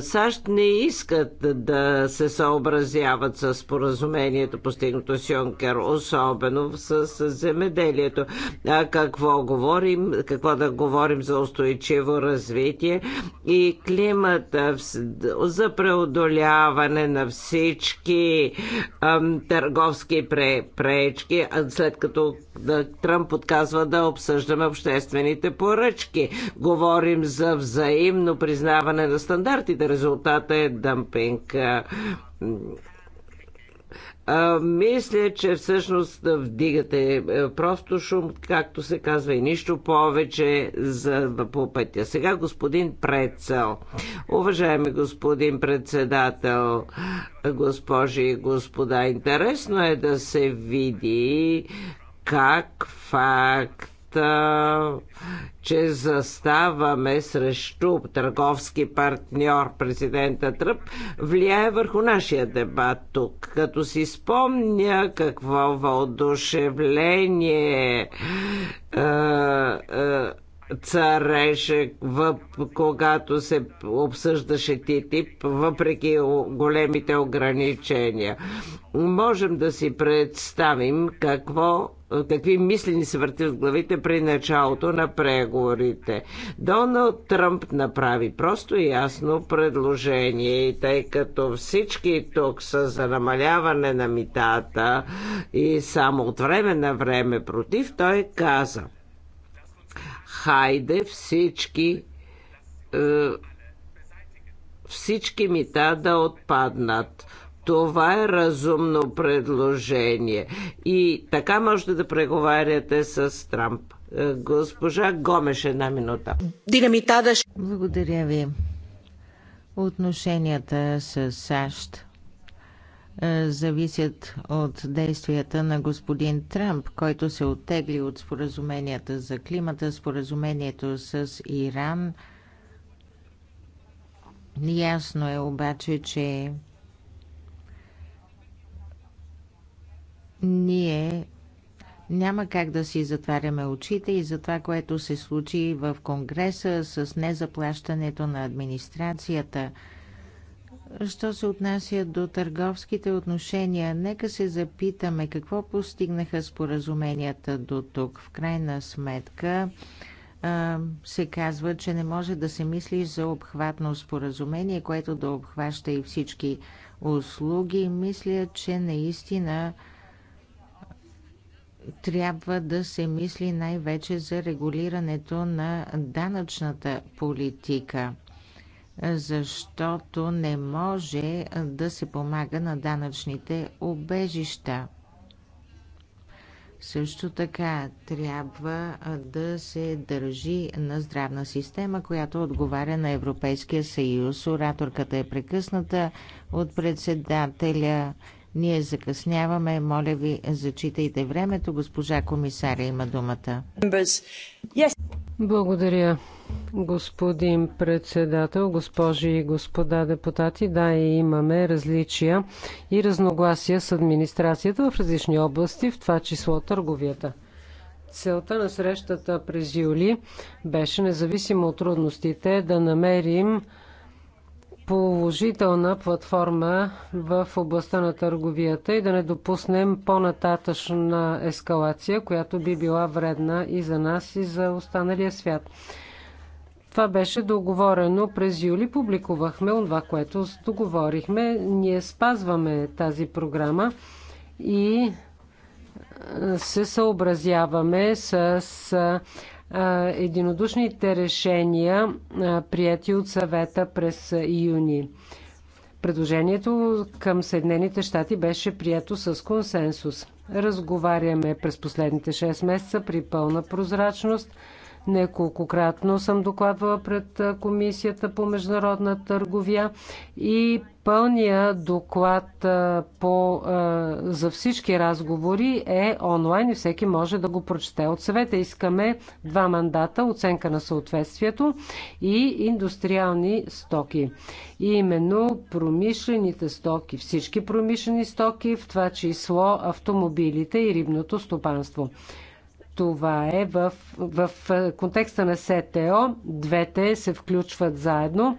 САЩ не искат да се съобразяват с споразумението, постигнато с Юнкер, особено с земеделието. А какво говорим, какво да говорим за устойчиво развитие и климата за преодоляване на всички ам, търговски пречки, след като Тръмп отказва да обсъждаме обществените поръчки. Говорим за взаимно признаване на стандартите. Резултата е дъмпинг а, мисля, че всъщност вдигате е, просто шум, както се казва, и нищо повече за, по пътя. Сега господин Прецел. Уважаеми господин председател, госпожи и господа, интересно е да се види как факт че заставаме срещу търговски партньор президента Тръп, влияе върху нашия дебат тук. Като си спомня какво въодушевление цареше, въп, когато се обсъждаше ТИТИП, въпреки големите ограничения. Можем да си представим какво какви мисли ни се въртят в главите при началото на преговорите. Доналд Тръмп направи просто и ясно предложение и тъй като всички тук са за намаляване на митата и само от време на време против, той каза Хайде всички е, всички мита да отпаднат. Това е разумно предложение. И така можете да преговаряте с Трамп. Е, госпожа Гомеш, една минута. Динамитадаш. Благодаря ви. Отношенията с САЩ е, зависят от действията на господин Трамп, който се оттегли от споразуменията за климата, споразумението с Иран. Ясно е обаче, че Ние няма как да си затваряме очите и за това, което се случи в Конгреса с незаплащането на администрацията. Що се отнася до търговските отношения, нека се запитаме какво постигнаха споразуменията до тук. В крайна сметка се казва, че не може да се мисли за обхватно споразумение, което да обхваща и всички услуги. Мисля, че наистина трябва да се мисли най-вече за регулирането на данъчната политика, защото не може да се помага на данъчните обежища. Също така трябва да се държи на здравна система, която отговаря на Европейския съюз. Ораторката е прекъсната от председателя. Ние закъсняваме. Моля ви, зачитайте времето. Госпожа комисаря има думата. Благодаря, господин председател, госпожи и господа депутати. Да, и имаме различия и разногласия с администрацията в различни области, в това число търговията. Целта на срещата през юли беше, независимо от трудностите, да намерим положителна платформа в областта на търговията и да не допуснем по-нататъчна ескалация, която би била вредна и за нас, и за останалия свят. Това беше договорено през юли. Публикувахме това, което договорихме. Ние спазваме тази програма и се съобразяваме с единодушните решения, прияти от съвета през юни. Предложението към Съединените щати беше прието с консенсус. Разговаряме през последните 6 месеца при пълна прозрачност. Неколкократно съм докладвала пред Комисията по международна търговия и пълния доклад по, за всички разговори е онлайн и всеки може да го прочете. От съвета искаме два мандата, оценка на съответствието и индустриални стоки. И именно промишлените стоки, всички промишлени стоки, в това число автомобилите и рибното стопанство. Това е в, в контекста на СТО. Двете се включват заедно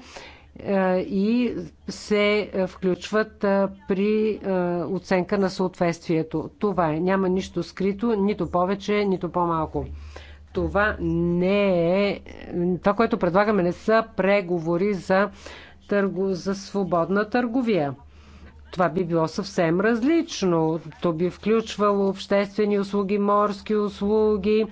е, и се включват е, при е, оценка на съответствието. Това е. Няма нищо скрито, нито повече, нито по-малко. Това не е. Това, което предлагаме, не са преговори за, търго, за свободна търговия. Това би било съвсем различно. То би включвало обществени услуги, морски услуги,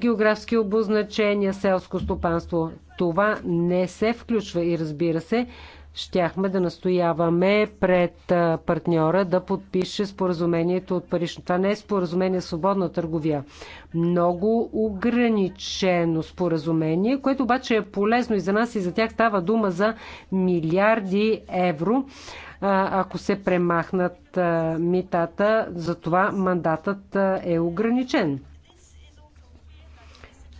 географски обозначения, селско стопанство. Това не се включва и разбира се, щяхме да настояваме пред партньора да подпише споразумението от Париж. Това не е споразумение свободна търговия. Много ограничено споразумение, което обаче е полезно и за нас и за тях става дума за милиарди евро, ако се премахнат митата. Затова мандатът е ограничен.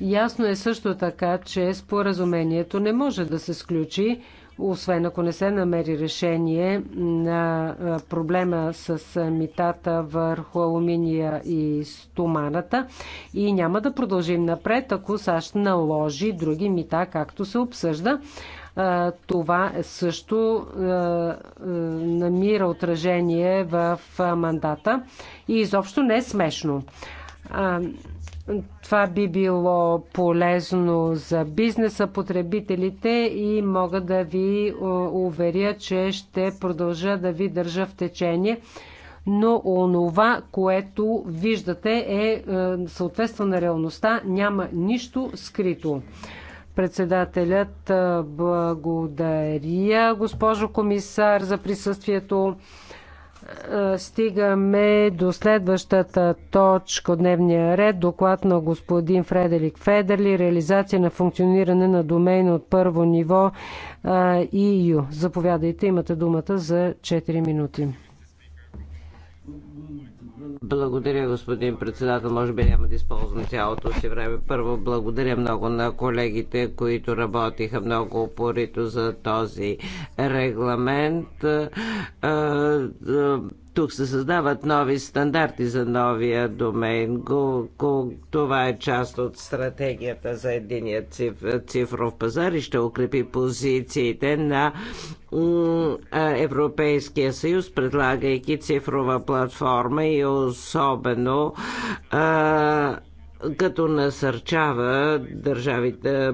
Ясно е също така, че споразумението не може да се сключи, освен ако не се намери решение на проблема с митата върху алуминия и стоманата. И няма да продължим напред, ако САЩ наложи други мита, както се обсъжда. Това е също намира отражение в мандата и изобщо не е смешно. А Това би било полезно за бизнеса, потребителите и мога да ви уверя, че ще продължа да ви държа в течение. Но онова, което виждате е съответства на реалността, няма нищо скрито. Председателят благодаря, госпожо комисар, за присъствието. Е, стигаме до следващата точка от дневния ред. Доклад на господин Фредерик Федерли. Реализация на функциониране на домейна от първо ниво EU. Е, Заповядайте, имате думата за 4 минути. Благодаря, господин председател. Може би няма да използвам цялото си време. Първо, благодаря много на колегите, които работиха много упорито за този регламент е, е, тук се създават нови стандарти за новия домен. Това е част от стратегията за единия цифров пазар и ще укрепи позициите на Европейския съюз, предлагайки цифрова платформа и особено като насърчава държавите,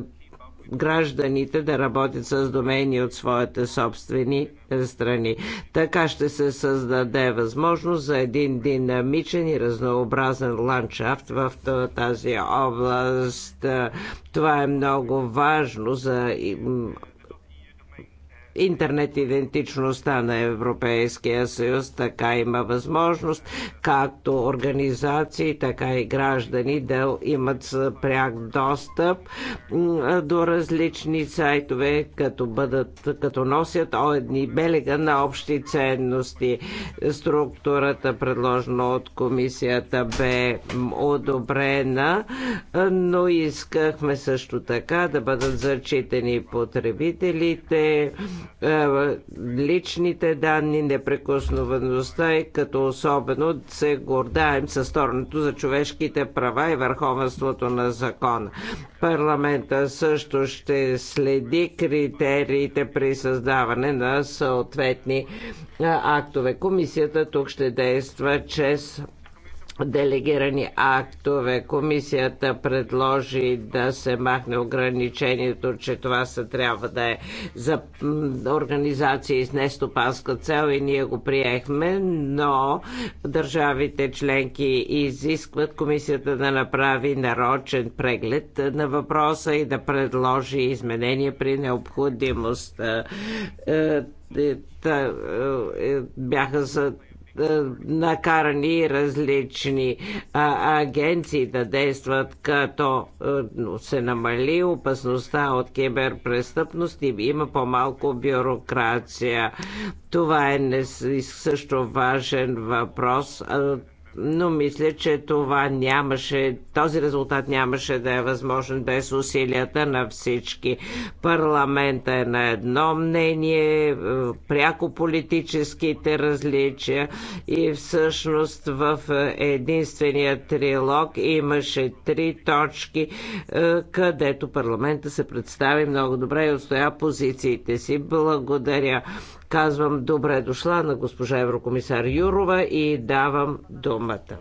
гражданите да работят с домени от своите собствени страни. Така ще се създаде възможност за един динамичен и разнообразен ландшафт в тази област. Това е много важно за интернет идентичността на Европейския съюз. Така има възможност, както организации, така и граждани да имат пряк достъп до различни сайтове, като, бъдат, като носят одни белега на общи ценности. Структурата, предложена от комисията, бе одобрена, но искахме също така да бъдат зачитани потребителите, е, личните данни, непрекосновеността и като особено се гордаем с сторното за човешките права и върховенството на закона. Парламента също ще следи критериите при създаване на съответни е, актове. Комисията тук ще действа чрез делегирани актове. Комисията предложи да се махне ограничението, че това се трябва да е за организации с нестопанска цел и ние го приехме, но държавите членки изискват комисията да направи нарочен преглед на въпроса и да предложи изменения при необходимост е, е, е, бяха за е, накарани различни а, агенции да действат, като е, се намали опасността от киберпрестъпност и има по-малко бюрокрация. Това е също важен въпрос но мисля, че това нямаше, този резултат нямаше да е възможен без усилията на всички. Парламента е на едно мнение, пряко политическите различия и всъщност в единствения трилог имаше три точки, е, където парламента се представи много добре и отстоя позициите си. Благодаря Казвам добре дошла на госпожа Еврокомисар Юрова и давам думата.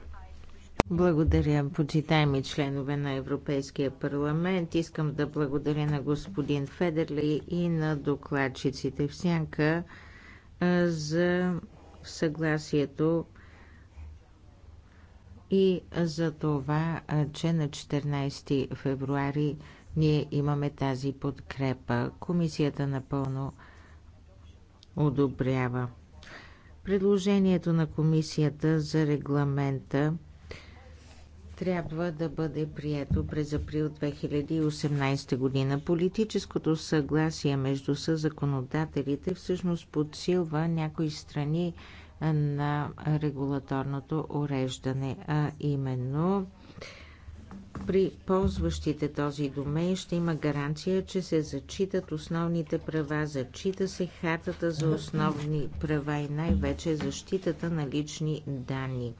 Благодаря, почитаеми членове на Европейския парламент. Искам да благодаря на господин Федерли и на докладчиците в Сянка за съгласието и за това, че на 14 февруари ние имаме тази подкрепа. Комисията напълно одобрява. Предложението на комисията за регламента трябва да бъде прието през април 2018 година. Политическото съгласие между съзаконодателите всъщност подсилва някои страни на регулаторното уреждане, а именно при ползващите този домей ще има гаранция, че се зачитат основните права, зачита се хартата за основни права и най-вече защитата на лични данни.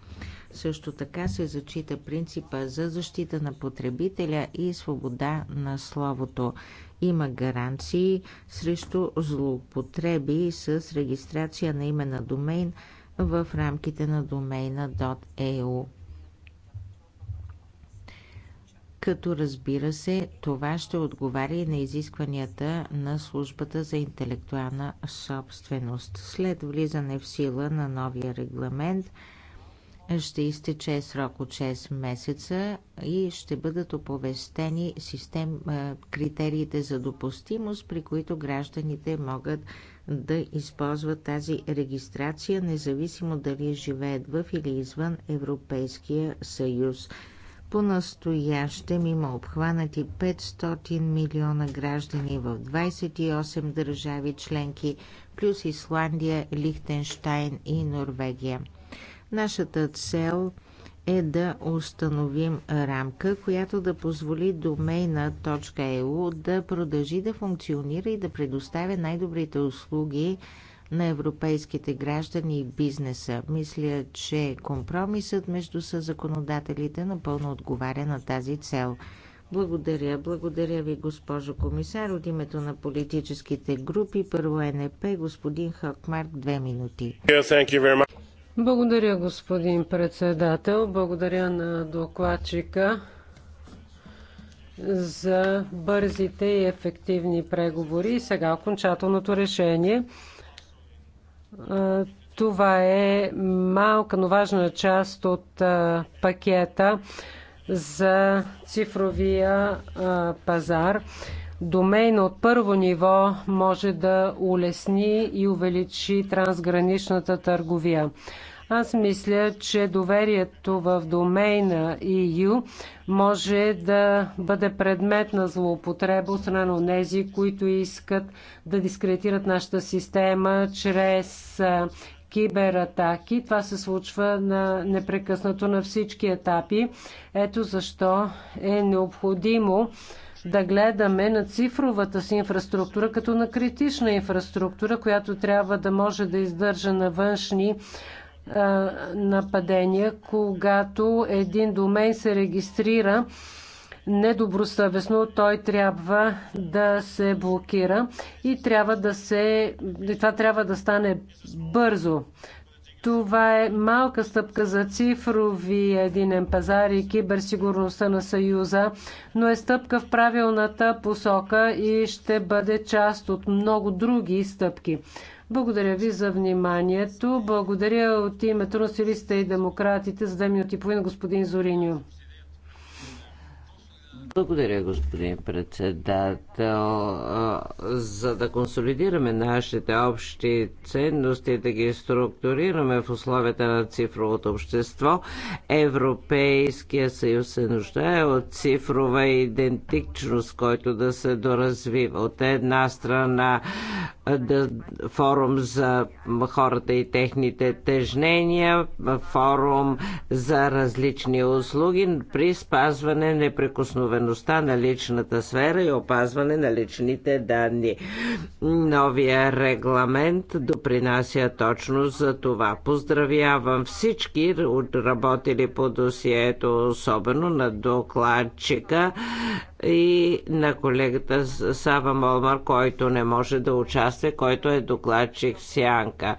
Също така се зачита принципа за защита на потребителя и свобода на словото. Има гаранции срещу злоупотреби с регистрация на име на домейн в рамките на домейна .eu. като разбира се това ще отговаря и на изискванията на службата за интелектуална собственост. След влизане в сила на новия регламент ще изтече срок от 6 месеца и ще бъдат оповестени систем, критериите за допустимост, при които гражданите могат да използват тази регистрация, независимо дали живеят в или извън Европейския съюз. По-настоящем има обхванати 500 милиона граждани в 28 държави членки, плюс Исландия, Лихтенштайн и Норвегия. Нашата цел е да установим рамка, която да позволи домейна.eu е да продължи да функционира и да предоставя най-добрите услуги на европейските граждани и бизнеса. Мисля, че компромисът между съзаконодателите напълно отговаря на тази цел. Благодаря, благодаря ви, госпожо комисар. От името на политическите групи, първо НП, господин Хакмарк, две минути. Благодаря, господин председател. Благодаря на докладчика за бързите и ефективни преговори. Сега окончателното решение. Това е малка, но важна част от пакета за цифровия пазар. Домейна от първо ниво може да улесни и увеличи трансграничната търговия. Аз мисля, че доверието в домейна EU може да бъде предмет на злоупотреба от страна на тези, които искат да дискредитират нашата система чрез кибератаки. Това се случва на непрекъснато на всички етапи. Ето защо е необходимо да гледаме на цифровата си инфраструктура като на критична инфраструктура, която трябва да може да издържа на външни нападения, когато един домен се регистрира недобросъвестно, той трябва да се блокира и трябва да се, това трябва да стане бързо. Това е малка стъпка за цифрови единен пазар и киберсигурността на Съюза, но е стъпка в правилната посока и ще бъде част от много други стъпки. Благодаря ви за вниманието. Благодаря от името на силиста и демократите за 2 минути и половина господин Зориньо. Благодаря, господин председател. За да консолидираме нашите общи ценности, да ги структурираме в условията на цифровото общество, Европейския съюз се нуждае от цифрова идентичност, който да се доразвива. От една страна да, форум за хората и техните тежнения, форум за различни услуги при спазване непрекосновено сигурността на личната сфера и опазване на личните данни. Новия регламент допринася точно за това. Поздравявам всички работили по досието, особено на докладчика и на колегата Сава Молмар, който не може да участва, който е докладчик Сянка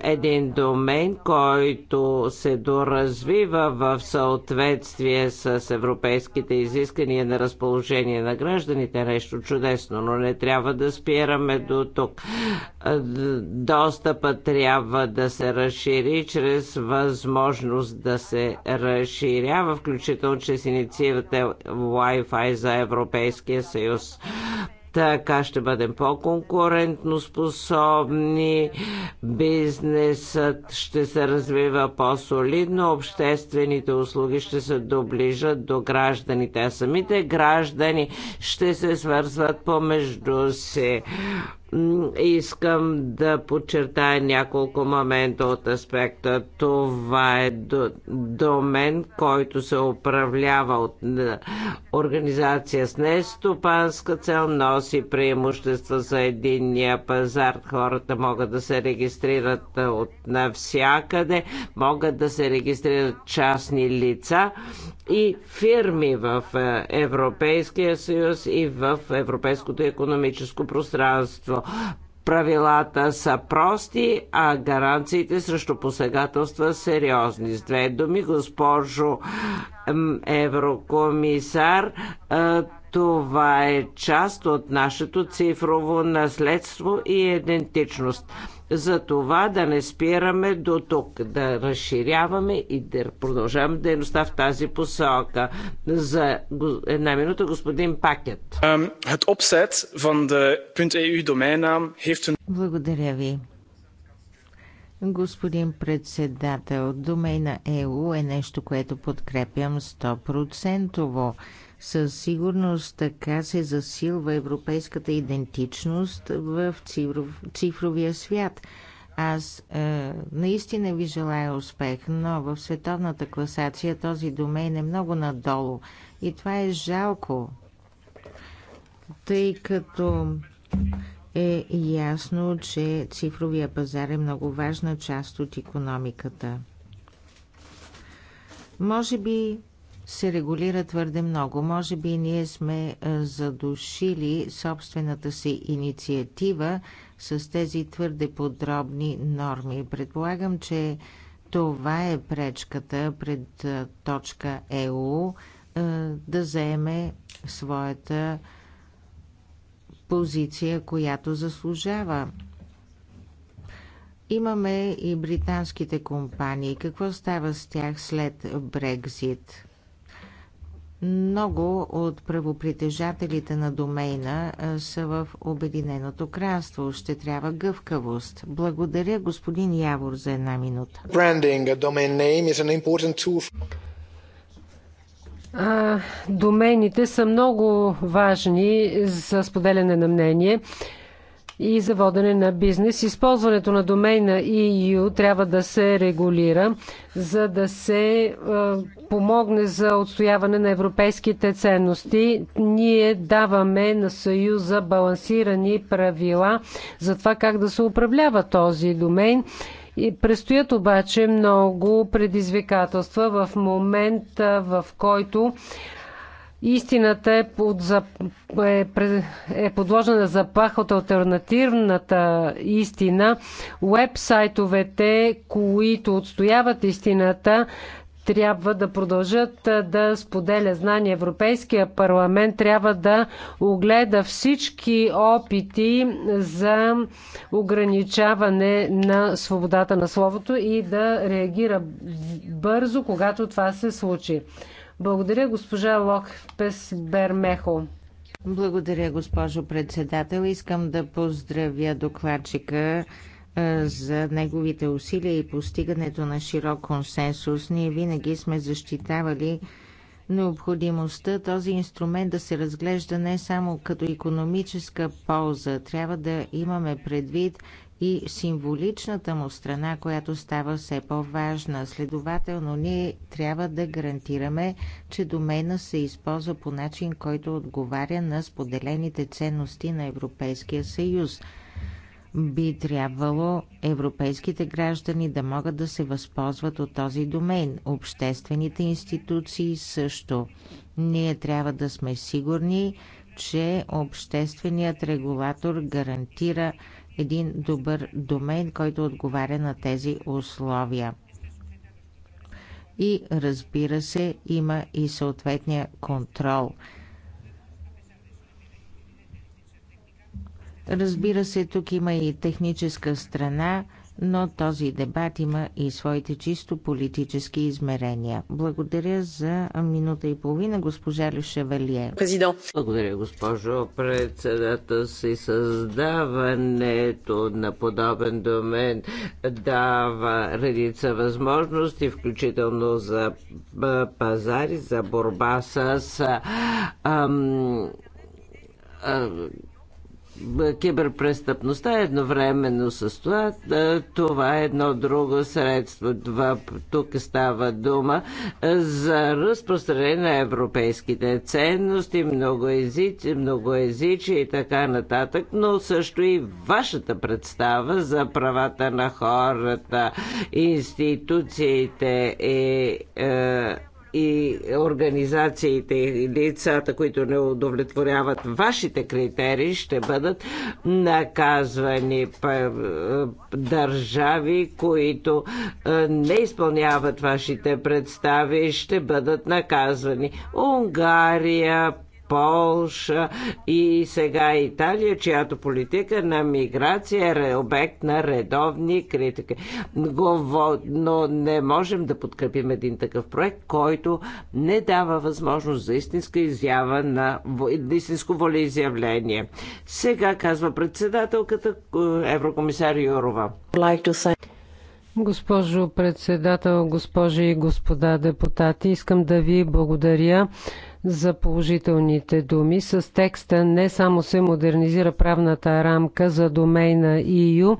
един домен, който се доразвива в съответствие с европейските изискания на разположение на гражданите. Нещо чудесно, но не трябва да спираме до тук. Достъпът трябва да се разшири чрез възможност да се разширява, включително чрез инициативата Wi-Fi за Европейския съюз така ще бъдем по-конкурентно способни, бизнесът ще се развива по-солидно, обществените услуги ще се доближат до гражданите, а самите граждани ще се свързват помежду си. Искам да подчертая няколко момента от аспекта. Това е до, домен, който се управлява от е, организация с нестопанска цел, носи преимущества за единния пазар. Хората могат да се регистрират е, от навсякъде, могат да се регистрират частни лица и фирми в е, Европейския съюз и в Европейското економическо пространство. Правилата са прости, а гаранциите срещу посегателства сериозни. С две думи, госпожо еврокомисар, е, това е част от нашето цифрово наследство и идентичност за това да не спираме до тук, да разширяваме и да продължаваме дейността в тази посока. За една минута господин Пакет. Благодаря ви. Господин председател, домейна ЕУ e е нещо, което подкрепям 100%. Със сигурност така се засилва европейската идентичност в цифров, цифровия свят. Аз е, наистина ви желая успех, но в световната класация този домейн е много надолу. И това е жалко, тъй като е ясно, че цифровия пазар е много важна част от економиката. Може би се регулира твърде много. Може би ние сме задушили собствената си инициатива с тези твърде подробни норми. Предполагам, че това е пречката пред точка ЕУ да заеме своята позиция, която заслужава. Имаме и британските компании. Какво става с тях след Брекзит? Много от правопритежателите на домейна са в Обединеното кралство. Ще трябва гъвкавост. Благодаря господин Явор за една минута. Branding, а, домените са много важни за споделяне на мнение и за водене на бизнес. Използването на домейна EU трябва да се регулира, за да се е, помогне за отстояване на европейските ценности. Ние даваме на Съюза балансирани правила за това как да се управлява този домейн. И предстоят обаче много предизвикателства в момента, в който Истината е, под, е, е подложена на заплаха от альтернативната истина. Уебсайтовете, които отстояват истината, трябва да продължат да споделя знания. Европейския парламент трябва да огледа всички опити за ограничаване на свободата на словото и да реагира бързо, когато това се случи. Благодаря, госпожа Лохпес Бермехо. Благодаря, госпожо председател. Искам да поздравя докладчика е, за неговите усилия и постигането на широк консенсус. Ние винаги сме защитавали необходимостта този инструмент да се разглежда не само като економическа полза. Трябва да имаме предвид и символичната му страна, която става все по-важна. Следователно, ние трябва да гарантираме, че домена се използва по начин, който отговаря на споделените ценности на Европейския съюз. Би трябвало европейските граждани да могат да се възползват от този домен. Обществените институции също. Ние трябва да сме сигурни, че общественият регулатор гарантира един добър домен, който отговаря на тези условия. И разбира се, има и съответния контрол. Разбира се, тук има и техническа страна – но този дебат има и своите чисто политически измерения. Благодаря за минута и половина, госпожа Люшевелие. Президент. Благодаря, госпожо председател си. Създаването на подобен домен дава редица възможности, включително за пазари, за борба с ам, ам киберпрестъпността е едновременно с това. Е, това е едно друго средство. Това, тук става дума е, за разпространение на европейските ценности, езици, много и така нататък, но също и вашата представа за правата на хората, институциите и е, и организациите и лицата, които не удовлетворяват вашите критерии, ще бъдат наказвани е, държави, които е, не изпълняват вашите представи, ще бъдат наказвани. Унгария, Полша и сега Италия, чиято политика на миграция е обект на редовни критики. Но не можем да подкрепим един такъв проект, който не дава възможност за истинска изява на истинско волеизявление. Сега казва председателката е, Еврокомисар Юрова. Госпожо председател, госпожи и господа депутати, искам да ви благодаря за положителните думи. С текста не само се модернизира правната рамка за домейна EU,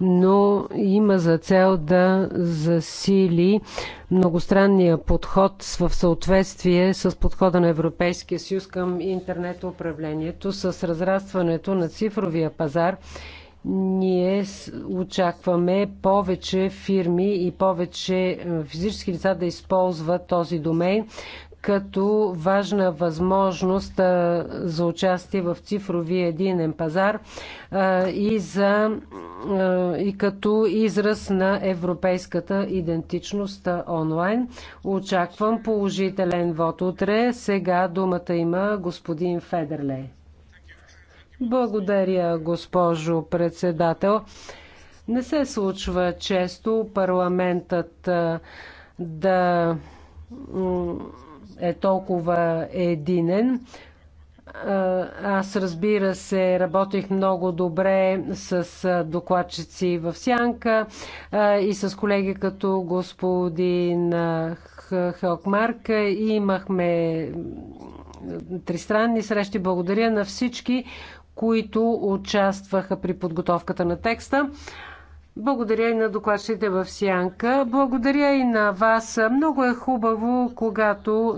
но има за цел да засили многостранния подход в съответствие с подхода на Европейския съюз към интернет управлението с разрастването на цифровия пазар ние очакваме повече фирми и повече е, физически лица да използват този домейн, като важна възможност за участие в цифровия единен пазар и, за, и като израз на европейската идентичност онлайн. Очаквам положителен вод утре. Сега думата има господин Федерлей. Благодаря, госпожо председател. Не се случва често парламентът да е толкова единен. Аз разбира се работих много добре с докладчици в Сянка и с колеги като господин Хелкмарк. имахме тристранни срещи. Благодаря на всички, които участваха при подготовката на текста. Благодаря и на докладчите в Сянка. Благодаря и на вас. Много е хубаво, когато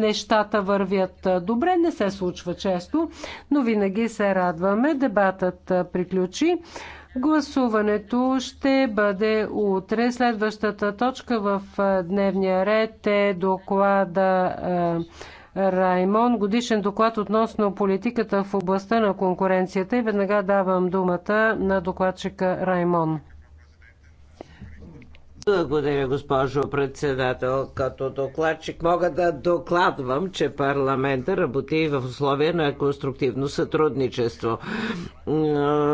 нещата вървят добре. Не се случва често, но винаги се радваме. Дебатът приключи. Гласуването ще бъде утре. Следващата точка в дневния ред е доклада Раймон, годишен доклад относно политиката в областта на конкуренцията и веднага давам думата на докладчика Раймон. Благодаря, госпожо председател. Като докладчик мога да докладвам, че парламента работи в условия на конструктивно сътрудничество.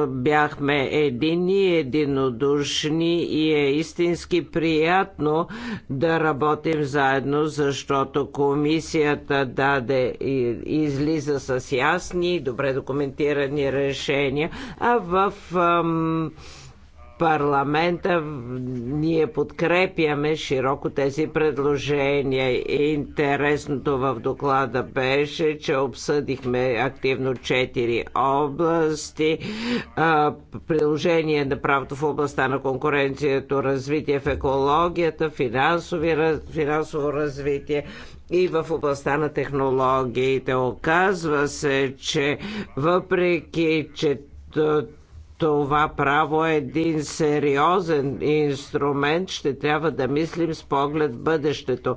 Бяхме едини, единодушни и е истински приятно да работим заедно, защото комисията даде и излиза с ясни, добре документирани решения, а в парламента ние подкрепяме широко тези предложения. интересното в доклада беше, че обсъдихме активно четири области. Приложение на правото в областта на конкуренцията, развитие в екологията, финансово развитие, и в областта на технологиите. Оказва се, че въпреки, че това право е един сериозен инструмент. Ще трябва да мислим с поглед в бъдещето,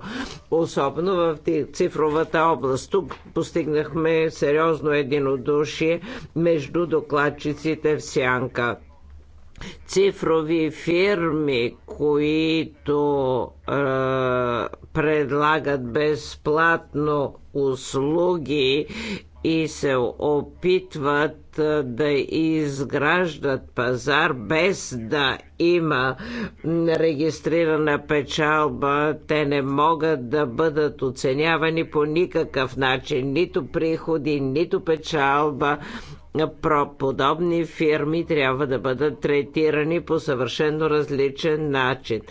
особено в цифровата област. Тук постигнахме сериозно единодушие между докладчиците в Сянка цифрови фирми, които е, предлагат безплатно услуги и се опитват да изграждат пазар без да има регистрирана печалба, те не могат да бъдат оценявани по никакъв начин, нито приходи, нито печалба. Подобни фирми трябва да бъдат третирани по съвършенно различен начин.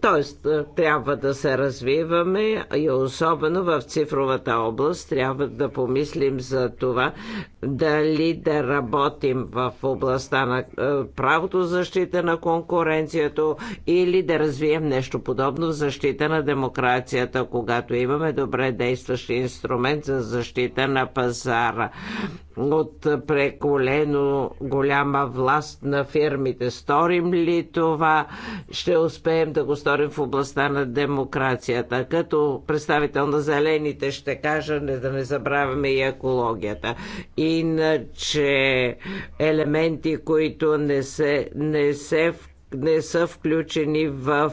Тоест, трябва да се развиваме и особено в цифровата област трябва да помислим за това да дали да работим в областта на е, правото защита на конкуренцията или да развием нещо подобно в защита на демокрацията, когато имаме добре действащ инструмент за защита на пазара от преколено голяма власт на фирмите. Сторим ли това? Ще успеем да го сторим в областта на демокрацията. Като представител на зелените ще кажа не да не забравяме и екологията. И че елементи, които не се, не се не са включени в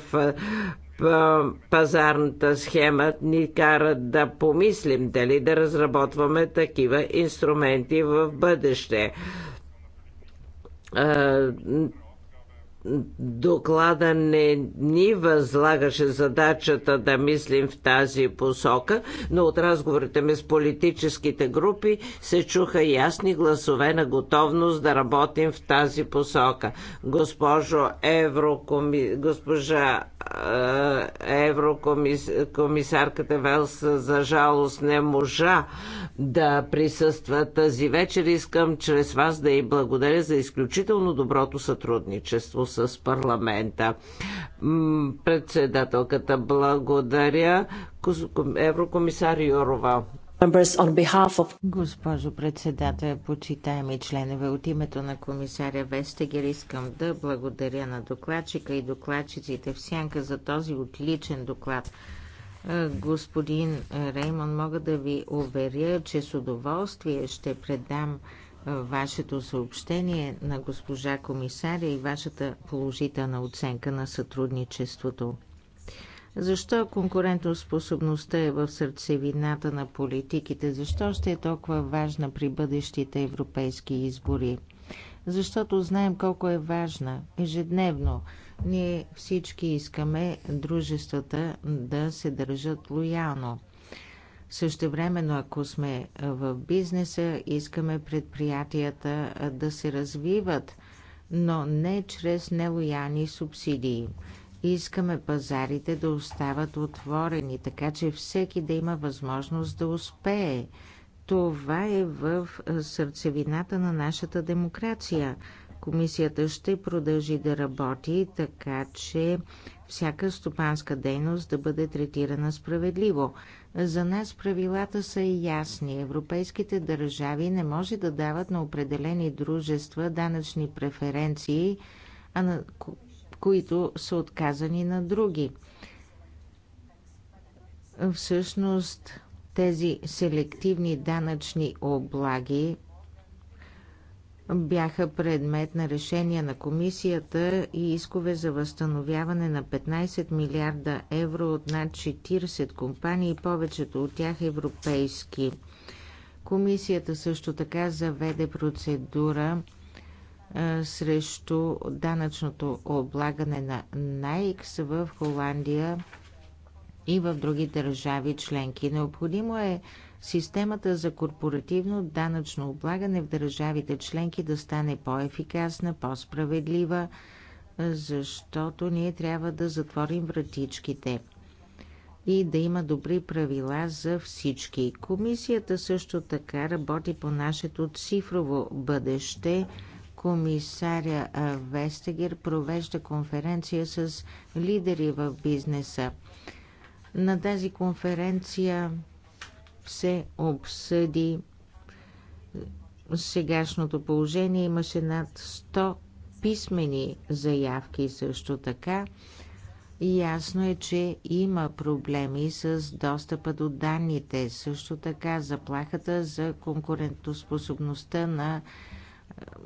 пазарната схема ни карат да помислим дали да разработваме такива инструменти в бъдеще доклада не ни възлагаше задачата да мислим в тази посока, но от разговорите ми с политическите групи се чуха ясни гласове на готовност да работим в тази посока. Госпожо Еврокоми... госпожа еврокомисарката Велс за жалост не можа да присъства тази вечер. Искам чрез вас да и благодаря за изключително доброто сътрудничество с парламента. Председателката благодаря. Еврокомисар Йорова. Госпожо председател, почитаеми членове, от името на комисаря Вестегер искам да благодаря на докладчика и докладчиците в сянка за този отличен доклад. Господин Реймон, мога да ви уверя, че с удоволствие ще предам вашето съобщение на госпожа комисаря и вашата положителна оценка на сътрудничеството. Защо конкурентоспособността е в сърцевината на политиките? Защо ще е толкова важна при бъдещите европейски избори? Защото знаем колко е важна. Ежедневно ние всички искаме дружествата да се държат лоялно. Същевременно, ако сме в бизнеса, искаме предприятията да се развиват, но не чрез нелоялни субсидии. Искаме пазарите да остават отворени, така че всеки да има възможност да успее. Това е в сърцевината на нашата демокрация. Комисията ще продължи да работи така, че всяка стопанска дейност да бъде третирана справедливо. За нас правилата са ясни. Европейските държави не може да дават на определени дружества данъчни преференции, а на които са отказани на други. Всъщност, тези селективни данъчни облаги бяха предмет на решение на комисията и искове за възстановяване на 15 милиарда евро от над 40 компании, повечето от тях европейски. Комисията също така заведе процедура срещу данъчното облагане на Найкс в Холандия и в други държави членки. Необходимо е системата за корпоративно данъчно облагане в държавите членки да стане по-ефикасна, по-справедлива, защото ние трябва да затворим вратичките и да има добри правила за всички. Комисията също така работи по нашето цифрово бъдеще – комисаря Вестегер провежда конференция с лидери в бизнеса. На тази конференция се обсъди сегашното положение. Имаше над 100 писмени заявки също така. Ясно е, че има проблеми с достъпа до данните, също така заплахата за конкурентоспособността на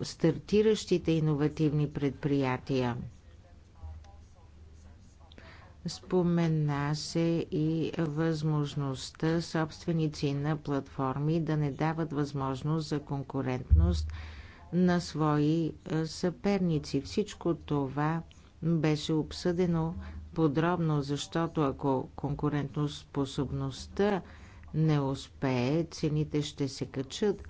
стартиращите иновативни предприятия. Спомена се и възможността собственици на платформи да не дават възможност за конкурентност на свои съперници. Всичко това беше обсъдено подробно, защото ако конкурентоспособността не успее, цените ще се качат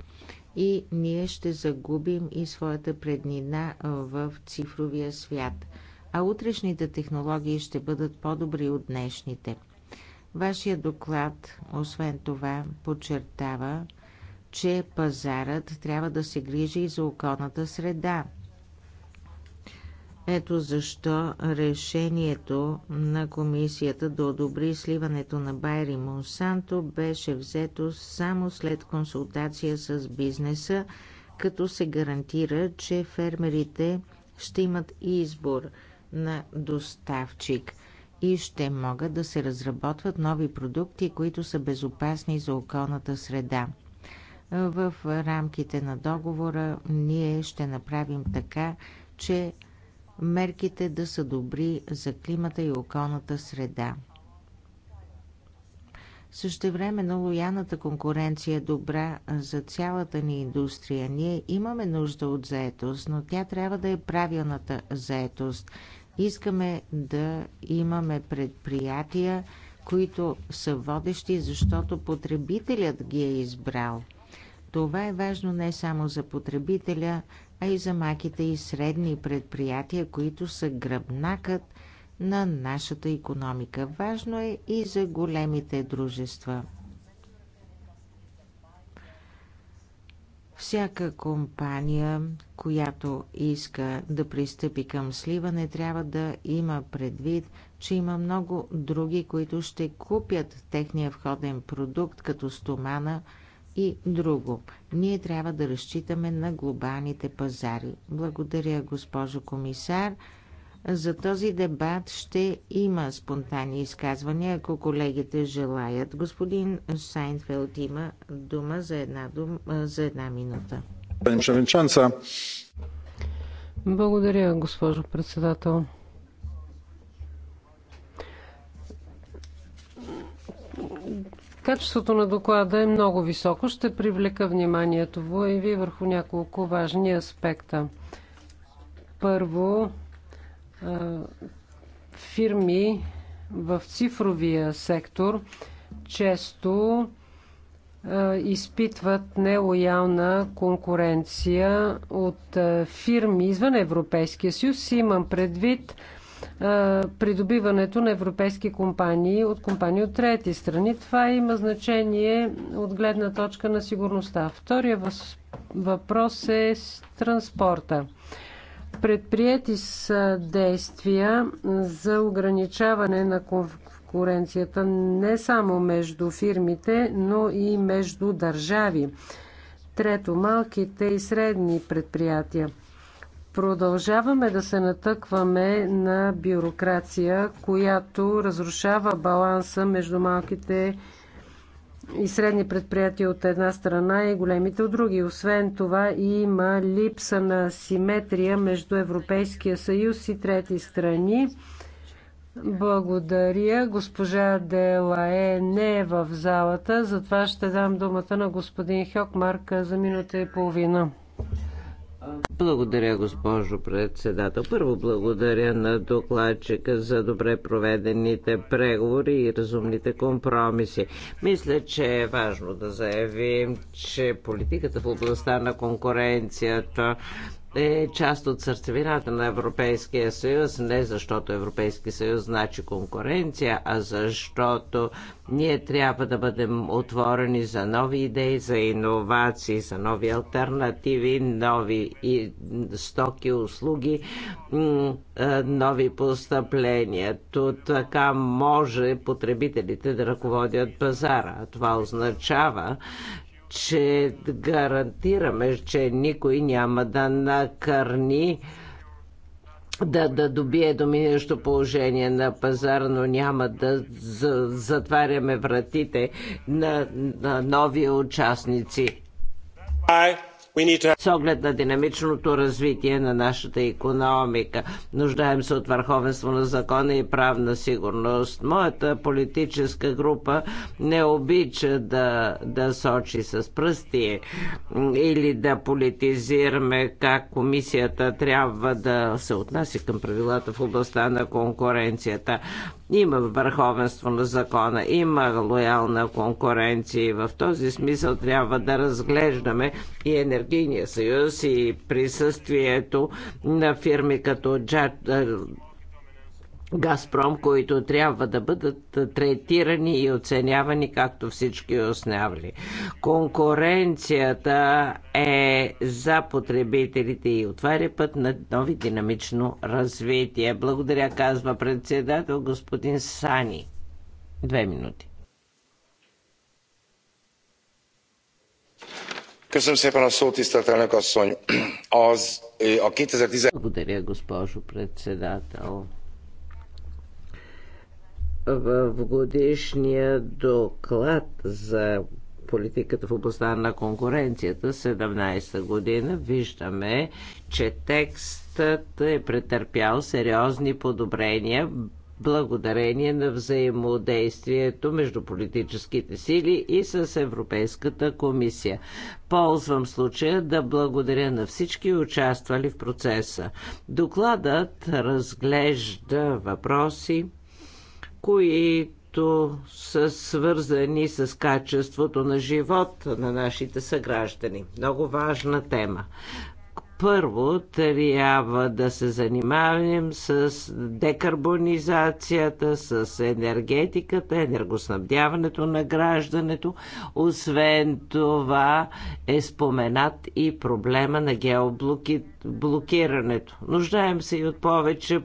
и ние ще загубим и своята преднина в цифровия свят. А утрешните технологии ще бъдат по-добри от днешните. Вашия доклад, освен това, подчертава, че пазарът трябва да се грижи и за околната среда. Ето защо решението на комисията да одобри сливането на Байер и Монсанто беше взето само след консултация с бизнеса, като се гарантира, че фермерите ще имат избор на доставчик и ще могат да се разработват нови продукти, които са безопасни за околната среда. В рамките на договора ние ще направим така, че мерките да са добри за климата и околната среда. Същевременно лояната конкуренция е добра за цялата ни индустрия. Ние имаме нужда от заетост, но тя трябва да е правилната заетост. Искаме да имаме предприятия, които са водещи, защото потребителят ги е избрал. Това е важно не само за потребителя, а и за маките и средни предприятия, които са гръбнакът на нашата економика. Важно е и за големите дружества. Всяка компания, която иска да пристъпи към сливане, трябва да има предвид, че има много други, които ще купят техния входен продукт, като стомана – и друго. Ние трябва да разчитаме на глобалните пазари. Благодаря, госпожо комисар. За този дебат ще има спонтанни изказвания, ако колегите желаят. Господин Сайнфелд има дума за една, дум, за една минута. Благодаря, госпожо председател. Качеството на доклада е много високо. Ще привлека вниманието и ви върху няколко важни аспекта. Първо, фирми в цифровия сектор често изпитват нелоялна конкуренция от фирми извън Европейския съюз. Имам предвид придобиването на европейски компании от компании от трети страни. Това има значение от гледна точка на сигурността. Втория въпрос е с транспорта. Предприяти са действия за ограничаване на конкуренцията не само между фирмите, но и между държави. Трето, малките и средни предприятия. Продължаваме да се натъкваме на бюрокрация, която разрушава баланса между малките и средни предприятия от една страна и големите от други. Освен това има липса на симетрия между Европейския съюз и трети страни. Благодаря. Госпожа Делае не е в залата, затова ще дам думата на господин Хьокмарк за минута и половина. Благодаря, госпожо председател. Първо благодаря на докладчика за добре проведените преговори и разумните компромиси. Мисля, че е важно да заявим, че политиката в областта на конкуренцията е част от сърцевината на Европейския съюз, не защото Европейски съюз значи конкуренция, а защото ние трябва да бъдем отворени за нови идеи, за иновации, за нови альтернативи, нови и стоки, услуги, нови постъпления. То така може потребителите да ръководят пазара. Това означава, че гарантираме, че никой няма да накърни да, да добие доминиращо положение на пазара, но няма да затваряме вратите на, на нови участници. С оглед на динамичното развитие на нашата економика, нуждаем се от върховенство на закона и правна сигурност. Моята политическа група не обича да, да сочи с пръсти или да политизираме как комисията трябва да се отнася към правилата в областта на конкуренцията. Има върховенство на закона, има лоялна конкуренция и в този смисъл трябва да разглеждаме и енергийния съюз и присъствието на фирми като Газпром, които трябва да бъдат третирани и оценявани както всички оснявали. Конкуренцията е за потребителите и отваря път на нови динамично развитие. Благодаря, казва председател господин Сани. Две минути. Благодаря, госпожо председател в годишния доклад за политиката в областта на конкуренцията 17 година виждаме, че текстът е претърпял сериозни подобрения благодарение на взаимодействието между политическите сили и с Европейската комисия. Ползвам случая да благодаря на всички участвали в процеса. Докладът разглежда въпроси, които са свързани с качеството на живот на нашите съграждани. Много важна тема. Първо трябва да се занимаваме с декарбонизацията, с енергетиката, енергоснабдяването на граждането. Освен това е споменат и проблема на геоблокирането. Нуждаем се и от повече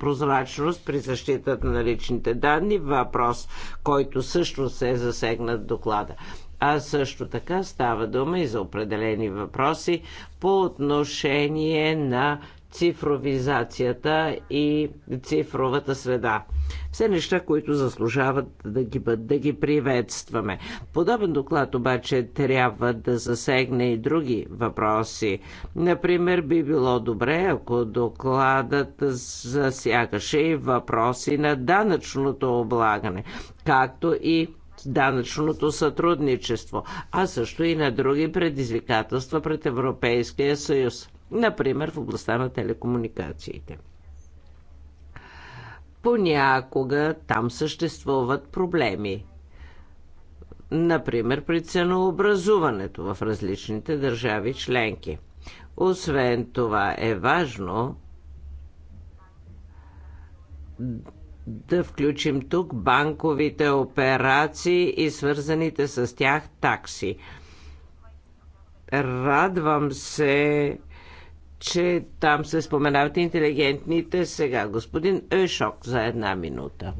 прозрачност при защитата на личните данни. Въпрос, който също се е засегнат в доклада а също така става дума и за определени въпроси по отношение на цифровизацията и цифровата среда. Все неща, които заслужават да ги, да ги приветстваме. Подобен доклад обаче трябва да засегне и други въпроси. Например, би било добре, ако докладът засягаше и въпроси на данъчното облагане, както и данъчното сътрудничество, а също и на други предизвикателства пред Европейския съюз, например в областта на телекомуникациите. Понякога там съществуват проблеми. Например, при ценообразуването в различните държави членки. Освен това е важно да включим тук банковите операции и свързаните с тях такси. Радвам се, че там се споменават интелигентните сега. Господин Ешок за една минута.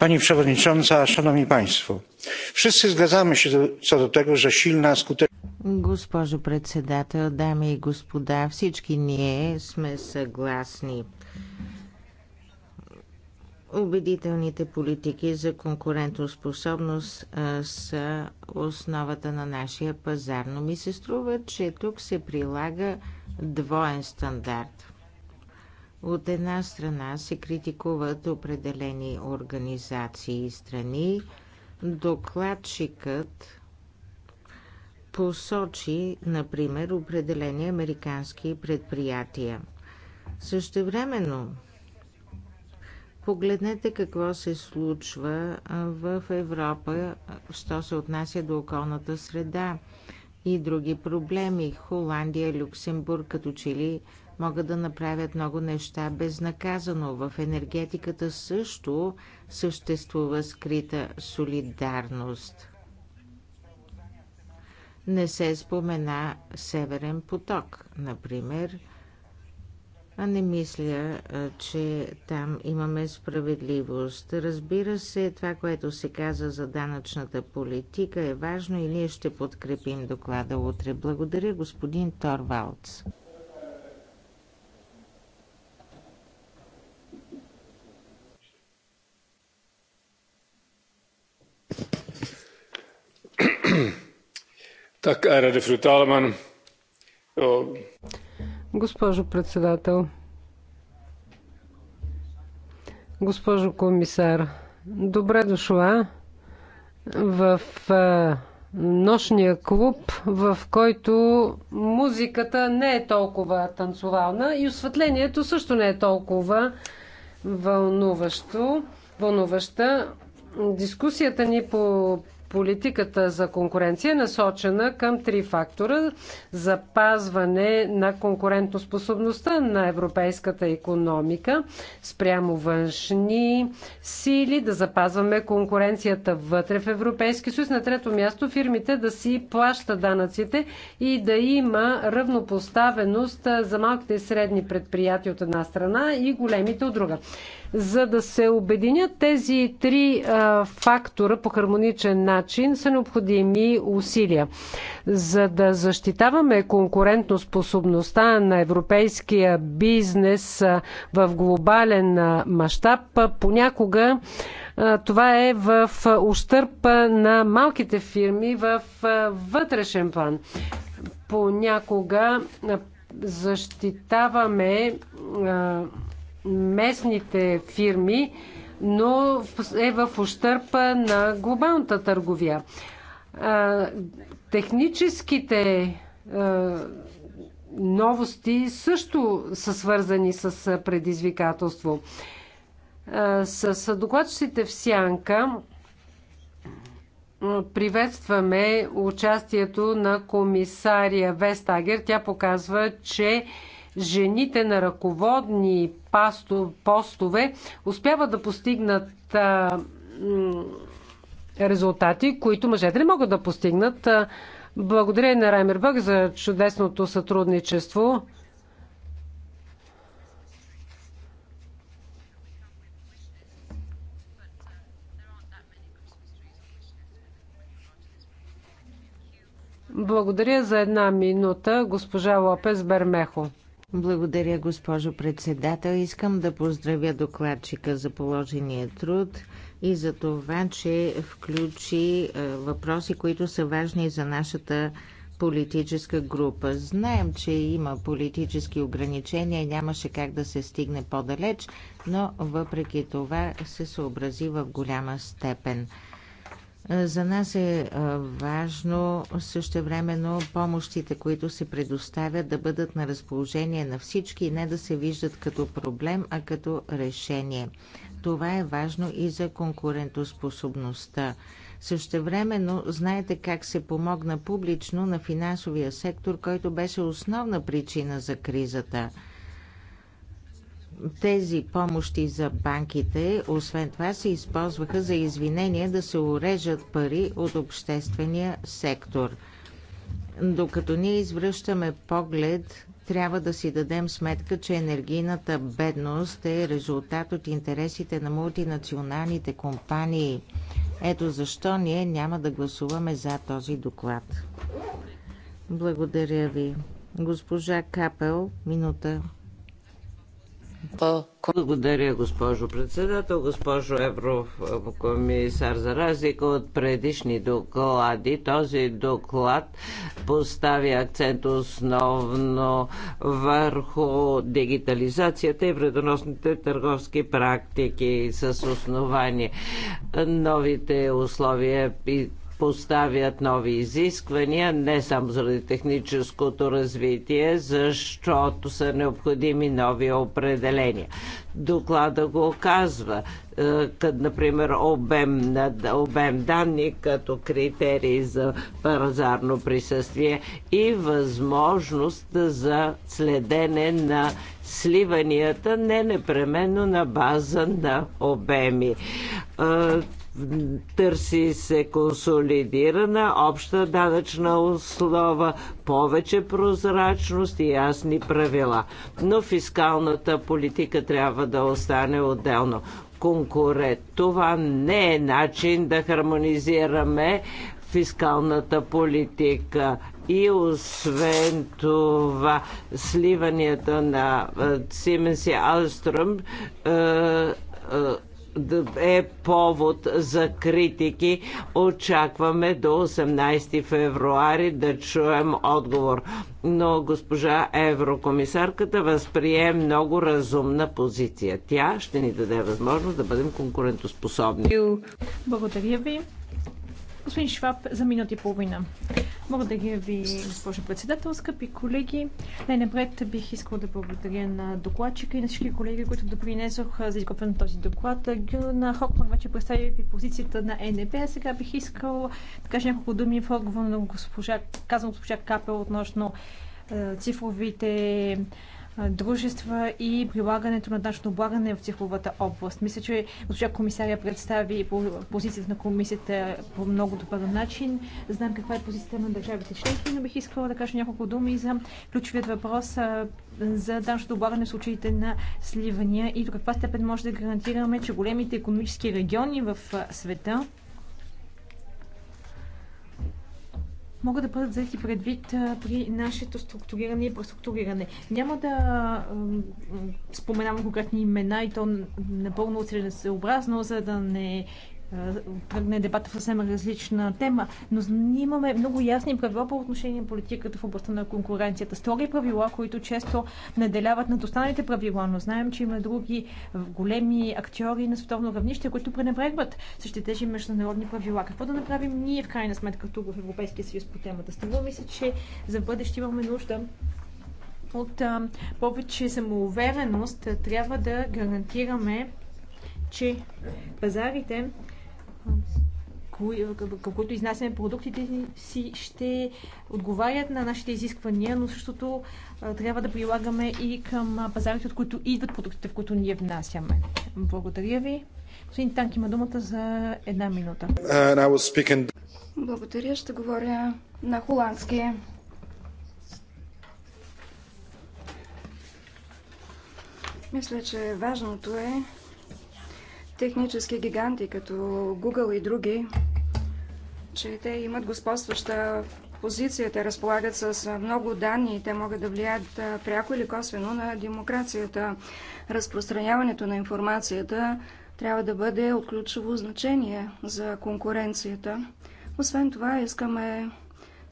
Pani Przewodnicząca, Szanowni Państwo, wszyscy zgadzamy się co do tego, że silna, skuteczna... Госпожо председател, дами и господа, всички ние сме съгласни Убедителните политики за конкурентоспособност са основата на нашия пазар, но ми се струва, че тук се прилага двоен стандарт. От една страна се критикуват определени организации и страни. Докладчикът посочи, например, определени американски предприятия. Същевременно, Погледнете какво се случва в Европа, що се отнася до околната среда и други проблеми. Холандия, Люксембург, като че ли могат да направят много неща безнаказано. В енергетиката също съществува скрита солидарност. Не се спомена Северен поток, например – а Не мисля, че там имаме справедливост. Разбира се, това, което се каза за данъчната политика е важно и ние ще подкрепим доклада утре. Благодаря, господин Торвалц. Tack, ärade fru Госпожо председател, госпожо комисар, добре дошла в нощния клуб, в който музиката не е толкова танцовална и осветлението също не е толкова вълнуващо, вълнуваща. Дискусията ни по Политиката за конкуренция е насочена към три фактора – запазване на конкурентоспособността на европейската економика спрямо външни сили, да запазваме конкуренцията вътре в Европейски съюз. На трето място фирмите да си плащат данъците и да има равнопоставеност за малките и средни предприятия от една страна и големите от друга. За да се обединят тези три а, фактора по хармоничен начин са необходими усилия. За да защитаваме конкурентоспособността на европейския бизнес а, в глобален мащаб, понякога а, това е в ущърпа на малките фирми в а, вътрешен план. Понякога защитаваме местните фирми, но е в ущърпа на глобалната търговия. Техническите новости също са свързани с предизвикателство. С докладчиците в Сянка приветстваме участието на комисария Вестагер. Тя показва, че жените на ръководни постове успяват да постигнат резултати, които мъжете не могат да постигнат. Благодаря на Раймербърг за чудесното сътрудничество. Благодаря за една минута, госпожа Лопес Бермехо. Благодаря, госпожо председател. Искам да поздравя докладчика за положения труд и за това, че включи е, въпроси, които са важни за нашата политическа група. Знаем, че има политически ограничения, нямаше как да се стигне по-далеч, но въпреки това се съобрази в голяма степен. Е, за нас е, е важно времено помощите, които се предоставят, да бъдат на разположение на всички и не да се виждат като проблем, а като решение. Това е важно и за конкурентоспособността. времено знаете как се помогна публично на финансовия сектор, който беше основна причина за кризата – тези помощи за банките, освен това, се използваха за извинения да се урежат пари от обществения сектор. Докато ние извръщаме поглед, трябва да си дадем сметка, че енергийната бедност е резултат от интересите на мултинационалните компании. Ето защо ние няма да гласуваме за този доклад. Благодаря ви. Госпожа Капел, минута благодаря, госпожо председател, госпожо Еврокомисар. За разлика от предишни доклади, този доклад поставя акцент основно върху дигитализацията и вредоносните търговски практики с основание. Новите условия и поставят нови изисквания, не само заради техническото развитие, защото са необходими нови определения. Доклада го казва, е, като, например, обем, обем данни като критерии за пазарно присъствие и възможност за следене на сливанията, не непременно на база на обеми е, Търси се консолидирана обща данъчна основа, повече прозрачност и ясни правила. Но фискалната политика трябва да остане отделно. Конкурент. Това не е начин да хармонизираме фискалната политика и освен това сливанията на Сименс и Алстром е повод за критики. Очакваме до 18 февруари да чуем отговор. Но госпожа еврокомисарката възприе много разумна позиция. Тя ще ни даде възможност да бъдем конкурентоспособни. Благодаря ви. Господин Шваб, за минути и половина. Благодаря ви, госпожо председател, скъпи колеги. Най-напред бих искал да благодаря на докладчика и на всички колеги, които допринесоха за изготвяне на този доклад. Гюна Хокман вече представи ви позицията на ЕНП, а сега бих искал да кажа няколко думи в отговор на госпожа, казвам госпожа Капел относно е, цифровите дружества и прилагането на данъчно облагане в цифровата област. Мисля, че госпожа комисаря представи позицията на комисията по много добър начин. Знам каква е позицията на държавите членки, но бих искала да кажа няколко думи за ключовият въпрос за данъчното облагане в случаите на сливания и до каква степен може да гарантираме, че големите економически региони в света могат да бъдат взети предвид при нашето структуриране и преструктуриране. Няма да споменавам конкретни имена и то напълно целесообразно, за да не тръгне дебата в съвсем различна тема, но ние имаме много ясни правила по отношение на политиката в областта на конкуренцията. Стори правила, които често наделяват над останалите правила, но знаем, че има други големи актьори на световно равнище, които пренебрегват същите тези международни правила. Какво да направим ние в крайна сметка тук в Европейския съюз по темата? Струва ми се, че за бъдеще имаме нужда от а, повече самоувереност. Трябва да гарантираме, че пазарите към които изнасяме продуктите си, ще отговарят на нашите изисквания, но същото трябва да прилагаме и към пазарите, от които идват продуктите, в които ние внасяме. Благодаря ви. Господин Танк има думата за една минута. Благодаря, ще говоря на холандски. Мисля, че важното е технически гиганти като Google и други, че те имат господстваща позиция, те разполагат с много данни и те могат да влияят пряко или косвено на демокрацията. Разпространяването на информацията трябва да бъде от ключово значение за конкуренцията. Освен това, искаме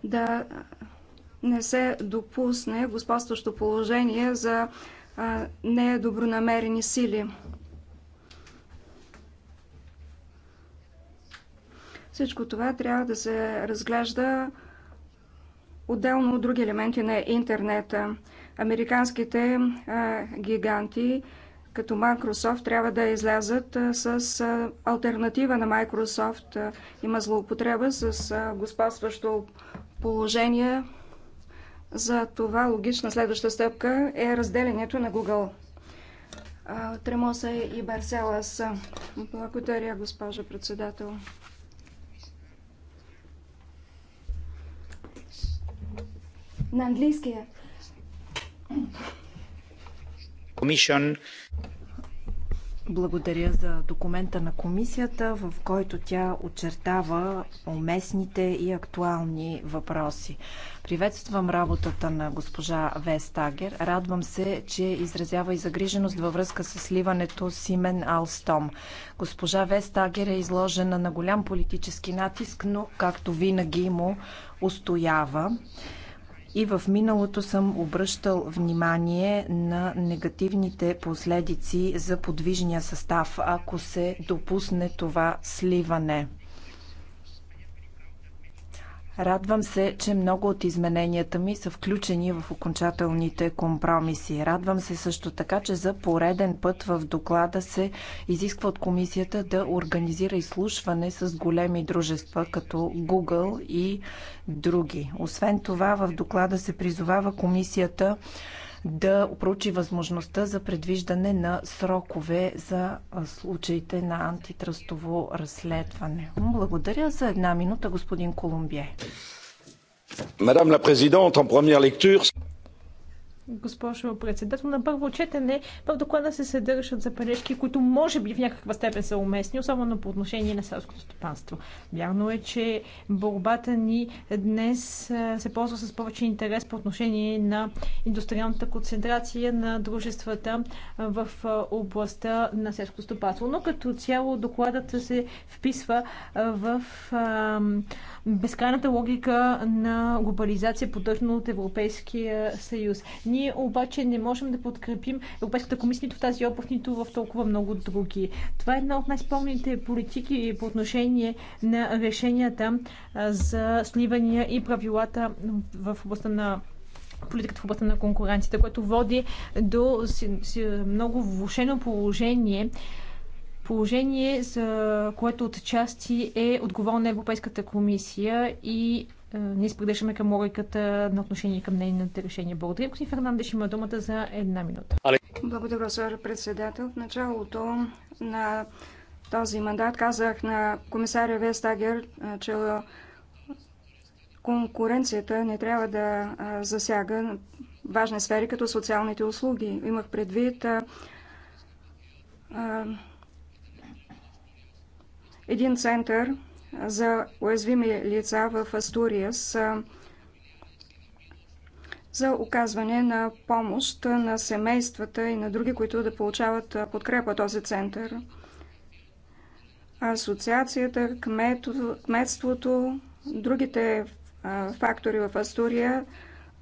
да не се допусне господстващо положение за недобронамерени сили. Всичко това трябва да се разглежда отделно от други елементи на интернета. Американските а, гиганти като Microsoft трябва да излязат а, с а, альтернатива на Microsoft. А, има злоупотреба с а, господстващо положение. За това логична следваща стъпка е разделението на Google. Тремоса и Барселас. Благодаря, госпожа председател. на английския. Е. Commission. Благодаря за документа на комисията, в който тя очертава уместните и актуални въпроси. Приветствам работата на госпожа Вестагер. Радвам се, че изразява и загриженост във връзка с сливането Симен Алстом. Госпожа Вестагер е изложена на голям политически натиск, но както винаги му устоява. И в миналото съм обръщал внимание на негативните последици за подвижния състав, ако се допусне това сливане. Радвам се, че много от измененията ми са включени в окончателните компромиси. Радвам се също така, че за пореден път в доклада се изисква от комисията да организира изслушване с големи дружества, като Google и други. Освен това, в доклада се призовава комисията да проучи възможността за предвиждане на срокове за случаите на антитръстово разследване. Благодаря за една минута, господин Колумбие. Мадам ла президент, en première госпожо председател. На първо четене в доклада се съдържат забележки, които може би в някаква степен са уместни, особено по отношение на селското стопанство. Вярно е, че борбата ни днес се ползва с повече интерес по отношение на индустриалната концентрация на дружествата в областта на селското стопанство. Но като цяло докладът се вписва в безкрайната логика на глобализация, поддържана от Европейския съюз. Ние ние обаче не можем да подкрепим Европейската комисия нито в тази област, нито в толкова много други. Това е една от най-спомните политики по отношение на решенията за сливания и правилата в областта на политиката в областта на конкуренцията, което води до много влушено положение положение, за което от части е отговорна Европейската комисия и е, ние споделяме към логиката на отношение към нейните решения. Благодаря, господин Фернандеш. Има думата за една минута. Благодаря, господин председател. В началото на този мандат казах на комисаря Вестагер, е, че конкуренцията не трябва да е, засяга важни сфери, като социалните услуги. Имах предвид един център за уязвими лица в с за оказване на помощ на семействата и на други, които да получават подкрепа този център. Асоциацията, кметството, другите фактори в Астурия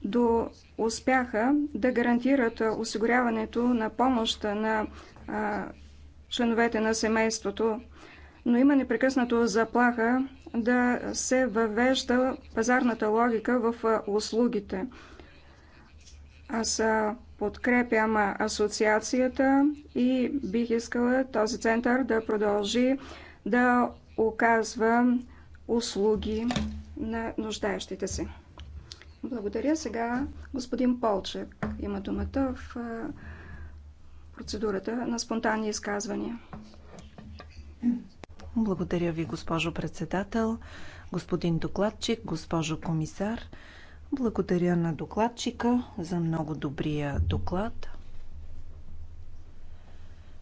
до успяха да гарантират осигуряването на помощ на членовете на семейството но има непрекъснато заплаха да се въвежда пазарната логика в услугите. Аз подкрепям асоциацията и бих искала този център да продължи да оказва услуги на нуждаещите се. Благодаря. Сега господин Полчек има думата в процедурата на спонтанни изказвания. Благодаря ви, госпожо председател, господин докладчик, госпожо комисар. Благодаря на докладчика за много добрия доклад.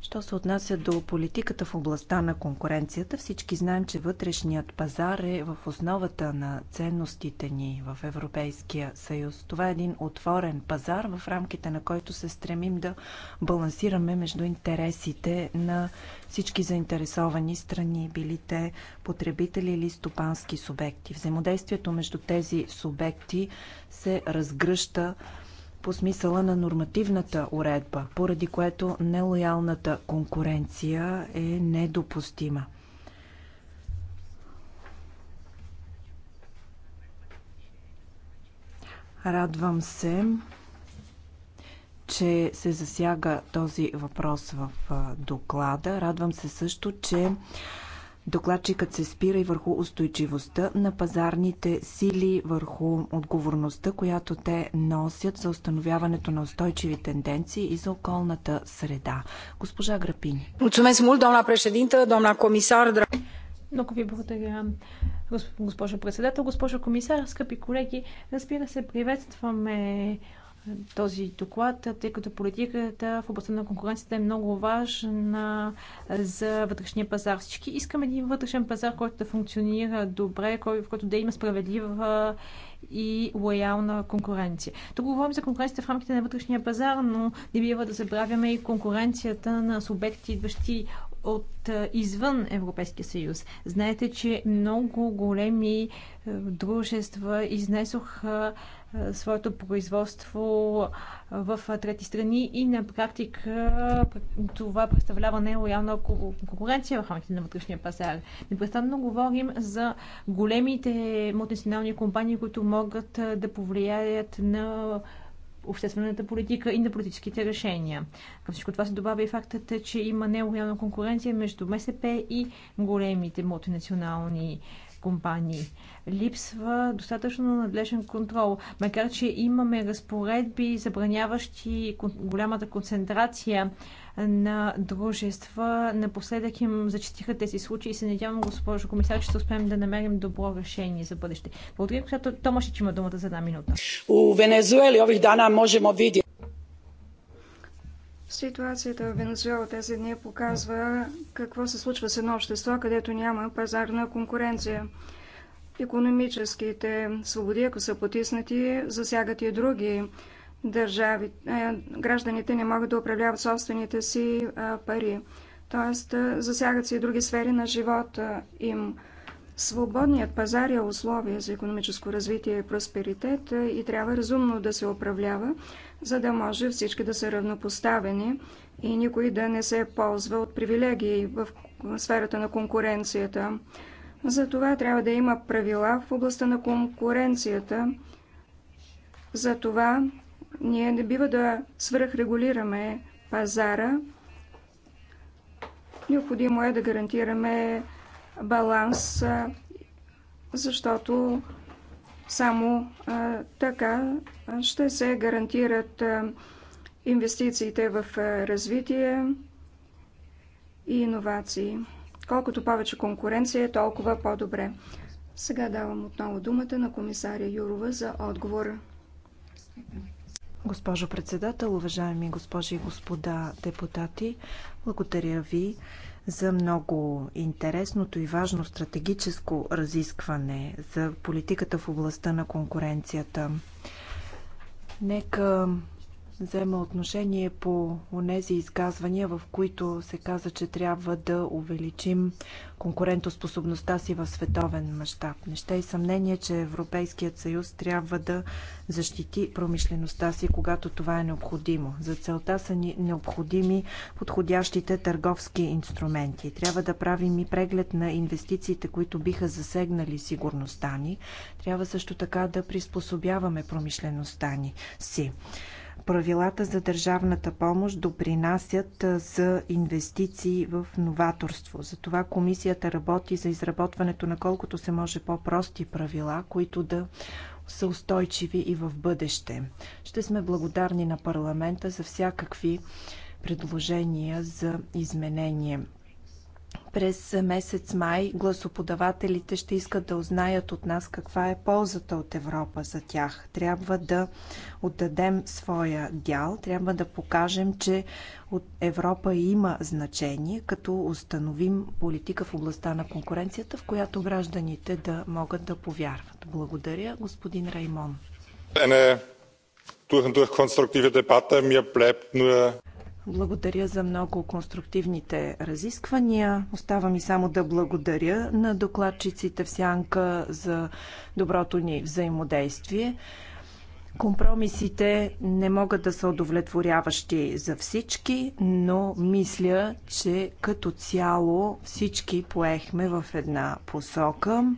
Що се отнася до политиката в областта на конкуренцията, всички знаем, че вътрешният пазар е в основата на ценностите ни в Европейския съюз. Това е един отворен пазар, в рамките на който се стремим да балансираме между интересите на всички заинтересовани страни, били те потребители или стопански субекти. Взаимодействието между тези субекти се разгръща по смисъла на нормативната уредба, поради което нелоялната конкуренция е недопустима. Радвам се, че се засяга този въпрос в доклада. Радвам се също, че Докладчикът се спира и върху устойчивостта на пазарните сили, върху отговорността, която те носят за установяването на устойчиви тенденции и за околната среда. Госпожа Грапини. Мулцумес мул, домна președintă, домна комисар. Много ви благодаря, госпожо председател, госпожо комисар, скъпи колеги. Разбира се, приветстваме този доклад, тъй като политиката в областта на конкуренцията е много важна за вътрешния пазар. Всички искаме един вътрешен пазар, който да функционира добре, в който да има справедлива и лоялна конкуренция. Тук говорим за конкуренцията в рамките на вътрешния пазар, но не бива да забравяме и конкуренцията на субекти, идващи от е, извън Европейския съюз. Знаете, че много големи е, дружества изнесоха е, своето производство в трети страни и на практика това представлява нелоялна конкуренция в рамките на вътрешния пазар. Непрестанно говорим за големите мултинационални компании, които могат да повлияят на обществената политика и на политическите решения. Към всичко това се добавя и фактът, че има нелоялна конкуренция между МСП и големите мултинационални компании. Липсва достатъчно надлежен контрол, макар че имаме разпоредби, забраняващи голямата концентрация на дружества. Напоследък им зачетиха тези случаи и се надявам, госпожо комисар, че ще успеем да намерим добро решение за бъдеще. Благодаря, когато Томашич има думата за една минута. У Венезуели ових дана можем види. Ситуацията в Венезуела тези дни показва какво се случва с едно общество, където няма пазарна конкуренция. Економическите свободи, ако са потиснати, засягат и други държави, е, гражданите не могат да управляват собствените си е, пари. Тоест, е, засягат се и други сфери на живота им. Свободният пазар е условие за економическо развитие и просперитет и трябва разумно да се управлява, за да може всички да са равнопоставени и никой да не се ползва от привилегии в сферата на конкуренцията. За това трябва да има правила в областта на конкуренцията. За това ние не бива да свръхрегулираме пазара. Необходимо е да гарантираме баланс, защото само така ще се гарантират инвестициите в развитие и иновации. Колкото повече конкуренция, толкова по-добре. Сега давам отново думата на комисаря Юрова за отговор. Госпожо председател, уважаеми госпожи и господа депутати, благодаря ви за много интересното и важно стратегическо разискване за политиката в областта на конкуренцията. Нека взема отношение по онези изказвания, в които се каза, че трябва да увеличим конкурентоспособността си в световен мащаб. Не ще е и съмнение, че Европейският съюз трябва да защити промишлеността си, когато това е необходимо. За целта са ни необходими подходящите търговски инструменти. Трябва да правим и преглед на инвестициите, които биха засегнали сигурността ни. Трябва също така да приспособяваме промишлеността ни си правилата за държавната помощ допринасят за инвестиции в новаторство. Затова комисията работи за изработването на колкото се може по-прости правила, които да са устойчиви и в бъдеще. Ще сме благодарни на парламента за всякакви предложения за изменение. През месец май гласоподавателите ще искат да узнаят от нас каква е ползата от Европа за тях. Трябва да отдадем своя дял, трябва да покажем, че от Европа има значение, като установим политика в областта на конкуренцията, в която гражданите да могат да повярват. Благодаря, господин Раймон. Eine durch und durch konstruktive Debatte. Благодаря за много конструктивните разисквания. Остава ми само да благодаря на докладчиците в Сянка за доброто ни взаимодействие. Компромисите не могат да са удовлетворяващи за всички, но мисля, че като цяло всички поехме в една посока.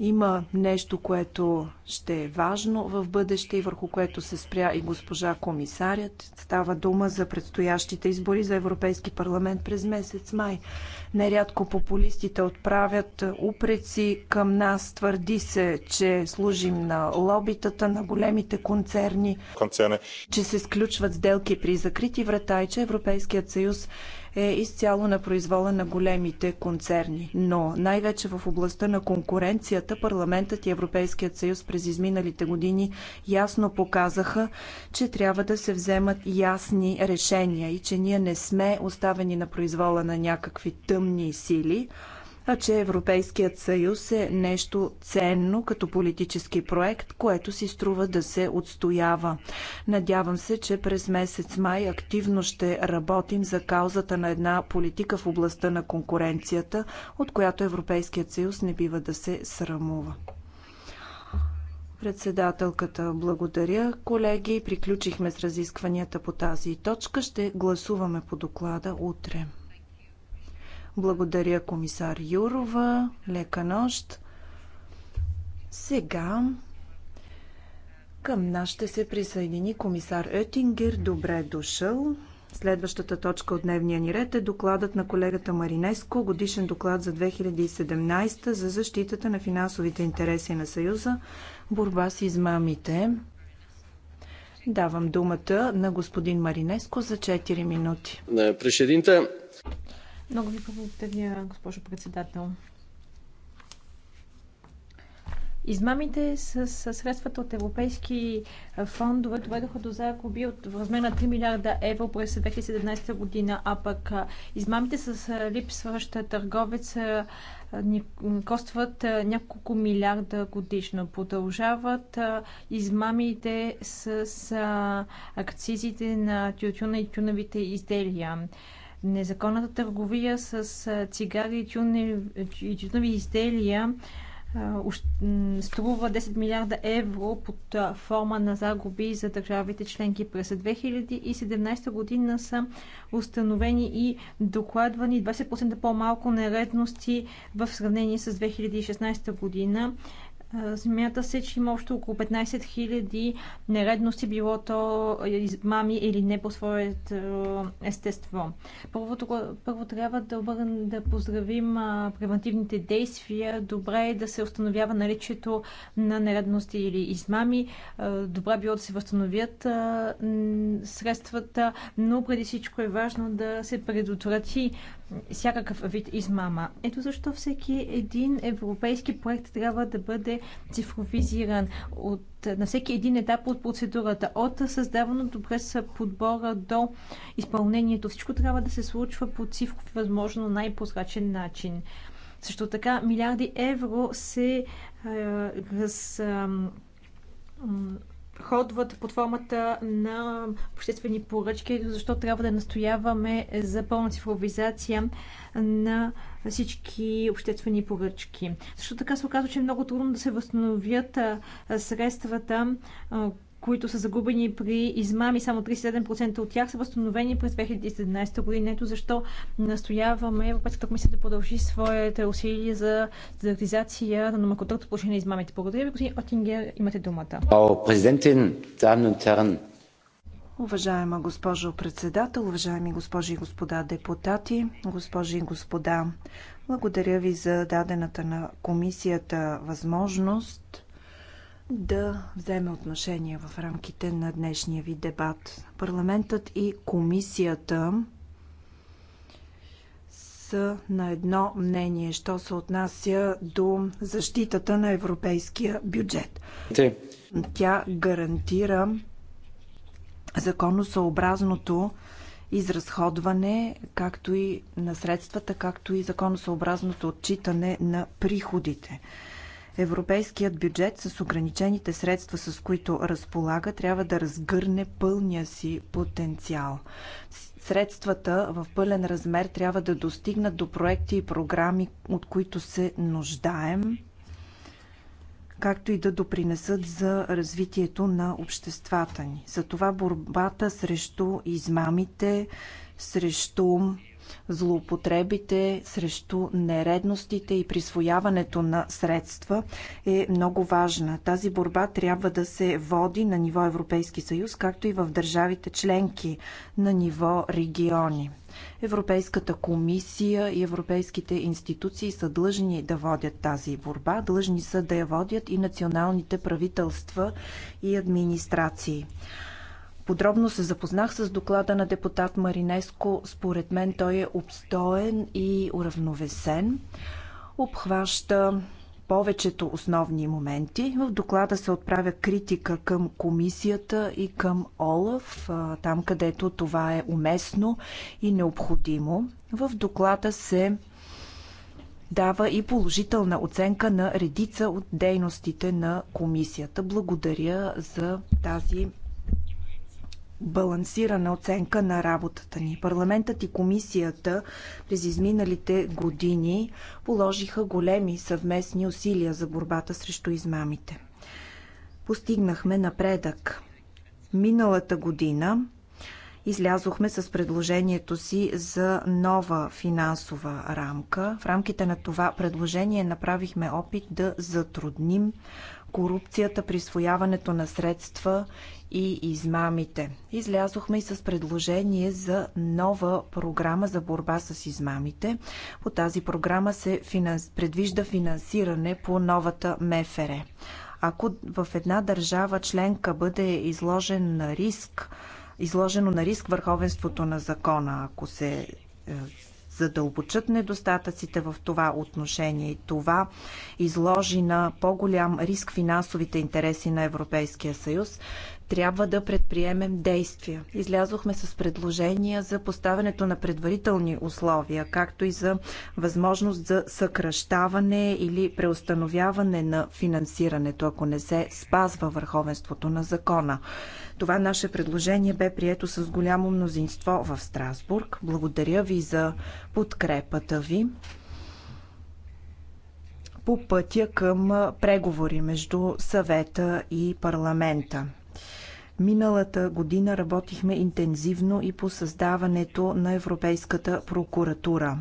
Има нещо, което ще е важно в бъдеще и върху което се спря и госпожа комисарят. Става дума за предстоящите избори за Европейски парламент през месец май. Нерядко популистите отправят упреци към нас. Твърди се, че служим на лобитата, на големите концерни, Концерни. че се сключват сделки при закрити врата и че Европейският съюз е изцяло на произвола на големите концерни. Но най-вече в областта на конкуренцията парламентът и Европейският съюз през изминалите години ясно показаха, че трябва да се вземат ясни решения и че ние не сме оставени на произвола на някакви тъмни сили, а че Европейският съюз е нещо ценно като политически проект, което си струва да се отстоява. Надявам се, че през месец май активно ще работим за каузата на една политика в областта на конкуренцията, от която Европейският съюз не бива да се срамува. Председателката, благодаря. Колеги, приключихме с разискванията по тази точка. Ще гласуваме по доклада утре. Благодаря, комисар Юрова. Лека нощ. Сега към нас ще се присъедини комисар Етингер. Добре дошъл. Следващата точка от дневния ни ред е докладът на колегата Маринеско, годишен доклад за 2017 за защитата на финансовите интереси на Съюза, борба с измамите. Давам думата на господин Маринеско за 4 минути. Președинте, е, много ви благодаря, госпожо председател. Измамите с средствата от европейски фондове доведоха до загуби от в размер на 3 милиарда евро през 2017 година, а пък измамите с липсваща търговец ни костват няколко милиарда годишно. Продължават измамите с акцизите на тютюна и тюновите изделия. Незаконната търговия с цигари и тютюнови изделия струва 10 милиарда евро под форма на загуби за държавите членки. През 2017 година са установени и докладвани 20% по-малко нередности в сравнение с 2016 година Земята се, че има общо около 15 000 нередности, било то измами или не по своето естество. Първо, първо трябва да, обърн, да поздравим превентивните действия. Добре е да се установява наличието на нередности или измами. Добре било да се възстановят средствата, но преди всичко е важно да се предотврати всякакъв вид измама. Ето защо всеки един европейски проект трябва да бъде цифровизиран от, на всеки един етап от процедурата, от създаването през подбора до изпълнението. Всичко трябва да се случва по цифров, възможно най-прозрачен начин. Също така, милиарди евро се е, раз, е, ходват под формата на обществени поръчки, защо трябва да настояваме за пълна цифровизация на всички обществени поръчки. Също така се оказва, че е много трудно да се възстановят средствата, които са загубени при измами. Само 37% от тях са възстановени през 2017 година. Ето защо настояваме Европейската комисия да продължи своите усилия за стандартизация на номенклатурата по на измамите. Благодаря ви, господин Отингер. Имате думата. Уважаема госпожо председател, уважаеми госпожи и господа депутати, госпожи и господа, благодаря ви за дадената на комисията възможност да вземе отношение в рамките на днешния ви дебат. Парламентът и комисията са на едно мнение, що се отнася до защитата на европейския бюджет. Те. Тя гарантира законосъобразното изразходване, както и на средствата, както и законосъобразното отчитане на приходите. Европейският бюджет с ограничените средства, с които разполага, трябва да разгърне пълния си потенциал. Средствата в пълен размер трябва да достигнат до проекти и програми, от които се нуждаем, както и да допринесат за развитието на обществата ни. Затова борбата срещу измамите, срещу злоупотребите, срещу нередностите и присвояването на средства е много важна. Тази борба трябва да се води на ниво Европейски съюз, както и в държавите членки на ниво региони. Европейската комисия и европейските институции са длъжни да водят тази борба, длъжни са да я водят и националните правителства и администрации. Подробно се запознах с доклада на депутат Маринеско. Според мен той е обстоен и уравновесен. Обхваща повечето основни моменти. В доклада се отправя критика към комисията и към Олаф, там където това е уместно и необходимо. В доклада се дава и положителна оценка на редица от дейностите на комисията. Благодаря за тази балансирана оценка на работата ни. Парламентът и комисията през изминалите години положиха големи съвместни усилия за борбата срещу измамите. Постигнахме напредък. Миналата година излязохме с предложението си за нова финансова рамка. В рамките на това предложение направихме опит да затрудним корупцията, присвояването на средства и измамите. Излязохме и с предложение за нова програма за борба с измамите. По тази програма се финанс... предвижда финансиране по новата МФР. Ако в една държава членка бъде изложен на риск, изложено на риск върховенството на закона, ако се е, задълбочат недостатъците в това отношение и това изложи на по-голям риск финансовите интереси на Европейския съюз, трябва да предприемем действия. Излязохме с предложения за поставянето на предварителни условия, както и за възможност за съкръщаване или преустановяване на финансирането, ако не се спазва върховенството на закона. Това наше предложение бе прието с голямо мнозинство в Страсбург. Благодаря ви за подкрепата ви по пътя към преговори между съвета и парламента. Миналата година работихме интензивно и по създаването на Европейската прокуратура.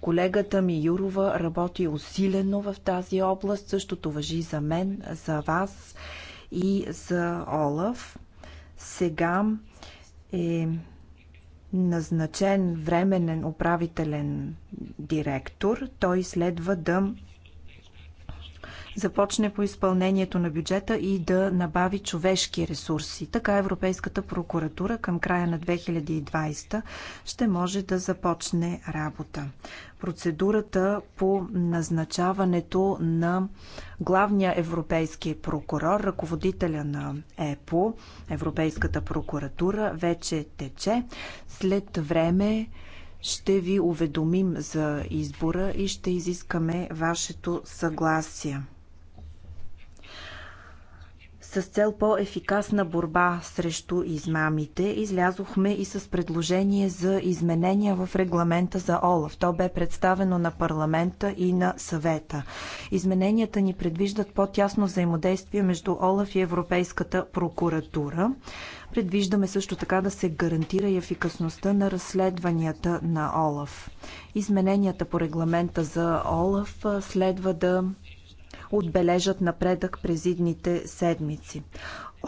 Колегата ми Юрова работи усилено в тази област. Същото въжи за мен, за вас и за Олаф. Сега е назначен временен управителен директор. Той следва да започне по изпълнението на бюджета и да набави човешки ресурси. Така Европейската прокуратура към края на 2020 ще може да започне работа. Процедурата по назначаването на главния европейски прокурор, ръководителя на ЕПО, Европейската прокуратура, вече тече. След време ще ви уведомим за избора и ще изискаме вашето съгласие. С цел по-ефикасна борба срещу измамите излязохме и с предложение за изменения в регламента за ОЛАФ. То бе представено на парламента и на съвета. Измененията ни предвиждат по-тясно взаимодействие между ОЛАФ и Европейската прокуратура. Предвиждаме също така да се гарантира и ефикасността на разследванията на ОЛАФ. Измененията по регламента за ОЛАФ следва да отбележат напредък през идните седмици.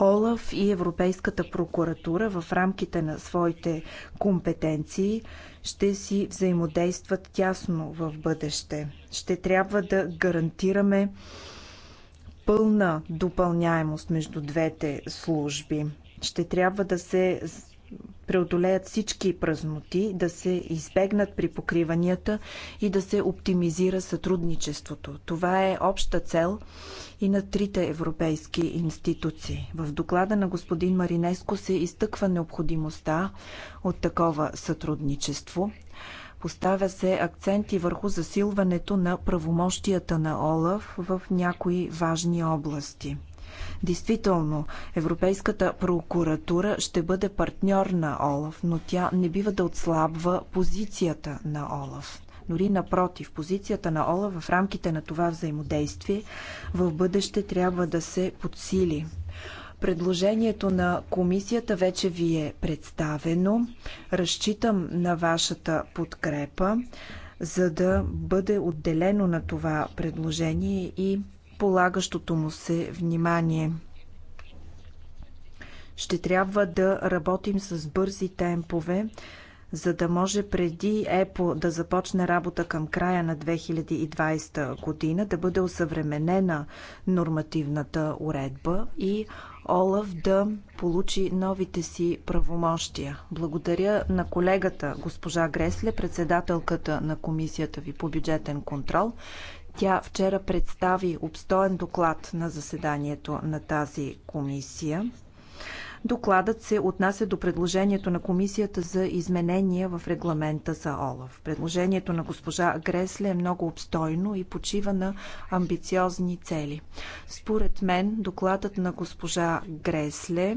Олаф и Европейската прокуратура в рамките на своите компетенции ще си взаимодействат тясно в бъдеще. Ще трябва да гарантираме пълна допълняемост между двете служби. Ще трябва да се преодолеят всички празноти, да се избегнат при покриванията и да се оптимизира сътрудничеството. Това е обща цел и на трите европейски институции. В доклада на господин Маринеско се изтъква необходимостта от такова сътрудничество. Поставя се акценти върху засилването на правомощията на ОЛАФ в някои важни области – Действително, Европейската прокуратура ще бъде партньор на Олаф, но тя не бива да отслабва позицията на Олаф. Дори напротив, позицията на Олаф в рамките на това взаимодействие в бъдеще трябва да се подсили. Предложението на комисията вече ви е представено. Разчитам на вашата подкрепа, за да бъде отделено на това предложение и полагащото му се внимание. Ще трябва да работим с бързи темпове, за да може преди ЕПО да започне работа към края на 2020 година, да бъде осъвременена нормативната уредба и Олаф да получи новите си правомощия. Благодаря на колегата госпожа Гресле, председателката на комисията ви по бюджетен контрол. Тя вчера представи обстоен доклад на заседанието на тази комисия. Докладът се отнася до предложението на комисията за изменения в регламента за ОЛАВ. Предложението на госпожа Гресле е много обстойно и почива на амбициозни цели. Според мен докладът на госпожа Гресле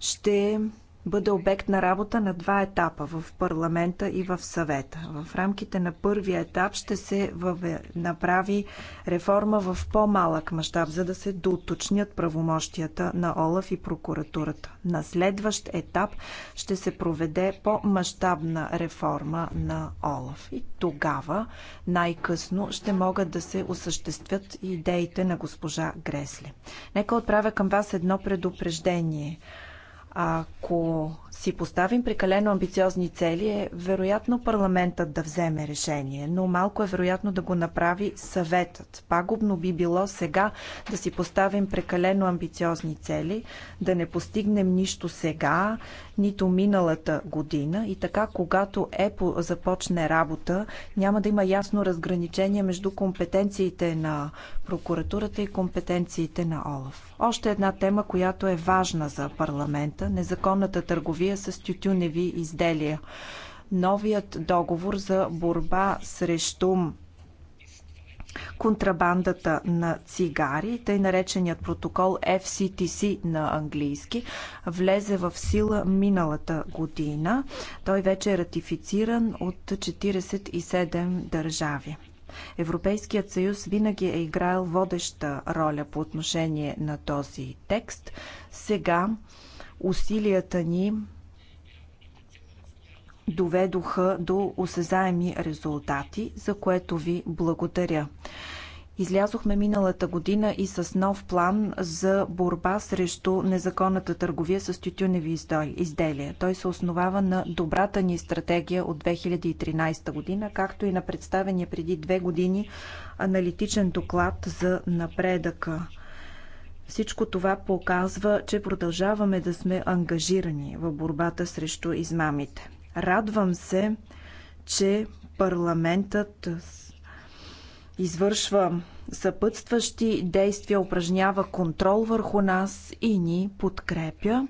ще бъде обект на работа на два етапа в парламента и в съвета. В рамките на първия етап ще се направи реформа в по-малък мащаб, за да се доуточнят правомощията на ОЛАФ и прокуратурата. На следващ етап ще се проведе по-мащабна реформа на ОЛАФ. И тогава най-късно ще могат да се осъществят идеите на госпожа Гресли. Нека отправя към вас едно предупреждение – ако си поставим прекалено амбициозни цели, е вероятно парламентът да вземе решение, но малко е вероятно да го направи съветът. Пагубно би било сега да си поставим прекалено амбициозни цели, да не постигнем нищо сега, нито миналата година и така, когато ЕПО започне работа, няма да има ясно разграничение между компетенциите на прокуратурата и компетенциите на ОЛАФ. Още една тема, която е важна за парламента – незаконната търговия търговия с тютюневи изделия. Новият договор за борба срещу контрабандата на цигари, тъй нареченият протокол FCTC на английски, влезе в сила миналата година. Той вече е ратифициран от 47 държави. Европейският съюз винаги е играл водеща роля по отношение на този текст. Сега усилията ни доведоха до осезаеми резултати, за което ви благодаря. Излязохме миналата година и с нов план за борба срещу незаконната търговия с тютюневи изделия. Той се основава на добрата ни стратегия от 2013 година, както и на представения преди две години аналитичен доклад за напредъка. Всичко това показва, че продължаваме да сме ангажирани в борбата срещу измамите. Радвам се, че парламентът извършва съпътстващи действия, упражнява контрол върху нас и ни подкрепя.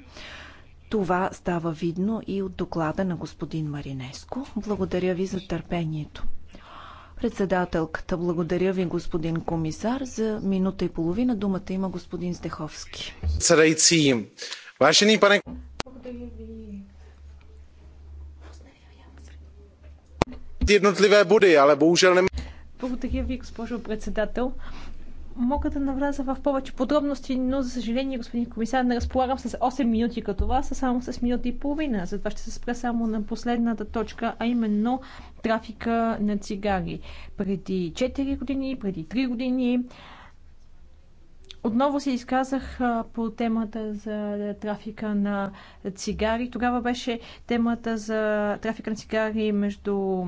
Това става видно и от доклада на господин Маринеско. Благодаря ви за търпението. Председателката, благодаря ви, господин комисар. За минута и половина думата има господин Стеховски. Царайци, пане... Благодаря ви, jednotlivé body, ale bohužel nem... Благодаря ви, госпожо председател. Мога да навляза в повече подробности, но за съжаление, господин комисар, не разполагам с 8 минути като вас, а само с минута и половина. Затова ще се спра само на последната точка, а именно трафика на цигари. Преди 4 години, преди 3 години, отново се изказах по темата за трафика на цигари. Тогава беше темата за трафика на цигари между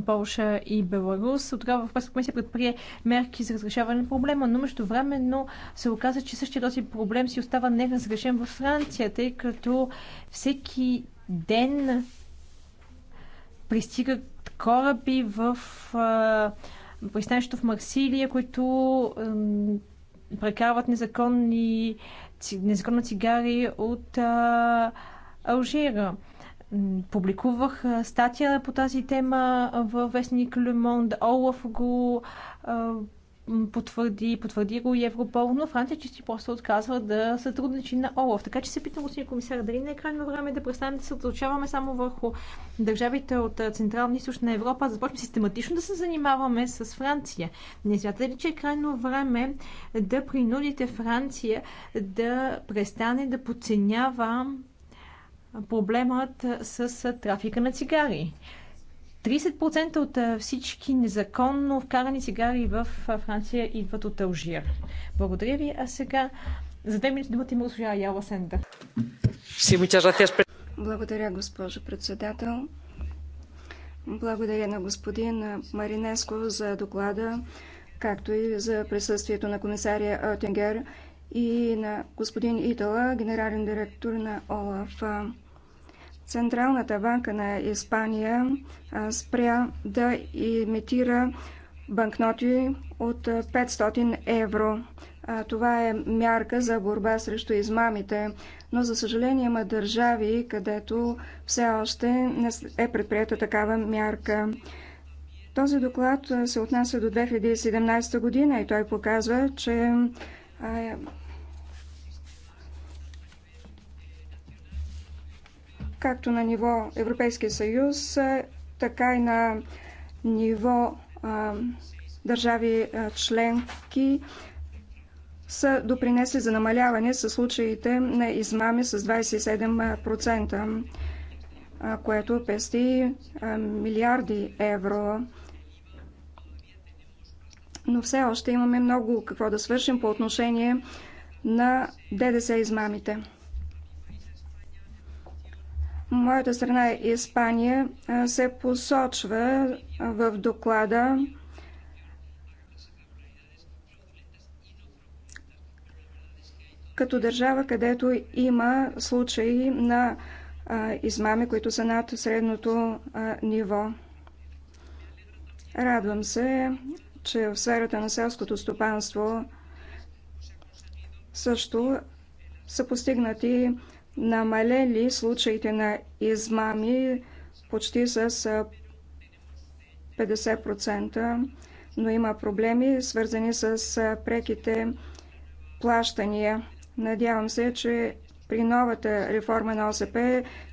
Полша и Беларус. От тогава Европейската комисия предприе мерки за разрешаване на проблема, но междувременно се оказа, че същия този проблем си остава неразрешен във Франция, тъй като всеки ден пристигат кораби в пристанището в Марсилия, които прекарват незаконни, незаконни цигари от а, Алжира. Публикувах статия по тази тема в вестник Лемонд. Олаф го потвърди, потвърди го и Европол, но Франция чисти просто отказва да сътрудничи на ОЛАФ. Така че се питам, господин комисар, дали не е крайно време да престанем да се отлучаваме само върху държавите от Централна и Източна Европа, а да започнем систематично да се занимаваме с Франция. Не смятате ли, че е крайно време да принудите Франция да престане да подценява проблемът с трафика на цигари. 30% от всички незаконно вкарани цигари в Франция идват от Алжир. Благодаря ви. А сега за две минути думата има госпожа Яла Сенда. Благодаря, госпожо председател. Благодаря на господин Маринеско за доклада, както и за присъствието на комисария Отенгер и на господин Идола, генерален директор на ОЛАФ. Централната банка на Испания спря да имитира банкноти от 500 евро. Това е мярка за борба срещу измамите, но за съжаление има държави, където все още не е предприята такава мярка. Този доклад се отнася до 2017 година и той показва, че както на ниво Европейския съюз, е, така и на ниво а, държави а, членки са допринесли за намаляване с случаите на измами с 27%, а, което пести а, милиарди евро. Но все още имаме много какво да свършим по отношение на ДДС измамите. Моята страна Испания се посочва в доклада като държава, където има случаи на измами, които са над средното ниво. Радвам се, че в сферата на селското стопанство също са постигнати намалели случаите на измами почти с 50%, но има проблеми, свързани с преките плащания. Надявам се, че при новата реформа на ОСП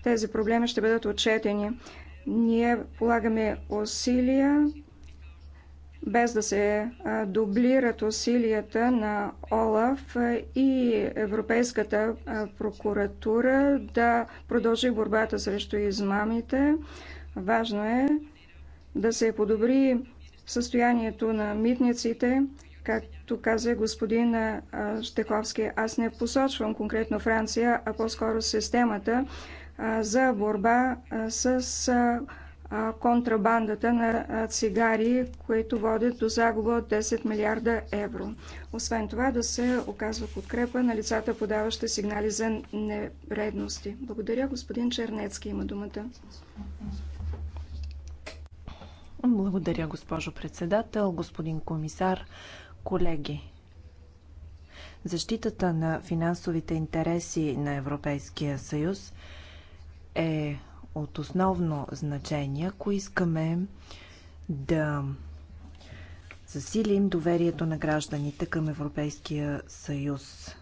тези проблеми ще бъдат отчетени. Ние полагаме усилия без да се дублират усилията на ОЛАФ и Европейската прокуратура да продължи борбата срещу измамите. Важно е да се подобри състоянието на митниците. Както каза господин Штеховски, аз не посочвам конкретно Франция, а по-скоро системата за борба с контрабандата на цигари, които водят до загуба от 10 милиарда евро. Освен това да се оказва подкрепа на лицата, подаващи сигнали за нередности. Благодаря. Господин Чернецки има думата. Благодаря, госпожо председател, господин комисар, колеги. Защитата на финансовите интереси на Европейския съюз е от основно значение, ако искаме да засилим доверието на гражданите към Европейския съюз.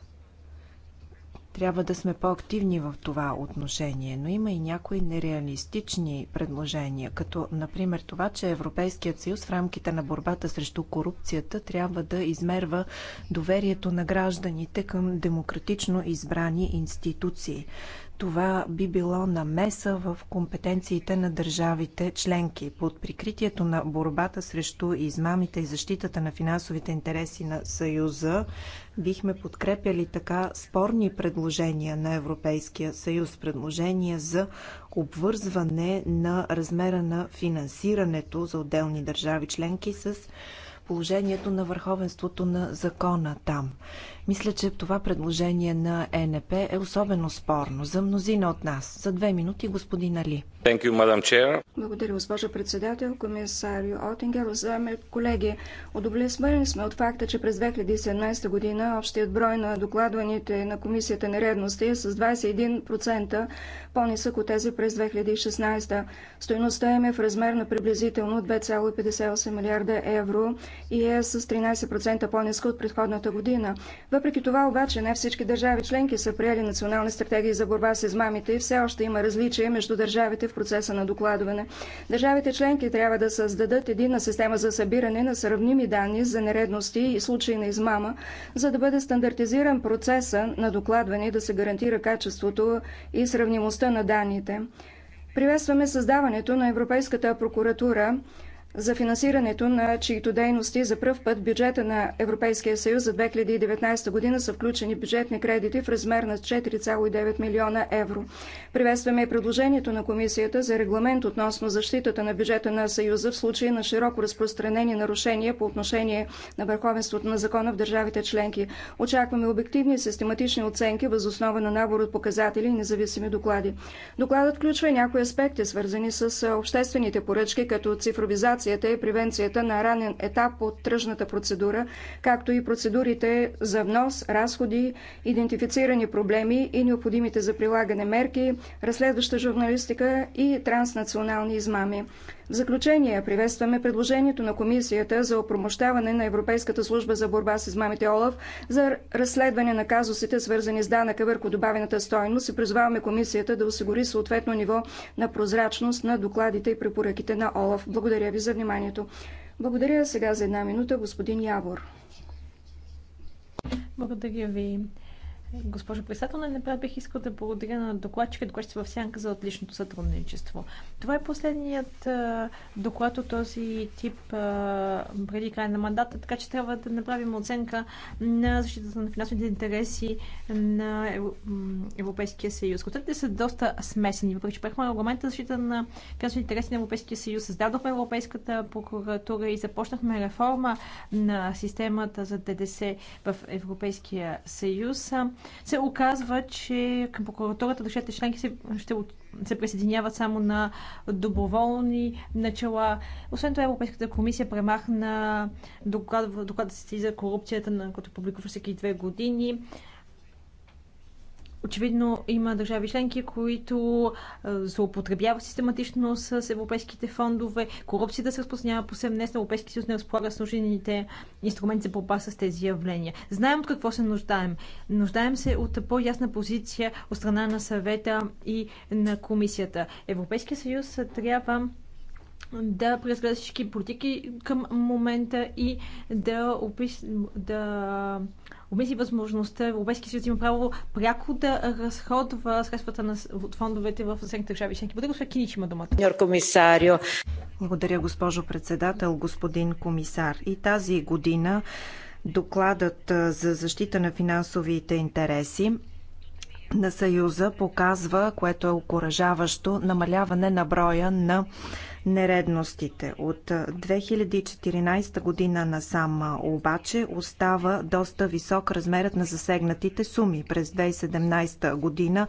Трябва да сме по-активни в това отношение, но има и някои нереалистични предложения, като например това, че Европейският съюз в рамките на борбата срещу корупцията трябва да измерва доверието на гражданите към демократично избрани институции. Това би било намеса в компетенциите на държавите членки. Под прикритието на борбата срещу измамите и защитата на финансовите интереси на Съюза, бихме подкрепяли така спорни предложения на Европейския съюз, предложения за обвързване на размера на финансирането за отделни държави членки с положението на върховенството на закона там. Мисля, че това предложение на ЕНП е особено спорно за мнозина от нас. За две минути, господин Али. You, Благодаря, госпожо председател, комисар Отингер, уважаеми колеги. Удовлетворени сме от факта, че през 2017 година общият брой на докладваните на комисията нередности е с 21% по-нисък от тези през 2016. Стоеността им е в размер на приблизително 2,58 милиарда евро и е с 13% по-ниска от предходната година. Въпреки това обаче не всички държави членки са приели национални стратегии за борба с измамите и все още има различия между държавите в процеса на докладване. Държавите членки трябва да създадат единна система за събиране на сравними данни за нередности и случаи на измама, за да бъде стандартизиран процеса на докладване и да се гарантира качеството и сравнимостта на данните. Приветстваме създаването на Европейската прокуратура, за финансирането на чието дейности за пръв път бюджета на Европейския съюз за 2019 година са включени бюджетни кредити в размер на 4,9 милиона евро. Приветстваме и предложението на комисията за регламент относно защитата на бюджета на съюза в случай на широко разпространени нарушения по отношение на върховенството на закона в държавите членки. Очакваме обективни и систематични оценки въз основа на набор от показатели и независими доклади. Докладът включва и някои аспекти, свързани с обществените поръчки, като цифровизация профилаксията и превенцията на ранен етап от тръжната процедура, както и процедурите за внос, разходи, идентифицирани проблеми и необходимите за прилагане мерки, разследваща журналистика и транснационални измами. В заключение приветстваме предложението на Комисията за опромощаване на Европейската служба за борба с измамите ОЛАФ за разследване на казусите, свързани с данъка върху добавената стойност и призваваме Комисията да осигури съответно ниво на прозрачност на докладите и препоръките на ОЛАФ. Благодаря ви за вниманието. Благодаря сега за една минута господин Явор. Благодаря ви. Госпожо председател, най-напред бих искал да благодаря на докладчика и докладчица в Сянка за отличното сътрудничество. Това е последният а, доклад от този тип а, преди края на мандата, така че трябва да направим оценка на защитата на финансовите интереси на Европейския съюз. Котите са доста смесени, въпреки че правихме аргумента за защита на финансовите интереси на Европейския съюз, създадохме Европейската прокуратура и започнахме реформа на системата за ДДС в Европейския съюз се оказва, че към прокуратурата държавите членки се, ще се присъединяват само на доброволни начала. Освен това, Европейската комисия премахна доклада доклад си за корупцията, на който публикува всеки две години. Очевидно има държави членки, които злоупотребяват систематично с европейските фондове. Корупцията се разпространява по съвсем днес. Европейски съюз не разполага с нужните инструменти за борба с тези явления. Знаем от какво се нуждаем. Нуждаем се от по-ясна позиция от страна на съвета и на комисията. Европейския съюз трябва да преразгледа всички политики към момента и да, опис... да обмисли възможността Европейския съюз има право пряко да разходва средствата на, от фондовете в съседните държави. Всеки бъде господин Кинич има думата. Благодаря, госпожо председател, господин комисар. И тази година докладът за защита на финансовите интереси на Съюза показва, което е окоръжаващо, намаляване на броя на нередностите. От 2014 година насам обаче остава доста висок размерът на засегнатите суми. През 2017 година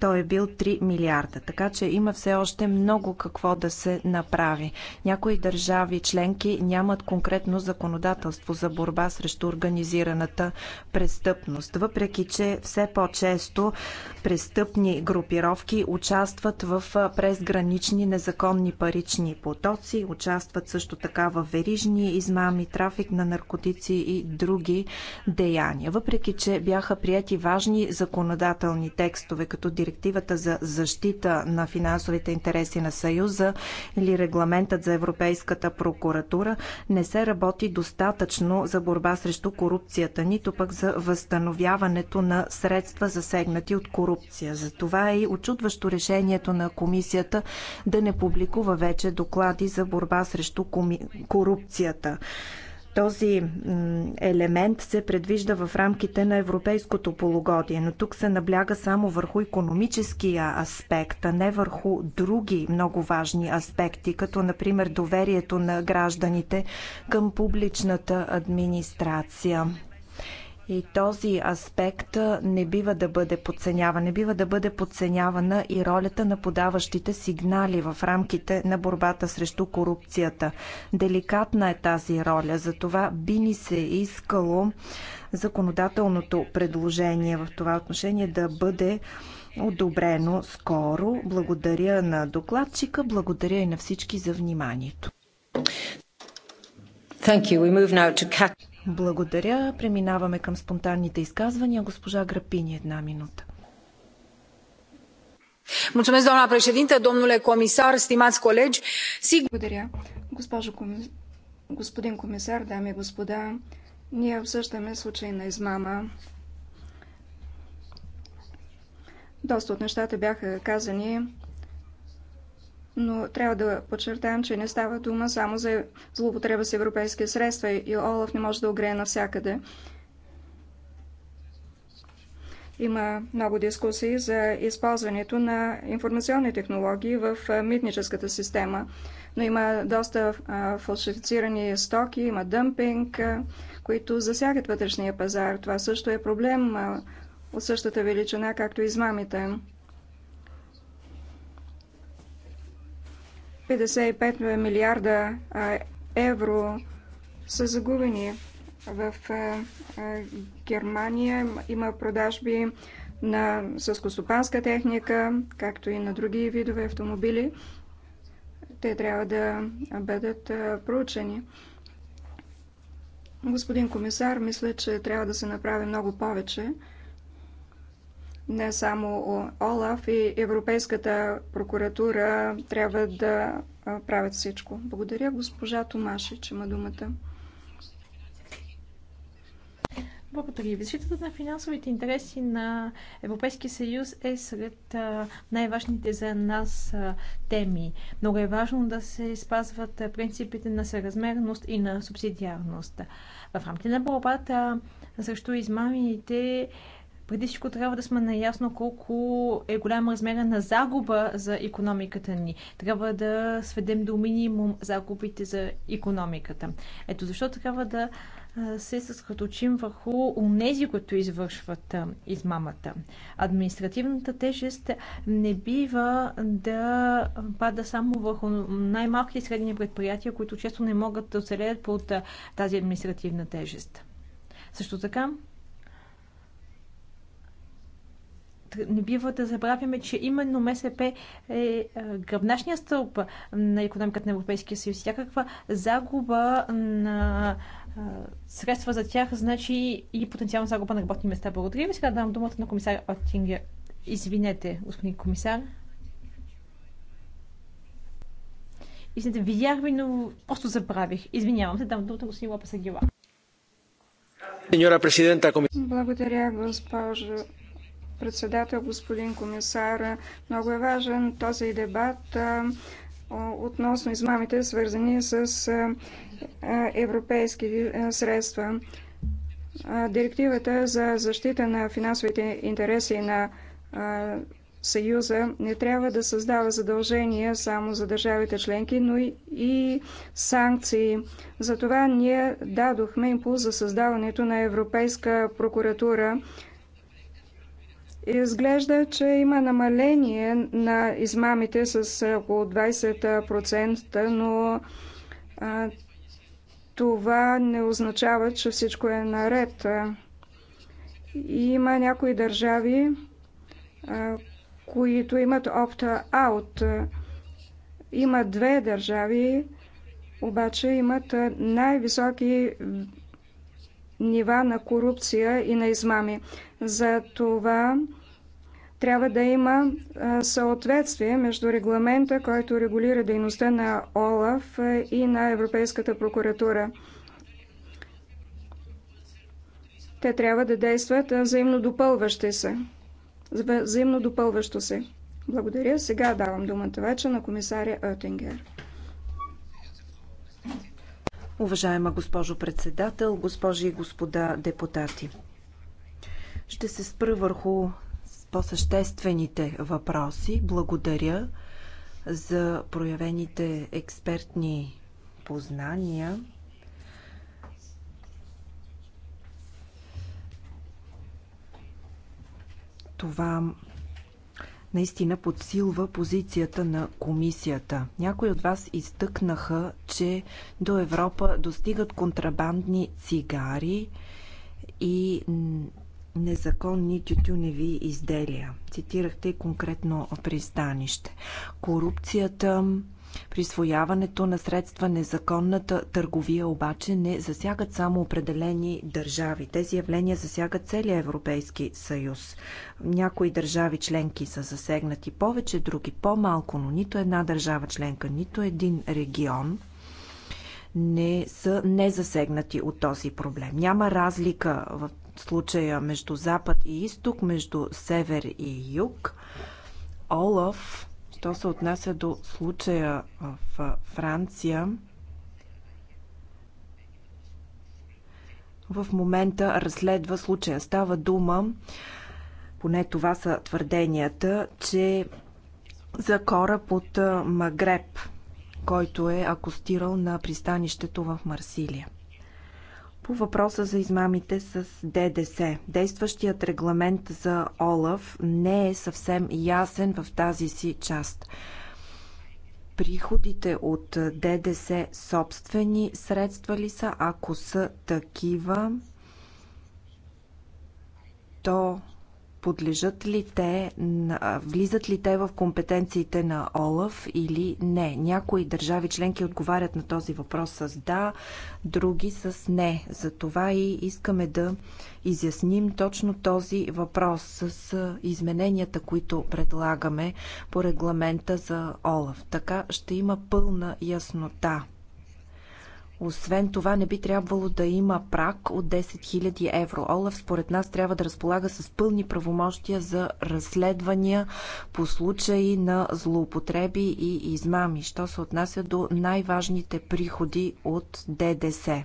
той е бил 3 милиарда. Така че има все още много какво да се направи. Някои държави членки нямат конкретно законодателство за борба срещу организираната престъпност. Въпреки, че все по-често престъпни групировки участват в презгранични незаконни парични парични потоци, участват също така в верижни измами, трафик на наркотици и други деяния. Въпреки, че бяха прияти важни законодателни текстове, като директивата за защита на финансовите интереси на Съюза или регламентът за Европейската прокуратура, не се работи достатъчно за борба срещу корупцията, нито пък за възстановяването на средства засегнати от корупция. Затова е и очудващо решението на комисията да не публикува вече имаше доклади за борба срещу корупцията. Този елемент се предвижда в рамките на европейското полугодие, но тук се набляга само върху економическия аспект, а не върху други много важни аспекти, като например доверието на гражданите към публичната администрация. И този аспект не бива да бъде подценяван. Не бива да бъде подценявана и ролята на подаващите сигнали в рамките на борбата срещу корупцията. Деликатна е тази роля. Затова би ни се искало законодателното предложение в това отношение да бъде одобрено скоро. Благодаря на докладчика, благодаря и на всички за вниманието. Thank you. We move now to... Благодаря. Преминаваме към спонтанните изказвания. Госпожа Грапини, една минута. Mulțumesc, doamna președintă, domnule comisar, stimați colegi. Sigur... Благодаря. Госпожо коми... Господин комисар, дами и господа, ние обсъждаме случай на измама. Доста от нещата бяха казани но трябва да подчертаем, че не става дума само за злоупотреба с европейски средства и Олаф не може да огрее навсякъде. Има много дискусии за използването на информационни технологии в митническата система, но има доста фалшифицирани стоки, има дъмпинг, които засягат вътрешния пазар. Това също е проблем от същата величина, както измамите. 55 е милиарда евро са загубени в Германия. Има продажби на съскостопанска техника, както и на други видове автомобили. Те трябва да бъдат проучени. Господин комисар, мисля, че трябва да се направи много повече. Не само ОЛАФ и Европейската прокуратура трябва да правят всичко. Благодаря госпожа Томаши, че има думата. Благодаря ви. Защитата на финансовите интереси на Европейския съюз е сред най-важните за нас теми. Много е важно да се спазват принципите на съразмерност и на субсидиарност. В рамките на борбата срещу измамите преди всичко трябва да сме наясно колко е голям размера на загуба за економиката ни. Трябва да сведем до минимум загубите за економиката. Ето защо трябва да се съсредоточим върху унези, които извършват измамата. Административната тежест не бива да пада само върху най-малките и средни предприятия, които често не могат да оцелеят под тази административна тежест. Също така, не бива да забравяме, че именно МСП е, е гръбначния стълб на економиката на Европейския съюз. Всякаква загуба на средства за тях значи и потенциална загуба на работни места. Благодаря ви. Сега давам думата на комисар Оттингер. Извинете, господин комисар. Извинете, видях ви, но просто забравих. Извинявам се, давам думата на господин Лопеса Гила. Благодаря, госпожо председател, господин комисар. Много е важен този дебат относно измамите, свързани с европейски средства. Директивата за защита на финансовите интереси на Съюза не трябва да създава задължения само за държавите членки, но и санкции. Затова ние дадохме импулс за създаването на Европейска прокуратура, Изглежда, че има намаление на измамите с около 20%, но а, това не означава, че всичко е наред. И има някои държави, а, които имат опта-аут. Има две държави, обаче имат най-високи нива на корупция и на измами. За това трябва да има съответствие между регламента, който регулира дейността на ОЛАФ и на Европейската прокуратура. Те трябва да действат взаимно допълващи се. Взаимно допълващо се. Благодаря. Сега давам думата вече на комисаря Оттингер. Уважаема госпожо председател, госпожи и господа депутати, ще се спра върху по-съществените въпроси. Благодаря за проявените експертни познания. Това наистина подсилва позицията на комисията. Някои от вас изтъкнаха, че до Европа достигат контрабандни цигари и незаконни тютюневи изделия. Цитирахте конкретно пристанище. Корупцията, присвояването на средства, незаконната търговия обаче не засягат само определени държави. Тези явления засягат целия Европейски съюз. Някои държави членки са засегнати повече, други по-малко, но нито една държава членка, нито един регион не са незасегнати от този проблем. Няма разлика в случая между Запад и Изток, между Север и Юг. Олаф, що се отнася до случая в Франция, в момента разследва случая. Става дума, поне това са твърденията, че за кораб от Магреб, който е акостирал на пристанището в Марсилия. По въпроса за измамите с ДДС. Действащият регламент за ОЛАВ не е съвсем ясен в тази си част приходите от ДДС собствени средства ли са? Ако са такива, то подлежат ли те, влизат ли те в компетенциите на ОЛАФ или не. Някои държави членки отговарят на този въпрос с да, други с не. Затова и искаме да изясним точно този въпрос с измененията, които предлагаме по регламента за ОЛАФ. Така ще има пълна яснота. Освен това, не би трябвало да има прак от 10 000 евро. Олаф, според нас, трябва да разполага с пълни правомощия за разследвания по случаи на злоупотреби и измами, що се отнася до най-важните приходи от ДДС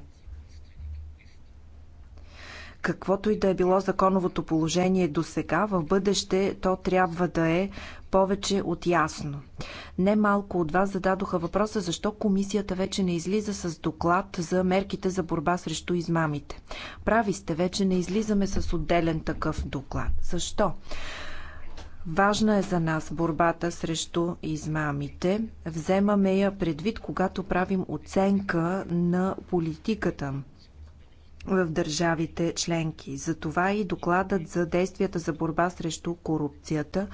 каквото и да е било законовото положение до сега, в бъдеще то трябва да е повече от ясно. Немалко от вас зададоха въпроса защо комисията вече не излиза с доклад за мерките за борба срещу измамите. Прави сте, вече не излизаме с отделен такъв доклад. Защо? Важна е за нас борбата срещу измамите. Вземаме я предвид, когато правим оценка на политиката в държавите членки. Затова и докладът за действията за борба срещу корупцията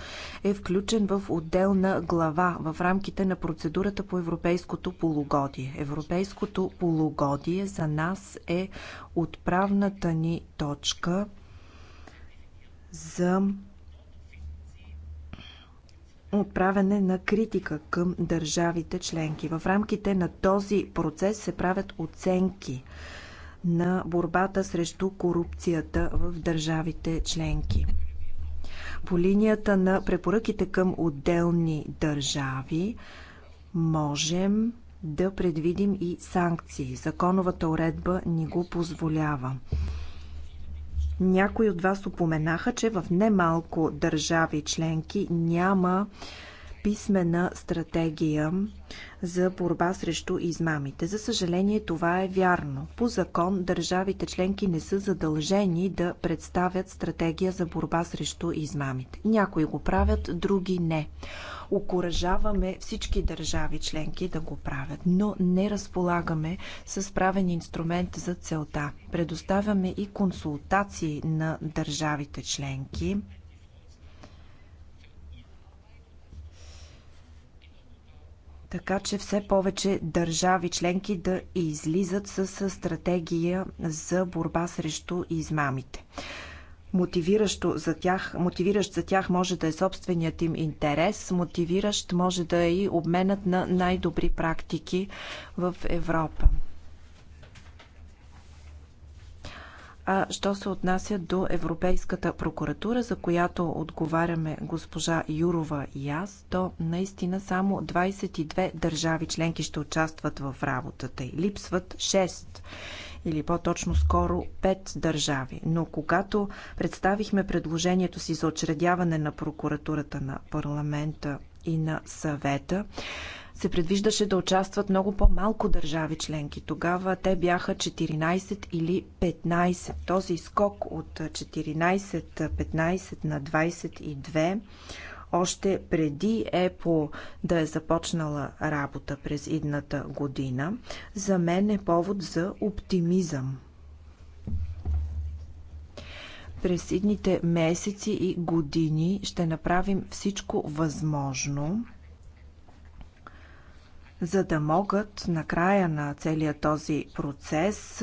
е включен в отделна глава в рамките на процедурата по европейското полугодие. Европейското полугодие за нас е отправната ни точка за отправяне на критика към държавите членки. В рамките на този процес се правят оценки – на борбата срещу корупцията в държавите членки. По линията на препоръките към отделни държави можем да предвидим и санкции. Законовата уредба ни го позволява. Някои от вас упоменаха, че в немалко държави членки няма писмена стратегия за борба срещу измамите. За съжаление, това е вярно. По закон държавите членки не са задължени да представят стратегия за борба срещу измамите. Някои го правят, други не. Окоръжаваме всички държави членки да го правят, но не разполагаме с правен инструмент за целта. Предоставяме и консултации на държавите членки така че все повече държави членки да излизат с стратегия за борба срещу измамите. Мотивиращо за тях, мотивиращ за тях може да е собственият им интерес, мотивиращ може да е и обменът на най-добри практики в Европа. А що се отнася до Европейската прокуратура, за която отговаряме госпожа Юрова и аз, то наистина само 22 държави членки ще участват в работата и липсват 6 или по-точно скоро пет държави. Но когато представихме предложението си за очредяване на прокуратурата на парламента и на съвета, се предвиждаше да участват много по-малко държави членки. Тогава те бяха 14 или 15. Този скок от 14-15 на 22 още преди ЕПО да е започнала работа през идната година, за мен е повод за оптимизъм. През идните месеци и години ще направим всичко възможно – за да могат на края на целия този процес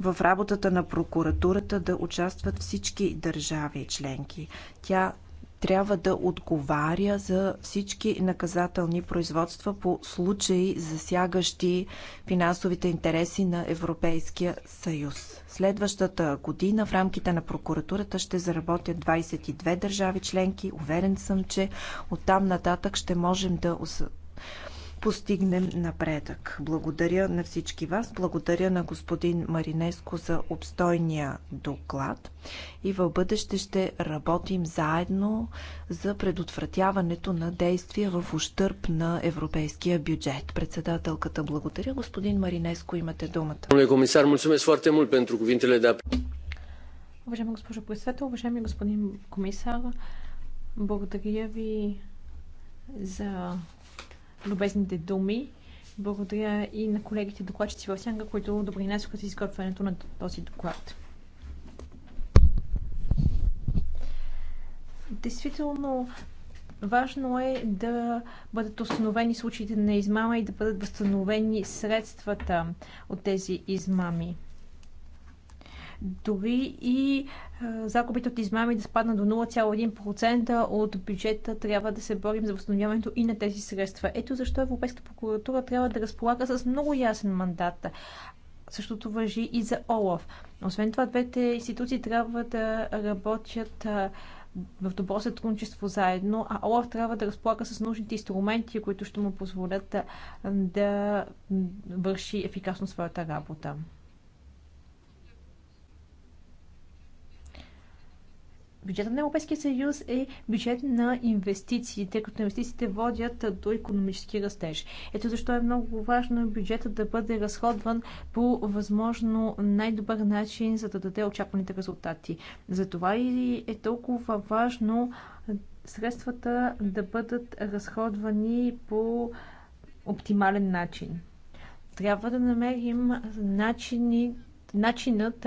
в работата на прокуратурата да участват всички държави членки. Тя трябва да отговаря за всички наказателни производства по случаи, засягащи финансовите интереси на Европейския съюз. Следващата година в рамките на прокуратурата ще заработят 22 държави членки. Уверен съм, че оттам нататък ще можем да постигнем напредък. Благодаря на всички вас, благодаря на господин Маринеско за обстойния доклад и в бъдеще ще работим заедно за предотвратяването на действия в ущърп на европейския бюджет. Председателката благодаря. Господин Маринеско, имате думата. Комисар, Уважаема госпожо председател, уважаеми господин комисар, благодаря ви за любезните думи. Благодаря и на колегите докладчици в Сянга, които допринесоха с изготвянето на този доклад. Действително, важно е да бъдат установени случаите на измама и да бъдат възстановени средствата от тези измами. Дори и загубите от измами да спадна до 0,1% от бюджета, трябва да се борим за възстановяването и на тези средства. Ето защо Европейската прокуратура трябва да разполага с много ясен мандат. Същото въжи и за ОЛАФ. Освен това, двете институции трябва да работят в добро сътрудничество заедно, а Олаф трябва да разполага с нужните инструменти, които ще му позволят да, да върши ефикасно своята работа. Бюджетът на Европейския съюз е бюджет на инвестициите, като инвестициите водят до економически растеж. Ето защо е много важно бюджетът да бъде разходван по възможно най-добър начин, за да даде очакваните резултати. Затова и е толкова важно средствата да бъдат разходвани по оптимален начин. Трябва да намерим начини, начинът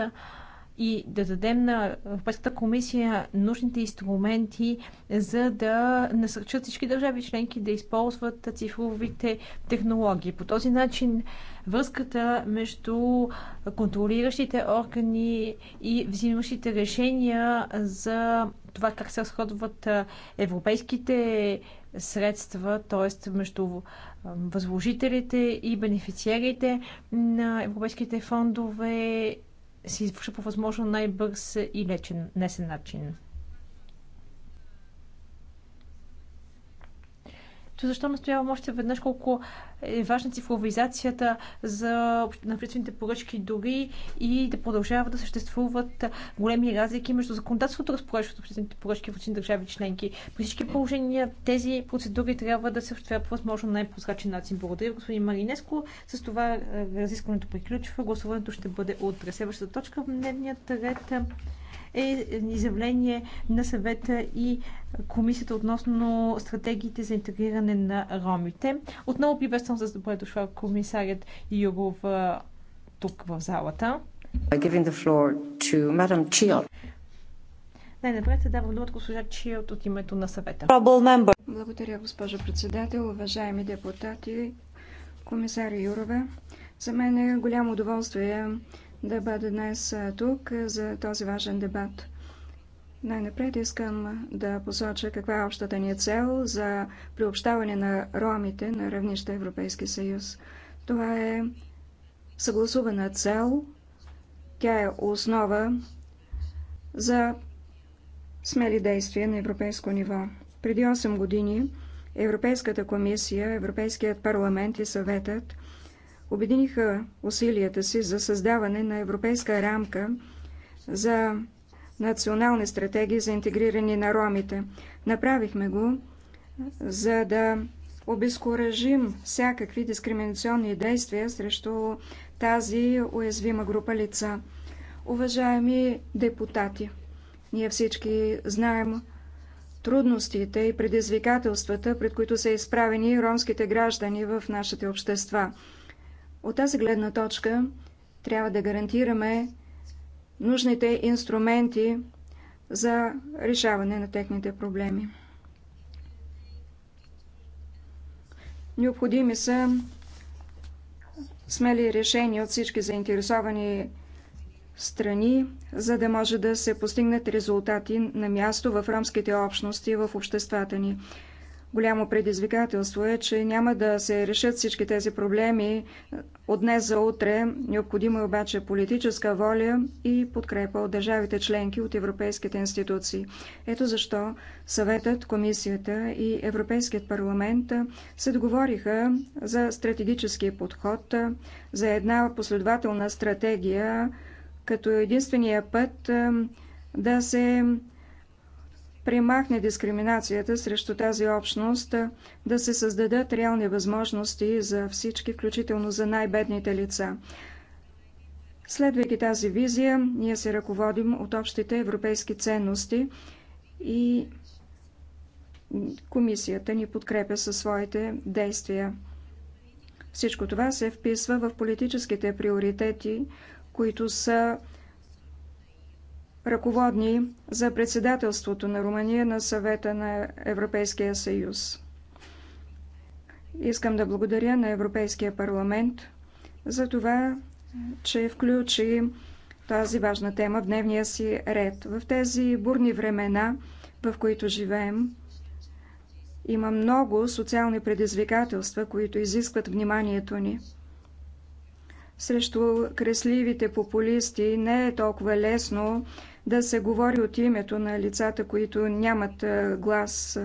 и да дадем на Европейската комисия нужните инструменти, за да насърчат всички държави членки да използват цифровите технологии. По този начин връзката между контролиращите органи и взимащите решения за това как се разходват европейските средства, т.е. между възложителите и бенефициерите на европейските фондове се извърши по възможно най-бърз и лечен, лесен начин. То защо настоявам още веднъж колко е важна цифровизацията за на обществените поръчки дори и да продължават да съществуват големи разлики между законодателството, разпореждащо обществените поръчки в различни държави членки. При всички положения тези процедури трябва да се осъществяват по възможно най-прозрачен начин. Благодаря, господин Маринеско. С това е, разискването приключва. Гласуването ще бъде от Следващата точка в дневният ред е изявление на съвета и комисията относно стратегиите за интегриране на ромите. Отново приветствам с добре дошла комисарят Юров тук в залата. Най-напред се дава думата госпожа Чиот от името на съвета. Благодаря, госпожа председател, уважаеми депутати, комисар Юрове. За мен е голямо удоволствие да бъда днес тук за този важен дебат. Най-напред искам да посоча каква е общата ни цел за приобщаване на ромите на равнище Европейски съюз. Това е съгласувана цел. Тя е основа за смели действия на европейско ниво. Преди 8 години Европейската комисия, Европейският парламент и съветът обединиха усилията си за създаване на европейска рамка за национални стратегии за интегриране на ромите. Направихме го, за да обезкуражим всякакви дискриминационни действия срещу тази уязвима група лица. Уважаеми депутати, ние всички знаем трудностите и предизвикателствата, пред които са изправени ромските граждани в нашите общества – от тази гледна точка трябва да гарантираме нужните инструменти за решаване на техните проблеми. Необходими са смели решения от всички заинтересовани страни, за да може да се постигнат резултати на място в ромските общности, в обществата ни. Голямо предизвикателство е, че няма да се решат всички тези проблеми от днес за утре. Необходима е обаче политическа воля и подкрепа от държавите членки от европейските институции. Ето защо съветът, комисията и Европейският парламент се договориха за стратегически подход, за една последователна стратегия, като единствения път е, да се премахне дискриминацията срещу тази общност, да се създадат реални възможности за всички, включително за най-бедните лица. Следвайки тази визия, ние се ръководим от общите европейски ценности и комисията ни подкрепя със своите действия. Всичко това се вписва в политическите приоритети, които са ръководни за председателството на Румъния на съвета на Европейския съюз. Искам да благодаря на Европейския парламент за това, че включи тази важна тема в дневния си ред. В тези бурни времена, в които живеем, има много социални предизвикателства, които изискват вниманието ни. Срещу кресливите популисти не е толкова лесно да се говори от името на лицата, които нямат глас,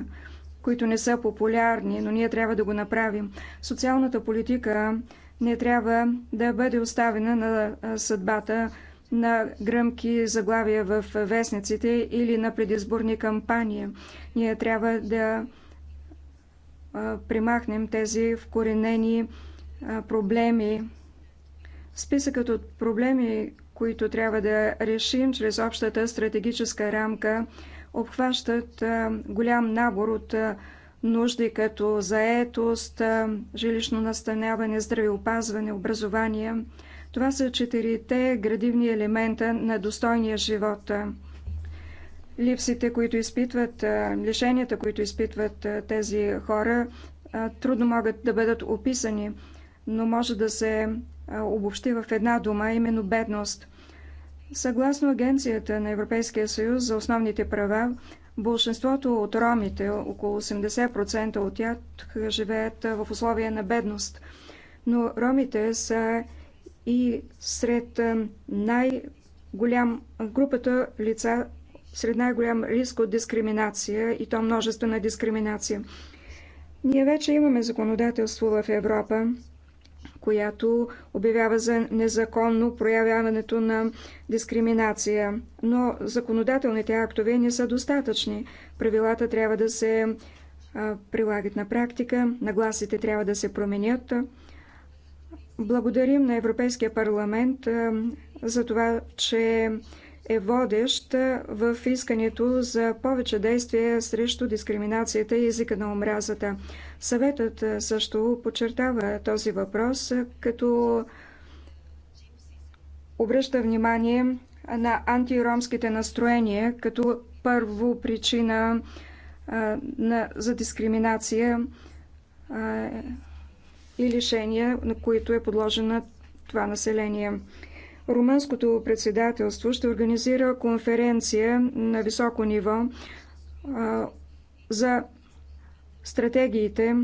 които не са популярни, но ние трябва да го направим. Социалната политика не трябва да бъде оставена на съдбата на гръмки заглавия в вестниците или на предизборни кампании. Ние трябва да примахнем тези вкоренени проблеми. Списъкът от проблеми, които трябва да решим чрез общата стратегическа рамка, обхващат голям набор от нужди като заетост, жилищно настаняване, здравеопазване, образование. Това са четирите градивни елемента на достойния живот. Липсите, които изпитват, лишенията, които изпитват тези хора, трудно могат да бъдат описани, но може да се обобщи в една дума, именно бедност. Съгласно Агенцията на Европейския съюз за основните права, Большинството от ромите, около 80% от тях, живеят в условия на бедност. Но ромите са и сред най-голям групата лица, сред най-голям риск от дискриминация и то множествена дискриминация. Ние вече имаме законодателство в Европа, която обявява за незаконно проявяването на дискриминация. Но законодателните актове не са достатъчни. Правилата трябва да се прилагат на практика, нагласите трябва да се променят. Благодарим на Европейския парламент за това, че е водещ в искането за повече действия срещу дискриминацията и езика на омразата. Съветът също подчертава този въпрос, като обръща внимание на антиромските настроения като първо причина за дискриминация и лишения, на които е подложена това население. Румънското председателство ще организира конференция на високо ниво за стратегиите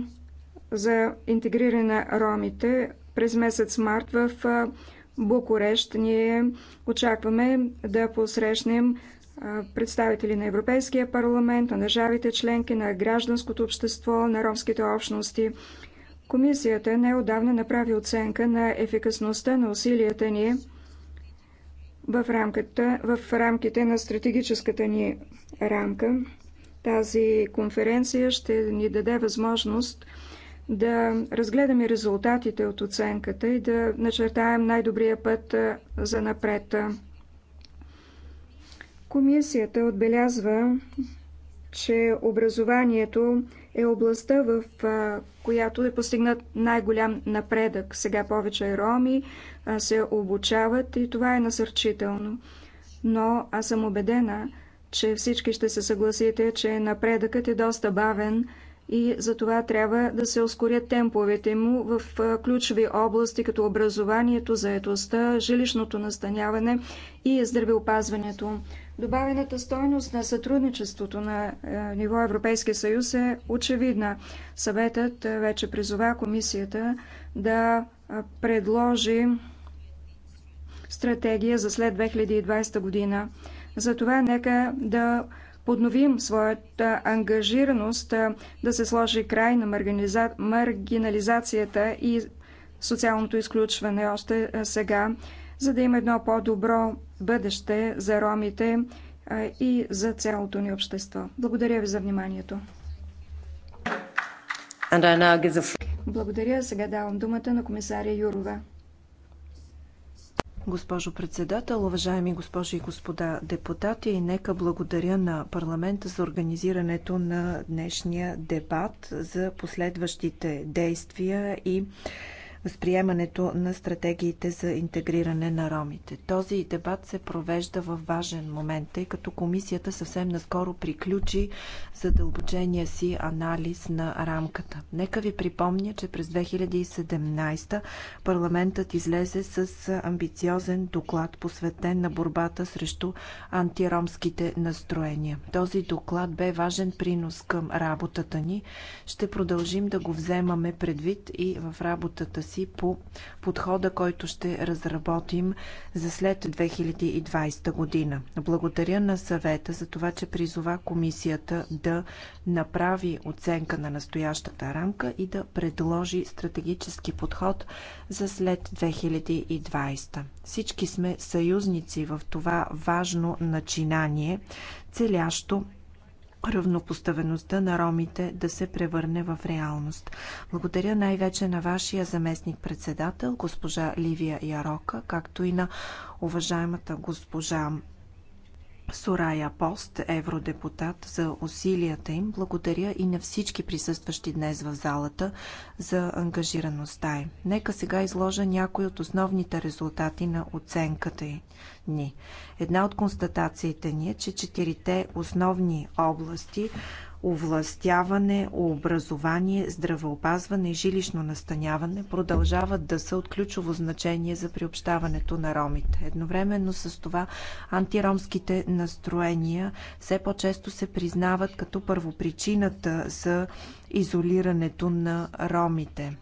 за интегриране на ромите през месец март в Букурещ. Ние очакваме да посрещнем представители на Европейския парламент, на държавите членки, на гражданското общество, на ромските общности. Комисията неодавна направи оценка на ефикасността на усилията ни в, рамката, в рамките на стратегическата ни рамка тази конференция ще ни даде възможност да разгледаме резултатите от оценката и да начертаем най-добрия път за напред. Комисията отбелязва, че образованието е областта, в която е постигнат най-голям напредък. Сега повече роми се обучават и това е насърчително. Но аз съм убедена, че всички ще се съгласите, че напредъкът е доста бавен и затова трябва да се ускорят темповете му в ключови области, като образованието, заетостта, жилищното настаняване и здравеопазването. Добавената стойност на сътрудничеството на ниво Европейския съюз е очевидна. Съветът вече призова комисията да предложи стратегия за след 2020 година. Затова нека да подновим своята ангажираност да се сложи край на маргинализацията и социалното изключване още сега, за да има едно по-добро бъдеще за ромите и за цялото ни общество. Благодаря ви за вниманието. Благодаря. Сега давам думата на комисаря Юрова. Госпожо председател, уважаеми госпожи и господа депутати, и нека благодаря на парламента за организирането на днешния дебат за последващите действия и възприемането на стратегиите за интегриране на ромите. Този дебат се провежда в важен момент, тъй като комисията съвсем наскоро приключи задълбочения си анализ на рамката. Нека ви припомня, че през 2017 парламентът излезе с амбициозен доклад, посветен на борбата срещу антиромските настроения. Този доклад бе важен принос към работата ни. Ще продължим да го вземаме предвид и в работата си си по подхода, който ще разработим за след 2020 година. Благодаря на съвета за това, че призова комисията да направи оценка на настоящата рамка и да предложи стратегически подход за след 2020. Всички сме съюзници в това важно начинание, целящо равнопоставеността на ромите да се превърне в реалност. Благодаря най-вече на вашия заместник-председател, госпожа Ливия Ярока, както и на уважаемата госпожа Сурая Пост, евродепутат, за усилията им. Благодаря и на всички присъстващи днес в залата за ангажираността им. Нека сега изложа някои от основните резултати на оценката ни. Една от констатациите ни е, че четирите основни области, овластяване, образование, здравеопазване и жилищно настаняване продължават да са от ключово значение за приобщаването на ромите. Едновременно с това антиромските настроения все по-често се признават като първопричината за изолирането на ромите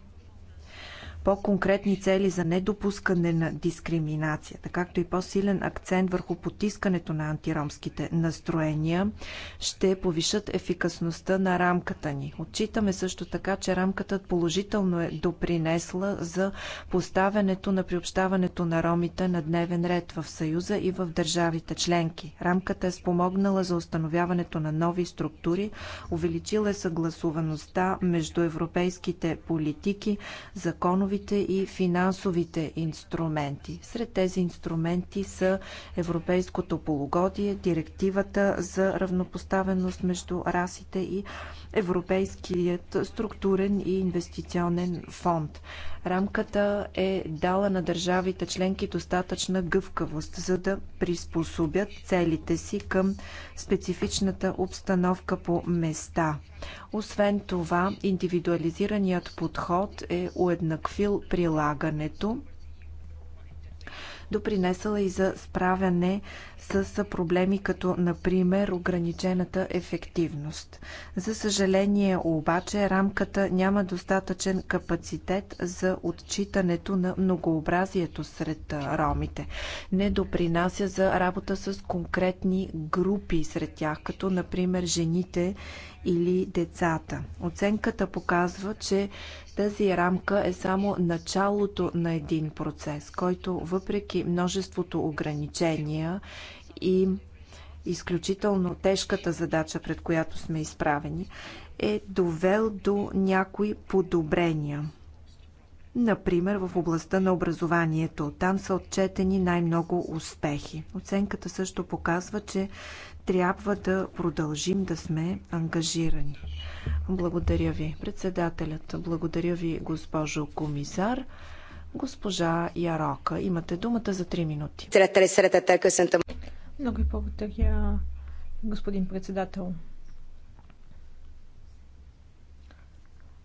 по-конкретни цели за недопускане на дискриминацията, както и по-силен акцент върху потискането на антиромските настроения, ще повишат ефикасността на рамката ни. Отчитаме също така, че рамката положително е допринесла за поставянето на приобщаването на ромите на дневен ред в Съюза и в държавите членки. Рамката е спомогнала за установяването на нови структури, увеличила е съгласуваността между европейските политики, законови новите и финансовите инструменти. Сред тези инструменти са Европейското полугодие, Директивата за равнопоставеност между расите и Европейският структурен и инвестиционен фонд. Рамката е дала на държавите членки достатъчна гъвкавост, за да приспособят целите си към специфичната обстановка по места. Освен това, индивидуализираният подход е уеднаквил прилагането. Допринесла и за справяне с проблеми като, например, ограничената ефективност. За съжаление обаче, рамката няма достатъчен капацитет за отчитането на многообразието сред ромите. Не допринася за работа с конкретни групи сред тях, като, например, жените или децата. Оценката показва, че тази рамка е само началото на един процес, който въпреки множеството ограничения и изключително тежката задача, пред която сме изправени, е довел до някои подобрения. Например, в областта на образованието. Там са отчетени най-много успехи. Оценката също показва, че трябва да продължим да сме ангажирани. Благодаря ви, председателят. Благодаря ви, госпожо комисар. Госпожа Ярока, имате думата за 3 минути. Много ви благодаря, господин председател.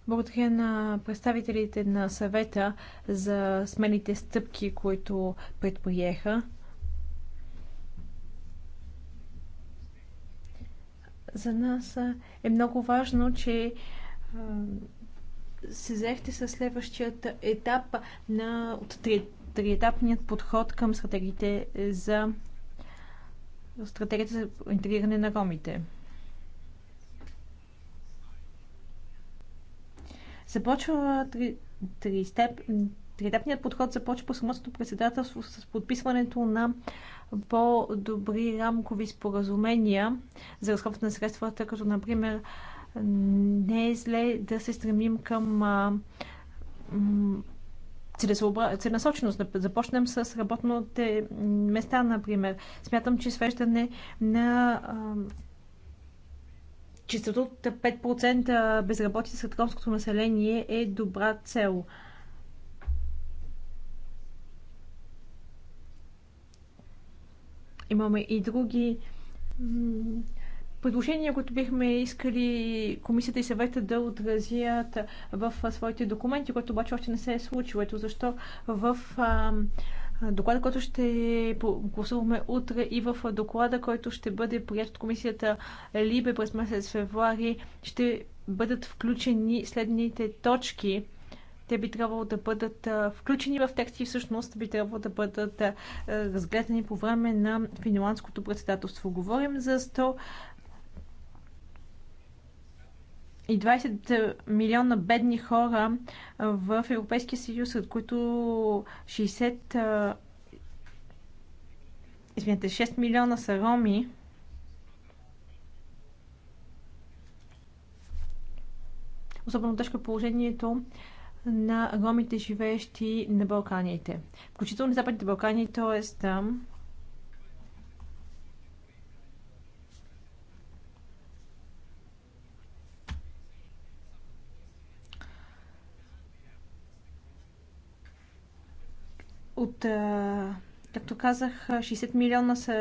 Благодаря на представителите на съвета за смелите стъпки, които предприеха. За нас е много важно, че се взехте с следващият етап на, от три, триетапният подход към стратегиите за стратегията за интегриране на ромите. Започва три, три триетапният подход започва по самото председателство с подписването на по-добри рамкови споразумения за разходване на средствата, като например не е зле да се стремим към целенасоченост. Да започнем с работните места, например. Смятам, че свеждане на чистотата 5% безработица сред ромското население е добра цел. Имаме и други предложения, които бихме искали комисията и съвета да отразят в своите документи, което обаче още не се е случило. Ето защо в доклада, който ще гласуваме утре и в доклада, който ще бъде прият от комисията Либе през месец февруари, ще бъдат включени следните точки те би трябвало да бъдат включени в тексти и всъщност би трябвало да бъдат разгледани по време на финландското председателство. Говорим за 100 и 20 милиона бедни хора в Европейския съюз, от които 60 извинете, 6 милиона са роми. Особено тежко е положението на ромите, живеещи на Балканите. Включително на Западните Балкани, т.е. там от, както казах, 60 милиона са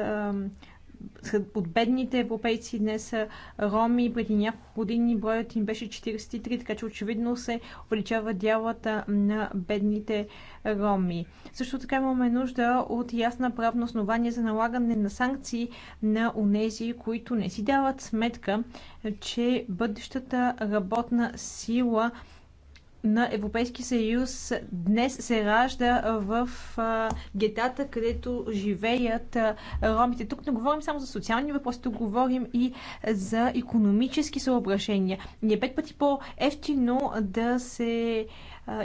от бедните европейци днес са роми. Преди няколко години броят им беше 43, така че очевидно се увеличава дялата на бедните роми. Също така имаме нужда от ясна правно основание за налагане на санкции на унези, които не си дават сметка, че бъдещата работна сила – на Европейски съюз днес се ражда в гетата, където живеят ромите. Тук не говорим само за социални въпроси, тук говорим и за економически съображения. Не е пет пъти по-ефтино да се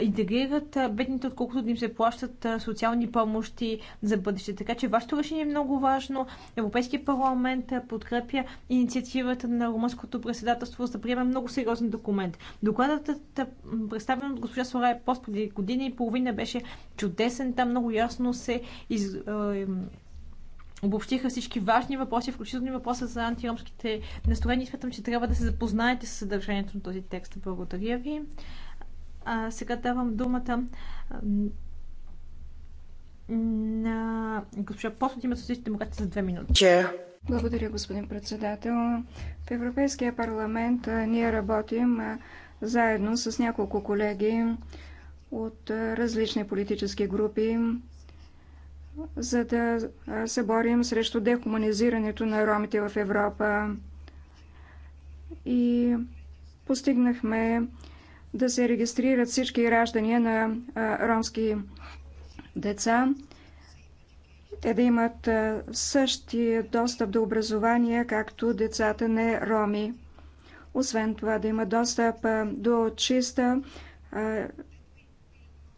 интегрират бедните, отколкото да им се плащат социални помощи за бъдеще. Така че вашето решение е много важно. Европейския парламент подкрепя инициативата на румънското председателство за да приеме много сериозен документ. Докладът, представен от госпожа Сорая Пост преди година и половина, беше чудесен. Там много ясно се из, обобщиха всички важни въпроси, включително и въпроса за антиромските настроения. Смятам, че трябва да се запознаете с съдържанието на този текст. Благодаря ви. А, сега давам думата на госпожа Посот има социалистите демократи за две минути. Благодаря, господин председател. В Европейския парламент ние работим заедно с няколко колеги от различни политически групи, за да се борим срещу дехуманизирането на ромите в Европа. И постигнахме да се регистрират всички раждания на ромски деца. Те да имат същия достъп до образование, както децата не роми. Освен това да има достъп до чиста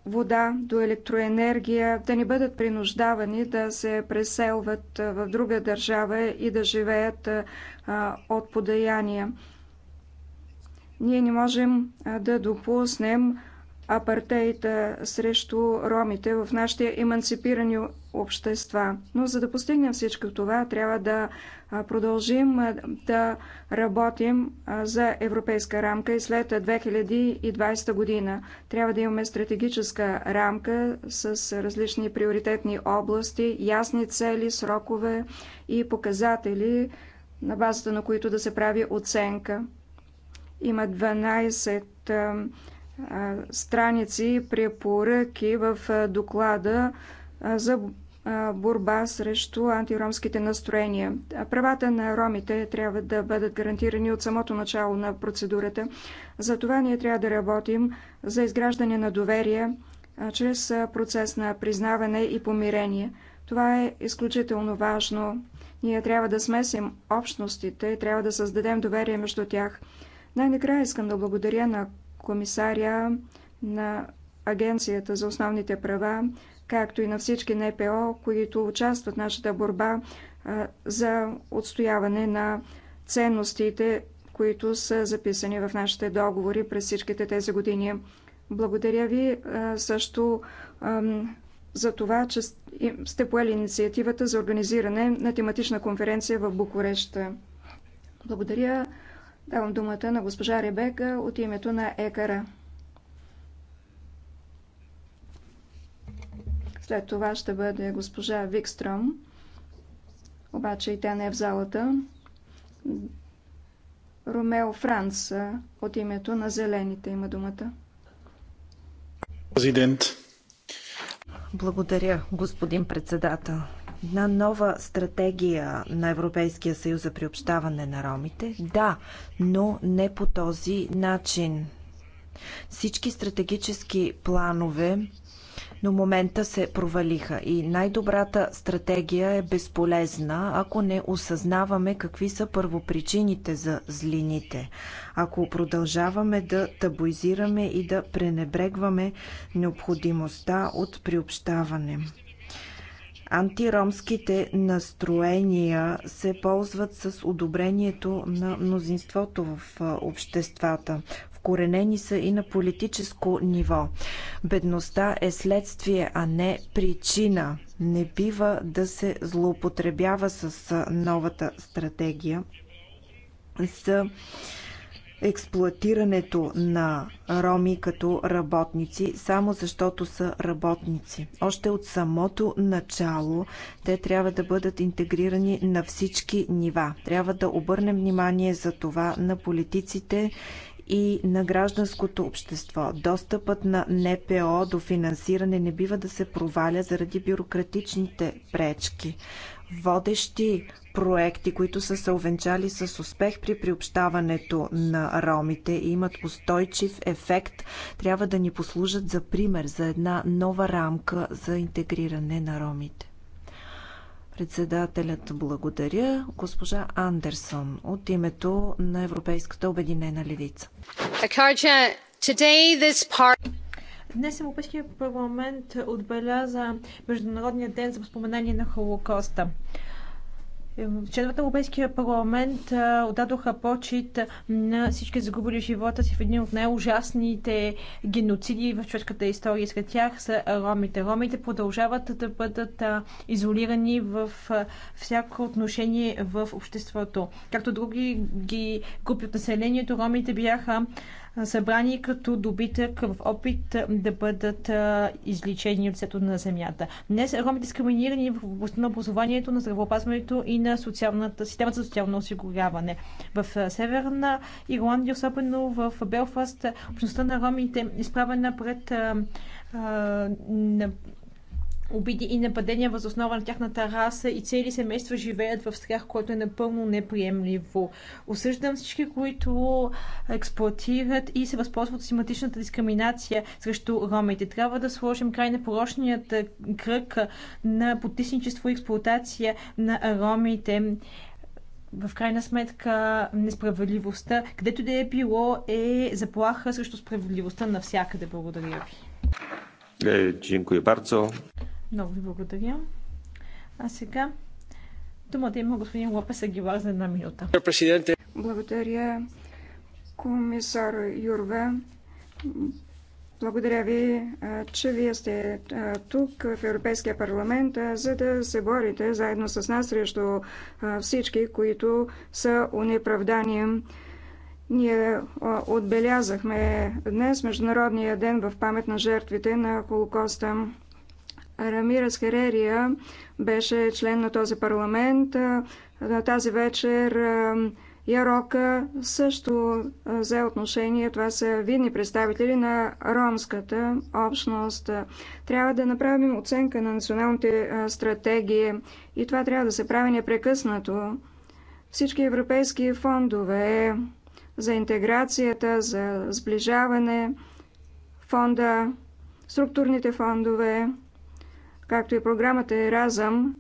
вода, до електроенергия, да не бъдат принуждавани да се преселват в друга държава и да живеят от подаяния. Ние не можем да допуснем апартеита срещу ромите в нашите емансипирани общества. Но за да постигнем всичко това, трябва да продължим да работим за европейска рамка и след 2020 година. Трябва да имаме стратегическа рамка с различни приоритетни области, ясни цели, срокове и показатели, на базата на които да се прави оценка. Има 12 страници препоръки в доклада за борба срещу антиромските настроения. Правата на ромите трябва да бъдат гарантирани от самото начало на процедурата. За това ние трябва да работим за изграждане на доверие чрез процес на признаване и помирение. Това е изключително важно. Ние трябва да смесим общностите и трябва да създадем доверие между тях – най-накрая искам да благодаря на комисаря на Агенцията за основните права, както и на всички НПО, които участват в нашата борба за отстояване на ценностите, които са записани в нашите договори през всичките тези години. Благодаря ви също за това, че сте поели инициативата за организиране на тематична конференция в Букурещ. Благодаря Давам думата на госпожа Ребека от името на Екара. След това ще бъде госпожа Викстром, обаче и тя не е в залата. Ромео Франц от името на Зелените има думата. Президент. Благодаря, господин председател една нова стратегия на Европейския съюз за приобщаване на ромите? Да, но не по този начин. Всички стратегически планове до момента се провалиха и най-добрата стратегия е безполезна, ако не осъзнаваме какви са първопричините за злините. Ако продължаваме да табуизираме и да пренебрегваме необходимостта от приобщаване. Антиромските настроения се ползват с одобрението на мнозинството в обществата. Вкоренени са и на политическо ниво. Бедността е следствие, а не причина. Не бива да се злоупотребява с новата стратегия за експлоатирането на роми като работници, само защото са работници. Още от самото начало те трябва да бъдат интегрирани на всички нива. Трябва да обърнем внимание за това на политиците и на гражданското общество. Достъпът на НПО до финансиране не бива да се проваля заради бюрократичните пречки. Водещи проекти, които са се овенчали с успех при приобщаването на ромите и имат устойчив ефект, трябва да ни послужат за пример за една нова рамка за интегриране на ромите. Председателят благодаря госпожа Андерсон от името на Европейската обединена левица. Днес Европейския парламент отбеляза Международния ден за споменание на Холокоста. Членовете на Европейския парламент отдадоха почет на всички загубили живота си в един от най-ужасните геноциди в човешката история. Сред тях са ромите. Ромите продължават да бъдат изолирани в всяко отношение в обществото. Както други ги групи от населението, ромите бяха събрани като добитък в опит да бъдат изличени от сето на земята. Днес роми дискриминирани в областта на образованието, на здравеопазването и на социалната, системата за социално осигуряване. В Северна Ирландия, особено в Белфаст, общността на ромите е изправена пред а, а, обиди и нападения въз основа на тяхната раса и цели семейства живеят в страх, което е напълно неприемливо. Осъждам всички, които експлуатират и се възползват от систематичната дискриминация срещу ромите. Трябва да сложим край на порочният кръг на потисничество и експлуатация на ромите в крайна сметка несправедливостта, където да е било, е заплаха срещу справедливостта навсякъде. Благодаря ви. Dziękuję е, bardzo. Много ви благодаря. А сега думата има господин Лопес Агилар за една минута. Благодаря, комисар Юрве. Благодаря ви, че вие сте тук в Европейския парламент, за да се борите заедно с нас срещу всички, които са унеправдани. Ние отбелязахме днес Международния ден в памет на жертвите на Холокоста. Рамирас Херерия беше член на този парламент. Тази вечер Ярока също взе отношение. Това са видни представители на ромската общност. Трябва да направим оценка на националните стратегии и това трябва да се прави непрекъснато. Всички европейски фондове за интеграцията, за сближаване, фонда, структурните фондове, както и програмата Еразъм,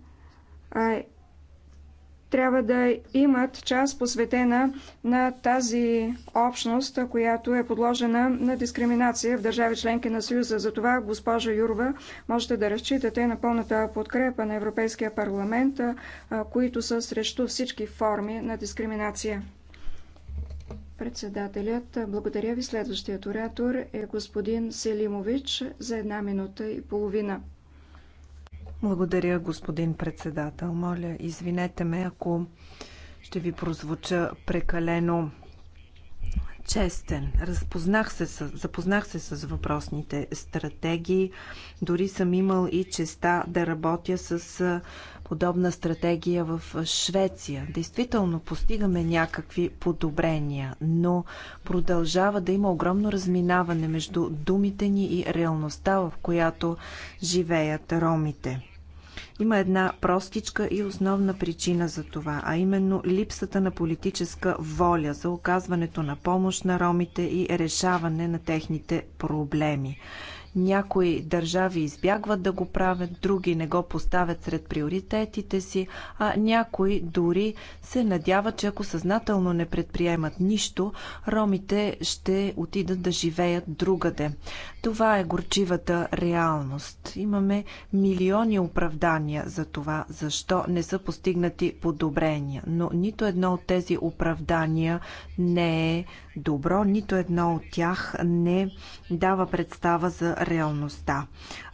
трябва да имат част посветена на тази общност, която е подложена на дискриминация в държави членки на Съюза. Затова, госпожо Юрва, можете да разчитате на пълната подкрепа на Европейския парламент, които са срещу всички форми на дискриминация. Председателят, благодаря ви. Следващият оратор е господин Селимович за една минута и половина. Благодаря, господин председател. Моля, извинете ме, ако ще ви прозвуча прекалено честен. Разпознах се с, запознах се с въпросните стратегии. Дори съм имал и честа да работя с подобна стратегия в Швеция. Действително постигаме някакви подобрения, но продължава да има огромно разминаване между думите ни и реалността, в която живеят ромите. Има една простичка и основна причина за това, а именно липсата на политическа воля за оказването на помощ на ромите и решаване на техните проблеми. Някои държави избягват да го правят, други не го поставят сред приоритетите си, а някои дори се надяват, че ако съзнателно не предприемат нищо, ромите ще отидат да живеят другаде. Това е горчивата реалност. Имаме милиони оправдания за това, защо не са постигнати подобрения, но нито едно от тези оправдания не е добро, нито едно от тях не дава представа за реалността.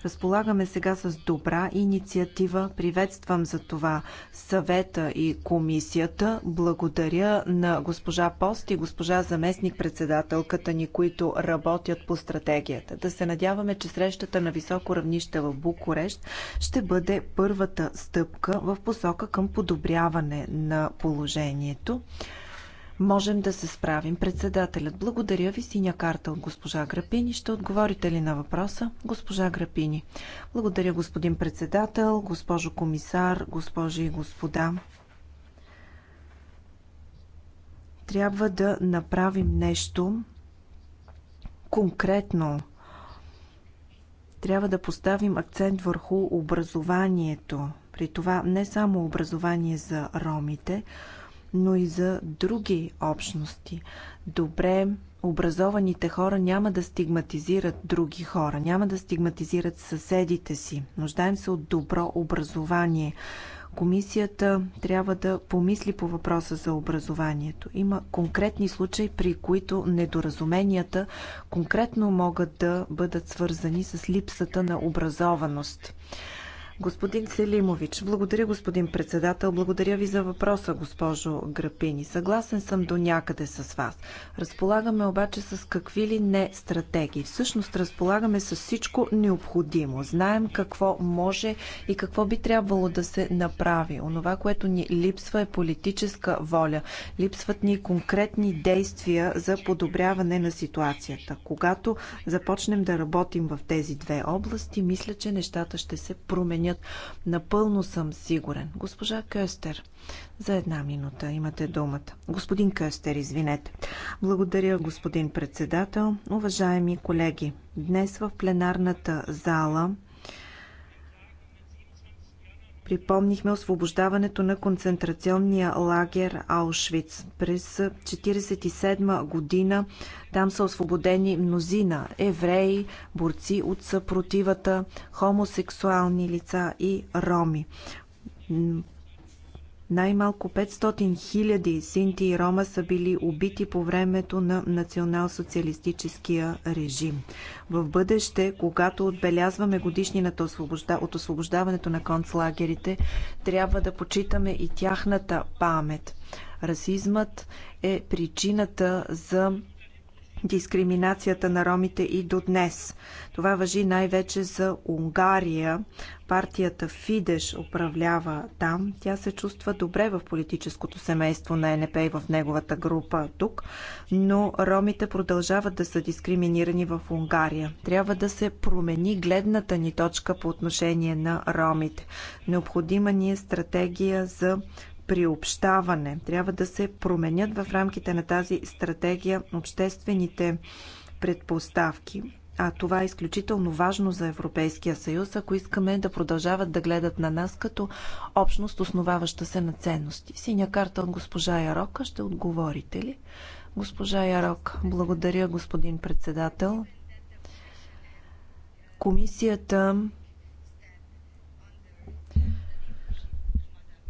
Разполагаме сега с добра инициатива. Приветствам за това съвета и комисията. Благодаря на госпожа Пост и госпожа заместник-председателката ни, които работят по стратегията. Да се надяваме, че срещата на високо равнище в Букурещ ще бъде първата стъпка в посока към подобряване на положението можем да се справим. Председателят, благодаря ви, синя карта от госпожа Грапини. Ще отговорите ли на въпроса? Госпожа Грапини. Благодаря, господин председател, госпожо комисар, госпожи и господа. Трябва да направим нещо конкретно. Трябва да поставим акцент върху образованието. При това не само образование за ромите, но и за други общности. Добре образованите хора няма да стигматизират други хора, няма да стигматизират съседите си. Нуждаем се от добро образование. Комисията трябва да помисли по въпроса за образованието. Има конкретни случаи, при които недоразуменията конкретно могат да бъдат свързани с липсата на образованост. Господин Селимович, благодаря господин председател, благодаря ви за въпроса, госпожо Грапини. Съгласен съм до някъде с вас. Разполагаме обаче с какви ли не стратегии. Всъщност разполагаме с всичко необходимо. Знаем какво може и какво би трябвало да се направи. Онова, което ни липсва е политическа воля. Липсват ни конкретни действия за подобряване на ситуацията. Когато започнем да работим в тези две области, мисля, че нещата ще се променят променят. Напълно съм сигурен. Госпожа Къстер, за една минута имате думата. Господин Къстер, извинете. Благодаря, господин председател. Уважаеми колеги, днес в пленарната зала припомнихме освобождаването на концентрационния лагер Аушвиц. През 1947 година там са освободени мнозина евреи, борци от съпротивата, хомосексуални лица и роми. Най-малко 500 000 синти и рома са били убити по времето на национал-социалистическия режим. В бъдеще, когато отбелязваме годишнината от освобождаването на концлагерите, трябва да почитаме и тяхната памет. Расизмът е причината за дискриминацията на ромите и до днес. Това въжи най-вече за Унгария. Партията Фидеш управлява там. Тя се чувства добре в политическото семейство на НП и в неговата група тук, но ромите продължават да са дискриминирани в Унгария. Трябва да се промени гледната ни точка по отношение на ромите. Необходима ни е стратегия за приобщаване. Трябва да се променят в рамките на тази стратегия обществените предпоставки. А това е изключително важно за Европейския съюз, ако искаме да продължават да гледат на нас като общност, основаваща се на ценности. Синя карта от госпожа Ярока. Ще отговорите ли? Госпожа Ярок, благодаря, господин председател. Комисията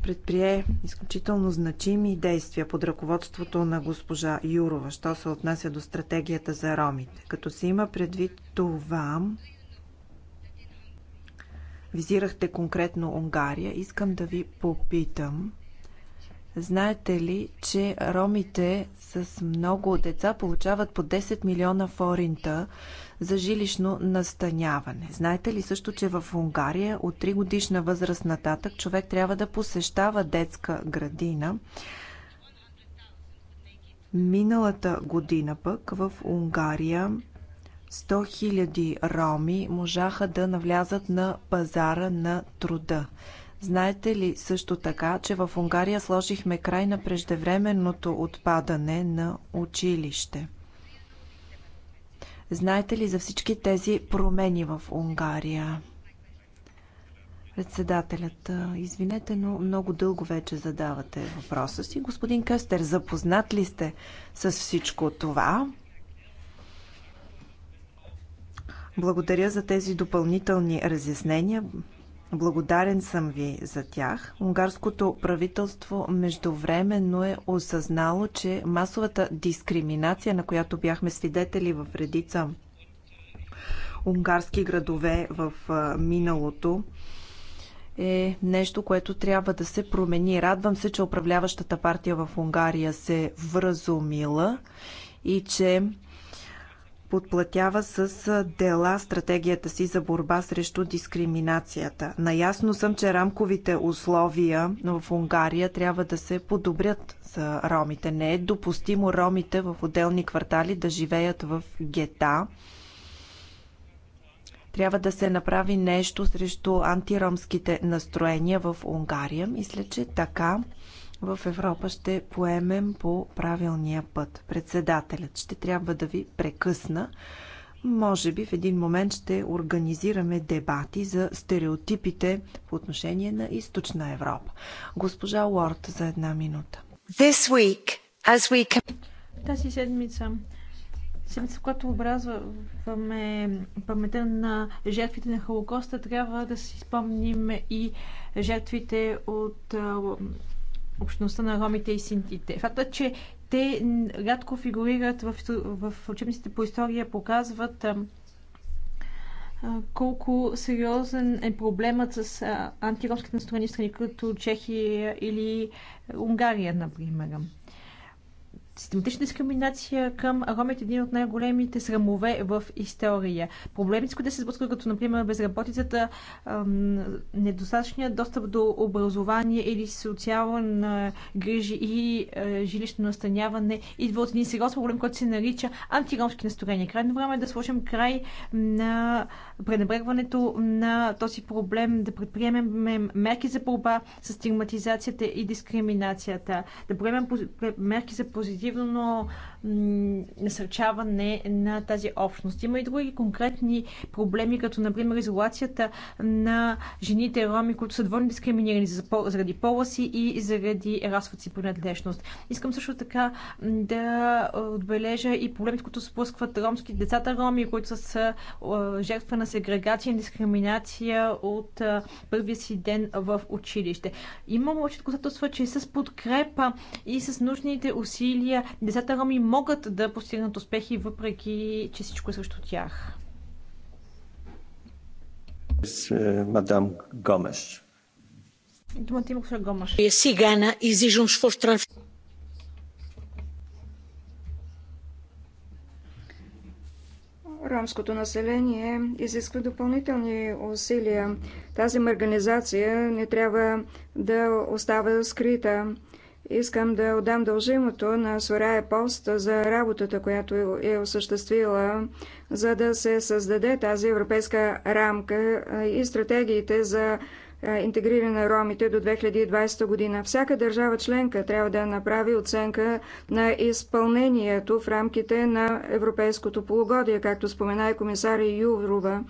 предприе изключително значими действия под ръководството на госпожа Юрова, що се отнася до стратегията за ромите. Като се има предвид това, визирахте конкретно Унгария, искам да ви попитам Знаете ли, че ромите с много деца получават по 10 милиона форинта за жилищно настаняване? Знаете ли също, че в Унгария от 3 годишна възраст нататък човек трябва да посещава детска градина? Миналата година пък в Унгария 100 000 роми можаха да навлязат на пазара на труда. Знаете ли също така, че в Унгария сложихме край на преждевременното отпадане на училище? Знаете ли за всички тези промени в Унгария? Председателят, извинете, но много дълго вече задавате въпроса си. Господин Къстер, запознат ли сте с всичко това? Благодаря за тези допълнителни разяснения. Благодарен съм ви за тях. Унгарското правителство междувременно е осъзнало, че масовата дискриминация, на която бяхме свидетели в редица унгарски градове в миналото, е нещо, което трябва да се промени. Радвам се, че управляващата партия в Унгария се вразумила и че подплатява с дела стратегията си за борба срещу дискриминацията. Наясно съм, че рамковите условия в Унгария трябва да се подобрят за ромите. Не е допустимо ромите в отделни квартали да живеят в гета. Трябва да се направи нещо срещу антиромските настроения в Унгария. Мисля, че така в Европа ще поемем по правилния път. Председателят ще трябва да ви прекъсна. Може би в един момент ще организираме дебати за стереотипите по отношение на източна Европа. Госпожа Уорд за една минута. This week, as we can... Тази седмица седмица, която образваме паметта на жертвите на Холокоста, трябва да си спомним и жертвите от общността на ромите и синтите. Факта, че те рядко фигурират в, в учебниците по история, показват колко сериозен е проблемът с антиромските настроени страни, като Чехия или Унгария, например систематична дискриминация към ромите един от най-големите срамове в история. Проблемите, с които се сблъскват, като например безработицата, недостатъчният достъп до образование или социална грижи и е, жилищно настаняване, идва от един сериозен проблем, който се нарича антиромски настроения. Крайно време е да сложим край на пренебрегването на този проблем, да предприемем мерки за борба с стигматизацията и дискриминацията, да приемем мерки за позитивно ефективно насърчаване на тази общност. Има и други конкретни проблеми, като например изолацията на жените роми, които са двойно дискриминирани заради пола си и заради расовата си принадлежност. Искам също така да отбележа и проблемите, които сплъскват ромски децата роми, които са жертва на сегрегация и дискриминация от първия си ден в училище. Имам обаче доказателства, че с подкрепа и с нужните усилия децата роми могат да постигнат успехи, въпреки че всичко е срещу тях. Е, мадам Гомеш. Думата има госпожа Гомеш. Сега изижам швостран. Ромското население изисква допълнителни усилия. Тази организация не трябва да остава скрита. Искам да отдам дължимото на Сорая Пост за работата, която е осъществила, за да се създаде тази европейска рамка и стратегиите за интегриране на ромите до 2020 година. Всяка държава членка трябва да направи оценка на изпълнението в рамките на европейското полугодие, както спомена и комисар Юрова.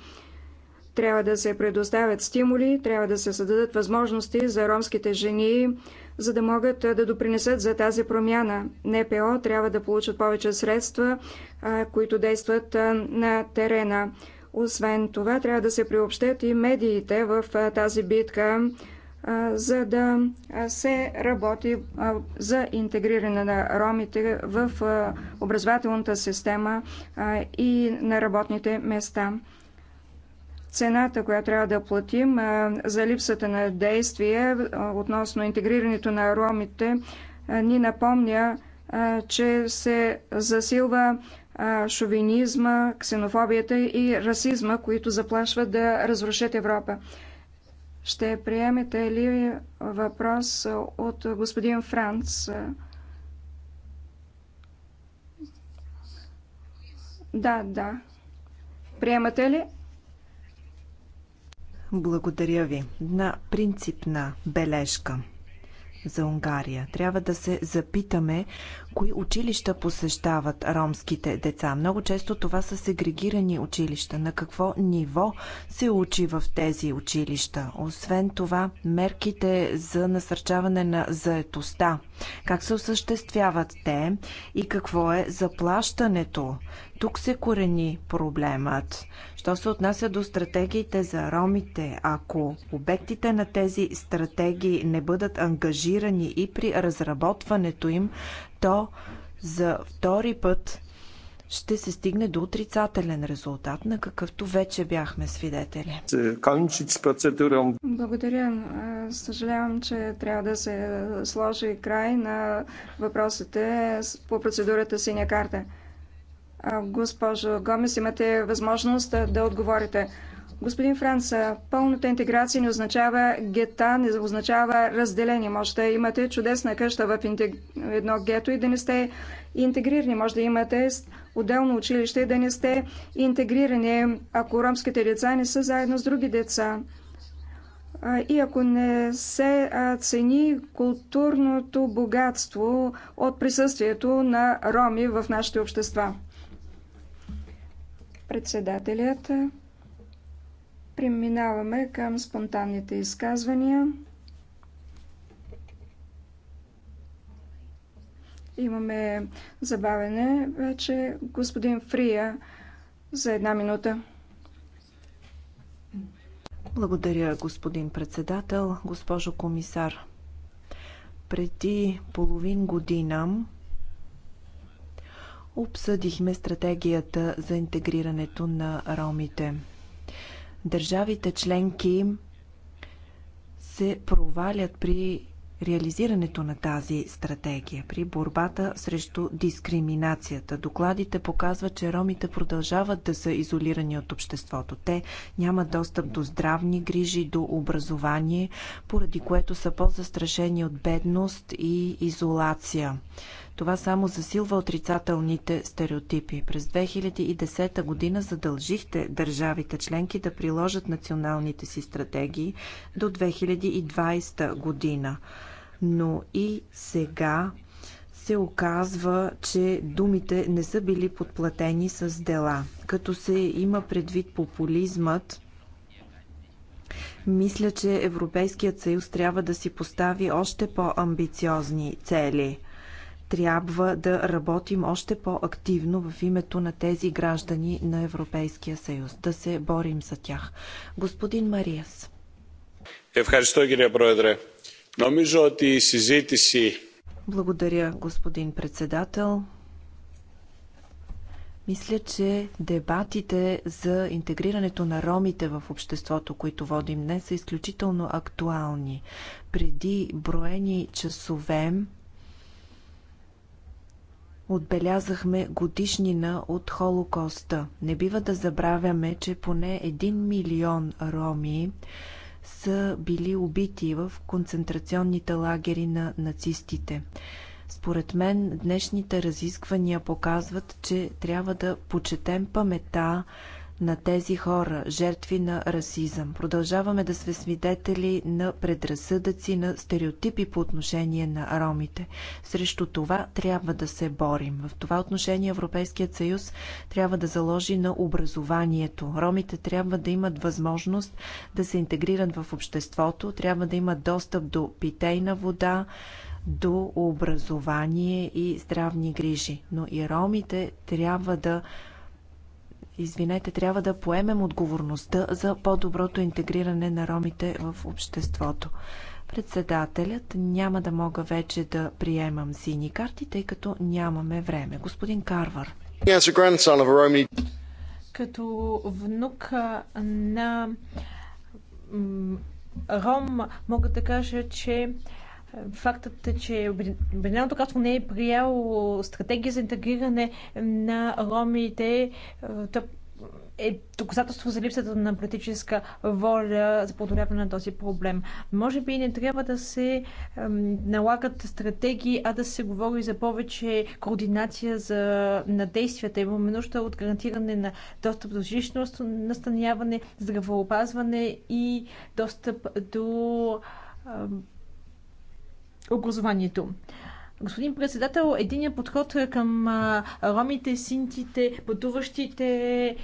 Трябва да се предоставят стимули, трябва да се създадат възможности за ромските жени, за да могат да допринесат за тази промяна. НПО трябва да получат повече средства, които действат на терена. Освен това, трябва да се приобщат и медиите в тази битка, за да се работи за интегриране на ромите в образователната система и на работните места. Цената, която трябва да платим за липсата на действие относно интегрирането на ромите, ни напомня, че се засилва шовинизма, ксенофобията и расизма, които заплашват да разрушат Европа. Ще приемете ли въпрос от господин Франц? Да, да. Приемате ли? Благодаря ви. На принципна бележка за Унгария. Трябва да се запитаме кои училища посещават ромските деца. Много често това са сегрегирани училища. На какво ниво се учи в тези училища? Освен това, мерките за насърчаване на заетостта. Как се осъществяват те и какво е заплащането? Тук се корени проблемът. Що се отнася до стратегиите за ромите, ако обектите на тези стратегии не бъдат ангажирани и при разработването им, то за втори път ще се стигне до отрицателен резултат, на какъвто вече бяхме свидетели. Благодаря. Съжалявам, че трябва да се сложи край на въпросите по процедурата синя карта. Госпожо Гомес, имате възможност да отговорите. Господин Франц, пълната интеграция не означава гета, не означава разделение. Може да имате чудесна къща в интег... едно гето и да не сте интегрирани. Може да имате отделно училище и да не сте интегрирани, ако ромските деца не са заедно с други деца. И ако не се цени културното богатство от присъствието на роми в нашите общества. Председателят. Преминаваме към спонтанните изказвания. Имаме забавене вече. Господин Фрия за една минута. Благодаря, господин председател, госпожо комисар. Преди половин година обсъдихме стратегията за интегрирането на ромите. Държавите членки се провалят при реализирането на тази стратегия, при борбата срещу дискриминацията. Докладите показват, че ромите продължават да са изолирани от обществото. Те нямат достъп до здравни грижи, до образование, поради което са по-застрашени от бедност и изолация. Това само засилва отрицателните стереотипи. През 2010 година задължихте държавите членки да приложат националните си стратегии до 2020 година. Но и сега се оказва, че думите не са били подплатени с дела. Като се има предвид популизмът, мисля, че Европейският съюз трябва да си постави още по-амбициозни цели – трябва да работим още по-активно в името на тези граждани на Европейския съюз, да се борим за тях. Господин Мариас. Евхаристо κύριε Πρόεδρε. Νομίζω ότι η си. Благодаря, господин председател. Мисля, че дебатите за интегрирането на ромите в обществото, които водим днес, са изключително актуални. Преди броени часове отбелязахме годишнина от Холокоста. Не бива да забравяме, че поне 1 милион роми са били убити в концентрационните лагери на нацистите. Според мен днешните разисквания показват, че трябва да почетем памета на тези хора, жертви на расизъм. Продължаваме да сме свидетели на предразсъдъци, на стереотипи по отношение на ромите. Срещу това трябва да се борим. В това отношение Европейският съюз трябва да заложи на образованието. Ромите трябва да имат възможност да се интегрират в обществото, трябва да имат достъп до питейна вода, до образование и здравни грижи. Но и ромите трябва да извинете, трябва да поемем отговорността за по-доброто интегриране на ромите в обществото. Председателят няма да мога вече да приемам сини карти, тъй като нямаме време. Господин Карвар. Като внук на ром, мога да кажа, че Фактът е, че Обединеното кралство не е приело стратегия за интегриране на ромите. Тъп е доказателство за липсата на политическа воля за подобряване на този проблем. Може би не трябва да се налагат стратегии, а да се говори за повече координация за, на действията. Имаме нужда от гарантиране на достъп до жилищно настаняване, здравеопазване и достъп до образованието. Господин председател, един подход е, към ромите, синтите, пътуващите е,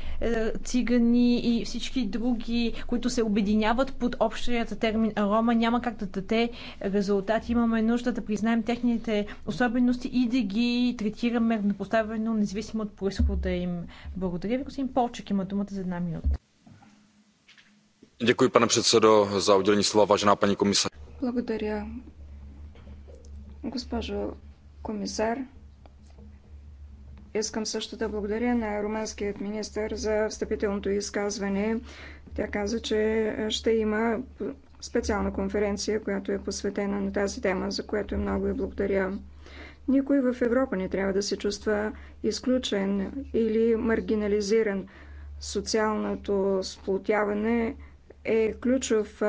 цигани и всички други, които се обединяват под общият термин рома, няма как да даде резултат. Имаме нужда да признаем техните особености и да ги третираме равнопоставено, независимо от происхода им. Благодаря ви, господин Полчек. Има думата за една минута. Děkuji, pane předsedo, za udělení slova, vážená paní комисар. Благодаря, Госпожо комисар, искам също да благодаря на румънският министр за встъпителното изказване. Тя каза, че ще има специална конференция, която е посветена на тази тема, за което много я благодаря. Никой в Европа не трябва да се чувства изключен или маргинализиран. Социалното сплотяване е ключов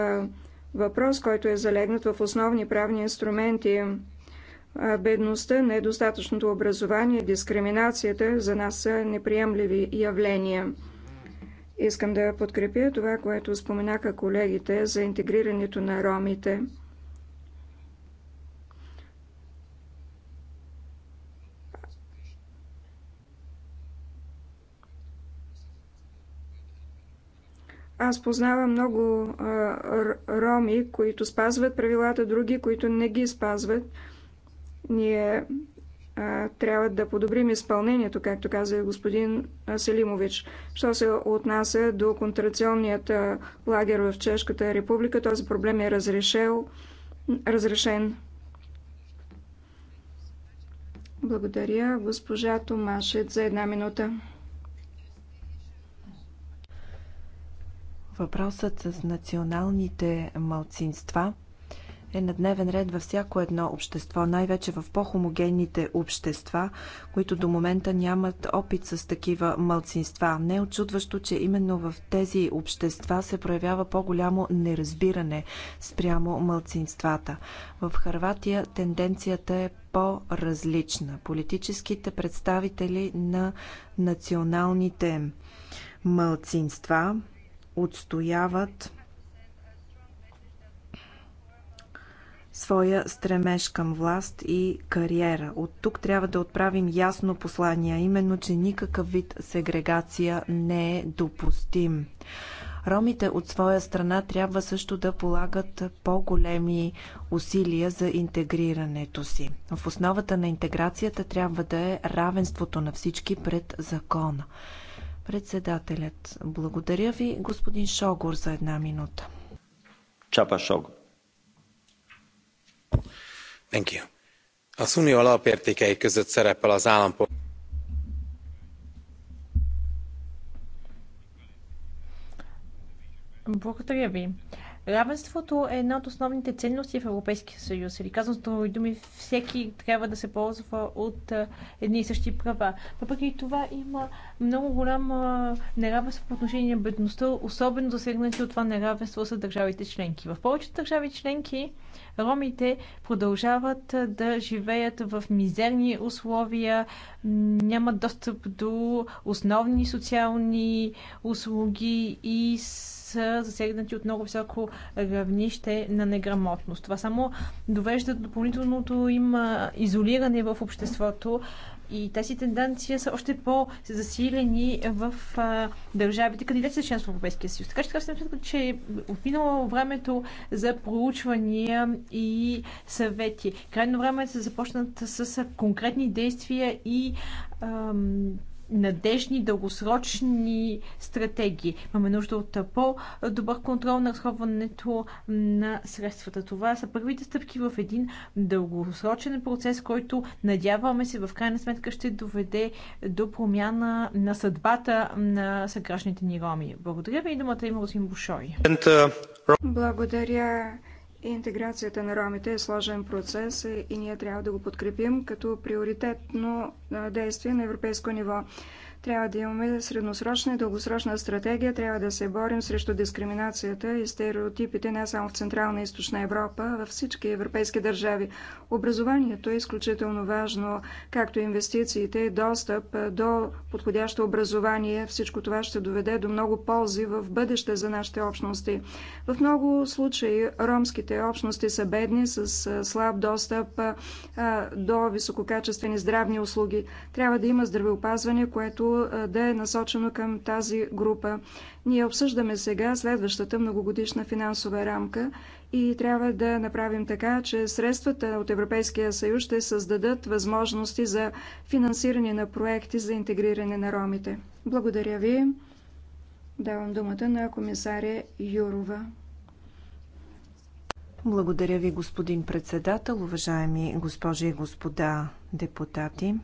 въпрос, който е залегнат в основни правни инструменти бедността, недостатъчното образование, дискриминацията за нас са неприемливи явления. Искам да подкрепя това, което споменаха колегите за интегрирането на ромите. Аз познавам много роми, които спазват правилата, други, които не ги спазват. Ние а, трябва да подобрим изпълнението, както каза господин Селимович. Що се отнася до контрационният лагер в Чешката република, този проблем е разрешел, разрешен. Благодаря, госпожа Томашет, за една минута. Въпросът с националните малцинства – е на дневен ред във всяко едно общество, най-вече в по-хомогенните общества, които до момента нямат опит с такива мълцинства. Не е очудващо, че именно в тези общества се проявява по-голямо неразбиране спрямо мълцинствата. В Харватия тенденцията е по-различна. Политическите представители на националните мълцинства отстояват своя стремеж към власт и кариера. От тук трябва да отправим ясно послание, именно, че никакъв вид сегрегация не е допустим. Ромите от своя страна трябва също да полагат по-големи усилия за интегрирането си. В основата на интеграцията трябва да е равенството на всички пред закона. Председателят, благодаря ви, господин Шогор, за една минута. Чапа Шогор az unió alapértékei között szerepel az állampolgárok Равенството е една от основните ценности в Европейския съюз. Или казвам с други думи, всеки трябва да се ползва от едни и същи права. Въпреки това има много голямо неравенство по отношение на бедността, особено засегнати от това неравенство с държавите членки. В повечето държави членки ромите продължават да живеят в мизерни условия, нямат достъп до основни социални услуги и с са засегнати от много високо равнище на неграмотност. Това само довежда до допълнителното им изолиране в обществото и тези тенденции са още по-засилени в а, държавите, където са членство в Европейския съюз. Така че така се сметка, че отминало времето за проучвания и съвети. Крайно време е да се започнат с конкретни действия и ам, надежни, дългосрочни стратегии. Имаме нужда от по-добър контрол на разходването на средствата. Това са първите стъпки в един дългосрочен процес, който надяваме се в крайна сметка ще доведе до промяна на съдбата на съгражните ни роми. Благодаря ви и думата има Розин Бушой. Uh, Благодаря. Интеграцията на ромите е сложен процес и ние трябва да го подкрепим като приоритетно действие на европейско ниво. Трябва да имаме средносрочна и дългосрочна стратегия, трябва да се борим срещу дискриминацията и стереотипите не само в Централна и Източна Европа, а във всички европейски държави. Образованието е изключително важно, както инвестициите и достъп до подходящо образование. Всичко това ще доведе до много ползи в бъдеще за нашите общности. В много случаи ромските общности са бедни, с слаб достъп до висококачествени здравни услуги. Трябва да има здравеопазване, което да е насочено към тази група. Ние обсъждаме сега следващата многогодишна финансова рамка и трябва да направим така, че средствата от Европейския съюз ще създадат възможности за финансиране на проекти за интегриране на ромите. Благодаря ви. Давам думата на комисаря Юрова. Благодаря ви, господин председател, уважаеми госпожи и господа депутати.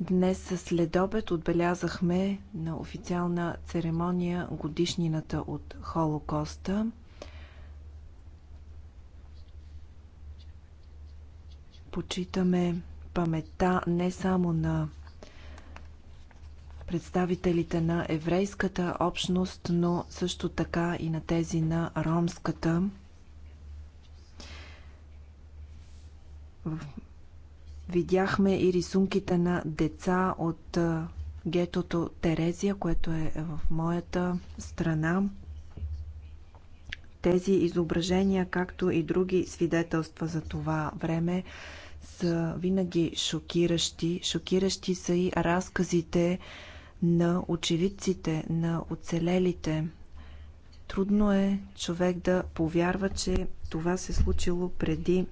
Днес след обед отбелязахме на официална церемония годишнината от Холокоста. Почитаме паметта не само на представителите на еврейската общност, но също така и на тези на ромската. В Видяхме и рисунките на деца от гетото Терезия, което е в моята страна. Тези изображения, както и други свидетелства за това време, са винаги шокиращи. Шокиращи са и разказите на очевидците, на оцелелите. Трудно е човек да повярва, че това се случило преди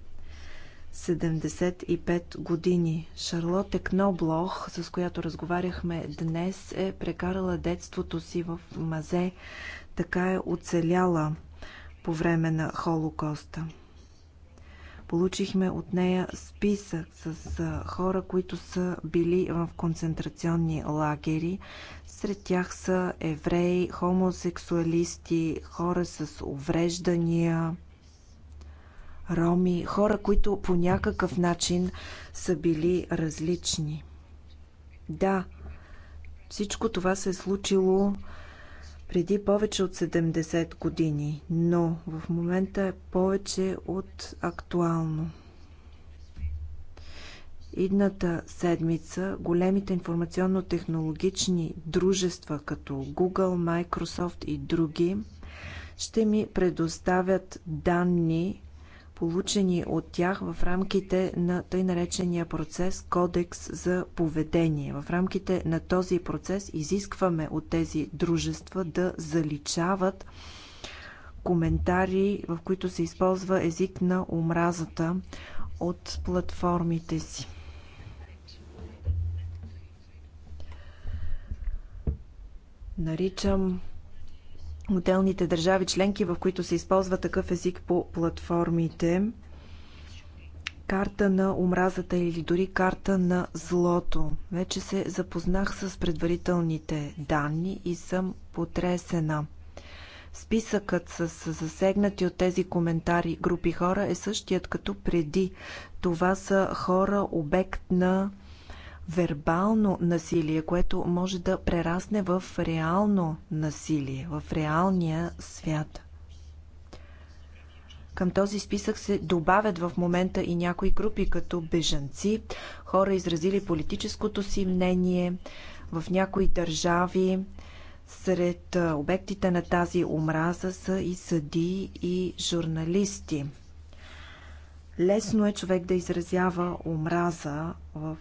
75 години. Шарлотте Кноблох, с която разговаряхме днес, е прекарала детството си в мазе. Така е оцеляла по време на Холокоста. Получихме от нея списък с хора, които са били в концентрационни лагери. Сред тях са евреи, хомосексуалисти, хора с увреждания – роми, хора, които по някакъв начин са били различни. Да, всичко това се е случило преди повече от 70 години, но в момента е повече от актуално. Идната седмица големите информационно-технологични дружества като Google, Microsoft и други ще ми предоставят данни получени от тях в рамките на тъй наречения процес Кодекс за поведение. В рамките на този процес изискваме от тези дружества да заличават коментари, в които се използва език на омразата от платформите си. Наричам отделните държави членки, в които се използва такъв език по платформите, карта на омразата или дори карта на злото. Вече се запознах с предварителните данни и съм потресена. Списъкът с засегнати от тези коментари групи хора е същият като преди. Това са хора обект на вербално насилие, което може да прерасне в реално насилие, в реалния свят. Към този списък се добавят в момента и някои групи, като бежанци, хора изразили политическото си мнение в някои държави. Сред обектите на тази омраза са и съдии и журналисти. Лесно е човек да изразява омраза в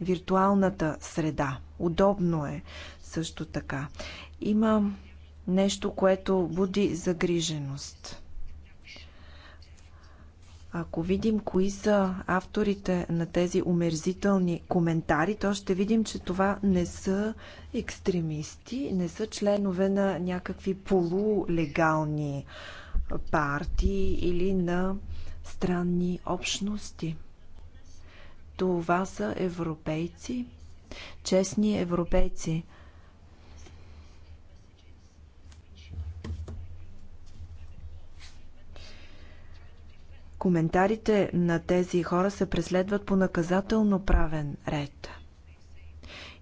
виртуалната среда. Удобно е също така. Има нещо, което буди загриженост. Ако видим кои са авторите на тези омерзителни коментари, то ще видим, че това не са екстремисти, не са членове на някакви полулегални партии или на странни общности. Това са европейци, честни европейци. Коментарите на тези хора се преследват по наказателно правен ред.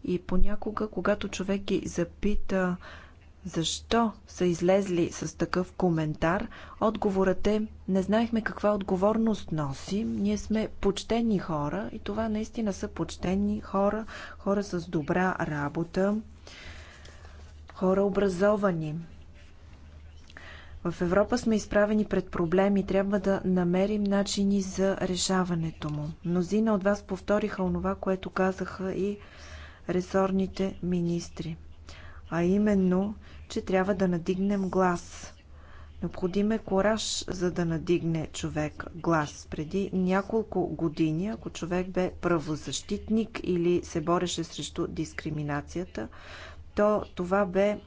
И понякога, когато човек ги запита защо са излезли с такъв коментар? Отговорът е не знаехме каква отговорност носим. Ние сме почтени хора и това наистина са почтени хора, хора с добра работа, хора образовани. В Европа сме изправени пред проблеми. Трябва да намерим начини за решаването му. Мнозина от вас повториха онова, което казаха и ресорните министри а именно, че трябва да надигнем глас. Необходим е кораж, за да надигне човек глас. Преди няколко години, ако човек бе правозащитник или се бореше срещу дискриминацията, то това бе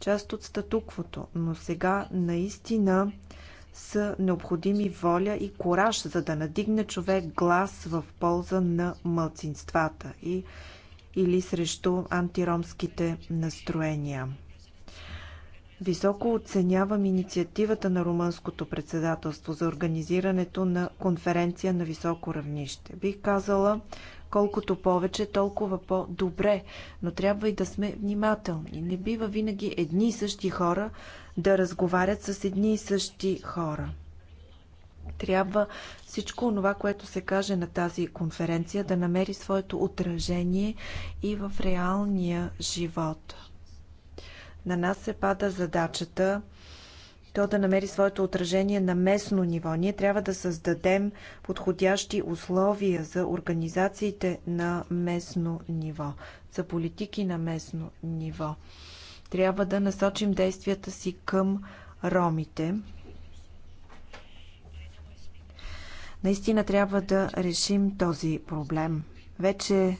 част от статуквото. Но сега наистина са необходими воля и кораж, за да надигне човек глас в полза на мълцинствата. И или срещу антиромските настроения. Високо оценявам инициативата на румънското председателство за организирането на конференция на високо равнище. Бих казала, колкото повече, толкова по-добре, но трябва и да сме внимателни. Не бива винаги едни и същи хора да разговарят с едни и същи хора. Трябва всичко това, което се каже на тази конференция, да намери своето отражение и в реалния живот. На нас се пада задачата то да намери своето отражение на местно ниво. Ние трябва да създадем подходящи условия за организациите на местно ниво, за политики на местно ниво. Трябва да насочим действията си към ромите. Наистина трябва да решим този проблем. Вече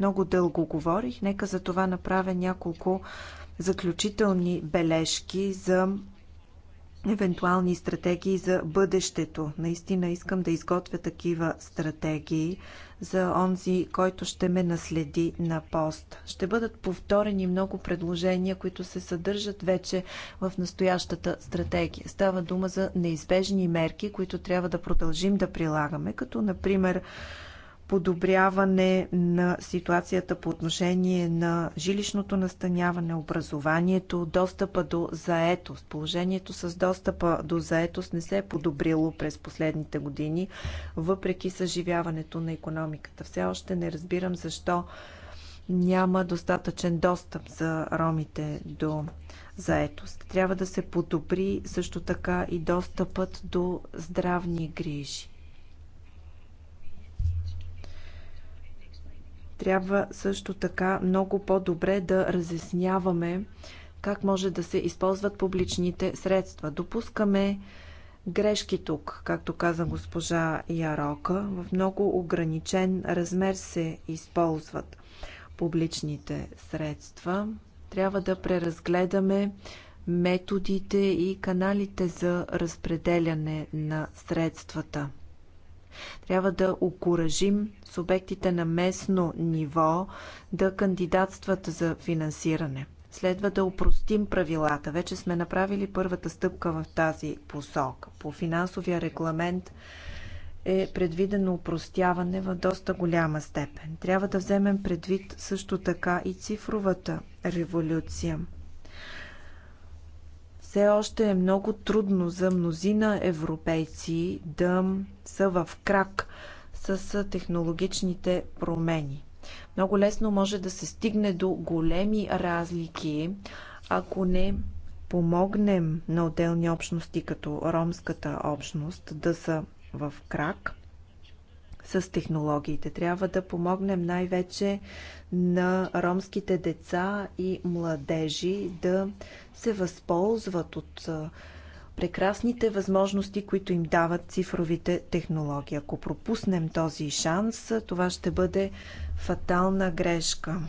много дълго говорих, нека за това направя няколко заключителни бележки за евентуални стратегии за бъдещето. Наистина искам да изготвя такива стратегии за онзи, който ще ме наследи на пост. Ще бъдат повторени много предложения, които се съдържат вече в настоящата стратегия. Става дума за неизбежни мерки, които трябва да продължим да прилагаме, като например подобряване на ситуацията по отношение на жилищното настаняване, образованието, достъпа до заетост. Положението с достъпа до заетост не се е подобрило през последните години, въпреки съживяването на економиката. Все още не разбирам защо няма достатъчен достъп за ромите до заетост. Трябва да се подобри също така и достъпът до здравни грижи Трябва също така много по-добре да разясняваме как може да се използват публичните средства. Допускаме грешки тук, както каза госпожа Ярока. В много ограничен размер се използват публичните средства. Трябва да преразгледаме методите и каналите за разпределяне на средствата. Трябва да окуражим субектите на местно ниво да кандидатстват за финансиране. Следва да упростим правилата. Вече сме направили първата стъпка в тази посока. По финансовия регламент е предвидено упростяване в доста голяма степен. Трябва да вземем предвид също така и цифровата революция. Все още е много трудно за мнозина европейци да са в крак с технологичните промени. Много лесно може да се стигне до големи разлики, ако не помогнем на отделни общности, като ромската общност, да са в крак с технологиите. Трябва да помогнем най-вече на ромските деца и младежи да се възползват от прекрасните възможности, които им дават цифровите технологии. Ако пропуснем този шанс, това ще бъде фатална грешка.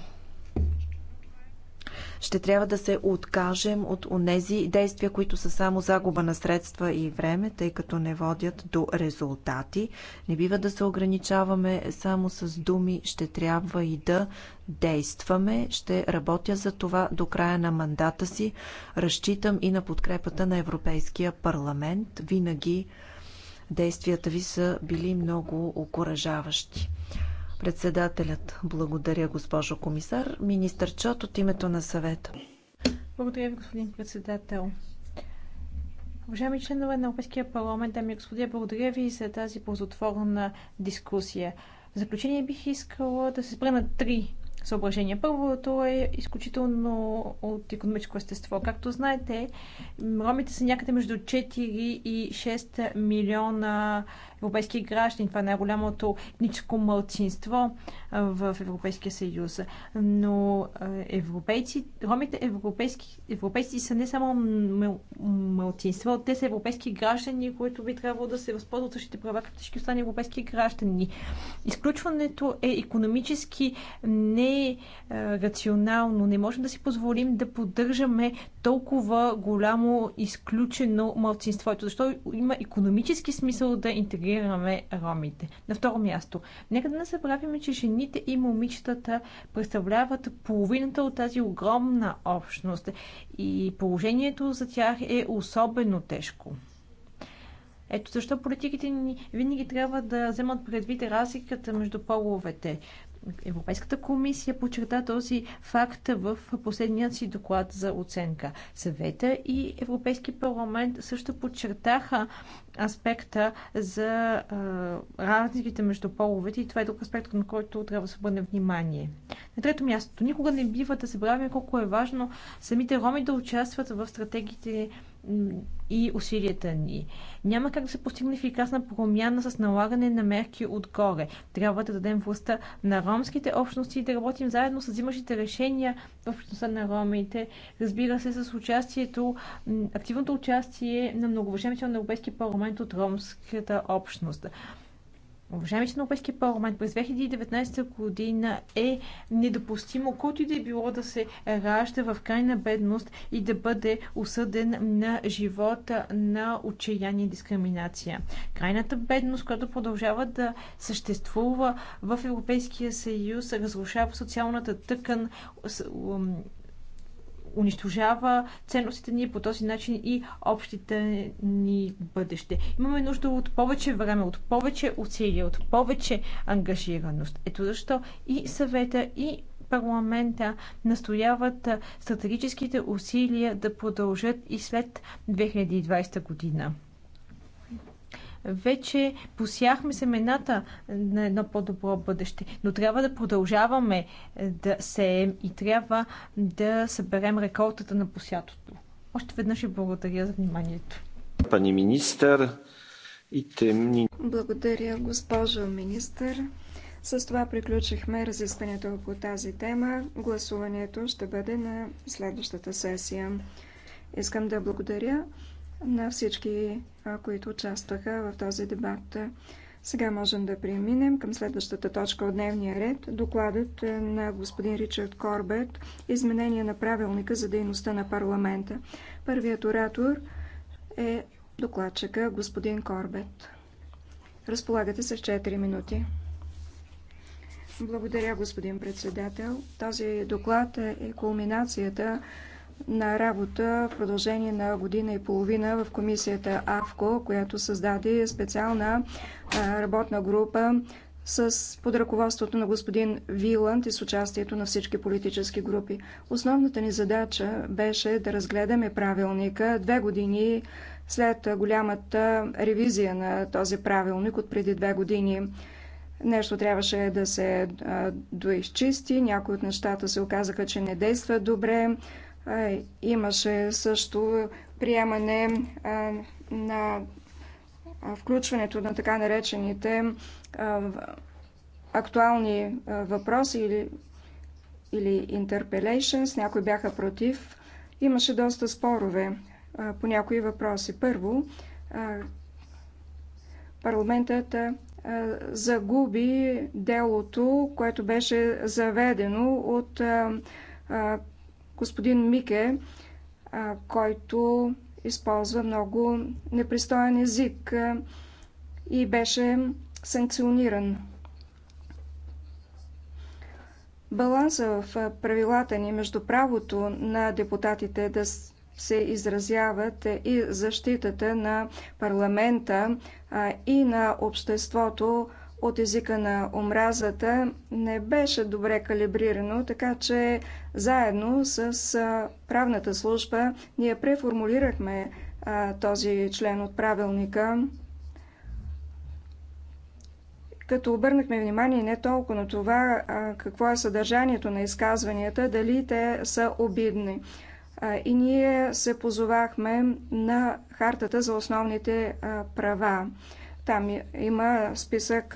Ще трябва да се откажем от онези действия, които са само загуба на средства и време, тъй като не водят до резултати. Не бива да се ограничаваме само с думи. Ще трябва и да действаме. Ще работя за това до края на мандата си. Разчитам и на подкрепата на Европейския парламент. Винаги действията ви са били много окоръжаващи. Председателят. Благодаря, госпожо комисар. Министър Чот от името на съвета. Благодаря ви, господин председател. Уважаеми членове на Европейския парламент, дами и господи, благодаря ви за тази ползотворна дискусия. В заключение бих искала да се спра на три съображения. Първото е изключително от економическо естество. Както знаете, ромите са някъде между 4 и 6 милиона европейски граждани. Това е най-голямото етническо мълцинство в Европейския съюз. Но европейци, ромите европейски, европейци са не само мълцинство, те са европейски граждани, които би трябвало да се възползват същите права, като всички останали европейски граждани. Изключването е економически нерационално. Не можем да си позволим да поддържаме толкова голямо изключено мълцинство. Защо има економически смисъл да интегрираме интегрираме ромите. На второ място, нека да не забравяме, че жените и момичетата представляват половината от тази огромна общност и положението за тях е особено тежко. Ето защо политиките ни винаги трябва да вземат предвид разликата между половете. Европейската комисия подчерта този факт в последния си доклад за оценка. Съвета и Европейски парламент също подчертаха аспекта за а, разликите между половете и това е друг аспект, на който трябва да се обърне внимание. На трето място, никога не бива да забравяме колко е важно самите роми да участват в стратегиите и усилията ни. Няма как да се постигне ефикасна промяна с налагане на мерки отгоре. Трябва да дадем властта на ромските общности и да работим заедно с взимащите решения в общността на ромите. Разбира се, с участието, активното участие на многовъжемите на Европейски парламент от ромската общност. Уважаеми че на Европейския парламент през 2019 година е недопустимо който и да е било да се ражда в крайна бедност и да бъде осъден на живота на отчаяние и дискриминация. Крайната бедност, която продължава да съществува в Европейския съюз, разрушава социалната тъкан, унищожава ценностите ни по този начин и общите ни бъдеще. Имаме нужда от повече време, от повече усилия, от повече ангажираност. Ето защо и съвета, и парламента настояват стратегическите усилия да продължат и след 2020 година. Вече посяхме семената на едно по-добро бъдеще, но трябва да продължаваме е, да сеем и трябва да съберем реколтата на посятото. Още веднъж ви благодаря за вниманието. Пани министър и темни. Благодаря, госпожо министър. С това приключихме разискването по тази тема. Гласуването ще бъде на следващата сесия. Искам да благодаря на всички, които участваха в този дебат. Сега можем да преминем към следващата точка от дневния ред. Докладът е, на господин Ричард Корбет изменение на правилника за дейността на парламента. Първият оратор е докладчика господин Корбет. Разполагате се в 4 минути. Благодаря, господин председател. Този доклад е кулминацията на работа в продължение на година и половина в комисията АВКО, която създаде специална работна група с под ръководството на господин Виланд и с участието на всички политически групи. Основната ни задача беше да разгледаме правилника две години след голямата ревизия на този правилник от преди две години. Нещо трябваше да се доизчисти, някои от нещата се оказаха, че не действат добре, Имаше също приемане на включването на така наречените актуални въпроси или, или interpellations. Някои бяха против. Имаше доста спорове по някои въпроси. Първо, парламентът загуби делото, което беше заведено от господин Мике, който използва много непристоен език и беше санкциониран. Баланса в правилата ни между правото на депутатите да се изразяват и защитата на парламента и на обществото от езика на омразата не беше добре калибрирано, така че заедно с правната служба ние преформулирахме а, този член от правилника, като обърнахме внимание не толкова на това а, какво е съдържанието на изказванията, дали те са обидни. А, и ние се позовахме на Хартата за основните а, права. Там има списък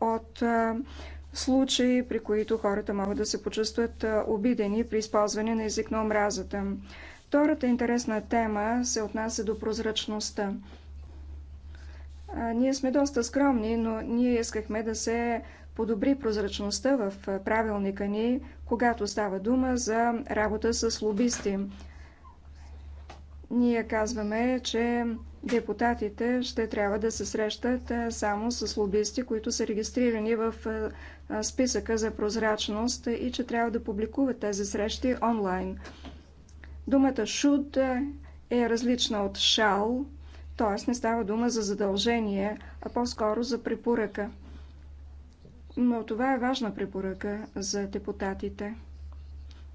от случаи, при които хората могат да се почувстват обидени при използване на език на омразата. Втората интересна тема се отнася до прозрачността. Ние сме доста скромни, но ние искахме да се подобри прозрачността в правилника ни, когато става дума за работа с лобисти. Ние казваме, че депутатите ще трябва да се срещат само с лобисти, които са регистрирани в списъка за прозрачност и че трябва да публикуват тези срещи онлайн. Думата should е различна от shall, т.е. не става дума за задължение, а по-скоро за препоръка. Но това е важна препоръка за депутатите.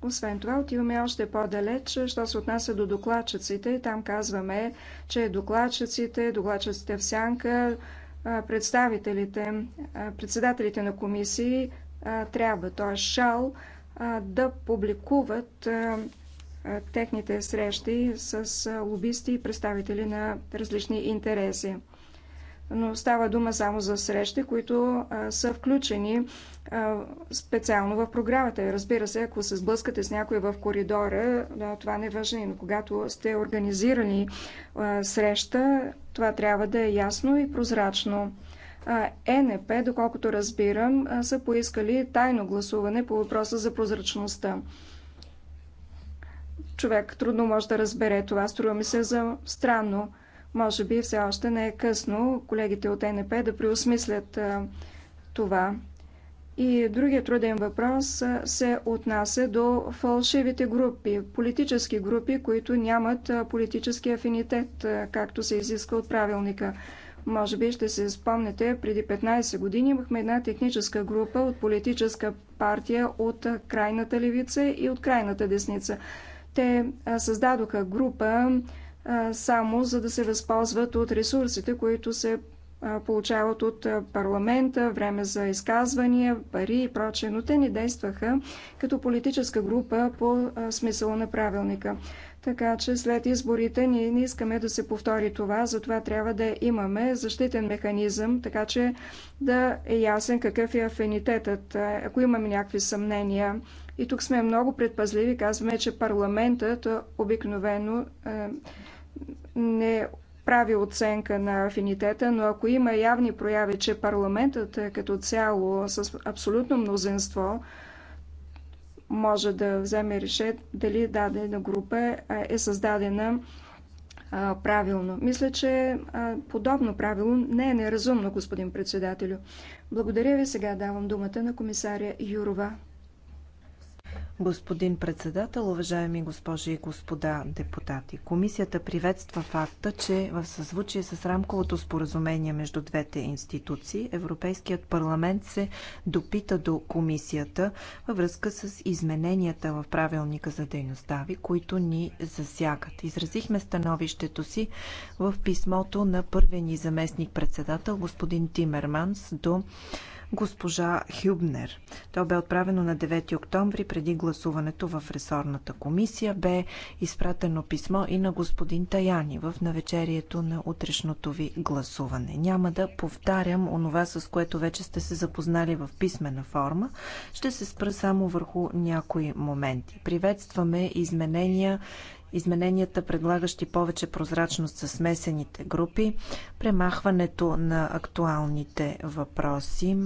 Освен това, отиваме още по-далеч, що се отнася до докладчиците. Там казваме, че докладчиците, докладчиците в сянка, представителите, председателите на комисии трябва, т.е. шал, да публикуват техните срещи с лобисти и представители на различни интереси. Но става дума само за срещи, които са включени специално в програмата. разбира се, ако се сблъскате с някой в коридора, това не важи, но когато сте организирали среща, това трябва да е ясно и прозрачно. ЕНП, доколкото разбирам, са поискали тайно гласуване по въпроса за прозрачността. Човек трудно може да разбере това, струва ми се за странно. Може би все още не е късно колегите от ЕНП да преосмислят това. И другия труден въпрос се отнася до фалшивите групи, политически групи, които нямат политически афинитет, както се изисква от правилника. Може би ще се спомнете, преди 15 години имахме една техническа група от политическа партия от крайната левица и от крайната десница. Те създадоха група само за да се възползват от ресурсите, които се получават от парламента, време за изказвания, пари и прочее, но те не действаха като политическа група по смисъла на правилника. Така че след изборите ние не искаме да се повтори това, затова трябва да имаме защитен механизъм, така че да е ясен какъв е афинитетът, ако имаме някакви съмнения. И тук сме много предпазливи, казваме, че парламентът обикновено не прави оценка на афинитета, но ако има явни прояви, че парламентът е като цяло с абсолютно мнозинство може да вземе решение дали дадена група е създадена правилно. Мисля, че подобно правило не е неразумно, господин председателю. Благодаря ви. Сега давам думата на комисаря Юрова. Господин председател, уважаеми госпожи и господа депутати, комисията приветства факта, че в съзвучие с рамковото споразумение между двете институции, Европейският парламент се допита до комисията във връзка с измененията в правилника за дейността ви, които ни засягат. Изразихме становището си в писмото на първия ни заместник председател господин Тимерманс до госпожа Хюбнер. То бе отправено на 9 октомври преди гласуването в ресорната комисия. Бе изпратено писмо и на господин Таяни в навечерието на утрешното ви гласуване. Няма да повтарям онова, с което вече сте се запознали в писмена форма. Ще се спра само върху някои моменти. Приветстваме изменения измененията, предлагащи повече прозрачност за смесените групи, премахването на актуалните въпроси,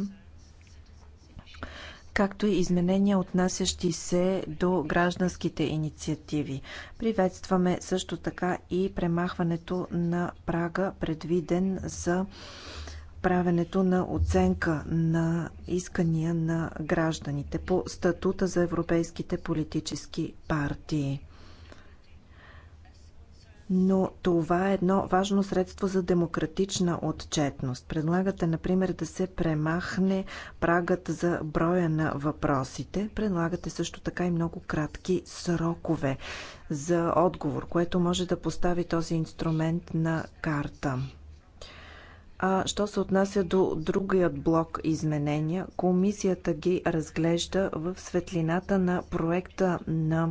както и изменения, отнасящи се до гражданските инициативи. Приветстваме също така и премахването на прага, предвиден за правенето на оценка на искания на гражданите по статута за европейските политически партии но това е едно важно средство за демократична отчетност. Предлагате, например, да се премахне прагът за броя на въпросите. Предлагате също така и много кратки срокове за отговор, което може да постави този инструмент на карта. А що се отнася до другият блок изменения, комисията ги разглежда в светлината на проекта на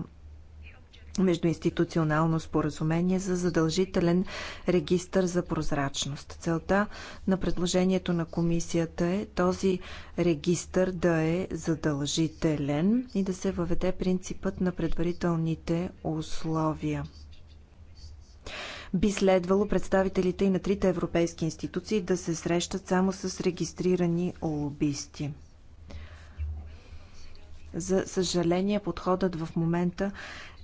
междуинституционално споразумение за задължителен регистър за прозрачност. Целта на предложението на комисията е този регистър да е задължителен и да се въведе принципът на предварителните условия. Би следвало представителите и на трите европейски институции да се срещат само с регистрирани лобисти. За съжаление, подходът в момента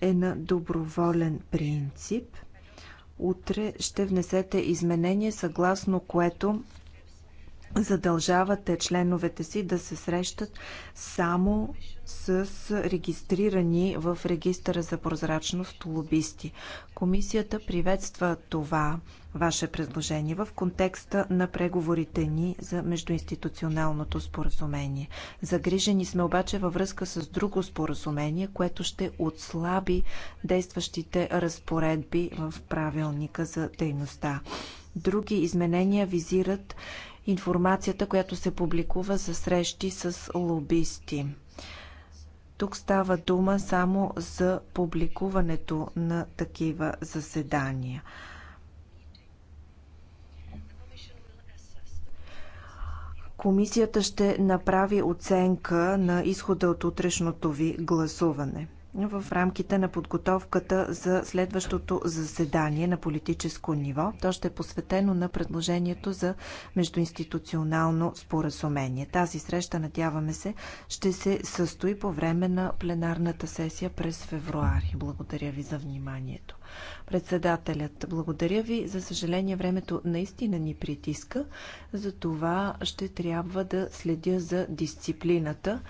е на доброволен принцип. Утре ще внесете изменение, съгласно което задължавате членовете си да се срещат само с регистрирани в регистъра за прозрачност лобисти. Комисията приветства това ваше предложение в контекста на преговорите ни за междуинституционалното споразумение. Загрижени сме обаче във връзка с друго споразумение, което ще отслаби действащите разпоредби в правилника за дейността. Други изменения визират информацията, която се публикува за срещи с лобисти. Тук става дума само за публикуването на такива заседания. Комисията ще направи оценка на изхода от утрешното ви гласуване в рамките на подготовката за следващото заседание на политическо ниво. То ще е посветено на предложението за междуинституционално споразумение. Тази среща, надяваме се, ще се състои по време на пленарната сесия през февруари. Благодаря ви за вниманието. Председателят, благодаря ви. За съжаление, времето наистина ни притиска. За това ще трябва да следя за дисциплината.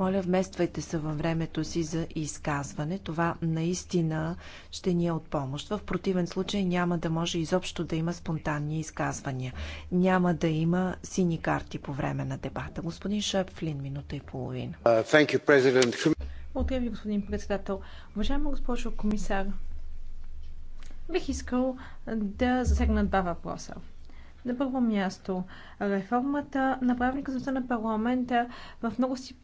Моля, вмествайте се във времето си за изказване. Това наистина ще ни е от помощ. В противен случай няма да може изобщо да има спонтанни изказвания. Няма да има сини карти по време на дебата. Господин Шепфлин, минута и половина. Uh, Благодаря ви, господин председател. Уважаема госпожо комисар, бих искал да засегна два въпроса. На първо място, реформата на правилника за на парламента в много, си,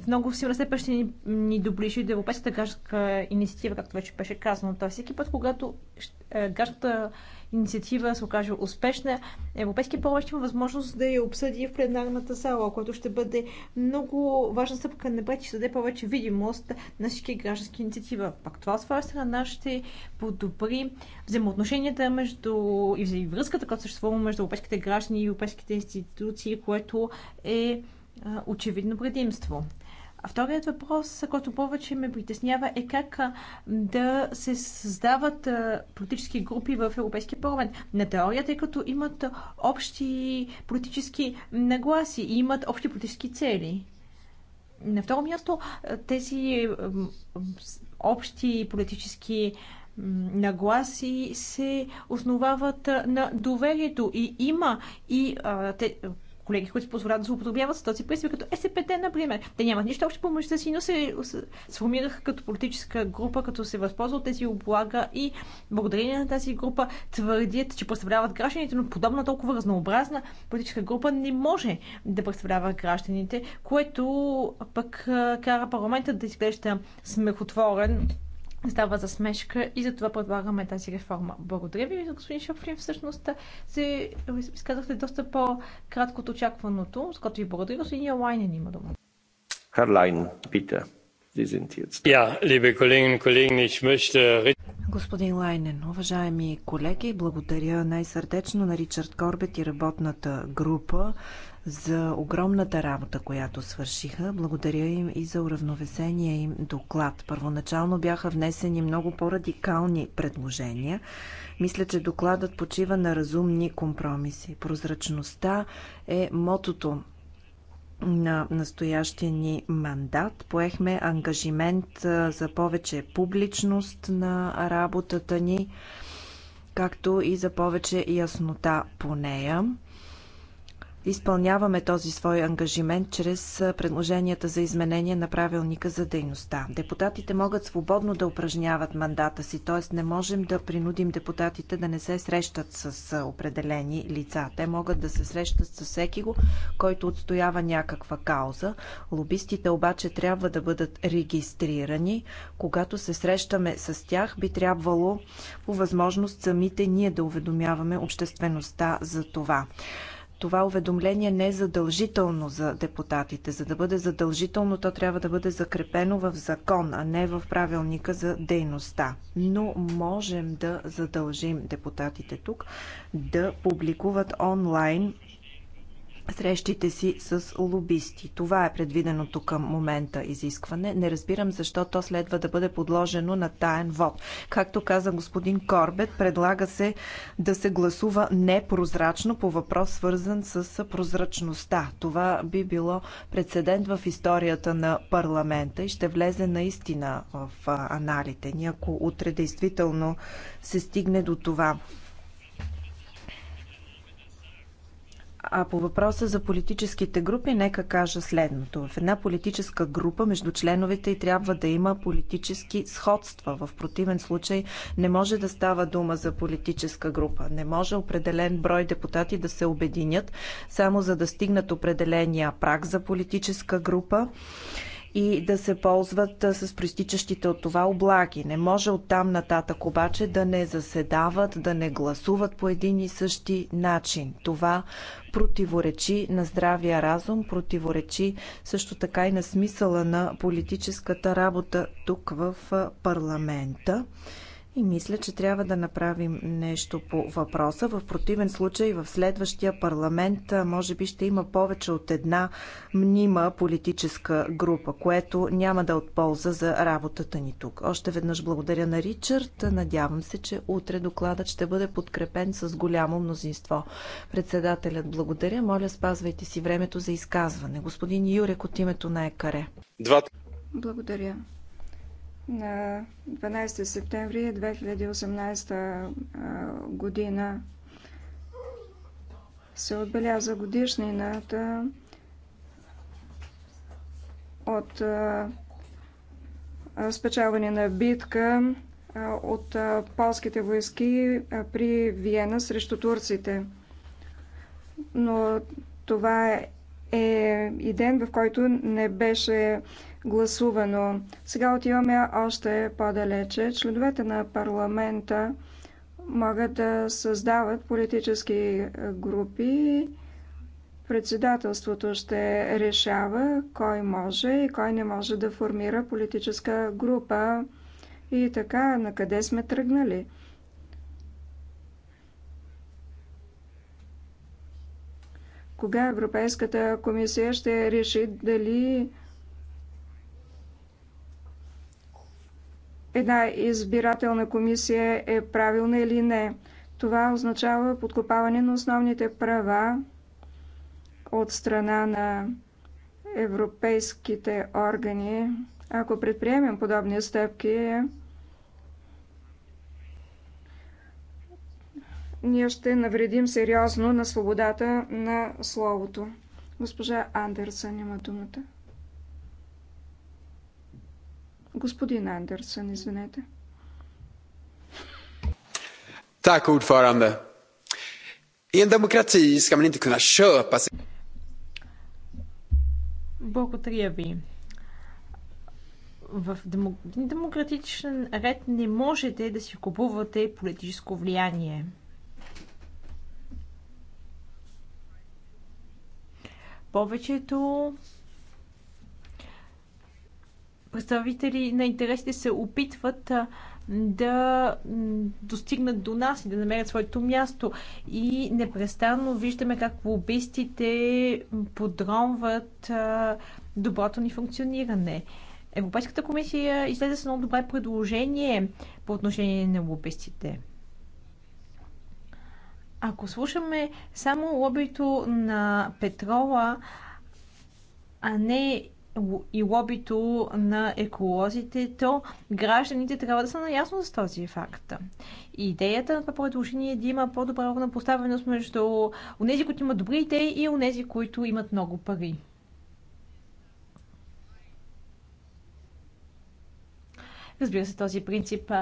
в много силна степен ще ни, ни доближи до Европейската гражданска инициатива, както вече беше казано. Тоест, всеки път, когато е, гражданската инициатива се окаже успешна, Европейския парламент ще има възможност да я обсъди в пленарната сала, което ще бъде много важна стъпка напред и ще даде повече видимост на всички граждански инициатива. Пак това от своя страна ще подобри взаимоотношенията между и връзката, която съществува между европейските граждани и европейските институции, което е очевидно предимство. А вторият въпрос, който повече ме притеснява, е как да се създават политически групи в Европейския парламент. На теория, тъй като имат общи политически нагласи и имат общи политически цели. На второ място, тези общи политически нагласи се основават на доверието и има и а, те, колеги, които се позволяват да злоупотребяват с този принцип, като СПТ, например. Те нямат нищо общо помощта си, но се сформираха като политическа група, като се възползва от тези облага и благодарение на тази група твърдят, че представляват гражданите, но подобна толкова разнообразна политическа група не може да представлява гражданите, което пък кара парламента да изглежда смехотворен става за смешка и затова предлагаме тази реформа. Благодаря ви, господин Шофрин. Всъщност се изказахте доста по-кратко от очакваното, с което ви благодаря. Господин Ялайнен има дума. Харлайн, пита. Господин Лайнен, уважаеми колеги, благодаря най-сърдечно на Ричард Корбет и работната група за огромната работа, която свършиха. Благодаря им и за уравновесения им доклад. Първоначално бяха внесени много по-радикални предложения. Мисля, че докладът почива на разумни компромиси. Прозрачността е мотото на настоящия ни мандат. Поехме ангажимент за повече публичност на работата ни, както и за повече яснота по нея изпълняваме този свой ангажимент чрез предложенията за изменение на правилника за дейността. Депутатите могат свободно да упражняват мандата си, т.е. не можем да принудим депутатите да не се срещат с определени лица. Те могат да се срещат с всекиго, който отстоява някаква кауза. Лобистите обаче трябва да бъдат регистрирани. Когато се срещаме с тях, би трябвало по възможност самите ние да уведомяваме обществеността за това това уведомление не е задължително за депутатите. За да бъде задължително, то трябва да бъде закрепено в закон, а не в правилника за дейността. Но можем да задължим депутатите тук да публикуват онлайн срещите си с лобисти. Това е предвиденото към момента изискване. Не разбирам защо то следва да бъде подложено на таен вод. Както каза господин Корбет, предлага се да се гласува непрозрачно по въпрос свързан с прозрачността. Това би било прецедент в историята на парламента и ще влезе наистина в аналите ни, ако утре действително се стигне до това. А по въпроса за политическите групи, нека кажа следното. В една политическа група между членовете и трябва да има политически сходства. В противен случай не може да става дума за политическа група. Не може определен брой депутати да се обединят само за да стигнат определения прак за политическа група и да се ползват с проистичащите от това облаги. Не може оттам нататък обаче да не заседават, да не гласуват по един и същи начин. Това противоречи на здравия разум, противоречи също така и на смисъла на политическата работа тук в парламента. И мисля, че трябва да направим нещо по въпроса. В противен случай в следващия парламент може би ще има повече от една мнима политическа група, което няма да отполза за работата ни тук. Още веднъж благодаря на Ричард. Надявам се, че утре докладът ще бъде подкрепен с голямо мнозинство. Председателят благодаря. Моля, спазвайте си времето за изказване. Господин Юрек от името на ЕКАРЕ. Благодаря на 12 септември 2018 година се отбеляза годишнината от спечаване на битка от полските войски при Виена срещу турците. Но това е, е и ден, в който не беше гласувано. Сега отиваме още по-далече. Членовете на парламента могат да създават политически е, групи. Председателството ще решава кой може и кой не може да формира политическа група. И така, на къде сме тръгнали? Кога Европейската комисия ще реши дали една избирателна комисия е правилна или не. Това означава подкопаване на основните права от страна на европейските органи. Ако предприемем подобни стъпки, ние ще навредим сериозно на свободата на словото. Госпожа Андерсън има думата. Господин Андерсън, извинете. Так, ordförande. I en demokrati ska man inte kunna köpa sig... Благодаря ви. В дем... демократичен ред не можете да си купувате политическо влияние. Повечето представители на интересите се опитват да достигнат до нас и да намерят своето място. И непрестанно виждаме как лобистите подронват доброто ни функциониране. Европейската комисия излезе с едно добре предложение по отношение на лобистите. Ако слушаме само лобито на петрола, а не и лобито на еколозите, то гражданите трябва да са наясно с този факт. Идеята на това предложение е да има по-добра равнопоставеност между онези, които имат добри идеи и онези, които имат много пари. Разбира се, този принцип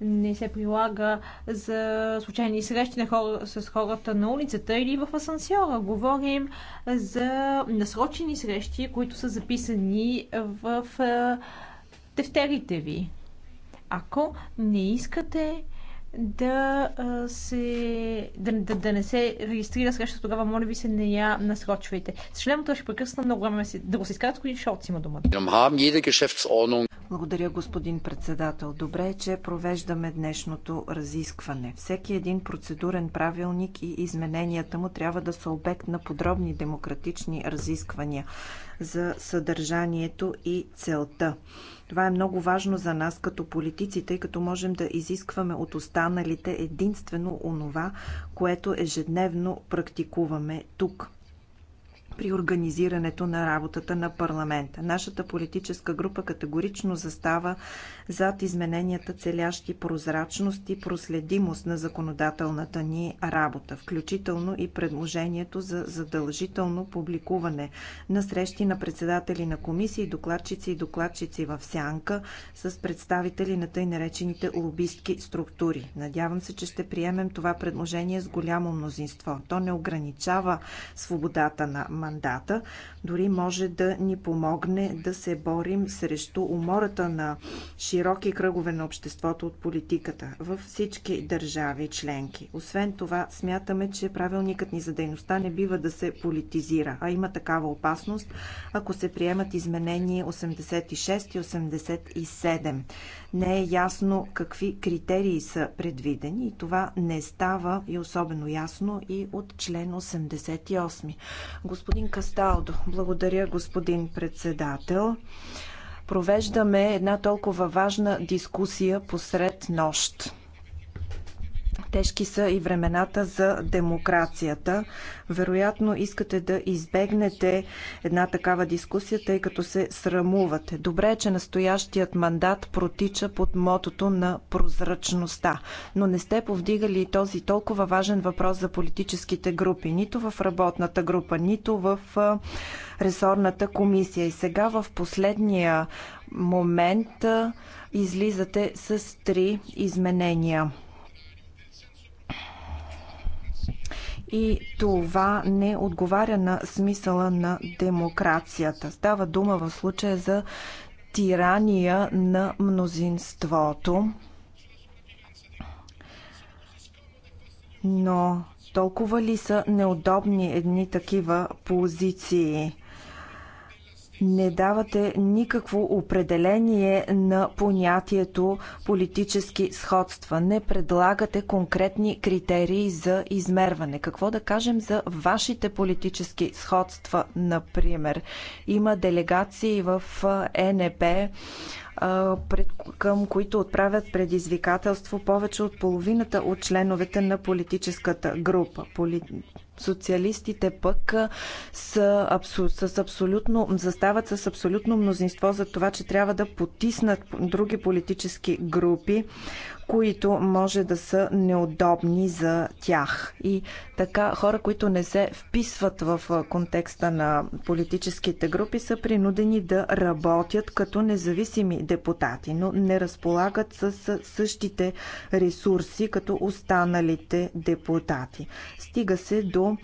не се прилага за случайни срещи на хора, с хората на улицата или в асансьора. Говорим за насрочени срещи, които са записани в тефтерите ви. Ако не искате да, се, да, да, да не се регистрира срещу тогава, моля ви се, не я насрочвайте. Съжалявам, това ще прекъсна много време си. Да го се изкарат, шоу Шолц има думата. Благодаря, господин председател. Добре е, че провеждаме днешното разискване. Всеки един процедурен правилник и измененията му трябва да са обект на подробни демократични разисквания за съдържанието и целта. Това е много важно за нас като политици, тъй като можем да изискваме от останалите единствено онова, което ежедневно практикуваме тук при организирането на работата на парламента. Нашата политическа група категорично застава зад измененията, целящи прозрачност и проследимост на законодателната ни работа, включително и предложението за задължително публикуване на срещи на председатели на комисии, докладчици и докладчици в сянка с представители на тъй наречените лобистки структури. Надявам се, че ще приемем това предложение с голямо мнозинство. То не ограничава свободата на мандата, дори може да ни помогне да се борим срещу умората на широки кръгове на обществото от политиката във всички държави членки. Освен това, смятаме, че правилникът ни за дейността не бива да се политизира, а има такава опасност, ако се приемат изменения 86 и 87. Не е ясно какви критерии са предвидени и това не става и особено ясно и от член 88. Господин Господин Касталдо, благодаря господин председател. Провеждаме една толкова важна дискусия посред нощ. Тежки са и времената за демокрацията. Вероятно искате да избегнете една такава дискусия, тъй като се срамувате. Добре е, че настоящият мандат протича под мотото на прозрачността. Но не сте повдигали този толкова важен въпрос за политическите групи. Нито в работната група, нито в ресорната комисия. И сега в последния момент излизате с три изменения. и това не отговаря на смисъла на демокрацията. Става дума в случая за тирания на мнозинството. Но толкова ли са неудобни едни такива позиции? не давате никакво определение на понятието политически сходства. Не предлагате конкретни критерии за измерване. Какво да кажем за вашите политически сходства, например? Има делегации в ЕНП, към които отправят предизвикателство повече от половината от членовете на политическата група. Социалистите пък са, абсу, с абсолютно, застават с абсолютно мнозинство за това, че трябва да потиснат други политически групи които може да са неудобни за тях. И така хора, които не се вписват в контекста на политическите групи, са принудени да работят като независими депутати, но не разполагат с същите ресурси като останалите депутати. Стига се до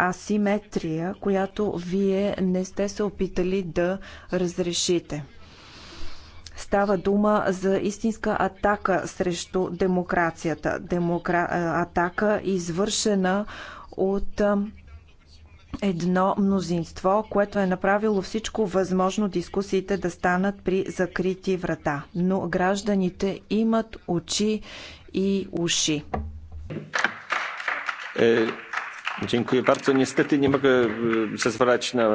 асиметрия, която вие не сте се опитали да разрешите. Става дума за истинска атака срещу демокрацията. Демокра... Атака извършена от едно мнозинство, което е направило всичко възможно дискусиите да станат при закрити врата. Но гражданите имат очи и уши. Е, Dziękuję bardzo. Niestety nie mogę e, zezwalać e,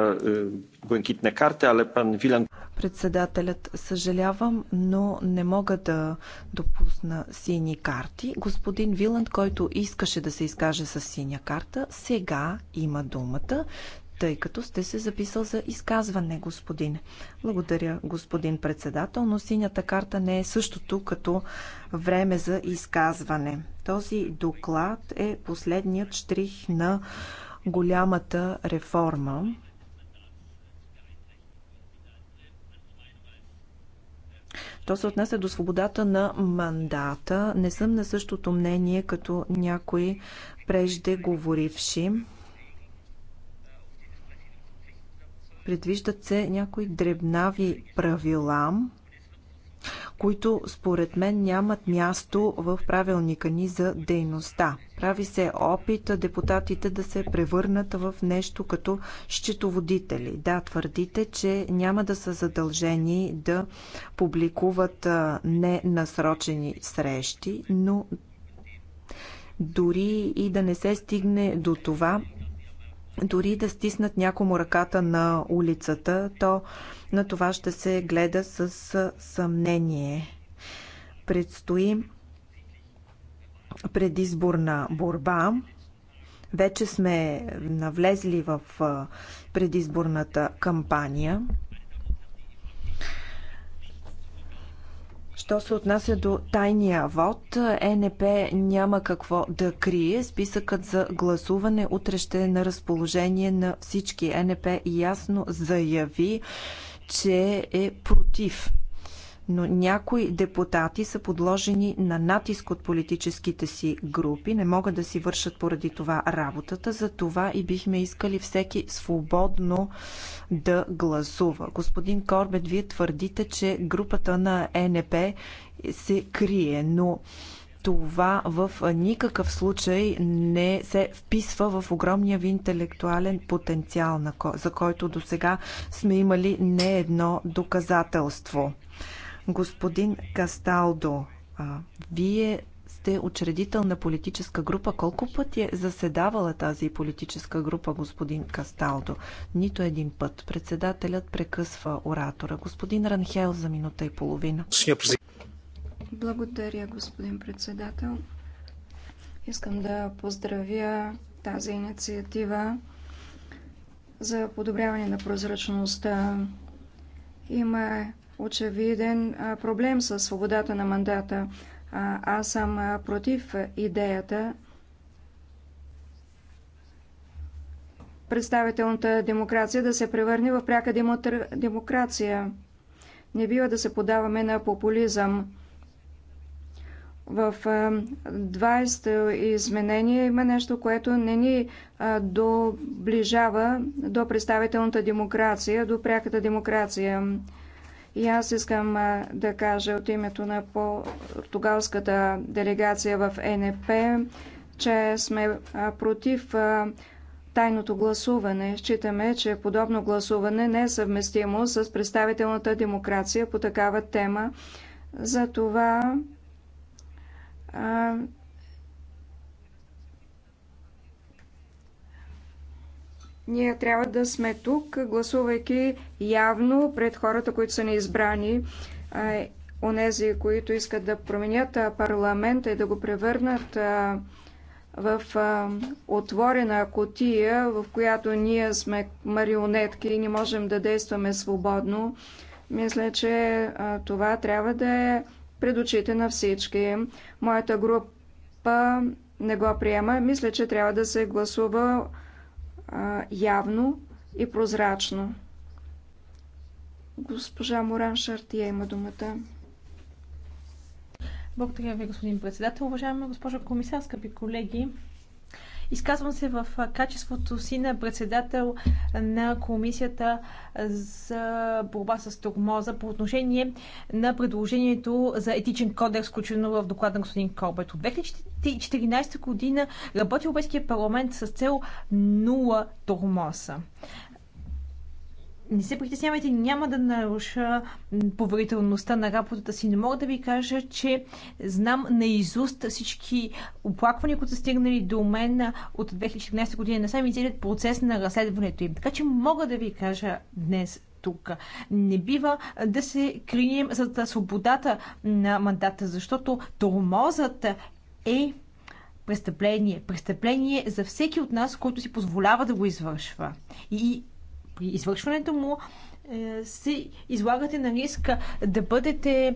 błękitne ale pan Wilan... Председателят, съжалявам, но не мога да допусна сини карти. Господин Виланд, който искаше да се изкаже с синя карта, сега има думата тъй като сте се записал за изказване, господин. Благодаря, господин председател, но синята карта не е същото като време за изказване. Този доклад е последният штрих на голямата реформа. То се отнася до свободата на мандата. Не съм на същото мнение като някои преждеговоривши. Предвиждат се някои дребнави правила, които според мен нямат място в правилника ни за дейността. Прави се опит депутатите да се превърнат в нещо като счетоводители. Да, твърдите, че няма да са задължени да публикуват ненасрочени срещи, но дори и да не се стигне до това, дори да стиснат някому ръката на улицата, то на това ще се гледа с съмнение. Предстои предизборна борба. Вече сме навлезли в предизборната кампания. Що се отнася до тайния вод, ЕНП няма какво да крие. Списъкът за гласуване утре ще е на разположение на всички. ЕНП ясно заяви, че е против но някои депутати са подложени на натиск от политическите си групи, не могат да си вършат поради това работата, за това и бихме искали всеки свободно да гласува. Господин Корбет, вие твърдите, че групата на ЕНП се крие, но това в никакъв случай не се вписва в огромния ви интелектуален потенциал, за който до сега сме имали не едно доказателство. Господин Касталдо, вие сте учредител на политическа група. Колко пъти е заседавала тази политическа група, господин Касталдо? Нито един път. Председателят прекъсва оратора. Господин Ранхел за минута и половина. Благодаря, господин председател. Искам да поздравя тази инициатива за подобряване на прозрачността. Има очевиден проблем с свободата на мандата. Аз съм против идеята представителната демокрация да се превърне в пряка демокрация. Не бива да се подаваме на популизъм. В 20 изменение има нещо, което не ни доближава до представителната демокрация, до пряката демокрация. И аз искам да кажа от името на португалската делегация в НП, че сме против тайното гласуване. Считаме, че подобно гласуване не е съвместимо с представителната демокрация по такава тема. Затова ние трябва да сме тук, гласувайки явно пред хората, които са избрани, онези, които искат да променят парламента и да го превърнат в отворена котия, в която ние сме марионетки и не можем да действаме свободно. Мисля, че това трябва да е пред очите на всички. Моята група не го приема. Мисля, че трябва да се гласува явно и прозрачно. Госпожа Моран Шартия има думата. Благодаря ви, господин председател. Уважаема госпожа комисар, скъпи колеги, Изказвам се в качеството си на председател на комисията за борба с тормоза по отношение на предложението за етичен кодекс, включено в доклада на господин Корбет. От 2014 година работи Европейския парламент с цел нула тормоза не се притеснявайте, няма да наруша поверителността на работата си. Не мога да ви кажа, че знам наизуст всички оплаквания, които са стигнали до мен от 2014 година на и целият процес на разследването им. Така че мога да ви кажа днес тук. Не бива да се крием за свободата на мандата, защото тормозът е престъпление. Престъпление за всеки от нас, който си позволява да го извършва. И при извършването му е, се излагате на риска да бъдете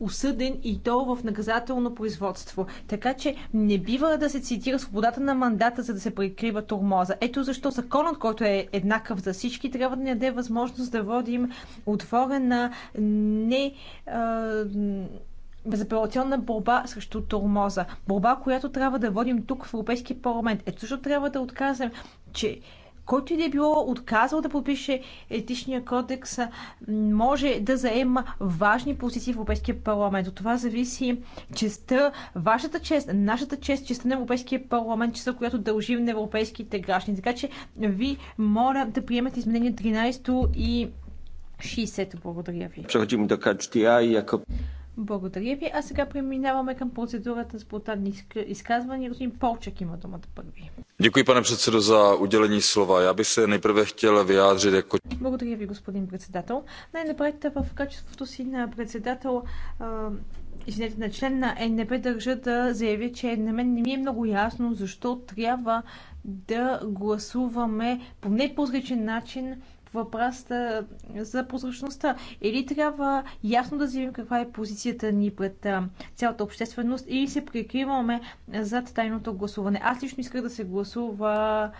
осъден и то в наказателно производство. Така че не бива да се цитира свободата на мандата, за да се прикрива турмоза. Ето защо законът, който е еднакъв за всички, трябва да ни даде възможност да водим отворена, не безапелационна борба срещу турмоза. Борба, която трябва да водим тук в Европейския парламент. Ето защо трябва да отказвам, че който и да е било отказал да подпише етичния кодекс, може да заема важни позиции в Европейския парламент. От това зависи честа, вашата чест, нашата чест, честа на Европейския парламент, честа, която дължим на европейските граждани. Така че ви моля да приемете изменение 13 и 60. Благодаря ви. че до и Ако... Благодаря ви. А сега преминаваме към процедурата с плотадни изказвания. Господин Полчак има думата първи. Děkuji, pane předsedo, za udělení slova. Já bych se nejprve chtěl vyjádřit jako... Благодаря ви, господин председател. Най-напред в качеството си на председател извинете, на член на ННП държа да заявя, че на мен не ми е много ясно защо трябва да гласуваме по непозричен начин въпросите за прозрачността. Или трябва ясно да заявим каква е позицията ни пред цялата общественост, или се прикриваме зад тайното гласуване. Аз лично исках да се гласува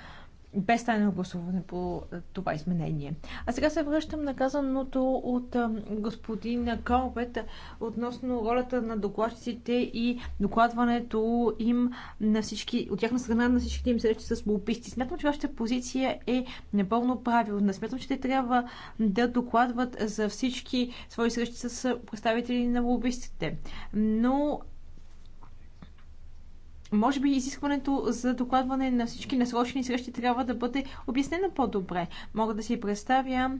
без тайно гласуване по е, това изменение. А сега се връщам на казаното от е, господин Корбет относно ролята на докладчиците и докладването им на всички, от тяхна страна на всичките им срещи с лобисти. Смятам, че вашата позиция е напълно правилна. Смятам, че те трябва да докладват за всички свои срещи с е, представители на лобистите. Но може би изискването за докладване на всички насрочени срещи трябва да бъде обяснено по-добре. Мога да си представя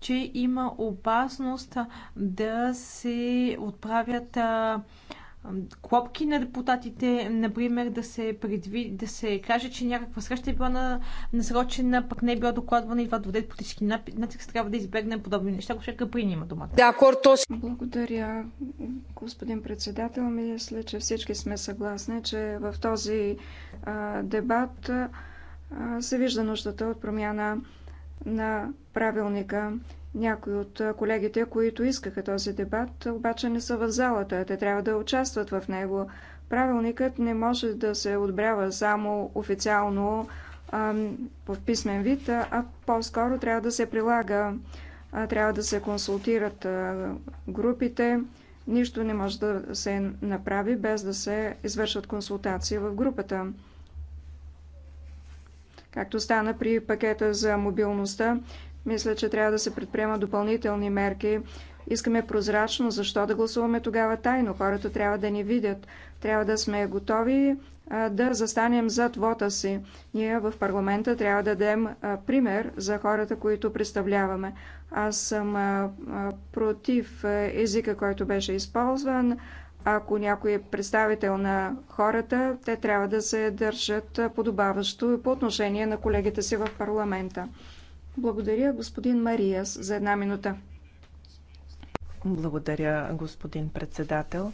че има опасност да се отправят а, клопки на депутатите, например, да се, предви, да се каже, че някаква среща е била на, насрочена, пък не е била докладвана и това доведе политически натиск, трябва да избегнем подобни неща. ще Каприн има думата. Да, Кортос. Благодаря, господин председател. Мисля, че всички сме съгласни, че в този а, дебат а, се вижда нуждата от промяна на правилника някои от колегите, които искаха този дебат, обаче не са в залата. Те трябва да участват в него. Правилникът не може да се отбрява само официално в писмен вид, а по-скоро трябва да се прилага, трябва да се консултират групите. Нищо не може да се направи без да се извършат консултации в групата. Както стана при пакета за мобилността, мисля, че трябва да се предприемат допълнителни мерки. Искаме прозрачно, защо да гласуваме тогава тайно? Хората трябва да ни видят. Трябва да сме готови да застанем зад вота си. Ние в парламента трябва да дадем пример за хората, които представляваме. Аз съм против езика, който беше използван. Ако някой е представител на хората, те трябва да се държат подобаващо по отношение на колегите си в парламента. Благодаря, господин Мариас, за една минута. Благодаря, господин председател.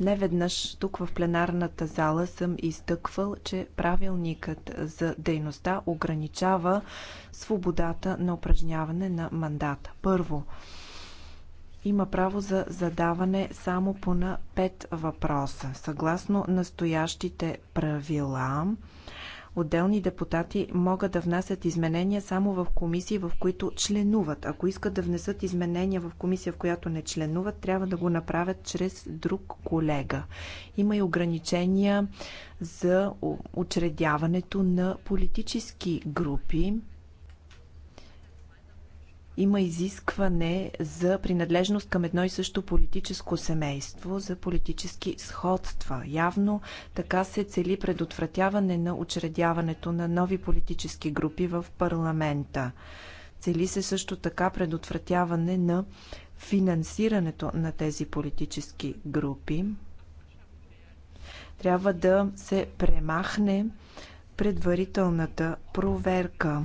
Неведнъж тук в пленарната зала съм изтъквал, че правилникът за дейността ограничава свободата на упражняване на мандата. Първо, има право за задаване само по на пет въпроса. Съгласно настоящите правила, Отделни депутати могат да внасят изменения само в комисии, в които членуват. Ако искат да внесат изменения в комисия, в която не членуват, трябва да го направят чрез друг колега. Има и ограничения за учредяването на политически групи има изискване за принадлежност към едно и също политическо семейство, за политически сходства. Явно така се цели предотвратяване на учредяването на нови политически групи в парламента. Цели се също така предотвратяване на финансирането на тези политически групи. Трябва да се премахне предварителната проверка.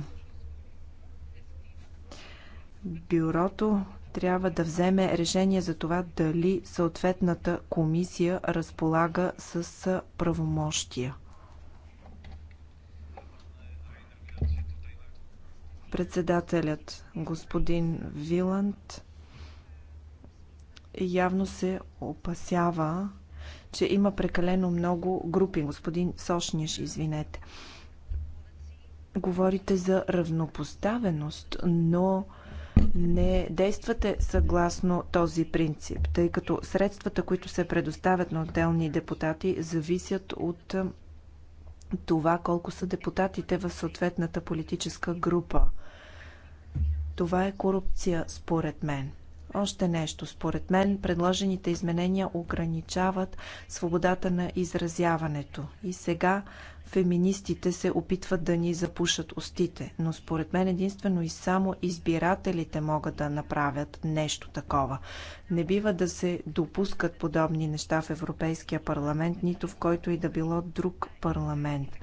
Бюрото трябва да вземе решение за това дали съответната комисия разполага с правомощия. Председателят господин Виланд явно се опасява, че има прекалено много групи. Господин Сошниш, извинете. Говорите за равнопоставеност, но не действате съгласно този принцип, тъй като средствата, които се предоставят на отделни депутати, зависят от това колко са депутатите в съответната политическа група. Това е корупция, според мен. Още нещо. Според мен, предложените изменения ограничават свободата на изразяването. И сега феминистите се опитват да ни запушат устите, но според мен единствено и само избирателите могат да направят нещо такова. Не бива да се допускат подобни неща в Европейския парламент, нито в който и да било друг парламент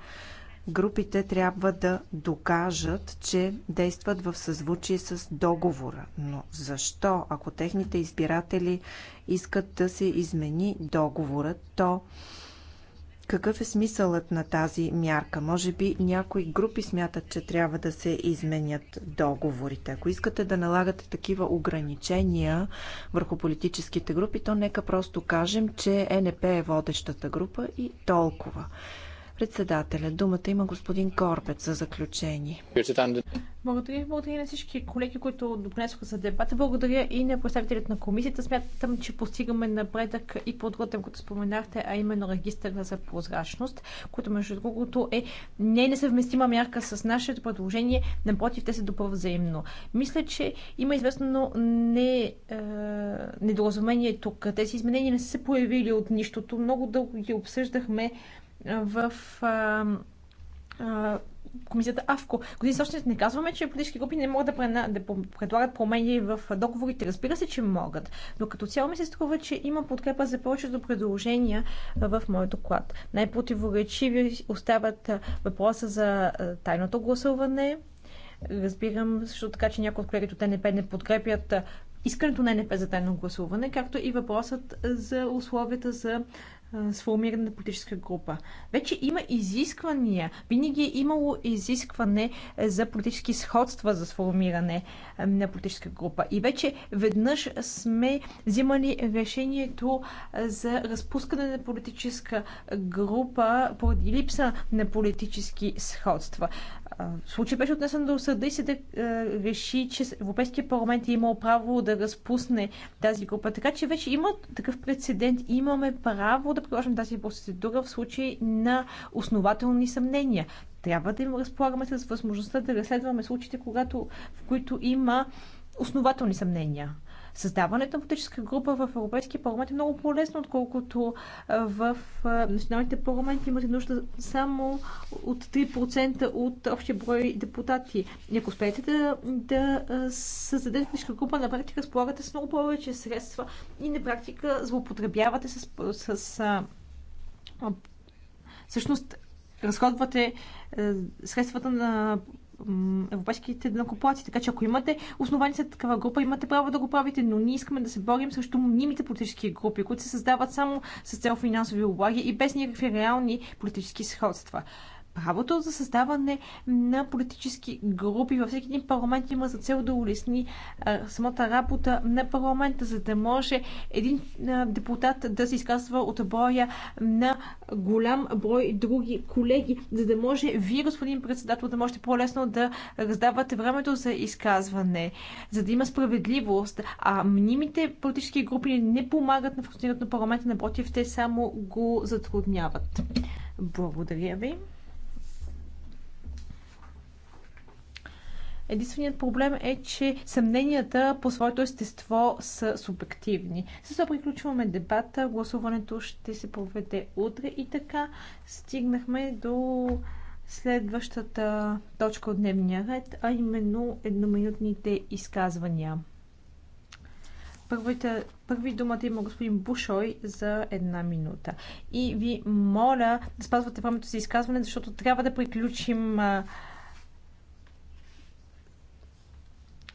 групите трябва да докажат, че действат в съзвучие с договора. Но защо? Ако техните избиратели искат да се измени договорът, то какъв е смисълът на тази мярка? Може би някои групи смятат, че трябва да се изменят договорите. Ако искате да налагате такива ограничения върху политическите групи, то нека просто кажем, че е НП е водещата група и толкова. Председателя, думата има господин Корбет за заключение. Благодаря. Благодаря на всички колеги, които допринесоха за дебата. Благодаря и на представителят на комисията. Смятам, че постигаме напредък и по другата, като споменахте, а именно регистъра за прозрачност, което между другото е не несъвместима мярка с нашето предложение. Напротив, те се допълват взаимно. Мисля, че има известно не, е, недоразумение тук. Тези изменения не са се появили от нищото. Много дълго ги обсъждахме в а, а, комисията АВКО. Господин Сочнев, не казваме, че политически групи не могат да, прена, да предлагат промени в договорите. Разбира се, че могат. Но като цяло ми се струва, че има подкрепа за повечето предложения в моят доклад. Най-противоречиви остават въпроса за тайното гласуване. Разбирам също така, че някои от колегите от НП не подкрепят искането на НП за тайно гласуване, както и въпросът за условията за на политическа група. Вече има изисквания. Винаги е имало изискване е, за политически сходства за сформиране е, на политическа група. И вече веднъж сме взимали решението е, за разпускане на политическа група поради липса на политически сходства. Случай беше отнесен до съда и се да реши, че Европейския парламент е имал право да разпусне тази група. Така че вече има такъв прецедент. Имаме право да приложим тази процедура в случай на основателни съмнения. Трябва да им разполагаме с възможността да разследваме случаите, когато, в които има основателни съмнения. Създаването на политическа група в Европейския парламент е много по-лесно, отколкото в националните парламенти имате нужда само от 3% от общия брой депутати. И ако успеете да, да създадете политическа група, на практика разполагате с много повече средства и на практика злоупотребявате с, с, с всъщност разходвате средствата на европейските накоплаци. Така че ако имате основания за такава група, имате право да го правите, но ние искаме да се борим срещу мнимите политически групи, които се създават само с цел финансови облаги и без никакви реални политически сходства. Правото за създаване на политически групи във всеки един парламент има за цел да улесни самата работа на парламента, за да може един депутат да се изказва от боя на голям брой други колеги, за да може вие, господин председател, да можете по-лесно да раздавате времето за изказване, за да има справедливост. А мнимите политически групи не помагат на функционирането на парламента, напротив, те само го затрудняват. Благодаря ви. Единственият проблем е, че съмненията по своето естество са субективни. С това приключваме дебата. Гласуването ще се проведе утре и така стигнахме до следващата точка от дневния ред, а именно едноминутните изказвания. Първите, първи думата има господин Бушой за една минута. И ви моля да спазвате времето за изказване, защото трябва да приключим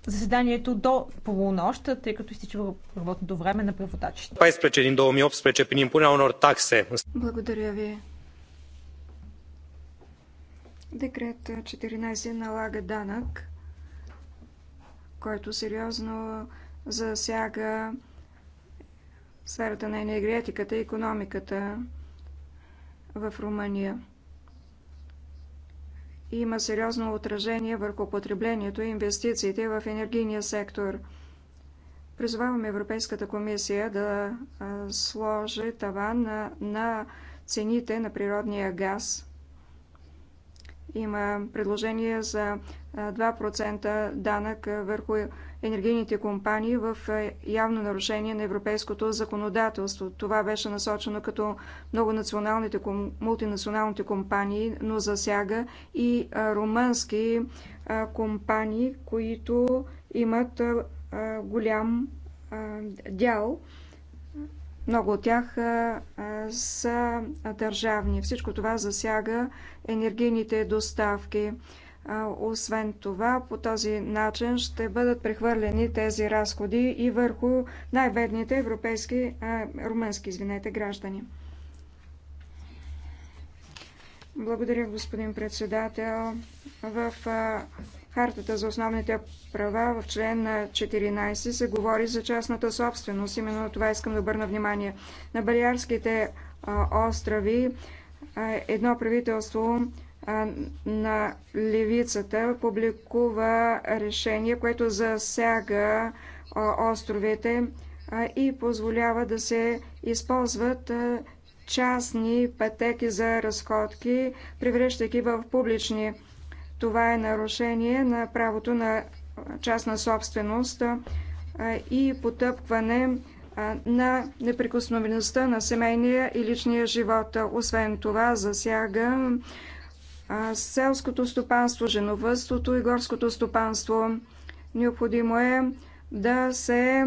заседанието до полунощ, тъй като изтича работното време на преводачите. 14 din 2018 prin impunerea unor taxe. Благодаря ви. Декрет 14 налага данък, който сериозно засяга сферата на енергетиката и економиката в Румъния има сериозно отражение върху потреблението и инвестициите в енергийния сектор. Призоваваме Европейската комисия да сложи таван на, на цените на природния газ. Има предложение за 2% данък върху енергийните компании в явно нарушение на европейското законодателство. Това беше насочено като многонационалните, мултинационалните компании, но засяга и румънски компании, които имат голям дял. Много от тях са държавни. Всичко това засяга енергийните доставки. Освен това, по този начин ще бъдат прехвърлени тези разходи и върху най-бедните европейски, а, румънски извинете, граждани. Благодаря, господин председател. В Хартата за основните права в член 14 се говори за частната собственост. Именно това искам да обърна внимание. На Балиарските острови едно правителство на левицата публикува решение, което засяга островите и позволява да се използват частни пътеки за разходки, превръщайки в публични. Това е нарушение на правото на частна собственост и потъпкване на неприкосновеността на семейния и личния живот. Освен това, засяга селското стопанство, женовътството и горското стопанство. Необходимо е да се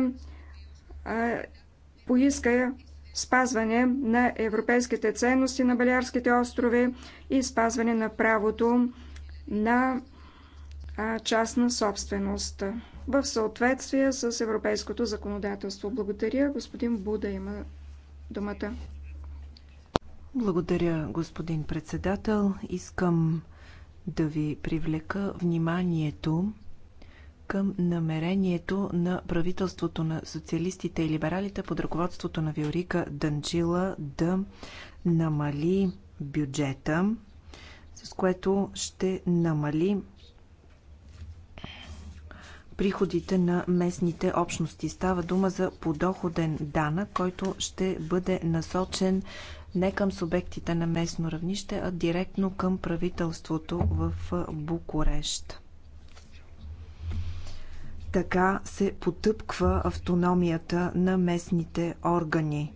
поиска спазване на европейските ценности на Балярските острови и спазване на правото на частна собственост в съответствие с европейското законодателство. Благодаря. Господин Буда има думата. Благодаря, господин председател. Искам да ви привлека вниманието към намерението на правителството на социалистите и либералите под ръководството на Виорика Данчила да намали бюджета, с което ще намали приходите на местните общности. Става дума за подоходен данък, който ще бъде насочен не към субектите на местно равнище, а директно към правителството в Букурещ. Така се потъпква автономията на местните органи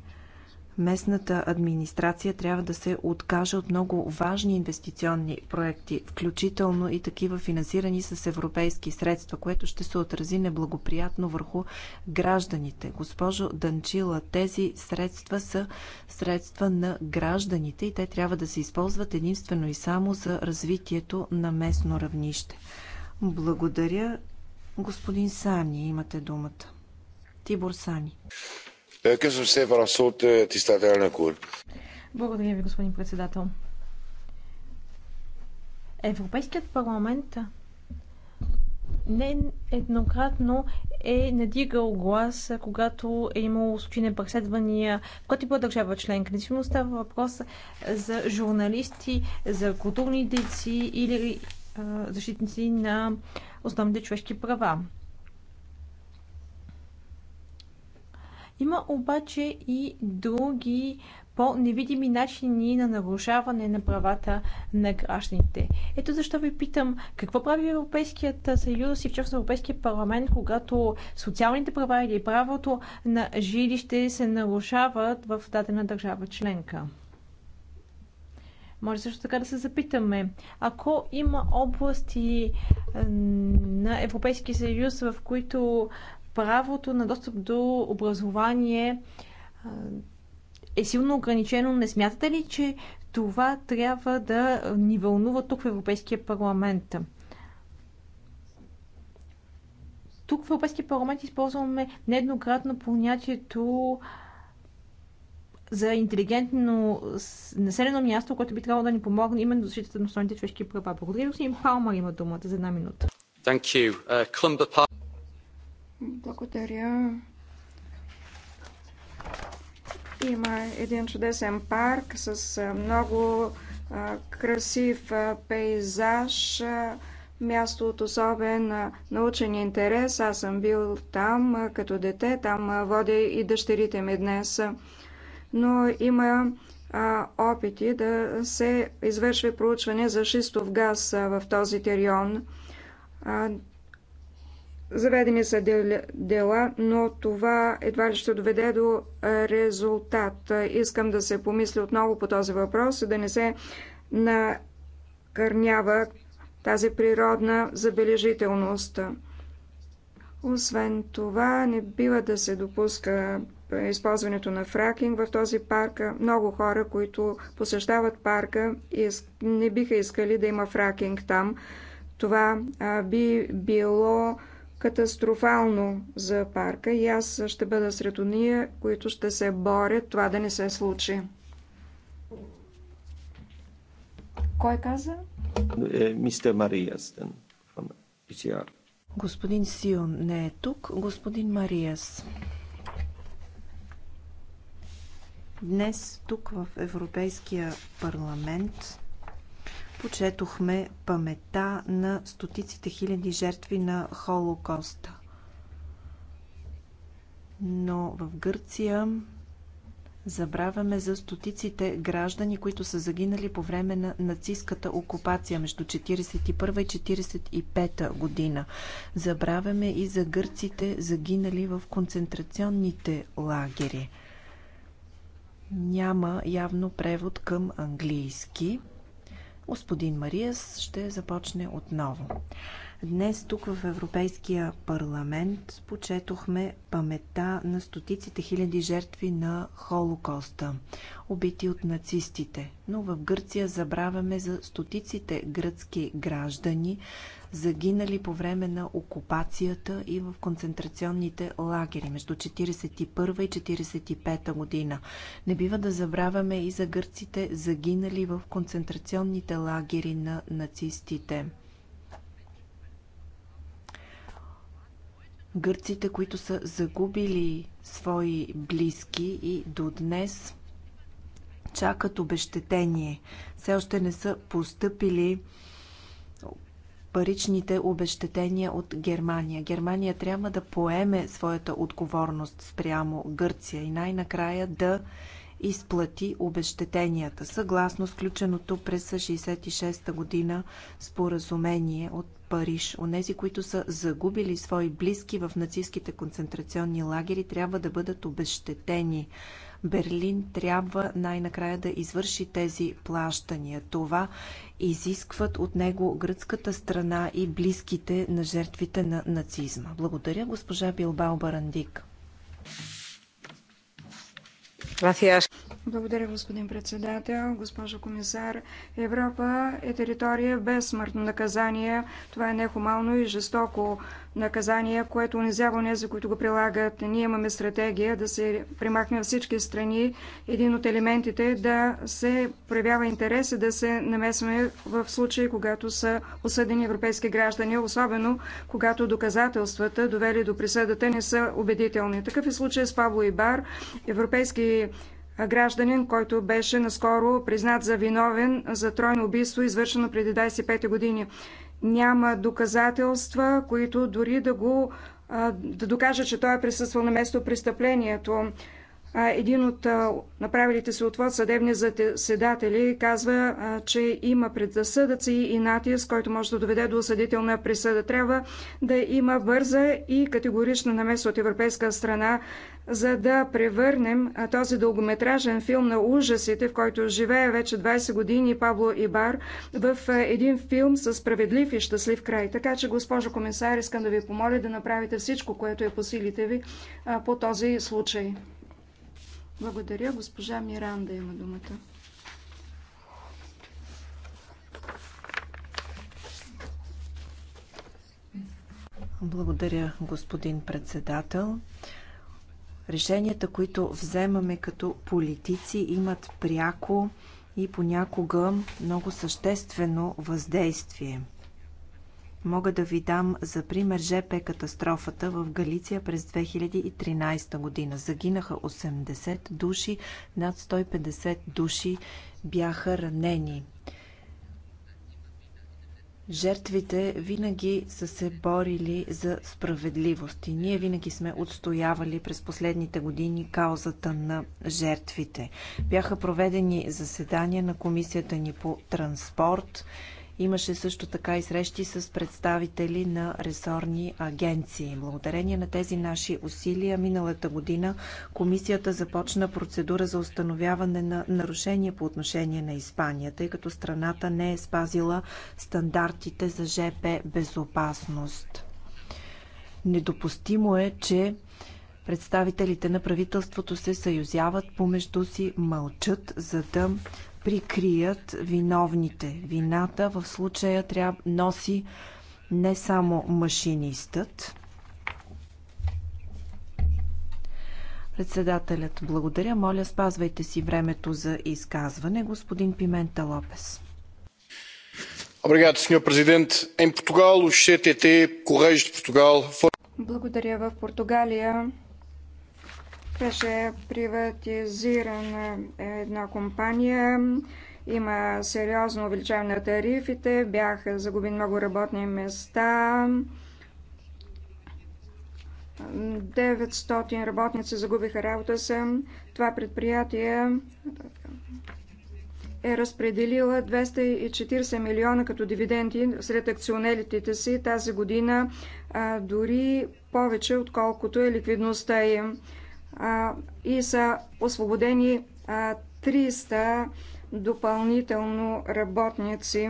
местната администрация трябва да се откаже от много важни инвестиционни проекти, включително и такива финансирани с европейски средства, което ще се отрази неблагоприятно върху гражданите. Госпожо Данчила, тези средства са средства на гражданите и те трябва да се използват единствено и само за развитието на местно равнище. Благодаря. Господин Сани, имате думата. Тибор Сани. Благодаря ви, господин председател. Европейският парламент не еднократно е надигал глас, когато е имало случаи на преследвания в която била държава членка. Независимо става въпрос за журналисти, за културни дейци или а, защитници на основните човешки права. Има обаче и други по-невидими начини на нарушаване на правата на гражданите. Ето защо ви питам, какво прави Европейският съюз и в частност Европейския парламент, когато социалните права или правото на жилище се нарушават в дадена държава членка? Може също така да се запитаме, ако има области на Европейския съюз, в които правото на достъп до образование е силно ограничено. Не смятате ли, че това трябва да ни вълнува тук в Европейския парламент? Тук в Европейския парламент използваме нееднократно понятието за интелигентно населено място, което би трябвало да ни помогне именно за защитата на основните човешки права. Благодаря, господин Палмар има думата за една минута. Uh, благодаря. Има един чудесен парк с много красив пейзаж, място от особен научен интерес. Аз съм бил там като дете, там водя и дъщерите ми днес. Но има опити да се извършва проучване за шистов газ в този терион. Заведени са дела, но това едва ли ще доведе до резултат. Искам да се помисли отново по този въпрос, да не се накърнява тази природна забележителност. Освен това, не бива да се допуска използването на фракинг в този парк. Много хора, които посещават парка, не биха искали да има фракинг там. Това би било катастрофално за парка и аз ще бъда сред уния, които ще се борят това да не се случи. Кой каза? Е, мистер Мариастен, ПЦР. Господин Сион не е тук. Господин Мариас. Днес тук в Европейския парламент почетохме паметта на стотиците хиляди жертви на Холокоста. Но в Гърция забравяме за стотиците граждани, които са загинали по време на нацистската окупация между 1941 и 1945 година. Забравяме и за гърците загинали в концентрационните лагери. Няма явно превод към английски. Господин Мариас ще започне отново. Днес тук в Европейския парламент почетохме паметта на стотиците хиляди жертви на Холокоста, убити от нацистите. Но в Гърция забравяме за стотиците гръцки граждани, загинали по време на окупацията и в концентрационните лагери между 1941 и 1945 година. Не бива да забравяме и за гърците, загинали в концентрационните лагери на нацистите. гърците, които са загубили свои близки и до днес чакат обещетение. Все още не са поступили паричните обещетения от Германия. Германия трябва да поеме своята отговорност спрямо Гърция и най-накрая да изплати обещетенията, съгласно сключеното през 66-та година споразумение от Париж. Онези, които са загубили свои близки в нацистските концентрационни лагери, трябва да бъдат обещетени. Берлин трябва най-накрая да извърши тези плащания. Това изискват от него гръцката страна и близките на жертвите на нацизма. Благодаря, госпожа Билбао Барандик. Благодаря, господин председател. Госпожо комисар, Европа е територия без смъртно наказание. Това е нехумално и жестоко наказание, което е унизява унези, които го прилагат. Ние имаме стратегия да се примахне във всички страни. Един от елементите е да се проявява интерес и да се намесваме в случаи, когато са осъдени европейски граждани, особено когато доказателствата, довели до присъдата, не са убедителни. Такъв е случай с Павло Ибар, европейски гражданин, който беше наскоро признат за виновен за тройно убийство, извършено преди 25 години няма доказателства, които дори да го да докажат, че той е присъствал на место престъплението. Един от направилите се отвод съдебни заседатели казва, че има предзасъдъци и натиск, който може да доведе до осъдителна присъда. Трябва да има бърза и категорична намеса от европейска страна, за да превърнем този дългометражен филм на ужасите, в който живее вече 20 години Пабло Ибар, в един филм с справедлив и щастлив край. Така че, госпожо комисар, искам да ви помоля да направите всичко, което е по силите ви по този случай. Благодаря. Госпожа Миранда има думата. Благодаря, господин председател. Решенията, които вземаме като политици, имат пряко и понякога много съществено въздействие. Мога да ви дам за пример ЖП катастрофата в Галиция през 2013 година. Загинаха 80 души, над 150 души бяха ранени. Жертвите винаги са се борили за справедливост и ние винаги сме отстоявали през последните години каузата на жертвите. Бяха проведени заседания на комисията ни по транспорт, Имаше също така и срещи с представители на ресорни агенции. Благодарение на тези наши усилия, миналата година комисията започна процедура за установяване на нарушения по отношение на Испания, тъй като страната не е спазила стандартите за ЖП безопасност. Недопустимо е, че представителите на правителството се съюзяват помежду си, мълчат, за да прикрият виновните. Вината в случая трябва носи не само машинистът. Председателят, благодаря. Моля, спазвайте си времето за изказване. Господин Пимента Лопес. Obrigado, Sr. Presidente. Em Portugal, os CTT, Португал Благодаря. В Португалия беше приватизирана една компания. Има сериозно увеличаване на тарифите, бяха загубени много работни места. 900 работници загубиха работа се. Това предприятие е разпределила 240 милиона като дивиденти сред акционерите си тази година, а дори повече, отколкото е ликвидността им и са освободени 300 допълнително работници.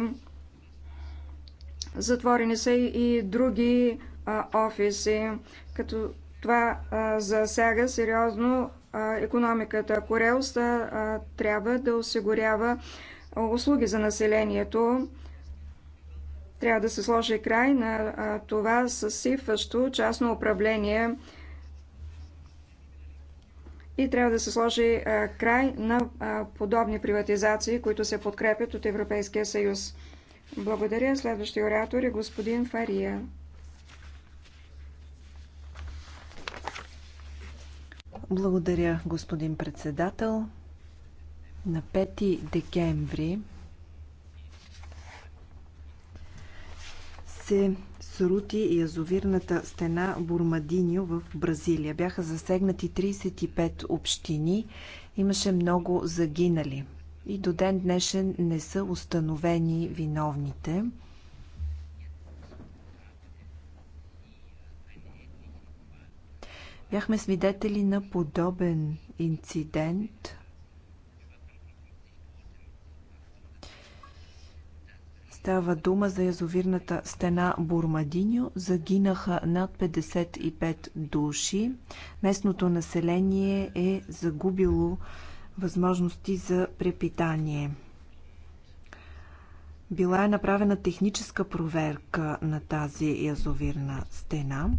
Затворени са и други офиси, като това засяга сериозно економиката. Корелс трябва да осигурява услуги за населението. Трябва да се сложи край на това съсифащо частно управление и трябва да се сложи край на подобни приватизации, които се подкрепят от Европейския съюз. Благодаря. Следващия оратор е господин Фария. Благодаря, господин председател. На 5 декември се срути и язовирната стена Бурмадиньо в Бразилия. Бяха засегнати 35 общини. Имаше много загинали. И до ден днешен не са установени виновните. Бяхме свидетели на подобен инцидент Става дума за язовирната стена Бурмадиньо. Загинаха над 55 души. Местното население е загубило възможности за препитание. Била е направена техническа проверка на тази язовирна стена.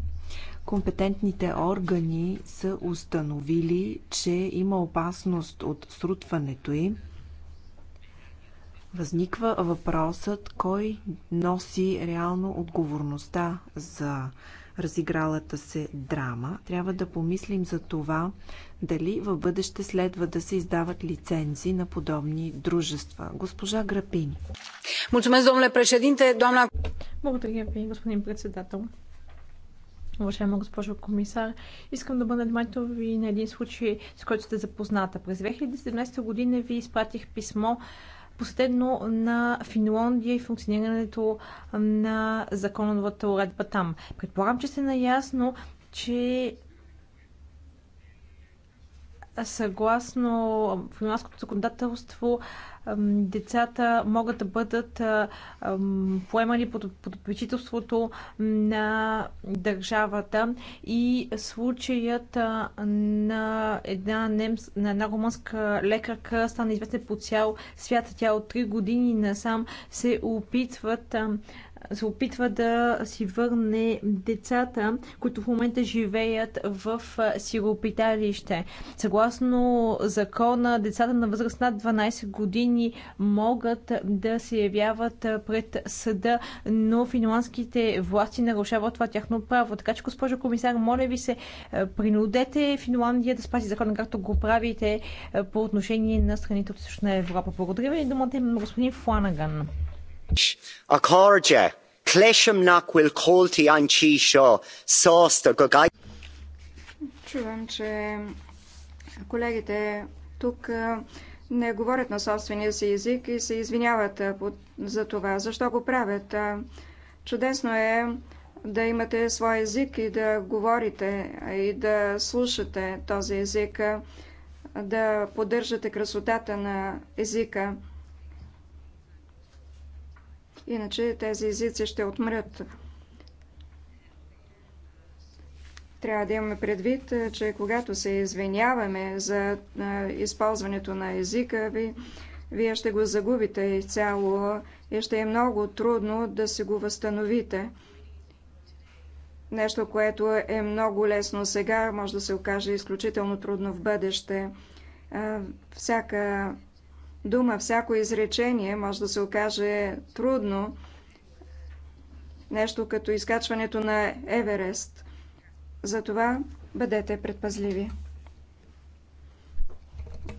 Компетентните органи са установили, че има опасност от срутването й Възниква въпросът кой носи реално отговорността за разигралата се драма. Трябва да помислим за това дали в бъдеще следва да се издават лицензи на подобни дружества. Госпожа Грапин. Мулțumesc, домле președinte, домна... Благодаря ви, господин председател. Уважаема госпожо комисар, искам да бъда внимателно ви на един случай, с който сте запозната. През 2017 година ви изпратих писмо Последно на Финландия и функционирането на законовата уредба там. Предполагам, че сте наясно, че съгласно финландското законодателство, децата могат да бъдат поемани под попечителството на държавата и случаят на една, немс, на една румънска лекарка стана известен по цял свят. Тя от 3 години насам се опитват се опитва да си върне децата, които в момента живеят в сиропиталище. Съгласно закона, децата на възраст над 12 години могат да се явяват пред съда, но финландските власти нарушават това тяхно право. Така че, госпожо комисар, моля ви се, принудете Финландия да спази закона, както го правите по отношение на страните от Същна Европа. Благодаря ви и думата господин Фланаган will an chi sho sosta Чувам, че колегите тук не говорят на собствения си език и се извиняват за това. Защо го правят? Чудесно е да имате свой език и да говорите и да слушате този език, да поддържате красотата на езика. Иначе тези езици ще отмрят. Трябва да имаме предвид, е, че когато се извиняваме за е, използването на езика ви, вие ще го загубите изцяло и ще е много трудно да се го възстановите. Нещо, което е много лесно сега, може да се окаже изключително трудно в бъдеще. Е, всяка дума, всяко изречение може да се окаже трудно, нещо като изкачването на Еверест. Затова бъдете предпазливи.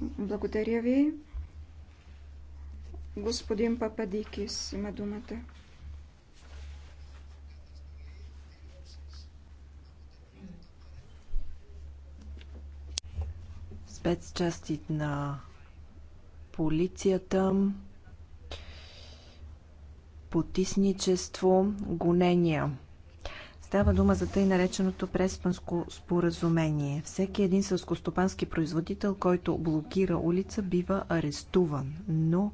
Благодаря ви. Господин Пападикис има думата. спецчасти на полицията, потисничество, гонения. Става дума за тъй нареченото Преспанско споразумение. Всеки един сълскостопански производител, който блокира улица, бива арестуван. Но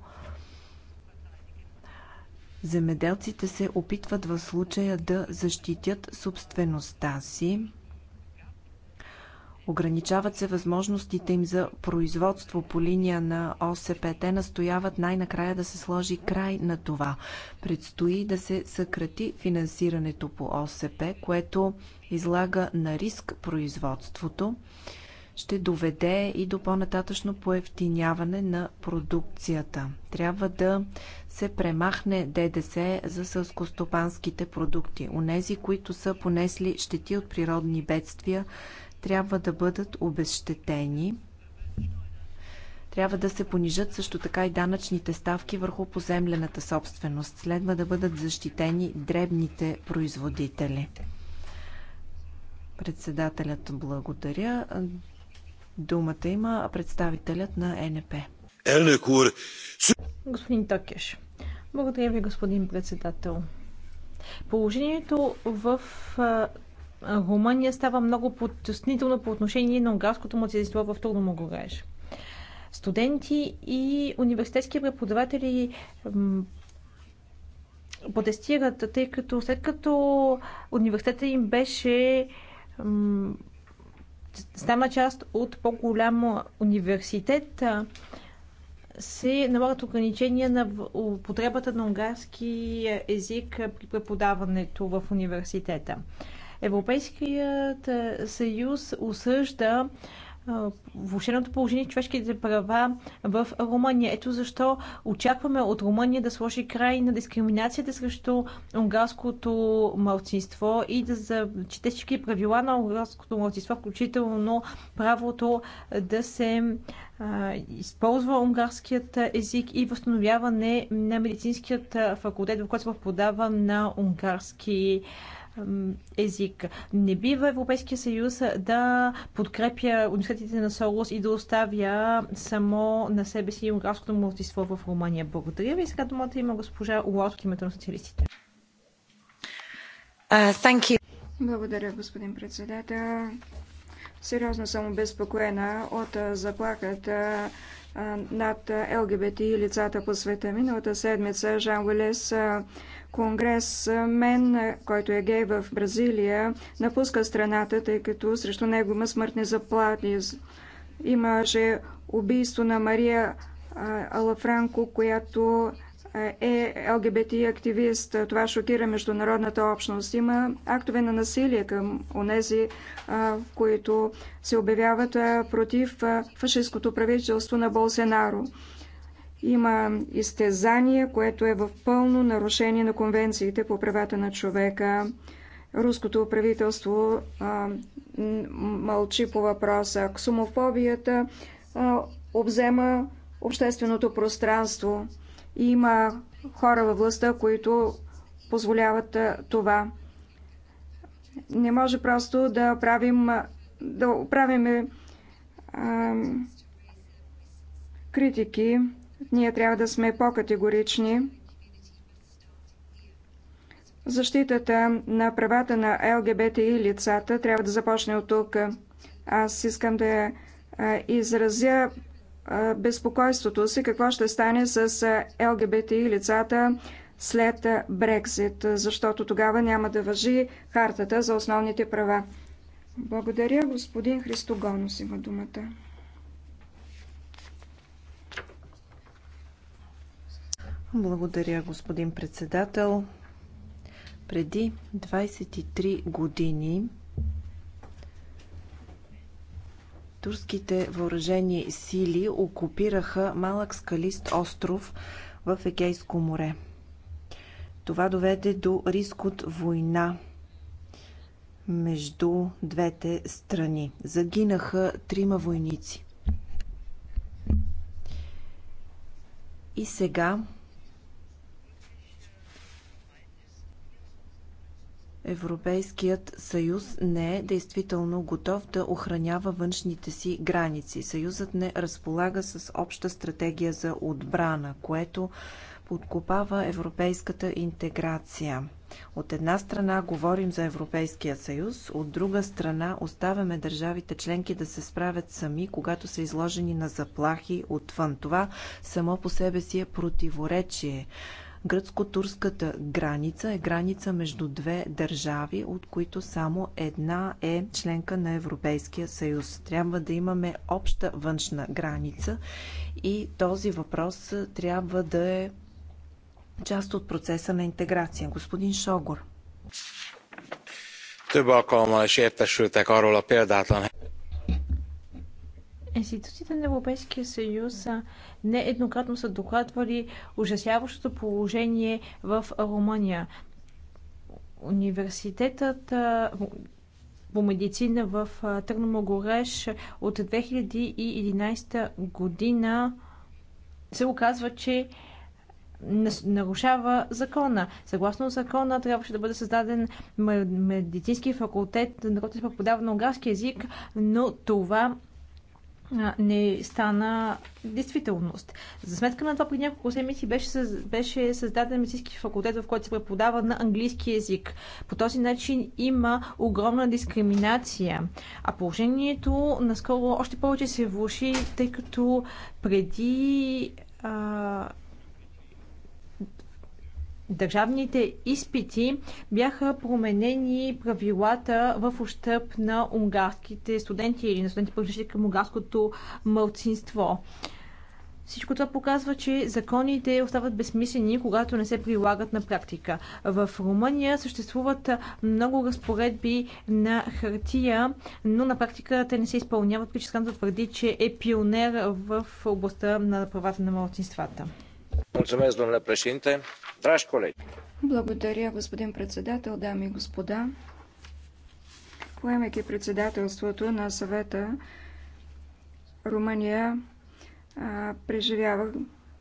земеделците се опитват в случая да защитят собствеността си. Ограничават се възможностите им за производство по линия на ОСП. Те настояват най-накрая да се сложи край на това. Предстои да се съкрати финансирането по ОСП, което излага на риск производството ще доведе и до по-нататъчно поевтиняване на продукцията. Трябва да се премахне ДДС за сълскостопанските продукти. Онези, които са понесли щети от природни бедствия, трябва да бъдат обезщетени. Трябва да се понижат също така и данъчните ставки върху поземлената собственост. Следва да бъдат защитени дребните производители. Председателят благодаря. Думата има представителят на НП. Господин Токеш, благодаря ви, господин председател. Положението в Румъния става много подтеснително по отношение на унгарското младсинство в Турномогореж. Студенти и университетски преподаватели протестират, тъй като след като университета им беше стана част от по-голям университет, се налагат ограничения на употребата на унгарски език при преподаването в университета. Европейският е, съюз осъжда е, влушеното положение в човешките права в Румъния. Ето защо очакваме от Румъния да сложи край на дискриминацията срещу унгарското малцинство и да зачете всички правила на унгарското малцинство, включително правото да се а, е, използва унгарският език и възстановяване на медицинският факултет, в който се подава на унгарски а, език. Не бива Европейския съюз да подкрепя университетите на Сорос и да оставя само на себе си демографското младсинство в Румъния. Благодаря ви. Сега думата има госпожа Уолт от името на социалистите. Uh, Благодаря, господин председател. Сериозно съм обезпокоена от заплахата над ЛГБТ и лицата по света. Миналата седмица Жан Уилес конгрес мен, който е гей в Бразилия, напуска страната, тъй като срещу него има смъртни заплати. Имаше убийство на Мария Алафранко, която е ЛГБТ активист. Това шокира международната общност. Има актове на насилие към онези, които се обявяват против фашистското правителство на Болсенаро. Има изтезание, което е в пълно нарушение на конвенциите по правата на човека. Руското правителство а, мълчи по въпроса. Ксумофобията а, обзема общественото пространство. Има хора във властта, които позволяват а, това. Не може просто да правим да правиме критики ние трябва да сме по-категорични. Защитата на правата на ЛГБТ и лицата трябва да започне от тук. Аз искам да изразя безпокойството си какво ще стане с ЛГБТ и лицата след Брекзит. защото тогава няма да въжи хартата за основните права. Благодаря, господин Христогонос има думата. Благодаря, господин председател. Преди 23 години турските въоръжени сили окупираха малък скалист остров в Егейско море. Това доведе до риск от война между двете страни. Загинаха трима войници. И сега Европейският съюз не е действително готов да охранява външните си граници. Съюзът не разполага с обща стратегия за отбрана, което подкопава европейската интеграция. От една страна говорим за Европейския съюз, от друга страна оставяме държавите членки да се справят сами, когато са изложени на заплахи отвън. Това само по себе си е противоречие. Гръцко-турската граница е граница между две държави, от които само една е членка на Европейския съюз. Трябва да имаме обща външна граница и този въпрос трябва да е част от процеса на интеграция. Господин Шогор. Több alkalommal is értesültek arról a példátlan Институциите на Европейския съюз нееднократно са докладвали ужасяващото положение в Румъния. Университетът по медицина в Търномогореш от 2011 година се оказва, че нарушава закона. Съгласно закона трябваше да бъде създаден медицински факултет, на който се преподава на унгарски язик, но това не стана действителност. За сметка на това, преди няколко седмици беше, беше създаден медицински факултет, в който се преподава на английски язик. По този начин има огромна дискриминация. А положението наскоро още повече се влуши, тъй като преди а, държавните изпити бяха променени правилата в ущърп на унгарските студенти или на студенти, принадлежащи към унгарското мълцинство. Всичко това показва, че законите остават безсмислени, когато не се прилагат на практика. В Румъния съществуват много разпоредби на хартия, но на практика те не се изпълняват. Прическанто твърди, че е пионер в областта на правата на младсинствата. Mulțumesc, președинте. Драж колеги. Благодаря, господин председател, дами и господа. Поемайки председателството на съвета, Румъния преживява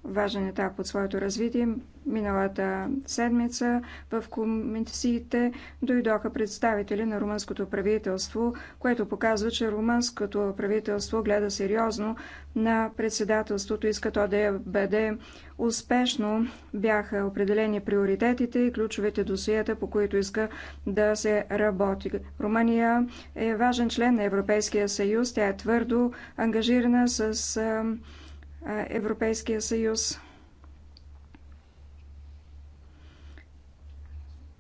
важен етап от своето развитие. Миналата седмица в комисиите дойдоха представители на румънското правителство, което показва, че румънското правителство гледа сериозно на председателството, иска то да бъде успешно. Бяха определени приоритетите и ключовете досиета, по които иска да се работи. Румъния е важен член на Европейския съюз. Тя е твърдо ангажирана с Европейския съюз.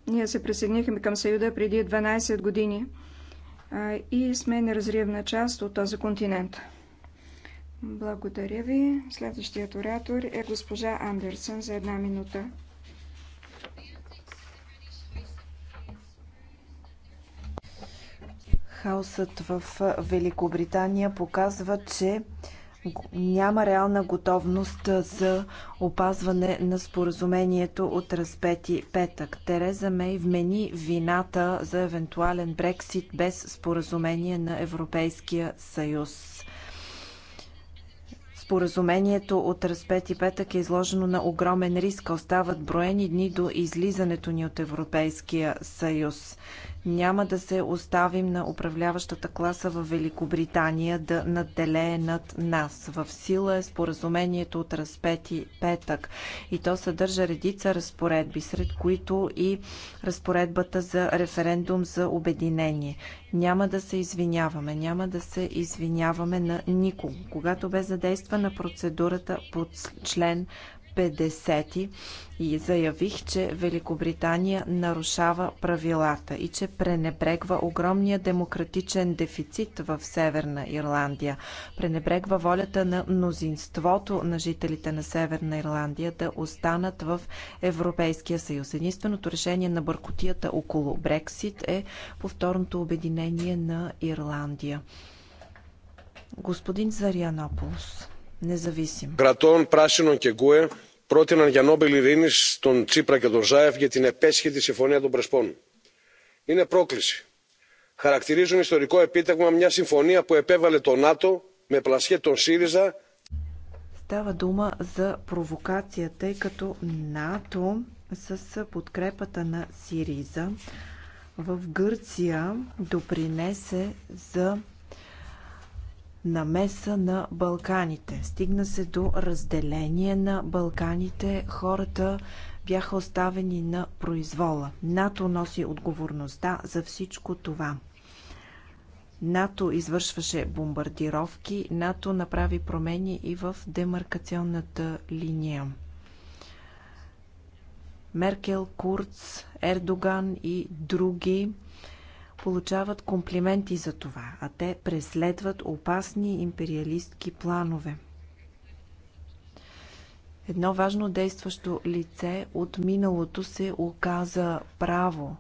Ние се присъединихме към Съюда преди 12 години и сме неразривна част от този континент. Благодаря ви. Следващият оратор е госпожа Андерсън за една минута. Хаосът в Великобритания показва, че няма реална готовност за опазване на споразумението от разпети петък. Тереза Мей вмени вината за евентуален Брексит без споразумение на Европейския съюз. Споразумението от разпети петък е изложено на огромен риск. Остават броени дни до излизането ни от Европейския съюз. Няма да се оставим на управляващата класа в Великобритания да надделее над нас. В сила е споразумението от разпети петък и то съдържа редица разпоредби, сред които и разпоредбата за референдум за обединение. Няма да се извиняваме, няма да се извиняваме на никого. Когато бе задействана процедурата под член 50 и заявих, че Великобритания нарушава правилата и че пренебрегва огромния демократичен дефицит в Северна Ирландия. Пренебрегва волята на мнозинството на жителите на Северна Ирландия да останат в Европейския съюз. Единственото решение на бъркотията около Брексит е повторното обединение на Ирландия. Господин Зарианополос независим. Кратών Πράσινων και Γκουε πρότειναν για Νόμπελ Ειρήνη στον Τσίπρα και τον Ζάεφ για την επέσχετη Συμφωνία των Πρεσπών. Είναι πρόκληση. Χαρακτηρίζουν ιστορικό επίτευγμα μια συμφωνία που επέβαλε το ΝΑΤΟ με πλασχέ τον ΣΥΡΙΖΑ. Става дума за провокация, тъй като НАТО с подкрепата на СИРИЗА в Гърция допринесе за намеса на Балканите. Стигна се до разделение на Балканите. Хората бяха оставени на произвола. НАТО носи отговорността за всичко това. НАТО извършваше бомбардировки, НАТО направи промени и в демаркационната линия. Меркел, Курц, Ердоган и други получават комплименти за това, а те преследват опасни империалистки планове. Едно важно действащо лице от миналото се оказа право.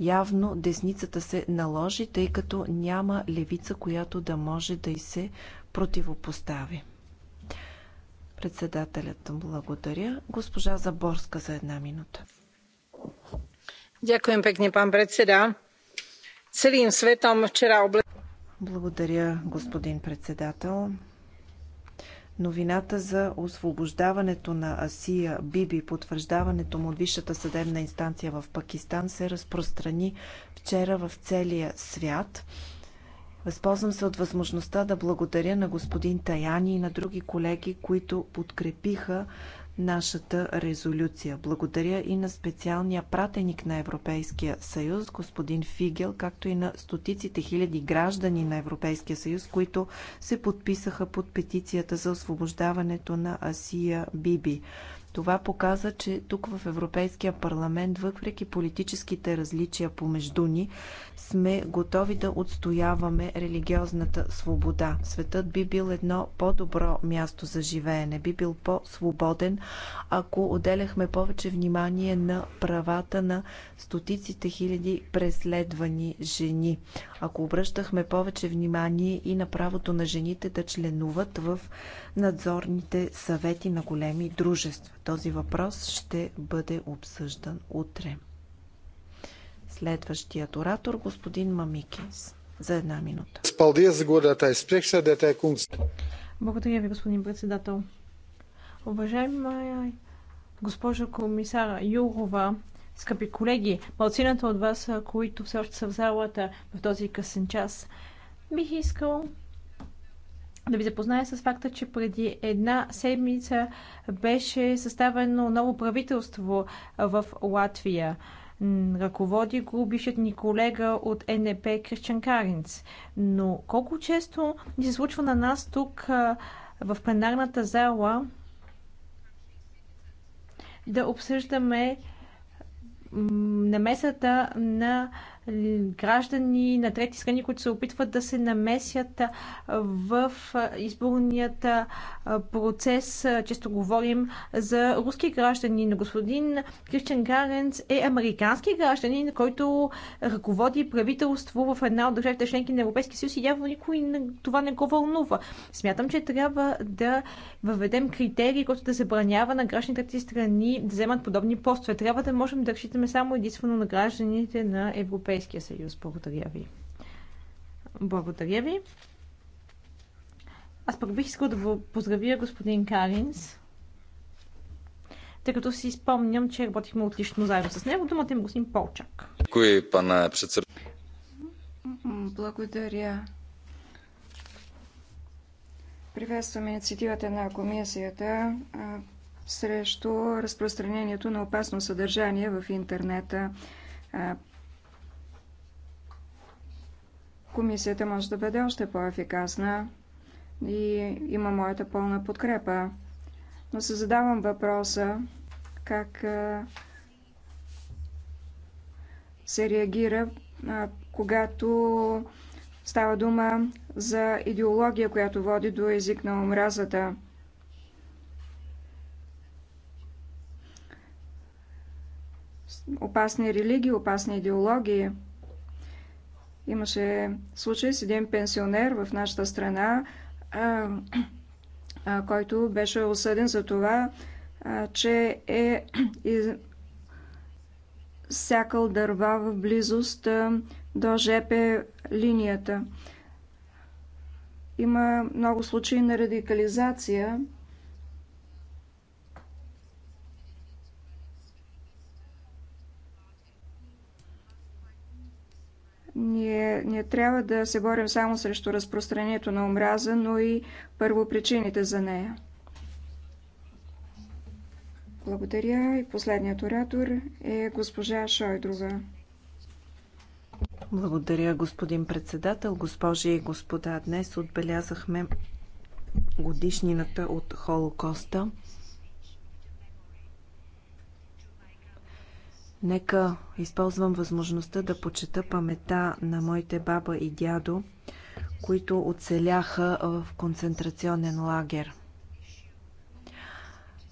Явно десницата се наложи, тъй като няма левица, която да може да й се противопостави. Председателят благодаря. Госпожа Заборска за една минута. Дякуем пекни пан председа Целим светом вчера обле... Благодаря, господин председател. Новината за освобождаването на Асия Биби, потвърждаването му от Висшата съдебна инстанция в Пакистан, се разпространи вчера в целия свят. Възползвам се от възможността да благодаря на господин Таяни и на други колеги, които подкрепиха нашата резолюция. Благодаря и на специалния пратеник на Европейския съюз, господин Фигел, както и на стотиците хиляди граждани на Европейския съюз, които се подписаха под петицията за освобождаването на Асия Биби. Това показа, че тук в Европейския парламент, въпреки политическите различия помежду ни, сме готови да отстояваме религиозната свобода. Светът би бил едно по-добро място за живеене, би бил по-свободен, ако отделяхме повече внимание на правата на стотиците хиляди преследвани жени. Ако обръщахме повече внимание и на правото на жените да членуват в надзорните съвети на големи дружества този въпрос ще бъде обсъждан утре. Следващият оратор, господин Мамикис, за една минута. Благодаря ви, господин председател. Уважаема госпожо комисара Юрова, скъпи колеги, малцината от вас, които все още са в залата в този късен час, бих искал да ви запозная с факта, че преди една седмица беше съставено ново правителство в Латвия. Ръководи го бившият ни колега от НП Кришчан Каринц. Но колко често ни се случва на нас тук в пленарната зала да обсъждаме намесата на граждани на трети страни, които се опитват да се намесят в изборният процес. Често говорим за руски граждани, но господин Кристиан Гаренц е американски гражданин, който ръководи правителство в една от държавите членки на Европейския съюз и явно никой това не го вълнува. Смятам, че трябва да въведем критерии, които да забранява на граждани трети страни да вземат подобни постове. Трябва да можем да разчитаме само единствено на гражданите на Европейския Европейския съюз. Благодаря ви. Благодаря ви. Аз пък бих искал да поздравя господин Каринс, тъй като си спомням, че работихме отлично заедно с него. Думата има господин Полчак. Кой пана Благодаря. Приветствам инициативата на комисията срещу разпространението на опасно съдържание в интернета. Комисията може да бъде още по-ефикасна и има моята пълна подкрепа. Но се задавам въпроса как се реагира, когато става дума за идеология, която води до език на омразата. Опасни религии, опасни идеологии – Имаше случай с един пенсионер в нашата страна, който беше осъден за това, че е сякал дърва в близост до ЖП линията. Има много случаи на радикализация Ние не трябва да се борим само срещу разпространението на омраза, но и първо причините за нея. Благодаря. И последният оратор е госпожа Шойдрова. Благодаря, господин председател. Госпожи и господа, днес отбелязахме годишнината от Холокоста. Нека използвам възможността да почета памета на моите баба и дядо, които оцеляха в концентрационен лагер.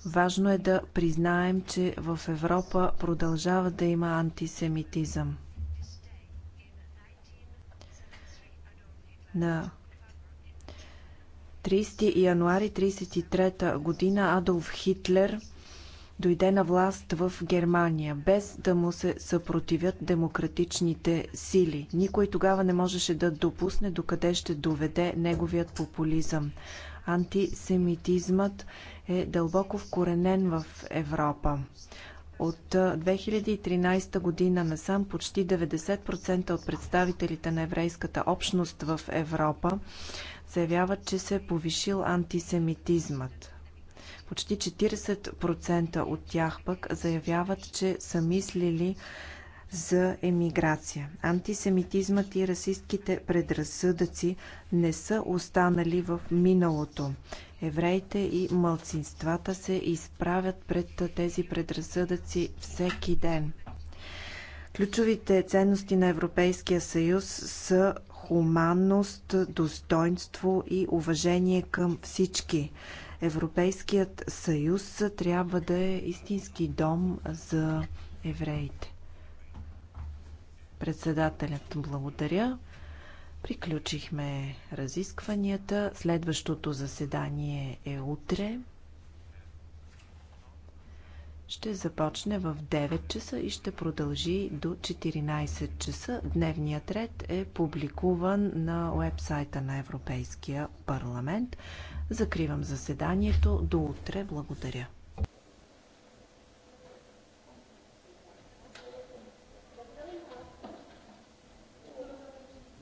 Важно е да признаем, че в Европа продължава да има антисемитизъм. На 30 януари 1933 година Адолф Хитлер – дойде на власт в Германия, без да му се съпротивят демократичните сили. Никой тогава не можеше да допусне докъде ще доведе неговият популизъм. Антисемитизмът е дълбоко вкоренен в Европа. От 2013 година насам почти 90% от представителите на еврейската общност в Европа заявяват, че се е повишил антисемитизмът. Почти 40% от тях пък заявяват, че са мислили за емиграция. Антисемитизмът и расистките предразсъдъци не са останали в миналото. Евреите и малцинствата се изправят пред тези предразсъдъци всеки ден. Ключовите ценности на Европейския съюз са хуманност, достойнство и уважение към всички. Европейският съюз трябва да е истински дом за евреите. Председателят благодаря. Приключихме разискванията. Следващото заседание е утре. Ще започне в 9 часа и ще продължи до 14 часа. Дневният ред е публикуван на уебсайта на Европейския парламент. Закривам заседанието. До утре. Благодаря.